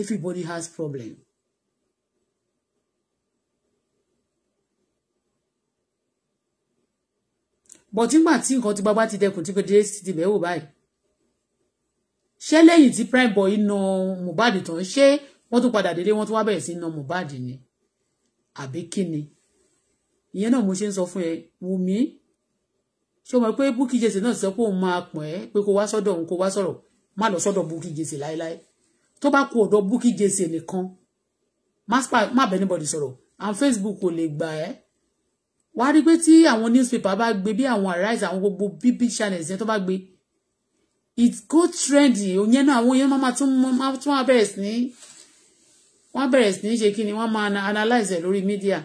everybody has problem bọ̀ tí ngbà tí nǹkan ti bàbá ti dẹkùn tí kò dé sí ti bẹ̀wò báyìí ṣé lẹ́yìn tí prime boy na Mohbad tán ṣé wọ́n tún padà délé wọ́n tún wá bẹ̀rẹ̀ sí na Mohbad ni àbí kí ni ìyẹn náà mo ṣe ń sọ fún ẹ Wùmí ṣé o mọ̀ pé Bukky Jesse náà sọ pé òun máa pọ̀ ẹ́ pé kó wá sọ́dọ̀ òun kó wá sọ̀rọ̀ má lọ sọ́dọ̀ Bukky Jesse láéláé tó bá kú ọ̀dọ̀ Bukky Jesse nìkan má bẹ́ẹ̀ anybody sọ̀rọ̀ and Facebook kò lè gbà ẹ́ wà á rí pé tí àwọn newspaper bá gbé bí àwọn arise àwọn gbogbo bb channels yẹn tó bá gbé it go trendy òyìn náà àwọn yẹn máa tún máa tún wá bẹ̀rẹ̀ sí ní wọ́n bẹ̀rẹ̀ sí ní ṣe kí ni wọ́n máa analyze ẹ̀ lórí media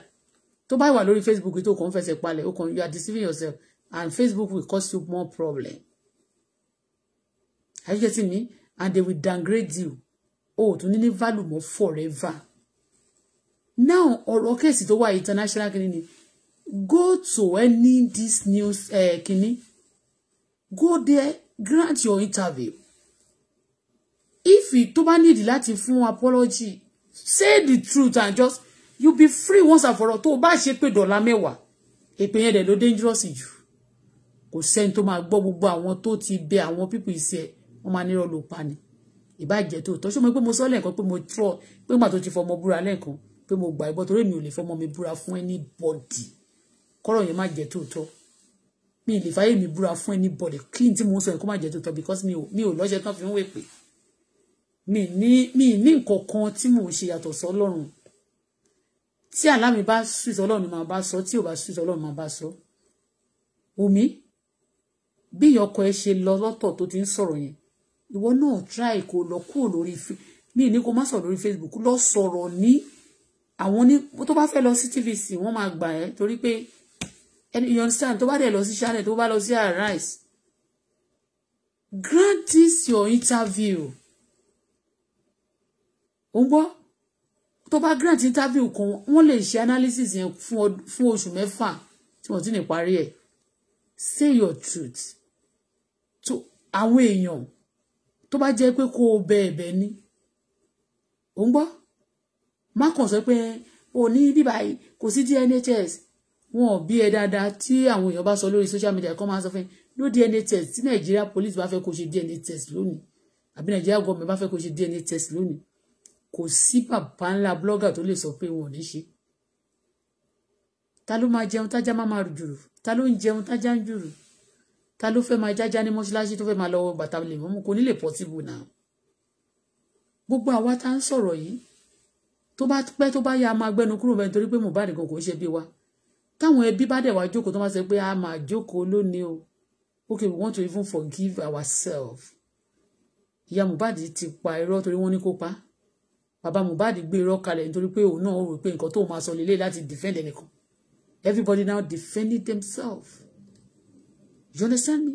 tó bá wà lórí facebook tó kàn ń fẹsẹ̀ palẹ̀ o kàn you are deceiving yourself and facebook will cause you more problem are you getting me and they will downgrade you o oh, tún ní ní value mọ́ forever now ọ̀rọ̀ kẹ́sì tó wà international kìíní go to any this news uh, kini go there grant your interview if tó bá nídìí láti fún apology say the truth and just you be free once and for all tó o bá ṣe pé dọ̀là mẹ́wàá èpè yẹn dẹ̀ ló dangerous jù kò sẹ́ni tó máa gbọ́ gbogbo àwọn tó ti bẹ àwọn pípò ìṣe wọn máa nírọ̀ ló pa ni ìbàjẹ́ tó tọ́ ṣé mo pé mo sọ lẹ́ẹ̀kan pé mo trọ́ pé màá tó ti fọmọ búra lẹ́ẹ̀kan pé mo gbà ìbọn torí mi ò lè fọmọ mi búra fún anybody kọ́rọ̀ yẹn má jẹ́ tòótọ́ mi ì lè fàyè mi búra fún anybody kí n tí mo ń sọ yẹn kó má jẹ́ tòótọ́ because mi ò lọ́ṣẹ́ tán fi ń wèpè mi ní mi ní nǹkan kan tí mò ṣe yàtọ̀ sọ́lọ́run tí àlámì bá sùn sọ́lọ́run ni màá bá sọ tí ò bá sùn sọ́lọ́run màá bá sọ omi bí ìyọkọ ẹ ṣe lọ lọ́tọ̀ tó ti ń sọ̀rọ̀ yẹn ìwọ náà try kó lọ kúrò lórí mi ní kó má sọ̀rọ̀ lórí Facebook lọ sọ̀rọ̀ ní àwọn ní tó bá fẹ́ lọ sí TVC wọ́n máa gbà ẹ́ torí pé and you understand tó bá dẹ̀ lọ sí channel tó bá lọ grant this your interview ó To gbọ́ grant interview kan wọ́n lè ṣe analysis yẹn fún oṣù mẹ́fà tí wọ́n ti ní parí ẹ̀ say your truth to away, èèyàn To bá jẹ́ pé kó o bẹ ẹ̀bẹ̀ ni ó ń gbọ́ má kàn o ní bíbá yìí kò sí dnhs wọn ò bí ẹ dáadáa tí àwọn èèyàn bá sọ lórí social media kan máa sọ fún ẹ ló DNA test tí Nàìjíríà police bá fẹ́ kó ṣe DNA test lónìí àbí Nàìjíríà gọọmẹ bá fẹ́ kó ṣe DNA test lónìí kò sí bàbá ńlá blogger tó lè sọ pé wọn ò ní ṣe ta ló máa jẹun tájá má máa jùrù ta ló ń jẹun tájá ń jùrù ta ló fẹ́ máa jájá ní mọ́ṣáláṣí tó fẹ́ máa lọ bàtà lè mọ́mú kò nílè pọ́tíbù náà gbogbo àwa tá ń sọ̀rọ̀ yìí tó bá pẹ́ tó bá yá máa gbẹnu kúrò bẹ́ẹ̀ nítorí pé Mohbad gan kò ṣe bí wa táwọn ẹbí bá dẹ̀ wá jókòó tó máa sọ pé a máa jókòó lónìí o okay we want to even forgive ourselves ìyá Mohbad ti pa irọ́ torí wọ́n ní kó pa bàbá Mohbad gbé irọ́ kalẹ̀ nítorí pé òun náà rò pé nǹkan tó máa sọ lélẹ̀ láti defend ẹnìkan everybody now defending themselves you understand me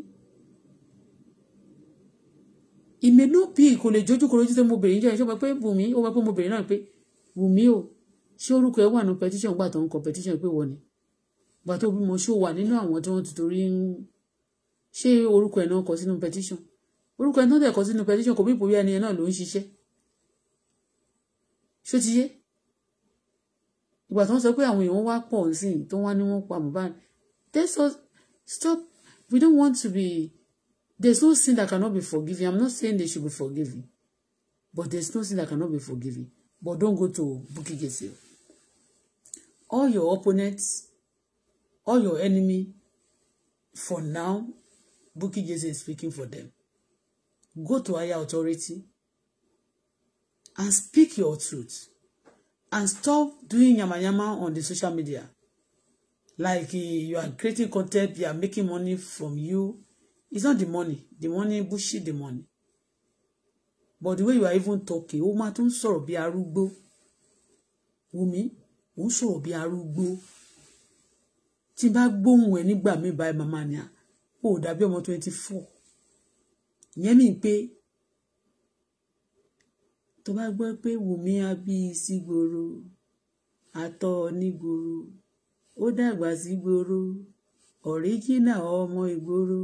ìmẹ̀nú bí kò lè jójú kò lójú tó mo bèrè níjọ́ ìṣọ́pẹ́ pé Wùmí ó wẹ́ pé mo bèrè náà pé Wùmí o ṣé orúkọ ẹ wà ní petition gbà tó ń kọ petition pé wọ́n ni ìgbà tó bímọ ṣó wà nínú àwọn tí wọ́n ti torí ń ṣé orúkọ ẹ̀ náà kọ sínú petition orúkọ ẹ̀ náà dẹ̀ kọ sínú petition kò bí ìpòrí ẹni náà ló ń ṣiṣẹ́ ṣó ti yé ìgbà tó ń sọ pé àwọn èèyàn wá pọ̀ sí i tó wá ní wọ́n pa Mohbad that's all stop we don't want to be there's no sin that cannot be forgiven i'm not saying they should be forgiven but there's no sin that cannot be forgiven but don't go to Bukky all your opponents all your enemy for now Bukky Jesse is speaking for them go to higher authority and speak your truth and stop doing yamayama on the social media like eh, you are creating content they are making money from you it's not the money the money bullshit the money but the way you are even talking ó máa tún sọ̀rọ̀ bí arúgbó Wumi ó ń sọ̀rọ̀ bí tí bá gbóhùn ẹ̀ nígbà míì báyìí màmá ni à ah, ó dàbí ọmọ twenty four ìyẹn mi pé tó bá gbọ́ pé Wùmí abí sígboro àtọ̀ nígboro ó dàgbà sígboro ọ̀ríjínà ọmọ ìgboro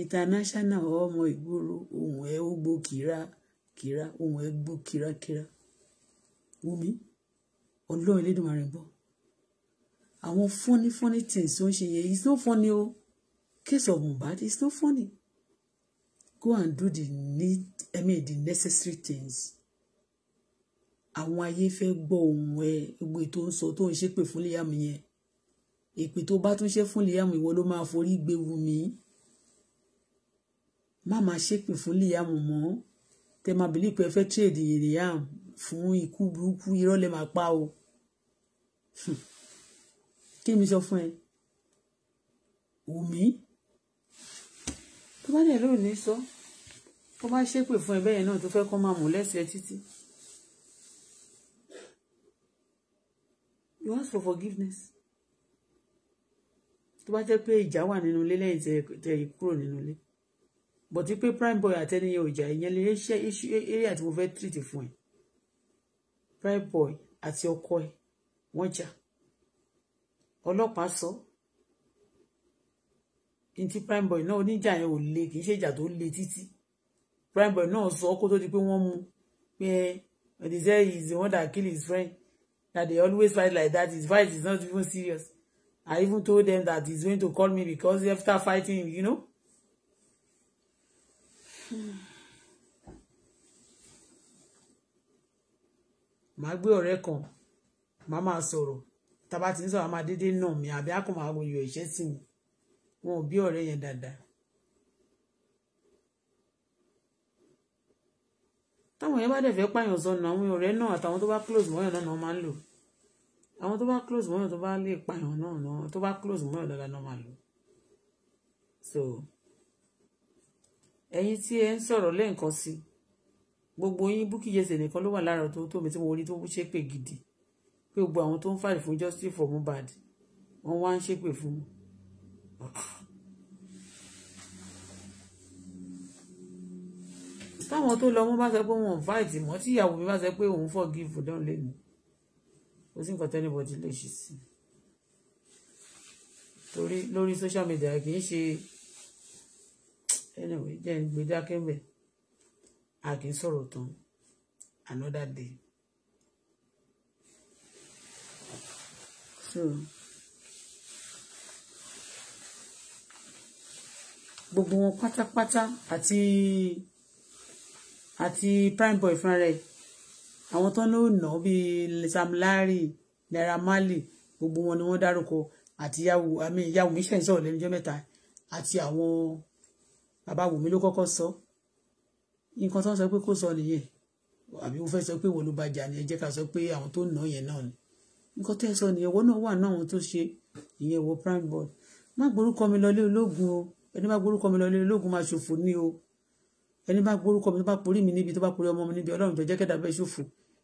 ìtànáṣánà ọmọ ìgboro ohun ẹ̀ ó gbó kíra kíra ohun ẹ̀ gbó kíra kíra Wùmí ọlọ́run elédùnmarè ń bọ̀ àwọn funny funny things tó ń ṣe yẹn it's no funny o case of Mohbad it's no funny go and do the need I mean the necessary things àwọn ayé fẹ́ gbọ́ ohun ẹ ègbè tó ń sọ tó ń ṣépè fún Liam yẹn èpè tó bá tún ṣe fún Liam ìwọ ló máa forí gbé wù mí má máa ṣépè fún Liam mọ́ tẹ máa bìlí pé ẹ fẹ́ trade Liam fún ikú burúkú irọ́ lẹ́ máa pa o. <laughs> kí ni mi sọ fún ẹ Wùmí tó bá dẹ̀ lóò ní sọ tó bá ṣépè fún ẹ bẹ́ẹ̀ náà tó fẹ́ kọ́ máa mú lẹ́sẹ̀ títí. you ask for forgiveness tó bá jẹ́ pé ìjà wà nínú ilé lẹ́yìn tẹ̀ ẹ̀ kúrò nínú ilé bọ̀tí pé prime boy àtẹniyẹ ọjà ìyẹn lè ṣe eré àti mo fẹ́ treat fún ẹ prime boy àti ọkọ ẹ wọ́n jà ọlọ́pàá sọ ní ti prime boy náà oníjà yẹn ò le kì í ṣe ìjà tó le títí prime boy náà sọ kó tó di pé wọ́n mú pé odise is the one that kill his friend that they always fight like that his fight is not even serious I even told them that he's going to call me because after fighting you know. <sighs> màá gbé ọ̀rẹ́ kan màá máa sọ̀rọ̀ tàbá ti ń sọ̀rọ̀ máa dédé nà mí àbí a kò máa wòyọ̀ ìṣẹ́ sí mi wọn ò bí ọ̀rẹ́ yẹn dáadáa. táwọn yẹn bá dẹ̀ fẹ́ pààyàn sọnù àwọn ọ̀rẹ́ náà àtàwọn close mọ́yàn náà náà máa ń lò àwọn tó bá close mọ́yàn tó bá lè pààyàn náà náà tó bá close mọ́yàn dáadáa náà máa lò. so ẹ̀yin tí ẹ ń sọ̀rọ̀ lẹ́ǹkan sí gbogbo yín Bukky Jesse nìkan ló wà lára tó tó mi tí mo rí tó ṣépè gidi pé gbogbo àwọn tó ń fàlè fún justice for Mohbad wọ́n wá ń ṣépè fún un. Ah. táwọn tó lọ wọn bá sọ pé wọn ò fáìtì mọ́ tíyàwó mi bá sọ pé òun forgive dán lé mi kò sí nǹkan tẹ́nibọ̀dì lè ṣe sí torí lórí social media kì í ṣe anyway jẹ́ ń gbé dákẹ́mbẹ̀ a kì í sọ̀rọ̀ tán another day. gbogbo wọn pátápátá àti àti prime boy fúnra rẹ̀ àwọn tó ló nà án bíi Sam Larry Naira Marley gbogbo wọn ni wọ́n dárúkọ àti yahoo àmì yahoo mi ṣẹ̀ ń sọ̀rọ̀ lẹ́nu jọ́ mẹ́ta àti àwọn bàbá wòmí ló kọ́kọ́ sọ nǹkan tó ń sọ pé kó sọ nìyẹn àbí wọ́n fẹ́ sọ pé wọ́n ló bàjá ni ẹ ká sọ pé àwọn tó nà yẹn náà ni nǹkan tẹ́ ẹ sọ nìyẹn ìwọ náà wà náà àwọn tó ṣe ìyẹn ìwọ prime board má gborúkọ mi lọlé ológun o ẹni bá gborúkọ mi lọlé ológun máa ṣòfò ní o ẹni bá gborúkọ mi tó bá porí mi níbi tó bá porí ọmọ mi níbi ọlọ́run jọ jẹ́ kẹ́dà bẹ́ẹ̀ ṣòfò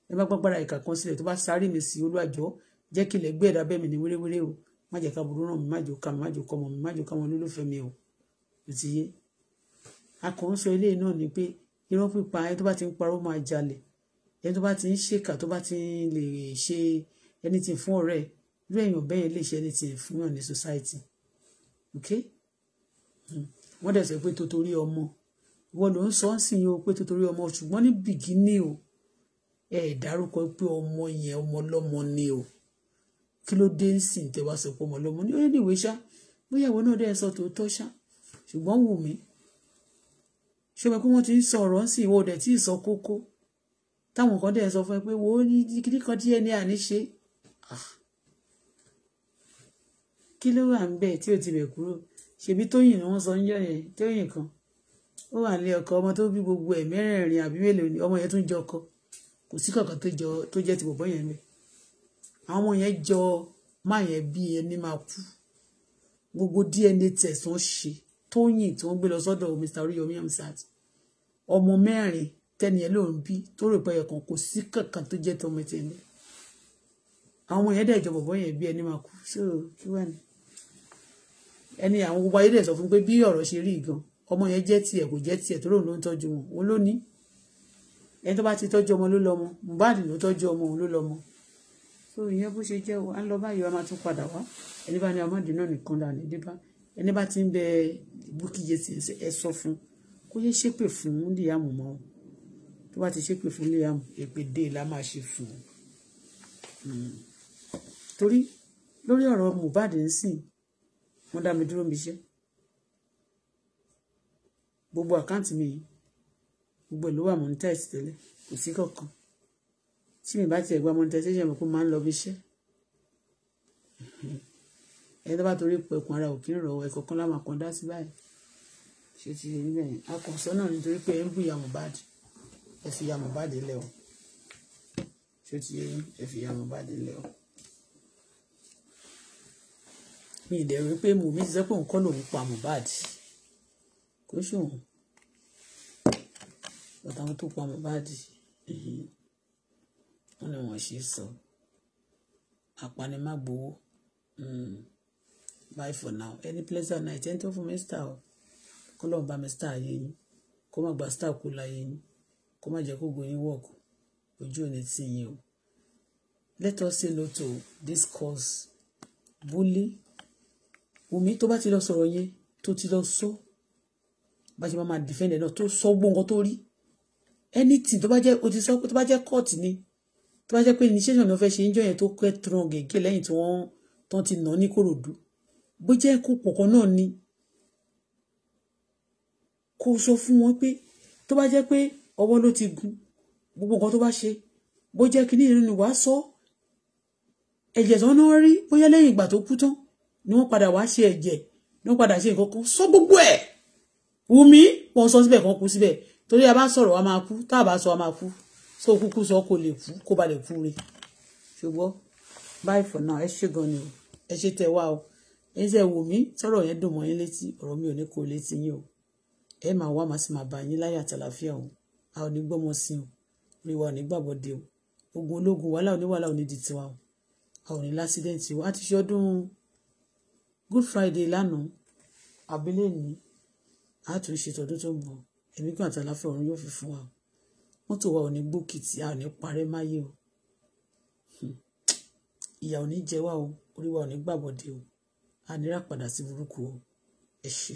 ẹni bá gbàgbára ìkà kan sílẹ̀ tó bá sáré mi sí olúwàjọ́ jẹ́ kí ilẹ̀ gbé ẹ̀dá bẹ́ẹ̀ mi ní wéréwéré o má jẹ́ ká burú ràn mi má jò ká anything fún ọ̀rẹ́ irú èèyàn bẹ́ẹ̀ lè ṣe anything fún yàn ní society okay hmm. wọ́n dẹ̀ sọ pé torí ọmọ ìwọ ló ń sọ ọ́ sìn yín o pé torí ọmọ ṣùgbọ́n ní bìgínì o ẹ dárúkọ pé ọmọ yẹn ọmọ ọlọ́mọ ni o kí ló dé ń sìn tẹ wá sọ pé ọmọ ọlọ́mọ ni ó ní ìwé ṣá bóyá ìwọ náà dẹ̀ sọ tòótọ́ ṣá ṣùgbọ́n wù mí ṣé o mọ̀ pé wọ́n ti ń sọ ọ̀rọ̀ ń sìn ìwọ ò dẹ̀ tí ì sọ kókó táwọn kan dẹ̀ sọ fún ẹ pé wo kíní kan díẹ̀ ní àníṣe kí ló wà ń bẹ̀ tí ò ti bẹ̀ kúrò ṣebí tóyìn ni wọ́n sọ ń yọ yẹn tóyìn kan ó wà ní ọkọ ọmọ tó bí gbogbo ẹ̀ mẹ́rẹ̀ẹ̀rin àbí mélòó ni ọmọ yẹn tún jọ ọkọ kò sí kankan tó jẹ́ ti bọ̀bọ̀ yẹn bẹ̀ àwọn ọmọ yẹn jọ máa yẹn bí ẹni máa kú gbogbo DNA test ṣe tóyìn tí wọ́n gbé lọ sọ́dọ̀ Mr. Oríyọmí Hamzat ọmọ mẹ́rin tẹ́ni ẹ̀ bí tó rò pé ẹ̀kan kò sí kankan tó jẹ́ tọmọ tẹ́ni ẹ̀ àwọn yẹn dẹ̀ jọ yẹn bí ẹni máa kú so kí wà ní. ẹni àwọn gbogbo ayé dẹ̀ sọ fún pé bí ọ̀rọ̀ ṣe rí gan ọmọ yẹn jẹ́ tiẹ̀ kò jẹ́ tiẹ̀ tó lóun ló ń tọ́jú wọn òun ló ní ẹni tó bá ti tọ́jú ọmọ ló lọ́mọ Mohbad ló tọ́jú ọmọ òun ló lọ́mọ. so ìyẹn bó ṣe jẹ́ o à ń lọ báyìí wa máa tún padà wá ẹni bá ní ọmọdé náà nìkan là ní débá ẹni bá ti ń bẹ búkìyè ẹ sọ fún kó yẹ ṣépè fún Liam mọ́ tó bá ti ṣépè fún Liam èpè dé la máa ṣe fún un. Hmm torí lórí ọ̀rọ̀ Mohbad ń sìn wọ́n dá mi dúró mi iṣẹ́ gbogbo àkáǹtì mi yìí gbogbo ẹ̀ ló wà monetize tẹ́lẹ̀ kò sí kankan tí mi bá tiẹ̀ gba monetization mi kó máa ń lọ bí iṣẹ́ ẹni tó bá torí pọ̀ ẹkùn ara òkè rọ̀ ẹ̀kọ́ kan láwọn kan sí báyìí ṣé ti rí bẹ́ẹ̀ akọ̀sọ́ náà nítorí pé ẹ ń bùyà Mohbad ẹ fi ya Mohbad lẹ̀ o ṣé ti rí ẹ fi ya Mohbad lẹ̀ o. mi ì dẹ̀rù pé Wùmí ti sọ pé òun kọ́ lòun pa Mohbad kó ṣòun bàtà wọn tó pa Mohbad wọn ni wọn ṣe sọ apanimagbowó mm, bye for now any pleasant night ẹni tó fún mi star o kó lóun bá mi star ayé yín kó má gba star kú láyé yín kó má jẹ́ kó gbóyin wọ̀kù ojú òní tì yín o let us say no to this cause bully Wùmí tó bá ti lọ sọ̀rọ̀ yẹn tó ti lọ sọ bá ṣe máa máa defend náà tó sọ gbogbo nǹkan tó rí anything tó bá jẹ́ o ti sọ pé tó bá jẹ́ court ni tó bá jẹ́ pé initiation ni wọ́n fẹ́ ṣe ń jọ yẹn tó kẹ́ tran gẹ́gẹ́ lẹ́yìn tí wọ́n tán ti nà ní kòròdú bó jẹ́ kó pọ̀kan náà ni kó sọ fún wọn pé tó bá jẹ́ pé ọwọ́ ló ti gun gbogbo nǹkan tó bá ṣe bó jẹ́ kí ní ìrìn wàá sọ ẹ̀jẹ̀ tán náà rí bóyá lẹ́yìn ìgbà tó kú tán ni wọ́n padà wá ṣe ẹ̀jẹ̀ ni wọ́n padà ṣe nǹkan kan sọ gbogbo ẹ̀ Wùmí wọ́n sọ síbẹ̀ kan kú síbẹ̀ torí a bá sọ̀rọ̀ a máa kú tá a bá sọ a máa kú so kúkú sọ kò lè kú kó ba kú re ṣùgbọ́n báyìí for now ẹ ṣe gan ni o ẹ ṣe tẹ wá o ẹ ṣe wò mí tọ́rọ̀ yẹn dùn mọ́ yín létí ọ̀rọ̀ mi ò ní kó létí yín o ẹ máa wá màá sì máa bá yín láyé àtàlàfíà o a ò ní gbọ́mọ sí o rí wa ní gbàgbọ́ o ogun ológun wàhálà oníwàhálà ò tiwa o a ò ní lásídẹ̀ǹtì o a ti ṣe ọdún good friday lánàá abílẹ̀ ní àtúnṣe tọdún tó ń bọ̀ ẹ̀mí kan àti àlàáfíà ọ̀run yóò fi fún wa mọ́tò wa ò ní gbókìtì a ò ní parẹ́ máyé o hmm. ìyà ò ní jẹ wá o orí ò ní gbàbọ̀dé o a nira padà sí burúkú o ẹ ṣé.